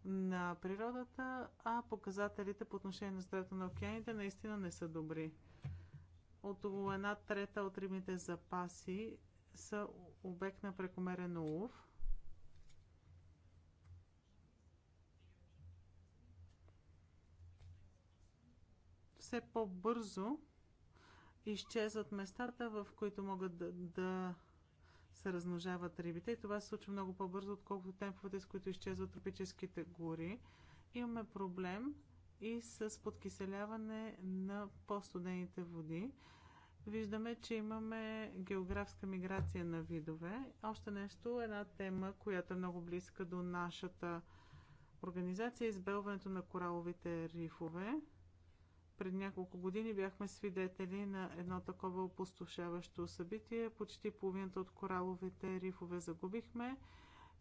на природата, а показателите по отношение на здравето на океаните наистина не са добри. От около една трета от рибните запаси са обект на прекомерен улов. все по-бързо изчезват местата, в които могат да, да се размножават рибите. И това се случва много по-бързо, отколкото темповете, с които изчезват тропическите гори. Имаме проблем и с подкиселяване на по-студените води. Виждаме, че имаме географска миграция на видове. Още нещо, една тема, която е много близка до нашата организация, е избелването на кораловите рифове. Пред няколко години бяхме свидетели на едно такова опустошаващо събитие. Почти половината от кораловите рифове загубихме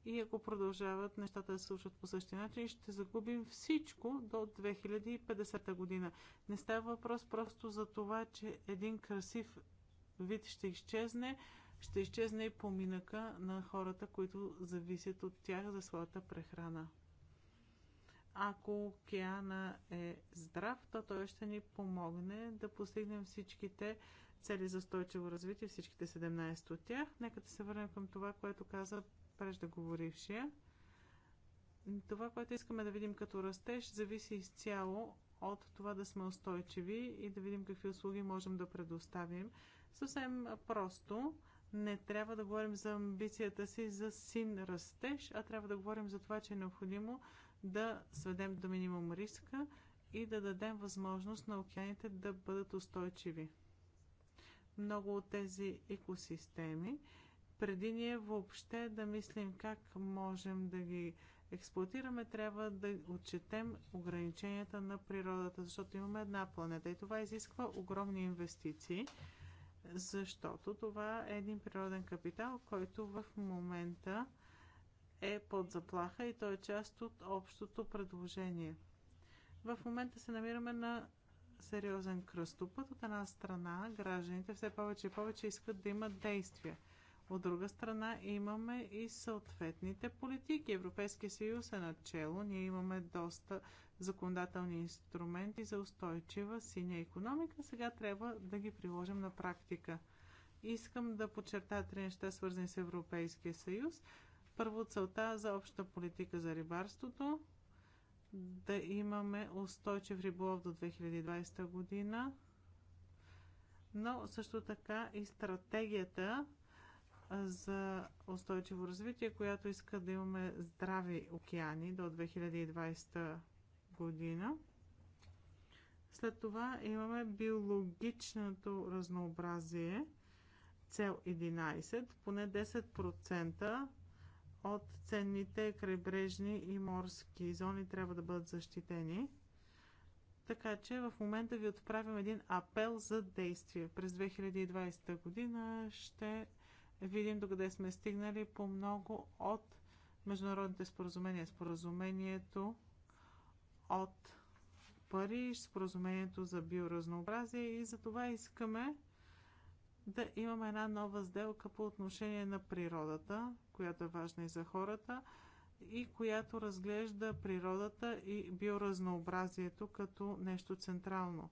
и ако продължават нещата да се случват по същия начин, ще загубим всичко до 2050 година. Не става въпрос просто за това, че един красив вид ще изчезне, ще изчезне и поминъка на хората, които зависят от тях за своята прехрана. Ако океана е здрав, то той ще ни помогне да постигнем всичките цели за устойчиво развитие, всичките 17 от тях. Нека да се върнем към това, което каза преждеговорившия. Това, което искаме да видим като растеж, зависи изцяло от това да сме устойчиви и да видим какви услуги можем да предоставим. Съвсем просто, не трябва да говорим за амбицията си за син растеж, а трябва да говорим за това, че е необходимо да сведем до минимум риска и да дадем възможност на океаните да бъдат устойчиви. Много от тези екосистеми, преди ние въобще да мислим как можем да ги експлуатираме, трябва да отчетем ограниченията на природата, защото имаме една планета и това изисква огромни инвестиции, защото това е един природен капитал, който в момента е под заплаха и той е част от общото предложение. В момента се намираме на сериозен кръстопът. От една страна, гражданите все повече и повече искат да имат действия. От друга страна, имаме и съответните политики. Европейския съюз е начело. Ние имаме доста законодателни инструменти за устойчива синя економика. Сега трябва да ги приложим на практика. Искам да подчертая три неща, свързани с Европейския съюз. Първо целта за обща политика за рибарството да имаме устойчив риболов до 2020 година, но също така и стратегията за устойчиво развитие, която иска да имаме здрави океани до 2020 година. След това имаме биологичното разнообразие, цел 11, поне 10% от ценните крайбрежни и морски зони трябва да бъдат защитени. Така че в момента ви отправям един апел за действие. През 2020 година ще видим до къде сме стигнали по много от международните споразумения. Споразумението от Париж, споразумението за биоразнообразие и за това искаме да имаме една нова сделка по отношение на природата, която е важна и за хората, и която разглежда природата и биоразнообразието като нещо централно.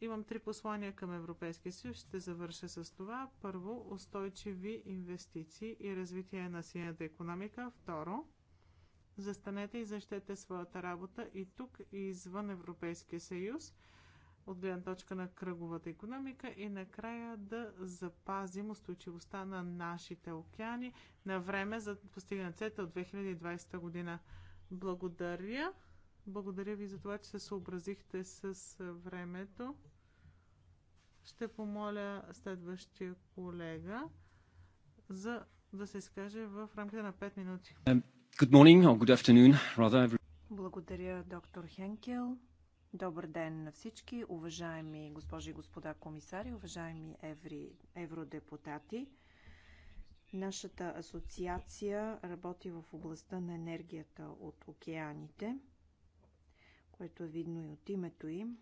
Имам три послания към Европейския съюз. Ще завърша с това. Първо, устойчиви инвестиции и развитие на синята економика. Второ, застанете и защете своята работа и тук, и извън Европейския съюз – от гледна точка на кръговата економика и накрая да запазим устойчивостта на нашите океани на време за постигане на цета от 2020 година. Благодаря. Благодаря ви за това, че се съобразихте с времето. Ще помоля следващия колега за да се изкаже в рамките на 5 минути. Good morning or good afternoon, rather. Благодаря, доктор Хенкел. Добър ден на всички, уважаеми госпожи и господа комисари, уважаеми еври, евродепутати. Нашата асоциация работи в областта на енергията от океаните, което е видно и от името им.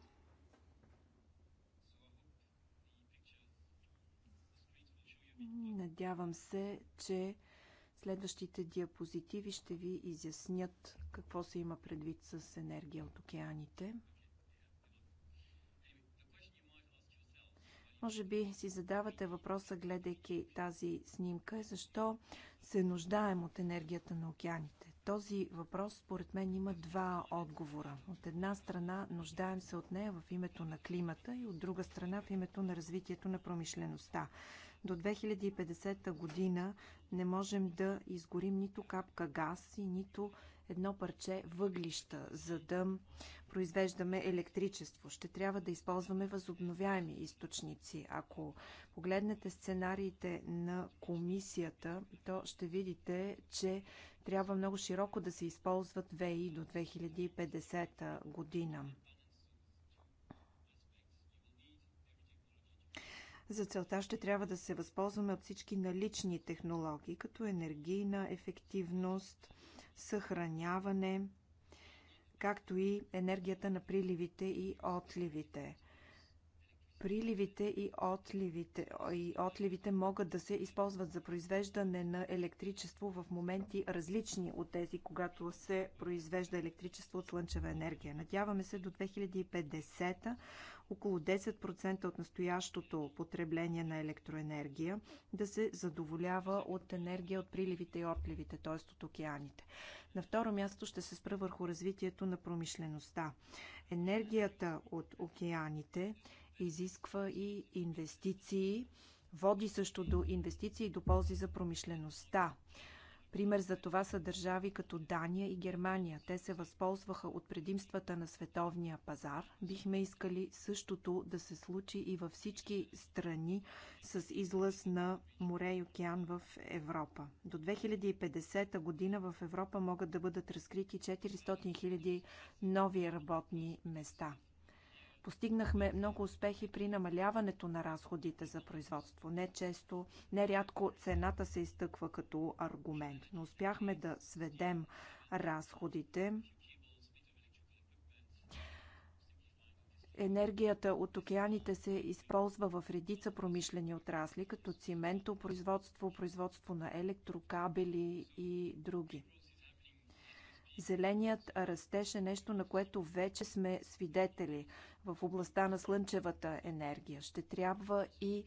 Надявам се, че следващите диапозитиви ще ви изяснят какво се има предвид с енергия от океаните. Може би си задавате въпроса, гледайки тази снимка, защо се нуждаем от енергията на океаните. Този въпрос, според мен, има два отговора. От една страна нуждаем се от нея в името на климата и от друга страна в името на развитието на промишлеността. До 2050 година не можем да изгорим нито капка газ и нито едно парче въглища, за да произвеждаме електричество. Ще трябва да използваме възобновяеми източници. Ако погледнете сценариите на комисията, то ще видите, че трябва много широко да се използват ВЕИ до 2050 година. За целта ще трябва да се възползваме от всички налични технологии, като енергийна ефективност, съхраняване, както и енергията на приливите и отливите. Приливите и отливите, и отливите могат да се използват за произвеждане на електричество в моменти различни от тези, когато се произвежда електричество от слънчева енергия. Надяваме се до 2050 около 10% от настоящото потребление на електроенергия да се задоволява от енергия от приливите и отливите, т.е. от океаните. На второ място ще се спра върху развитието на промишлеността. Енергията от океаните изисква и инвестиции, води също до инвестиции и до ползи за промишлеността. Пример за това са държави като Дания и Германия. Те се възползваха от предимствата на световния пазар. Бихме искали същото да се случи и във всички страни с излъз на море и океан в Европа. До 2050 година в Европа могат да бъдат разкрити 400 000 нови работни места. Постигнахме много успехи при намаляването на разходите за производство. Не често, не рядко цената се изтъква като аргумент, но успяхме да сведем разходите Енергията от океаните се използва в редица промишлени отрасли, като циментопроизводство, производство на електрокабели и други. Зеленият растеж е нещо, на което вече сме свидетели в областта на слънчевата енергия. Ще трябва и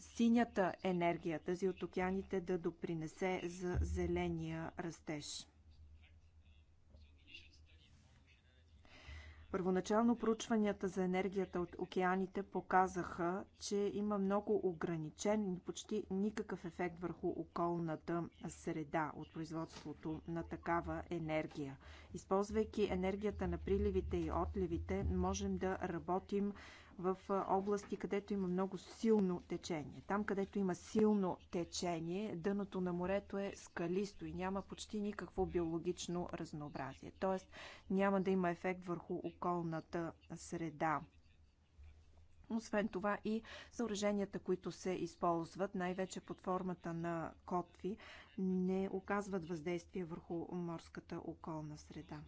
синята енергия, тази от океаните, да допринесе за зеления растеж. Първоначално проучванията за енергията от океаните показаха, че има много ограничен, почти никакъв ефект върху околната среда от производството на такава енергия. Използвайки енергията на приливите и отливите, можем да работим в области, където има много силно течение. Там, където има силно течение, дъното на морето е скалисто и няма почти никакво биологично разнообразие. Тоест няма да има ефект върху околната среда. Освен това и съоръженията, които се използват, най-вече под формата на котви, не оказват въздействие върху морската околна среда.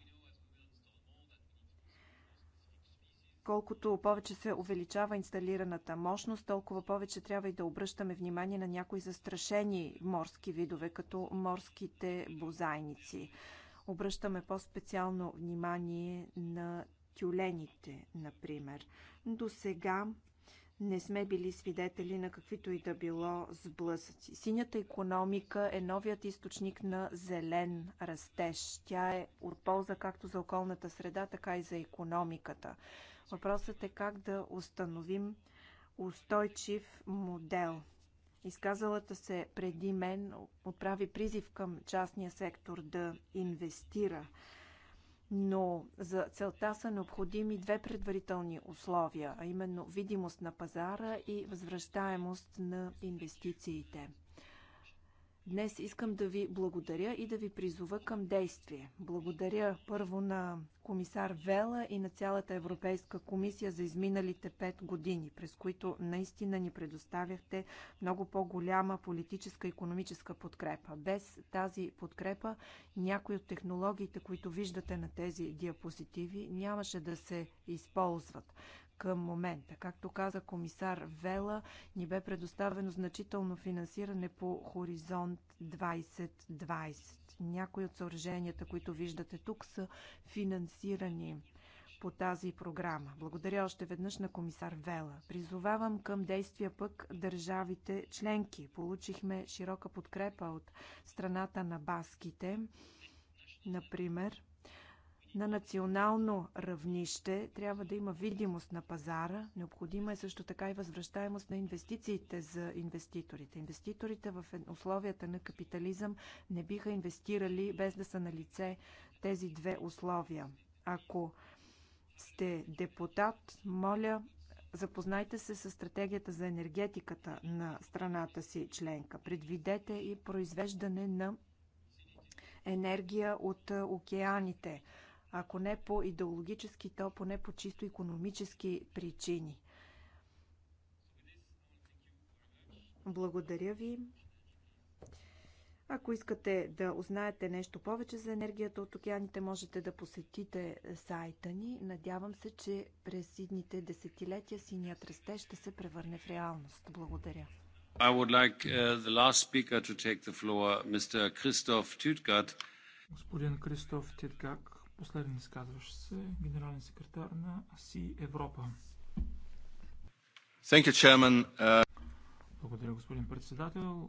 колкото повече се увеличава инсталираната мощност, толкова повече трябва и да обръщаме внимание на някои застрашени морски видове, като морските бозайници. Обръщаме по-специално внимание на тюлените, например. До сега не сме били свидетели на каквито и да било сблъсъци. Синята економика е новият източник на зелен растеж. Тя е от полза както за околната среда, така и за економиката. Въпросът е как да установим устойчив модел. Изказалата се преди мен отправи призив към частния сектор да инвестира но за целта са необходими две предварителни условия, а именно видимост на пазара и възвръщаемост на инвестициите. Днес искам да ви благодаря и да ви призова към действие. Благодаря първо на комисар Вела и на цялата Европейска комисия за изминалите пет години, през които наистина ни предоставяхте много по-голяма политическа и економическа подкрепа. Без тази подкрепа някои от технологиите, които виждате на тези диапозитиви, нямаше да се използват към момента. Както каза комисар Вела, ни бе предоставено значително финансиране по Хоризонт 2020. Някои от съоръженията, които виждате тук, са финансирани по тази програма. Благодаря още веднъж на комисар Вела. Призовавам към действия пък държавите членки. Получихме широка подкрепа от страната на баските. Например, на национално равнище трябва да има видимост на пазара. Необходима е също така и възвръщаемост на инвестициите за инвеститорите. Инвеститорите в условията на капитализъм не биха инвестирали без да са на лице тези две условия. Ако сте депутат, моля, запознайте се с стратегията за енергетиката на страната си членка. Предвидете и произвеждане на енергия от океаните ако не по идеологически, то поне по чисто економически причини. Благодаря ви. Ако искате да узнаете нещо повече за енергията от океаните, можете да посетите сайта ни. Надявам се, че през идните десетилетия синият растеж ще се превърне в реалност. Благодаря. I would like uh, the last speaker to take the floor, Mr. Christoph Tütgat. Господин Кристоф Титгак Последен изказващ се, генерален секретар на АСИ Европа. You, Благодаря, господин председател,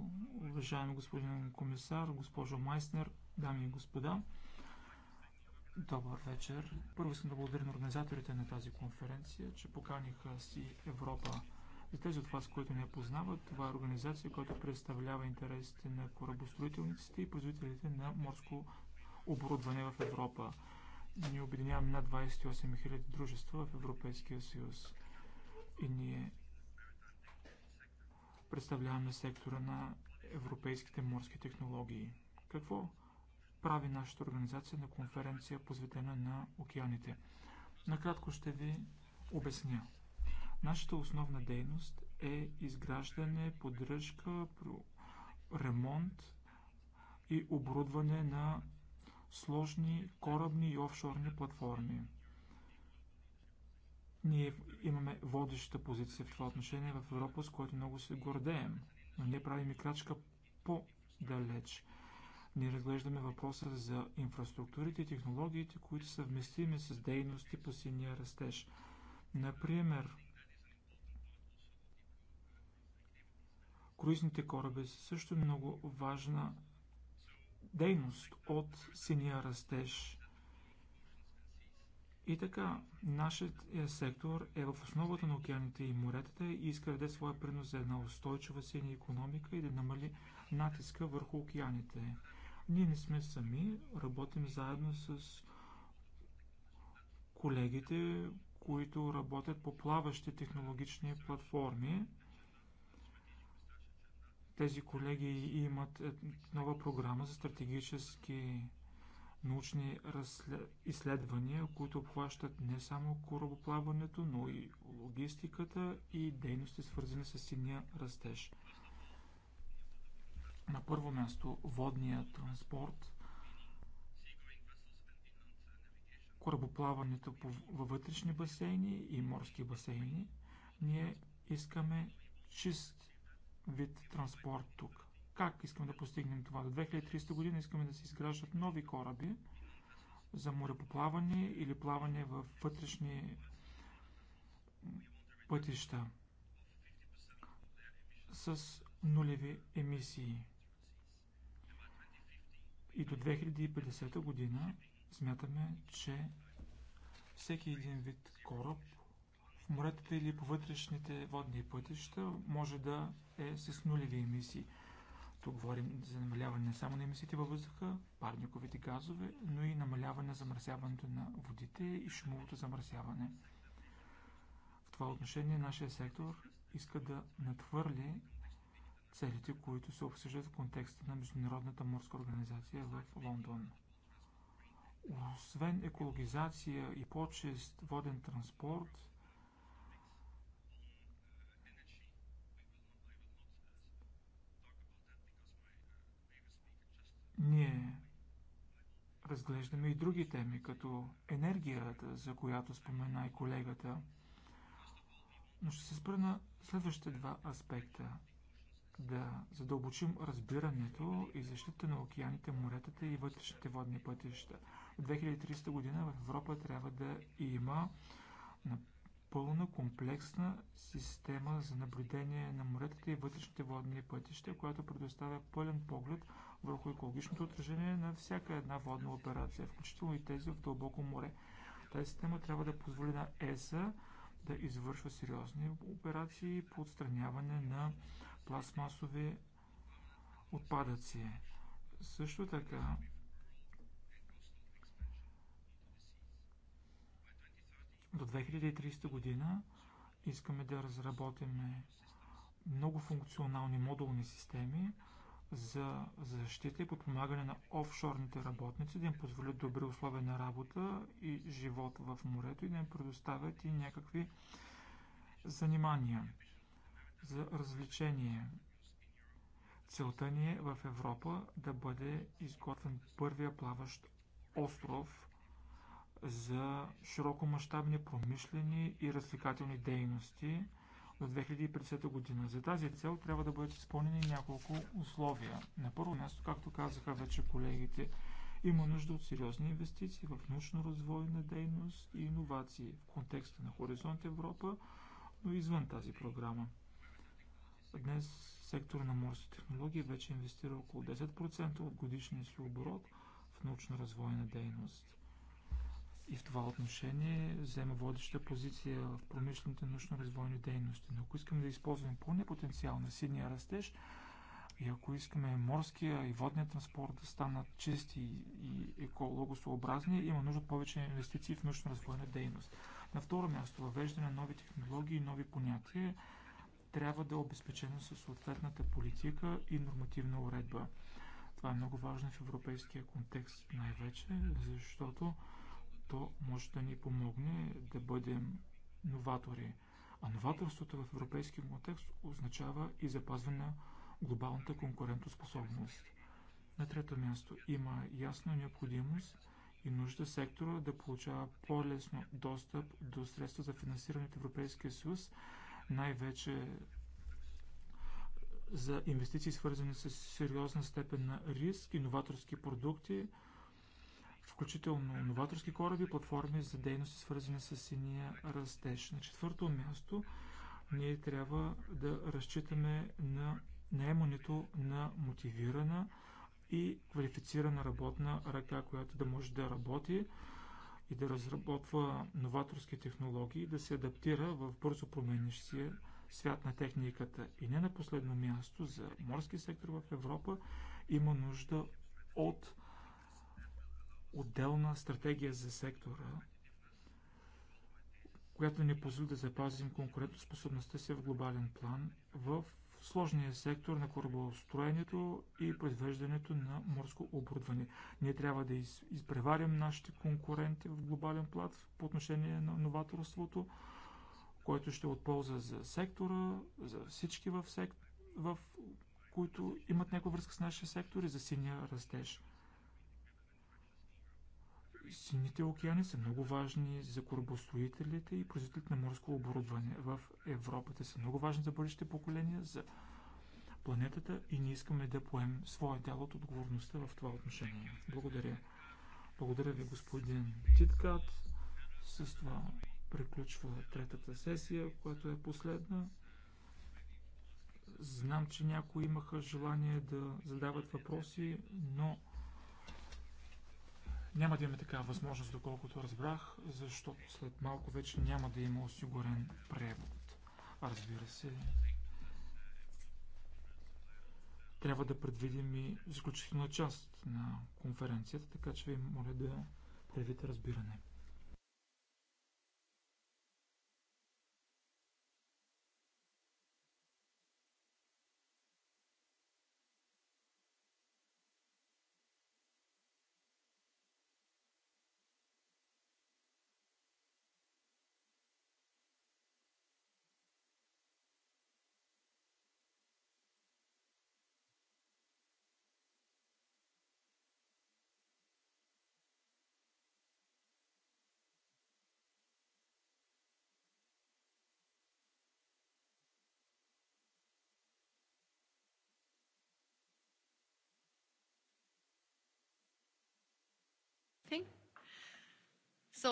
уважаеми господин комисар, госпожо Майснер, дами и господа. Добър вечер. Първо искам да благодаря на организаторите на тази конференция, че поканиха си Европа. За тези от вас, които не я познават, това е организация, която представлява интересите на корабостроителниците и производителите на морско оборудване в Европа. Ние обединяваме над 28 000 дружества в Европейския съюз и ние представляваме сектора на европейските морски технологии. Какво прави нашата организация на конференция, посветена на океаните? Накратко ще ви обясня. Нашата основна дейност е изграждане, поддръжка, ремонт и оборудване на сложни корабни и офшорни платформи. Ние имаме водеща позиция в това отношение в Европа, с което много се гордеем, но ние правим и крачка по-далеч. Ние разглеждаме въпроса за инфраструктурите и технологиите, които са вместими с дейности по синия растеж. Например, круизните кораби са също много важна дейност от синия растеж. И така, нашият е, сектор е в основата на океаните и моретата и иска да даде своя принос за една устойчива сини економика и да намали натиска върху океаните. Ние не сме сами, работим заедно с колегите, които работят по плаващи технологични платформи. Тези колеги имат е, нова програма за стратегически научни изследвания, които обхващат не само корабоплаването, но и логистиката и дейности свързани с синия растеж. На първо място водния транспорт, корабоплаването във вътрешни басейни и морски басейни. Ние искаме чист вид транспорт тук. Как искаме да постигнем това? До 2300 година искаме да се изграждат нови кораби за морепоплаване или плаване в вътрешни пътища с нулеви емисии. И до 2050 година смятаме, че всеки един вид кораб моретата или по вътрешните водни пътища може да е с нулеви емисии. Тук говорим за намаляване не само на емисиите във въздуха, парниковите газове, но и намаляване на замърсяването на водите и шумовото замърсяване. В това отношение нашия сектор иска да надхвърли целите, които се обсъждат в контекста на Международната морска организация в Лондон. Освен екологизация и по чест воден транспорт, Ние разглеждаме и други теми, като енергията, за която спомена и колегата. Но ще се спра на следващите два аспекта. Да задълбочим разбирането и защита на океаните, моретата и вътрешните водни пътища. В 2300 година в Европа трябва да има пълна комплексна система за наблюдение на моретата и вътрешните водни пътища, която предоставя пълен поглед върху екологичното отражение на всяка една водна операция, включително и тези в дълбоко море. Тази система трябва да позволи на ЕСА да извършва сериозни операции по отстраняване на пластмасови отпадъци. Също така, до 2030 година искаме да разработим много функционални модулни системи, за защита и подпомагане на офшорните работници, да им позволят добри условия на работа и живот в морето и да им предоставят и някакви занимания за развлечение. Целта ни е в Европа да бъде изготвен първия плаващ остров за широкомащабни промишлени и развлекателни дейности – до 2050 година. За тази цел трябва да бъдат изпълнени няколко условия. На първо място, както казаха вече колегите, има нужда от сериозни инвестиции в научно-развойна дейност и иновации в контекста на Хоризонт Европа, но извън тази програма. Днес сектор на морски технологии вече инвестира около 10% от годишния си оборот в научно-развойна дейност и в това отношение взема водеща позиция в промишлените научно-развойни дейности. Но ако искаме да използваме пълния потенциал на сидния растеж и ако искаме морския и водния транспорт да станат чисти и екологосообразни, има нужда повече инвестиции в научно-развойна дейност. На второ място, въвеждане на нови технологии и нови понятия трябва да е обезпечено със съответната политика и нормативна уредба. Това е много важно в европейския контекст най-вече, защото то може да ни помогне да бъдем новатори. А новаторството в европейски контекст означава и запазване на глобалната конкурентоспособност. На трето място има ясна необходимост и нужда сектора да получава по-лесно достъп до средства за финансиране от Европейския съюз, най-вече за инвестиции, свързани с сериозна степен на риск, иноваторски продукти, включително новаторски кораби и платформи за дейности, свързани с синия растеж. На четвърто място, ние трябва да разчитаме на наемането на мотивирана и квалифицирана работна ръка, която да може да работи и да разработва новаторски технологии, да се адаптира в бързо променящия свят на техниката. И не на последно място за морски сектор в Европа има нужда от отделна стратегия за сектора, която ни позволи да запазим конкурентоспособността си в глобален план в сложния сектор на корабостроението и произвеждането на морско оборудване. Ние трябва да изпреварим нашите конкуренти в глобален план по отношение на новаторството, което ще е от полза за сектора, за всички в, сект... в които имат някаква връзка с нашия сектор и за синия растеж. Сините океани са много важни за корабостроителите и производителите на морско оборудване в Европа. Те са много важни за бъдещите поколения, за планетата и ние искаме да поемем своя дял от отговорността в това отношение. Благодаря. Благодаря ви, господин Титкат. С това приключва третата сесия, която е последна. Знам, че някои имаха желание да задават въпроси, но няма да имаме такава възможност, доколкото разбрах, защото след малко вече няма да има осигурен превод. Разбира се, трябва да предвидим и заключителна част на конференцията, така че ви моля да проявите разбиране.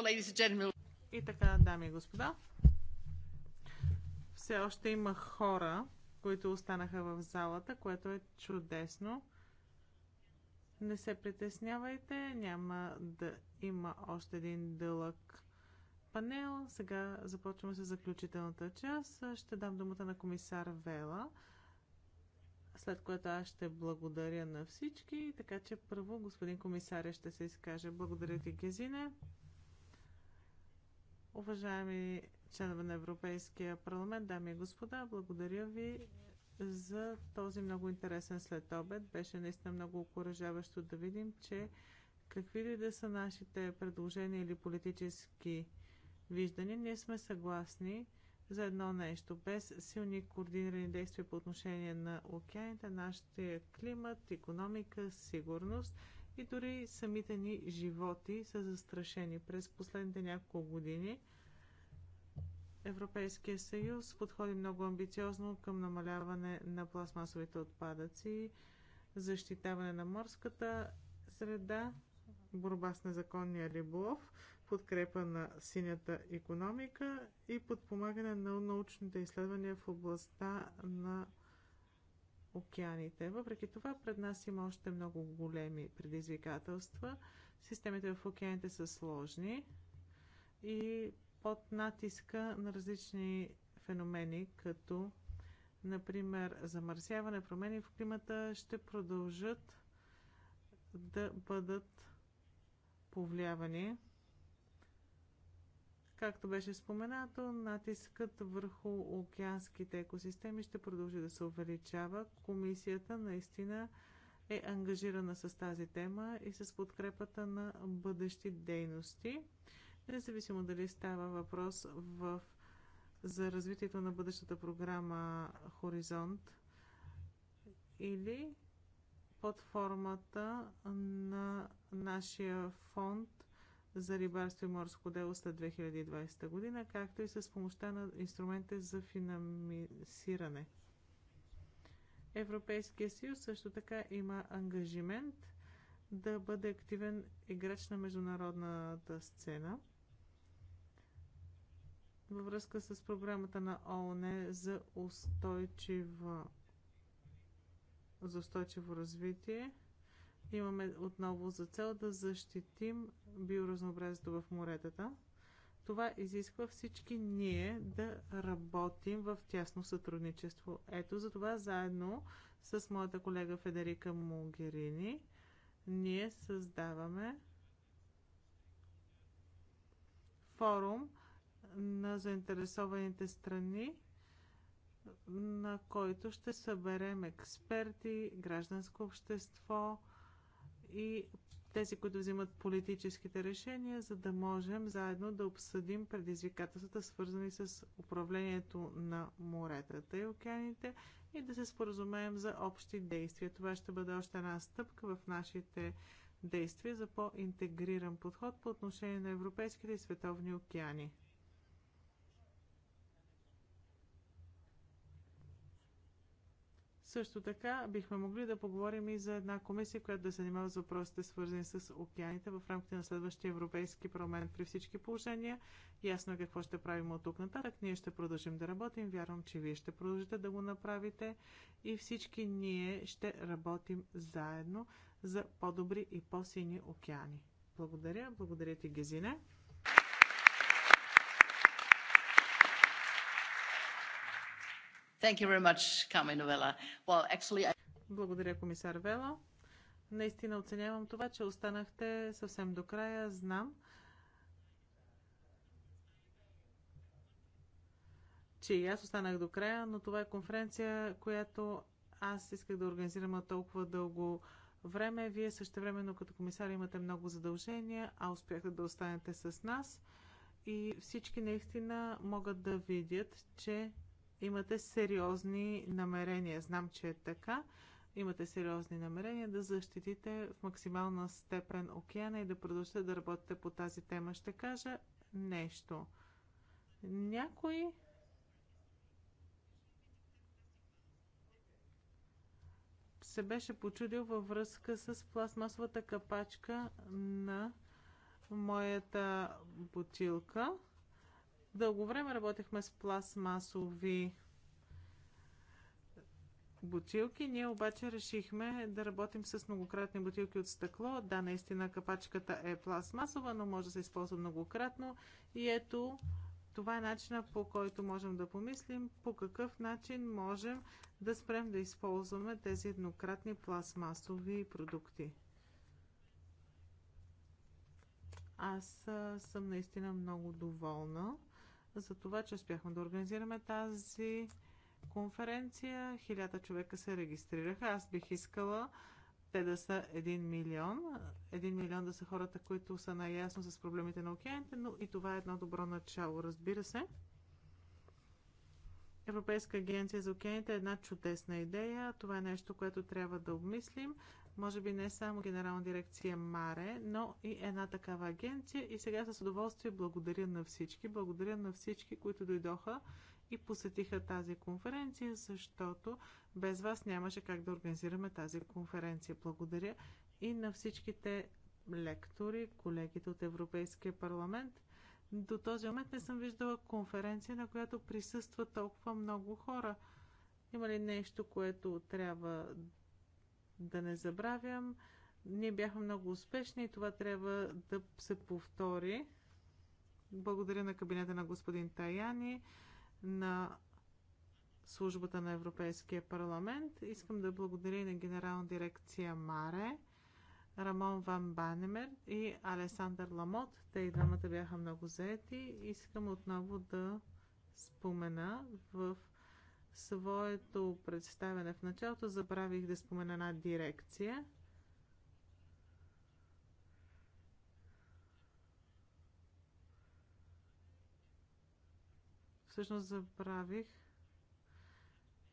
ladies and gentlemen... И така, дами и господа, все още има хора, които останаха в залата, което е чудесно. Не се притеснявайте, няма да има още един дълъг панел. Сега започваме с заключителната част. Ще дам думата на комисар Вела след което аз ще благодаря на всички. Така че първо господин комисаря ще се изкаже. Благодаря ти, Гезине. Уважаеми членове на Европейския парламент, дами и господа, благодаря ви за този много интересен след обед. Беше наистина много окоръжаващо да видим, че какви ли да са нашите предложения или политически виждания, ние сме съгласни – за едно нещо. Без силни координирани действия по отношение на океаните, нашите климат, економика, сигурност и дори самите ни животи са застрашени. През последните няколко години Европейския съюз подходи много амбициозно към намаляване на пластмасовите отпадъци, защитаване на морската среда, борба с незаконния риболов, подкрепа на синята економика и подпомагане на научните изследвания в областта на океаните. Въпреки това, пред нас има още много големи предизвикателства. Системите в океаните са сложни и под натиска на различни феномени, като например замърсяване, промени в климата, ще продължат да бъдат повлиявани Както беше споменато, натискът върху океанските екосистеми ще продължи да се увеличава. Комисията наистина е ангажирана с тази тема и с подкрепата на бъдещи дейности. Независимо дали става въпрос в, за развитието на бъдещата програма Хоризонт или под формата на нашия фонд за рибарство и морско дело след 2020 година, както и с помощта на инструментите за финансиране. Европейския съюз също така има ангажимент да бъде активен играч на международната сцена във връзка с програмата на ООН за устойчиво, за устойчиво развитие – имаме отново за цел да защитим биоразнообразието в моретата. Това изисква всички ние да работим в тясно сътрудничество. Ето за това заедно с моята колега Федерика Могерини ние създаваме форум на заинтересованите страни, на който ще съберем експерти, гражданско общество, и тези, които взимат политическите решения, за да можем заедно да обсъдим предизвикателствата, свързани с управлението на моретата и океаните и да се споразумеем за общи действия. Това ще бъде още една стъпка в нашите действия за по-интегриран подход по отношение на европейските и световни океани. Също така бихме могли да поговорим и за една комисия, която да се занимава с въпросите свързани с океаните в рамките на следващия Европейски парламент при всички положения. Ясно е какво ще правим от тук нататък. Ние ще продължим да работим. Вярвам, че вие ще продължите да го направите и всички ние ще работим заедно за по-добри и по-сини океани. Благодаря. Благодаря ти, Гезине. Благодаря, комисар Вела. Наистина оценявам това, че останахте съвсем до края. Знам, че и аз останах до края, но това е конференция, която аз исках да организирам толкова дълго време. Вие също времено като комисар имате много задължения, а успяхте да останете с нас. И всички наистина могат да видят, че имате сериозни намерения. Знам, че е така. Имате сериозни намерения да защитите в максимална степен океана и да продължите да работите по тази тема. Ще кажа нещо. Някои се беше почудил във връзка с пластмасовата капачка на моята бутилка. Дълго време работехме с пластмасови бутилки. Ние обаче решихме да работим с многократни бутилки от стъкло. Да, наистина капачката е пластмасова, но може да се използва многократно. И ето, това е начина по който можем да помислим, по какъв начин можем да спрем да използваме тези еднократни пластмасови продукти. Аз съм наистина много доволна за това, че успяхме да организираме тази конференция. Хиляда човека се регистрираха. Аз бих искала те да са 1 милион. 1 милион да са хората, които са наясно с проблемите на океаните, но и това е едно добро начало, разбира се. Европейска агенция за океаните е една чудесна идея. Това е нещо, което трябва да обмислим може би не само Генерална дирекция Маре, но и една такава агенция. И сега с удоволствие благодаря на всички. Благодаря на всички, които дойдоха и посетиха тази конференция, защото без вас нямаше как да организираме тази конференция. Благодаря и на всичките лектори, колегите от Европейския парламент. До този момент не съм виждала конференция, на която присъства толкова много хора. Има ли нещо, което трябва да не забравям, ние бяхме много успешни и това трябва да се повтори. Благодаря на кабинета на господин Таяни, на службата на Европейския парламент. Искам да благодаря и на генерална дирекция Маре, Рамон Ван Банемер и Алесандър Ламот. Те и двамата бяха много заети. Искам отново да спомена в своето представяне в началото забравих да спомена една дирекция. Всъщност забравих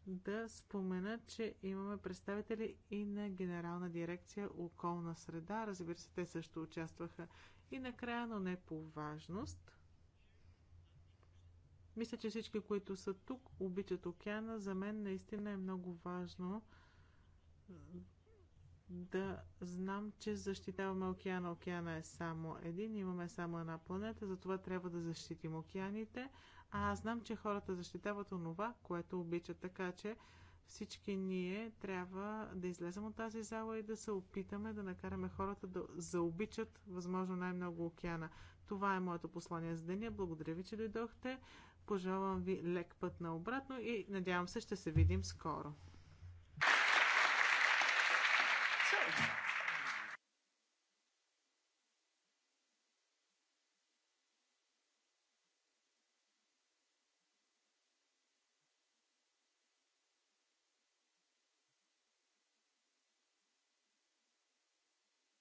да спомена, че имаме представители и на Генерална дирекция околна среда. Разбира се, те също участваха и накрая, но не по важност. Мисля, че всички, които са тук, обичат океана. За мен наистина е много важно да знам, че защитаваме океана. Океана е само един, имаме само една планета, затова трябва да защитим океаните. А аз знам, че хората защитават онова, което обичат. Така че всички ние трябва да излезем от тази зала и да се опитаме да накараме хората да заобичат възможно най-много океана. Това е моето послание за деня. Благодаря ви, че дойдохте. Пожелавам ви лек път на обратно и надявам се ще се видим скоро.